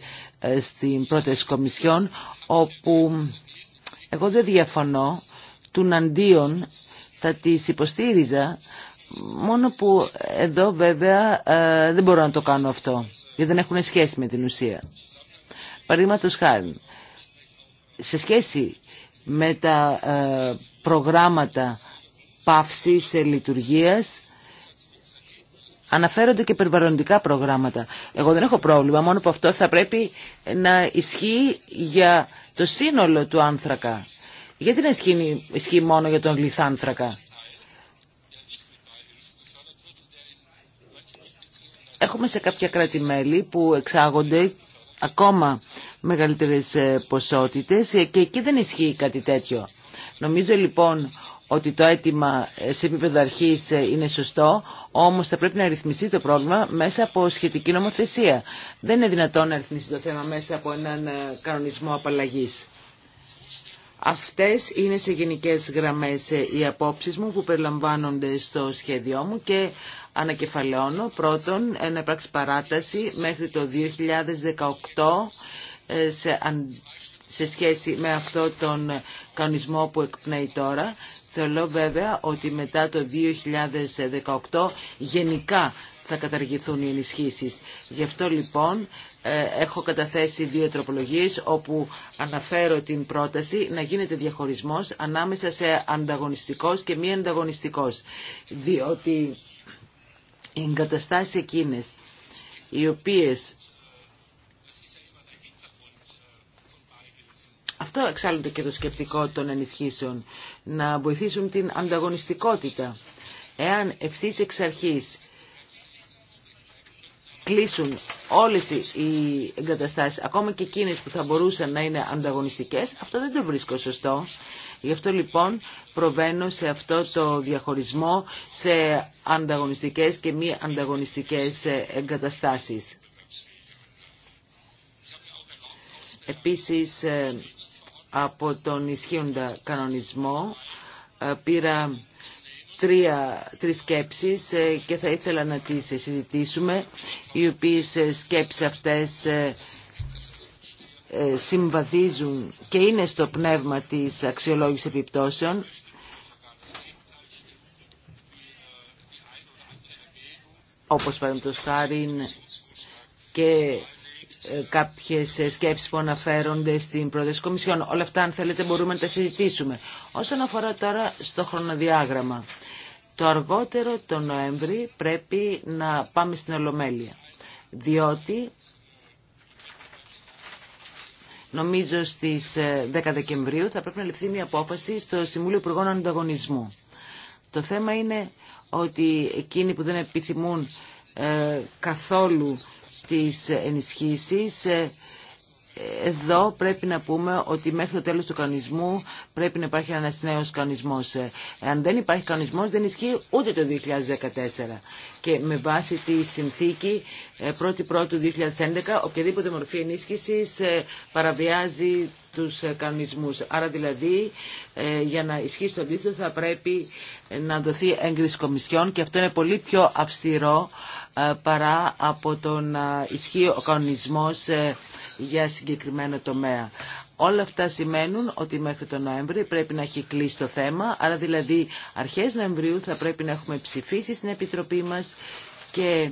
στην πρόταση Κομισιόν όπου εγώ δεν διαφωνώ του Ναντίον θα τις υποστήριζα, μόνο που εδώ βέβαια ε, δεν μπορώ να το κάνω αυτό, γιατί δεν έχουν σχέση με την ουσία. Παραδείγματο χάρη, σε σχέση με τα ε, προγράμματα παύσης ε, λειτουργίας, αναφέρονται και περιβαλλοντικά προγράμματα. Εγώ δεν έχω πρόβλημα, μόνο που αυτό θα πρέπει να ισχύει για το σύνολο του άνθρακα γιατί να ισχύει, μόνο για τον λιθάνθρακα. Έχουμε σε κάποια κράτη-μέλη που εξάγονται ακόμα μεγαλύτερες ε, ποσότητες ε, και εκεί δεν ισχύει κάτι τέτοιο. Νομίζω λοιπόν ότι το αίτημα ε, σε επίπεδο αρχή είναι σωστό, όμως θα πρέπει να ρυθμιστεί το πρόβλημα μέσα από σχετική νομοθεσία. Δεν είναι δυνατόν να ρυθμιστεί το θέμα μέσα από έναν κανονισμό απαλλαγή. Αυτές είναι σε γενικές γραμμές ε, οι απόψεις μου που περιλαμβάνονται στο σχέδιό μου και ανακεφαλαιώνω πρώτον να υπάρξει παράταση μέχρι το 2018 ε, σε, σε σχέση με αυτό τον κανονισμό που εκπνέει τώρα. Θεωρώ βέβαια ότι μετά το 2018 γενικά θα καταργηθούν οι ενισχύσεις. Γι' αυτό λοιπόν ε, έχω καταθέσει δύο τροπολογίες όπου αναφέρω την πρόταση να γίνεται διαχωρισμός ανάμεσα σε ανταγωνιστικός και μη ανταγωνιστικός. Διότι οι εγκαταστάσεις εκείνες οι οποίες Αυτό εξάλλου και το σκεπτικό των ενισχύσεων, να βοηθήσουν την ανταγωνιστικότητα. Εάν ευθύ εξ αρχής κλείσουν όλες οι εγκαταστάσεις, ακόμα και εκείνες που θα μπορούσαν να είναι ανταγωνιστικές, αυτό δεν το βρίσκω σωστό. Γι' αυτό λοιπόν προβαίνω σε αυτό το διαχωρισμό σε ανταγωνιστικές και μη ανταγωνιστικές ε, εγκαταστάσεις. Επίσης, ε, από τον ισχύοντα κανονισμό ε, πήρα τρία, τρεις σκέψεις ε, και θα ήθελα να τις συζητήσουμε, οι οποίες ε, σκέψεις αυτές ε, συμβαδίζουν και είναι στο πνεύμα της αξιολόγησης επιπτώσεων. όπως παραδείγματος χάρη και κάποιες σκέψεις που αναφέρονται στην πρόταση Κομισιόν. Όλα αυτά, αν θέλετε, μπορούμε να τα συζητήσουμε. Όσον αφορά τώρα στο χρονοδιάγραμμα, το αργότερο το Νοέμβρη πρέπει να πάμε στην Ολομέλεια, διότι νομίζω στις 10 ε, Δεκεμβρίου θα πρέπει να ληφθεί μια απόφαση στο Συμβούλιο Υπουργών Ανταγωνισμού. Το θέμα είναι ότι εκείνοι που δεν επιθυμούν ε, καθόλου στις ενισχύσεις ε, εδώ πρέπει να πούμε ότι μέχρι το τέλος του κανονισμού πρέπει να υπάρχει ένας νέος κανονισμός. Αν δεν υπάρχει κανονισμός δεν ισχύει ούτε το 2014. Και με βάση τη συνθήκη 1η του 2011 οποιαδήποτε μορφή ενίσχυσης ε, παραβιάζει τους ε, κανονισμούς. Άρα δηλαδή ε, για να ισχύσει το αντίθετο θα πρέπει να δοθεί έγκριση κομισιών και αυτό είναι πολύ πιο αυστηρό ε, παρά από τον να ε, ισχύει ο κανονισμός ε, για συγκεκριμένο τομέα. Όλα αυτά σημαίνουν ότι μέχρι τον Νοέμβρη πρέπει να έχει κλείσει το θέμα, άρα δηλαδή αρχές Νοεμβρίου θα πρέπει να έχουμε ψηφίσει στην Επιτροπή μας και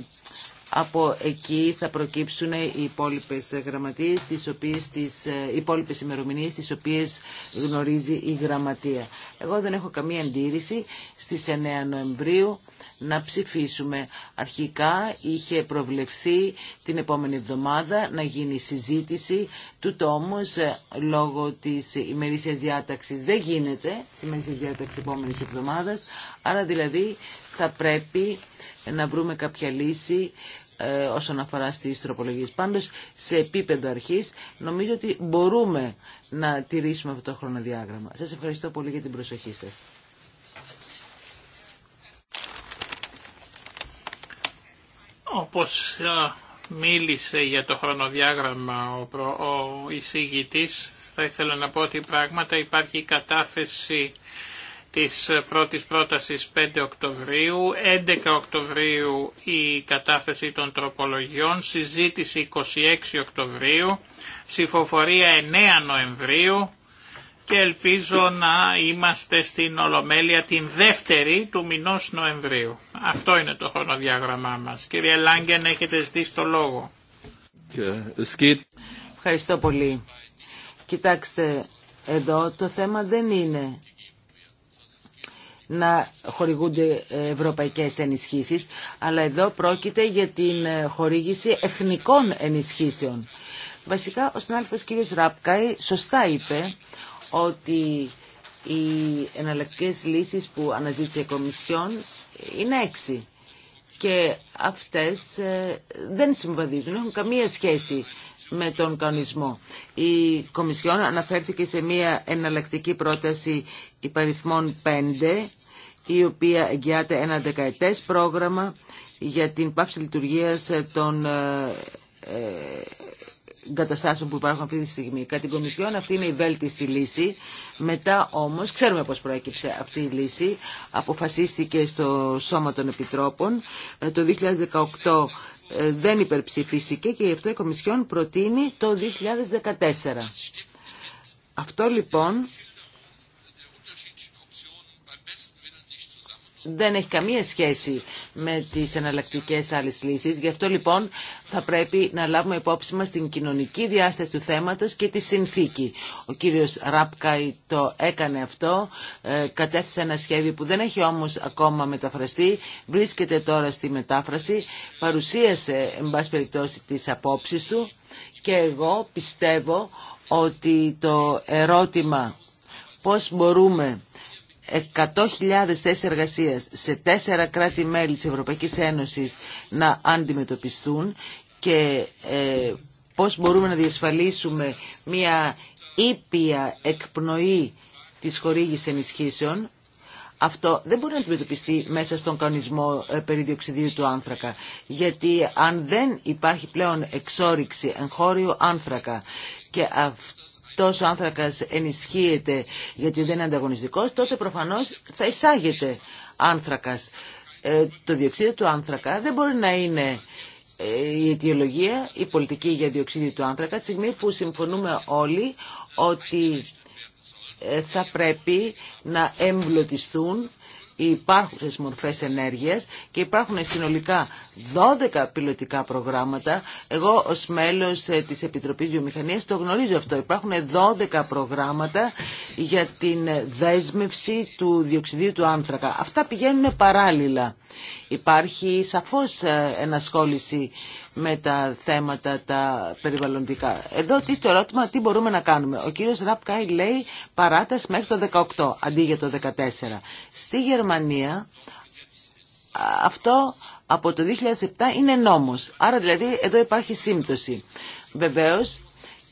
από εκεί θα προκύψουν οι υπόλοιπε γραμματείε, τι οποίε τι ε, υπόλοιπε ημερομηνίες τις οποίες γνωρίζει η γραμματεία. Εγώ δεν έχω καμία αντίρρηση στις 9 Νοεμβρίου να ψηφίσουμε. Αρχικά είχε προβλεφθεί την επόμενη εβδομάδα να γίνει συζήτηση, του όμως ε, λόγω της ημερήσιας διάταξης δεν γίνεται, στη ημερήσια διάταξη επόμενης εβδομάδας, άρα δηλαδή θα πρέπει να βρούμε κάποια λύση ε, όσον αφορά στις τροπολογίες. Πάντως, σε επίπεδο αρχής, νομίζω ότι μπορούμε να τηρήσουμε αυτό το χρονοδιάγραμμα. Σας ευχαριστώ πολύ για την προσοχή σας. Όπως ε, μίλησε για το χρονοδιάγραμμα ο, προ, ο εισηγητής, θα ήθελα να πω ότι πράγματα υπάρχει κατάθεση της πρώτης πρότασης 5 Οκτωβρίου, 11 Οκτωβρίου η κατάθεση των τροπολογιών, συζήτηση 26 Οκτωβρίου, ψηφοφορία 9 Νοεμβρίου και ελπίζω να είμαστε στην Ολομέλεια την δεύτερη του μηνός Νοεμβρίου. Αυτό είναι το χρονοδιάγραμμά μας. Κύριε Λάγκεν, έχετε ζητήσει το λόγο. Ευχαριστώ πολύ. Κοιτάξτε, εδώ το θέμα δεν είναι να χορηγούνται ευρωπαϊκές ενισχύσεις, αλλά εδώ πρόκειται για την χορήγηση εθνικών ενισχύσεων. Βασικά ο συνάδελφος κ. Ράπκαη σωστά είπε ότι οι εναλλακτικές λύσεις που αναζήτησε η Κομισιόν είναι έξι και αυτές ε, δεν συμβαδίζουν, έχουν καμία σχέση με τον κανονισμό. Η Κομισιόν αναφέρθηκε σε μια εναλλακτική πρόταση υπαριθμών 5 η οποία εγγυάται ένα δεκαετές πρόγραμμα για την πάυση λειτουργίας των ε, ε, καταστάσεων που υπάρχουν αυτή τη στιγμή. Κατά την Κομισιόν αυτή είναι η βέλτιστη λύση. Μετά όμως, ξέρουμε πώς προέκυψε αυτή η λύση, αποφασίστηκε στο Σώμα των Επιτρόπων. Ε, το 2018 ε, δεν υπερψηφίστηκε και γι' αυτό η Κομισιόν προτείνει το 2014. Αυτό λοιπόν δεν έχει καμία σχέση με τις εναλλακτικέ άλλες λύσεις. Γι' αυτό λοιπόν θα πρέπει να λάβουμε υπόψη μας την κοινωνική διάσταση του θέματος και τη συνθήκη. Ο κύριος Ράπκαϊ το έκανε αυτό, ε, κατέθεσε ένα σχέδιο που δεν έχει όμως ακόμα μεταφραστεί, βρίσκεται τώρα στη μετάφραση, παρουσίασε εν πάση περιπτώσει τις απόψεις του και εγώ πιστεύω ότι το ερώτημα πώς μπορούμε 100.000 θέσει εργασία σε τέσσερα κράτη-μέλη της Ευρωπαϊκής Ένωσης να αντιμετωπιστούν και ε, πώς μπορούμε να διασφαλίσουμε μια ήπια εκπνοή της χορήγησης ενισχύσεων, αυτό δεν μπορεί να αντιμετωπιστεί μέσα στον κανονισμό ε, περί διοξιδίου του άνθρακα. Γιατί αν δεν υπάρχει πλέον εξόριξη εγχώριου άνθρακα και αυτό αυτός ο άνθρακας ενισχύεται γιατί δεν είναι ανταγωνιστικός, τότε προφανώς θα εισάγεται άνθρακας. Ε, το διοξείδιο του άνθρακα δεν μπορεί να είναι ε, η αιτιολογία, η πολιτική για διοξείδιο του άνθρακα, τη στιγμή που συμφωνούμε όλοι ότι ε, θα πρέπει να εμπλωτιστούν υπάρχουν υπάρχουσες μορφές ενέργειας και υπάρχουν συνολικά 12 πιλωτικά προγράμματα. Εγώ ως μέλος ε, της Επιτροπής Βιομηχανίας το γνωρίζω αυτό. Υπάρχουν 12 προγράμματα για την δέσμευση του διοξιδίου του άνθρακα. Αυτά πηγαίνουν παράλληλα. Υπάρχει σαφώς ε, ενασχόληση με τα θέματα τα περιβαλλοντικά. Εδώ τι το ερώτημα, τι μπορούμε να κάνουμε. Ο κύριος Ραπκάι λέει παράταση μέχρι το 18, αντί για το 14. Στη Γερμανία αυτό από το 2007 είναι νόμος. Άρα δηλαδή εδώ υπάρχει σύμπτωση. Βεβαίως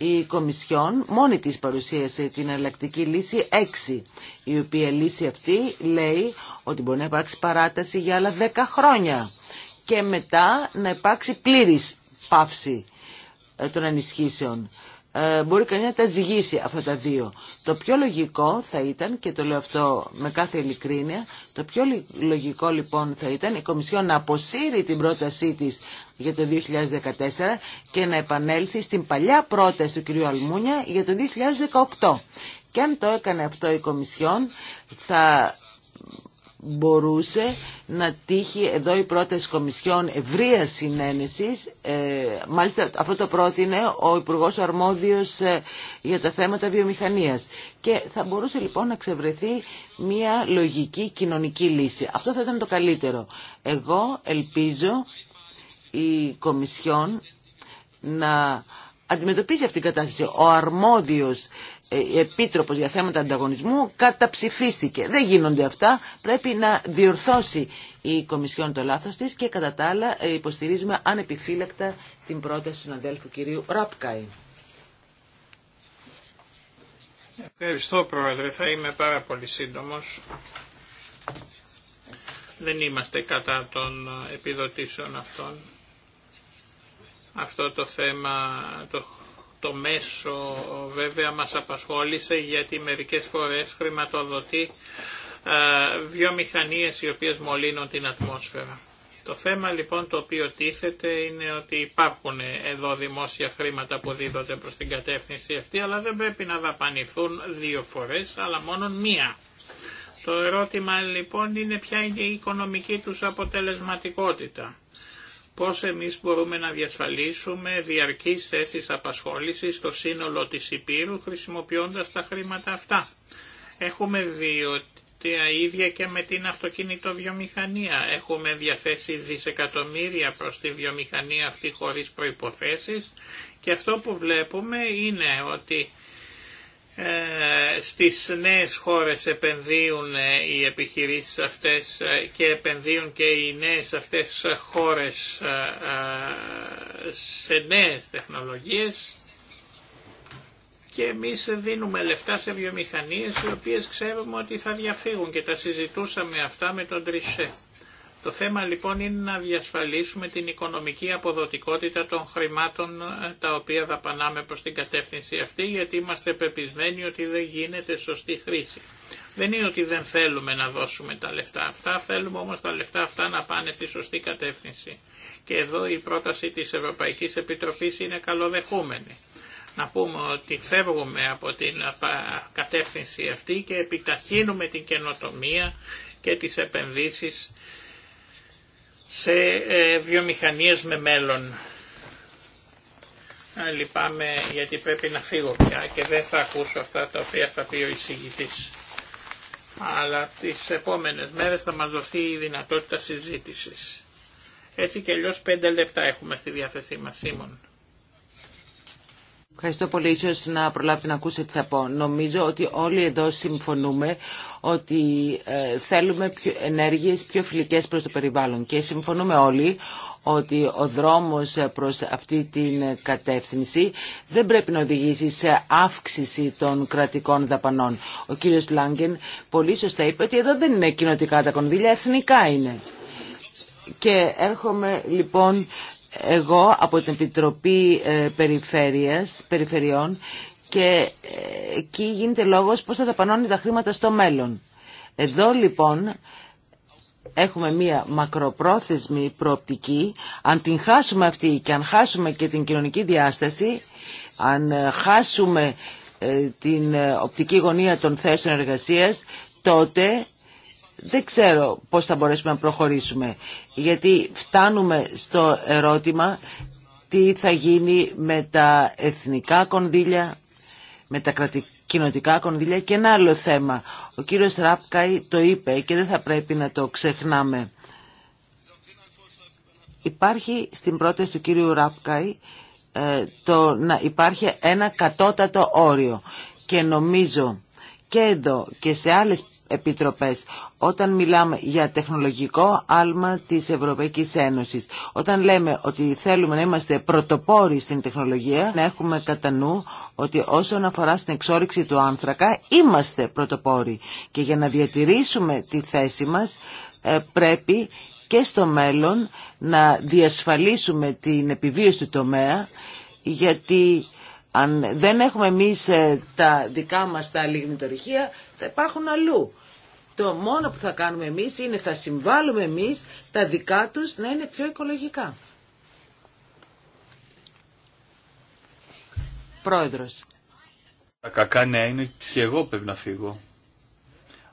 η Κομισιόν μόνη της παρουσίασε την αλλακτική λύση 6, η οποία λύση αυτή λέει ότι μπορεί να υπάρξει παράταση για άλλα 10 χρόνια και μετά να υπάρξει πλήρης πάυση ε, των ενισχύσεων. Ε, μπορεί κανείς να τα ζυγίσει αυτά τα δύο. Το πιο λογικό θα ήταν, και το λέω αυτό με κάθε ειλικρίνεια, το πιο λογικό λοιπόν θα ήταν η Κομισιόν να αποσύρει την πρότασή της για το 2014 και να επανέλθει στην παλιά πρόταση του κ. Αλμούνια για το 2018. Και αν το έκανε αυτό η Κομισιόν θα μπορούσε να τύχει εδώ η πρόταση Κομισιόν ευρεία συνένεση. Ε, μάλιστα αυτό το πρότεινε ο Υπουργό Αρμόδιος ε, για τα θέματα βιομηχανία. Και θα μπορούσε λοιπόν να ξεβρεθεί μια λογική κοινωνική λύση. Αυτό θα ήταν το καλύτερο. Εγώ ελπίζω η Κομισιόν να αντιμετωπίζει αυτήν την κατάσταση. Ο αρμόδιος ε, επίτροπος για θέματα ανταγωνισμού καταψηφίστηκε. Δεν γίνονται αυτά. Πρέπει να διορθώσει η Κομισιόν το λάθος της και κατά τα άλλα ε, υποστηρίζουμε ανεπιφύλακτα την πρόταση του αδέλφου κυρίου Ράπκαη. Ευχαριστώ Πρόεδρε. Θα είμαι πάρα πολύ σύντομος. Δεν είμαστε κατά των επιδοτήσεων αυτών. Αυτό το θέμα, το, το μέσο βέβαια μας απασχόλησε γιατί μερικές φορές χρηματοδοτεί ε, βιομηχανίες οι οποίες μολύνουν την ατμόσφαιρα. Το θέμα λοιπόν το οποίο τίθεται είναι ότι υπάρχουν εδώ δημόσια χρήματα που δίδονται προς την κατεύθυνση αυτή, αλλά δεν πρέπει να δαπανηθούν δύο φορές, αλλά μόνο μία. Το ερώτημα λοιπόν είναι ποια είναι η οικονομική τους αποτελεσματικότητα πώς εμείς μπορούμε να διασφαλίσουμε διαρκείς θέσεις απασχόλησης στο σύνολο της Υπήρου χρησιμοποιώντας τα χρήματα αυτά. Έχουμε δει ότι τα ίδια και με την αυτοκινητοβιομηχανία. Έχουμε διαθέσει δισεκατομμύρια προς τη βιομηχανία αυτή χωρίς προϋποθέσεις και αυτό που βλέπουμε είναι ότι ε, στις νέες χώρες επενδύουν ε, οι επιχειρήσεις αυτές ε, και επενδύουν και οι νέες αυτές χώρες σε νέες τεχνολογίες και εμείς δίνουμε λεφτά σε βιομηχανίες οι οποίες ξέρουμε ότι θα διαφύγουν και τα συζητούσαμε αυτά με τον Τρισέ. Το θέμα λοιπόν είναι να διασφαλίσουμε την οικονομική αποδοτικότητα των χρημάτων ε, τα οποία δαπανάμε προς την κατεύθυνση αυτή γιατί είμαστε πεπισμένοι ότι δεν γίνεται σωστή χρήση. Δεν είναι ότι δεν θέλουμε να δώσουμε τα λεφτά αυτά, θέλουμε όμως τα λεφτά αυτά να πάνε στη σωστή κατεύθυνση. Και εδώ η πρόταση της Ευρωπαϊκής Επιτροπής είναι καλοδεχούμενη. Να πούμε ότι φεύγουμε από την ε, κατεύθυνση αυτή και επιταχύνουμε την καινοτομία και τις επενδύσεις σε ε, βιομηχανίες με μέλλον. Λυπάμαι γιατί πρέπει να φύγω πια και δεν θα ακούσω αυτά τα οποία θα πει ο εισηγητής. Αλλά τις επόμενες μέρες θα μας δοθεί η δυνατότητα συζήτησης. Έτσι και αλλιώς πέντε λεπτά έχουμε στη διάθεσή μας, Σίμων. Ευχαριστώ πολύ. Ίσως να προλάβετε να ακούσετε τι θα πω. Νομίζω ότι όλοι εδώ συμφωνούμε ότι ε, θέλουμε πιο ενέργειες πιο φιλικές προς το περιβάλλον και συμφωνούμε όλοι ότι ο δρόμος προς αυτή την κατεύθυνση δεν πρέπει να οδηγήσει σε αύξηση των κρατικών δαπανών. Ο κύριος Λάγκεν πολύ σωστά είπε ότι εδώ δεν είναι κοινοτικά τα κονδύλια, εθνικά είναι. Και έρχομαι λοιπόν εγώ από την Επιτροπή ε, Περιφέρειας, Περιφερειών και ε, εκεί γίνεται λόγος πώς θα δαπανώνει τα χρήματα στο μέλλον. Εδώ λοιπόν έχουμε μία μακροπρόθεσμη προοπτική. Αν την χάσουμε αυτή και αν χάσουμε και την κοινωνική διάσταση, αν ε, χάσουμε την οπτική γωνία των θέσεων εργασίας, τότε δεν ξέρω πώς θα μπορέσουμε να προχωρήσουμε γιατί φτάνουμε στο ερώτημα τι θα γίνει με τα εθνικά κονδύλια, με τα κοινοτικά κονδύλια και ένα άλλο θέμα. Ο κύριος Ράπκαη το είπε και δεν θα πρέπει να το ξεχνάμε. Υπάρχει στην πρόταση του κύριου Ράπκαη ε, το να υπάρχει ένα κατώτατο όριο και νομίζω και εδώ και σε άλλες επιτροπές όταν μιλάμε για τεχνολογικό άλμα της Ευρωπαϊκής Ένωσης όταν λέμε ότι θέλουμε να είμαστε πρωτοπόροι στην τεχνολογία να έχουμε κατά νου ότι όσον αφορά στην εξόριξη του άνθρακα είμαστε πρωτοπόροι και για να διατηρήσουμε τη θέση μας ε, πρέπει και στο μέλλον να διασφαλίσουμε την επιβίωση του τομέα γιατί αν δεν έχουμε εμείς ε, τα δικά μας τα λιγνητορυχεία, θα υπάρχουν αλλού. Το μόνο που θα κάνουμε εμείς είναι θα συμβάλλουμε εμείς τα δικά τους να είναι πιο οικολογικά. Πρόεδρος. Τα κακά νέα είναι και εγώ πρέπει να φύγω.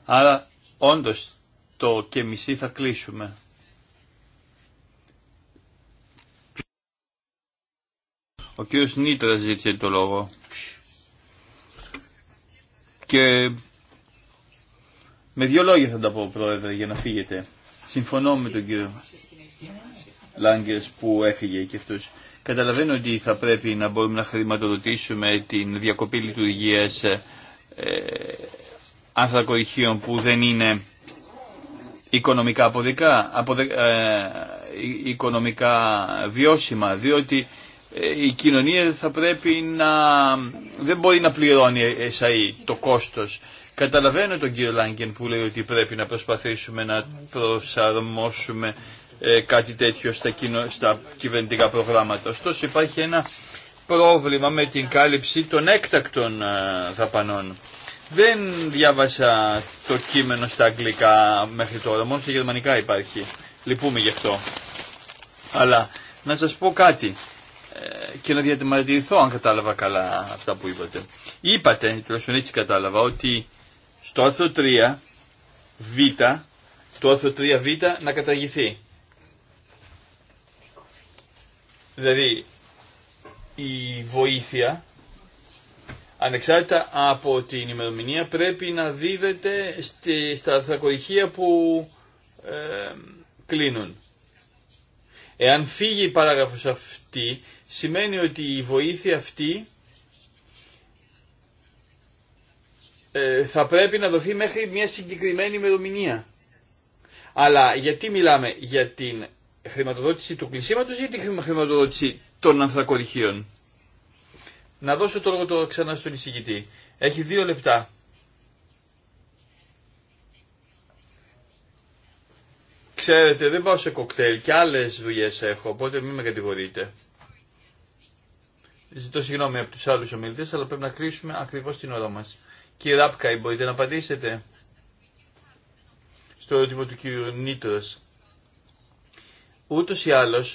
Άρα όντως το και μισή θα κλείσουμε. Ο κύριος Νίτρα ζήτησε το λόγο. Και με δύο λόγια θα τα πω, Πρόεδρε, για να φύγετε. Συμφωνώ με τον κύριο Λάγκες που έφυγε και αυτός. Καταλαβαίνω ότι θα πρέπει να μπορούμε να χρηματοδοτήσουμε την διακοπή λειτουργίας ε, ανθρακοριχείων που δεν είναι οικονομικά αποδε, ε, οικονομικά βιώσιμα, διότι ε, η κοινωνία θα πρέπει να... δεν μπορεί να πληρώνει εσαΐ το κόστος. Καταλαβαίνω τον κύριο Λάγκεν που λέει ότι πρέπει να προσπαθήσουμε να προσαρμόσουμε ε, κάτι τέτοιο στα, στα κυβερνητικά προγράμματα. Ωστόσο υπάρχει ένα πρόβλημα με την κάλυψη των έκτακτων ε, δαπανών. Δεν διάβασα το κείμενο στα αγγλικά μέχρι τώρα, μόνο στα γερμανικά υπάρχει. Λυπούμε γι' αυτό. Αλλά να σας πω κάτι. Ε, και να διατηρηθώ αν κατάλαβα καλά αυτά που είπατε. Είπατε, τουλάχιστον έτσι κατάλαβα, ότι στο άρθρο 3 Β, το άρθρο 3 Β να καταργηθεί. Δηλαδή, η βοήθεια, ανεξάρτητα από την ημερομηνία, πρέπει να δίδεται στη, στα αρθρακοριχεία που ε, κλείνουν. Εάν φύγει η παράγραφος αυτή, σημαίνει ότι η βοήθεια αυτή ε, θα πρέπει να δοθεί μέχρι μια συγκεκριμένη ημερομηνία. Αλλά γιατί μιλάμε για την χρηματοδότηση του κλεισίματος ή την χρηματοδότηση των ανθρακοριχείων. Να δώσω το λόγο το ξανά στον εισηγητή. Έχει δύο λεπτά. Ξέρετε, δεν πάω σε κοκτέιλ και άλλες δουλειές έχω, οπότε μην με κατηγορείτε. Ζητώ συγγνώμη από του άλλου ομιλητέ, αλλά πρέπει να κλείσουμε ακριβώ την ώρα μα. Κύριε Ράπκαη, μπορείτε να απαντήσετε στο ερώτημα του κύριου Νίτρος. Ούτω ή άλλω,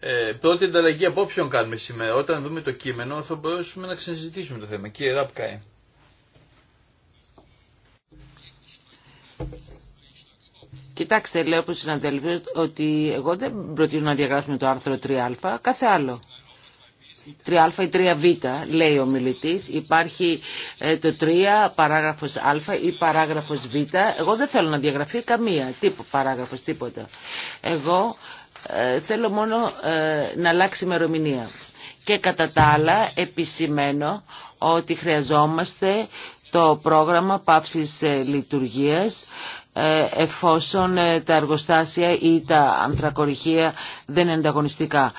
ε, πρώτη ανταλλαγή από όποιον κάνουμε σήμερα. Όταν δούμε το κείμενο θα μπορέσουμε να ξαναζητήσουμε το θέμα. Κύριε Ράπκαη. Κοιτάξτε, λέω από συναδέλφου ότι εγώ δεν προτείνω να διαγράψουμε το άρθρο 3α, κάθε άλλο. 3α ή 3β λέει ο μιλητής. Υπάρχει ε, το 3 παράγραφος α ή παράγραφος β. Εγώ δεν θέλω να διαγραφεί καμία τύπο, παράγραφος τίποτα. Εγώ ε, θέλω μόνο ε, να αλλάξει ημερομηνία. Και κατά τα άλλα επισημαίνω ότι χρειαζόμαστε το πρόγραμμα πάυσης λειτουργίας εφόσον τα εργοστάσια ή τα ανθρακοριχεία δεν είναι ανταγωνιστικά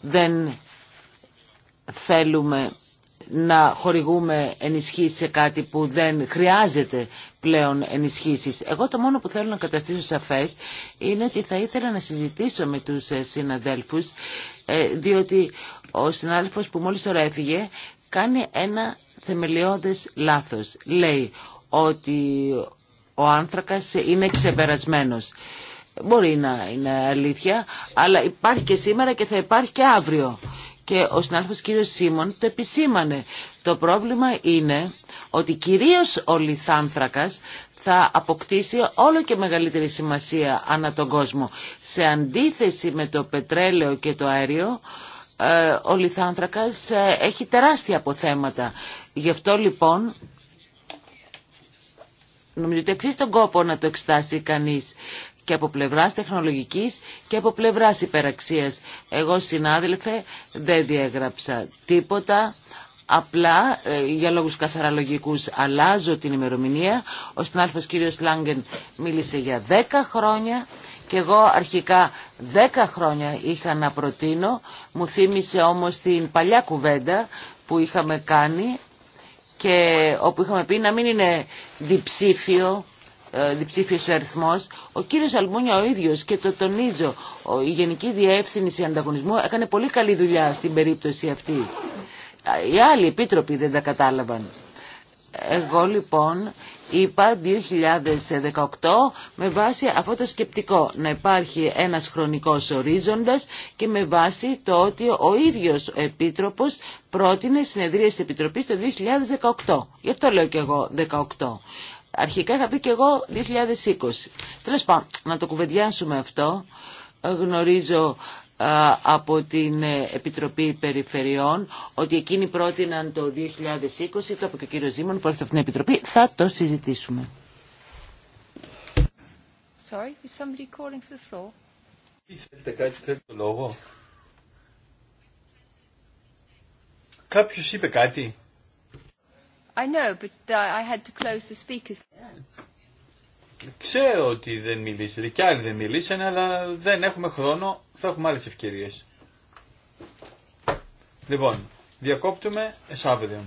δεν θέλουμε να χορηγούμε ενισχύσεις σε κάτι που δεν χρειάζεται πλέον ενισχύσεις. Εγώ το μόνο που θέλω να καταστήσω σαφές είναι ότι θα ήθελα να συζητήσω με τους ε, συναδέλφους ε, διότι ο συνάδελφος που μόλις τώρα έφυγε κάνει ένα θεμελιώδες λάθος. Λέει ότι ο άνθρακας είναι ξεπερασμένος. Μπορεί να είναι αλήθεια, αλλά υπάρχει και σήμερα και θα υπάρχει και αύριο. Και ο συνάδελφος κύριος Σίμων το επισήμανε. Το πρόβλημα είναι ότι κυρίως ο λιθάνθρακας θα αποκτήσει όλο και μεγαλύτερη σημασία ανά τον κόσμο. Σε αντίθεση με το πετρέλαιο και το αέριο, ε, ο λιθάνθρακας ε, έχει τεράστια αποθέματα. Γι' αυτό λοιπόν νομίζω ότι αξίζει τον κόπο να το εξετάσει κανείς και από πλευράς τεχνολογικής και από πλευράς υπεραξίας. Εγώ συνάδελφε δεν διέγραψα τίποτα, απλά ε, για λόγους καθαραλογικούς, αλλάζω την ημερομηνία. Ο συνάδελφος κύριος Λάγκεν μίλησε για 10 χρόνια και εγώ αρχικά 10 χρόνια είχα να προτείνω, μου θύμισε όμως την παλιά κουβέντα που είχαμε κάνει και όπου είχαμε πει να μην είναι διψήφιο ε, διψήφιος αριθμός. Ο κύριος Αλμούνια ο ίδιος και το τονίζω, η Γενική Διεύθυνση Ανταγωνισμού έκανε πολύ καλή δουλειά στην περίπτωση αυτή. Ε, οι άλλοι επίτροποι δεν τα κατάλαβαν. Εγώ λοιπόν είπα 2018 με βάση αυτό το σκεπτικό να υπάρχει ένας χρονικός ορίζοντας και με βάση το ότι ο ίδιος ο Επίτροπος πρότεινε συνεδρίες της Επιτροπής το 2018. Γι' αυτό λέω και εγώ 18. Αρχικά είχα πει και εγώ 2020. Τέλο πάντων, να το κουβεντιάσουμε αυτό. Ε, γνωρίζω από την ε, Επιτροπή Περιφερειών ότι εκείνοι πρότειναν το 2020, το είπε και ο κύριο Ζήμων, που έρθει από την Επιτροπή, θα το συζητήσουμε. Sorry, is somebody calling for the floor? Κάποιος είπε κάτι. Ξέρω ότι δεν μιλήσατε και άλλοι δεν μιλήσανε, αλλά δεν έχουμε χρόνο, θα έχουμε άλλες ευκαιρίες. Λοιπόν, διακόπτουμε εσάβριον.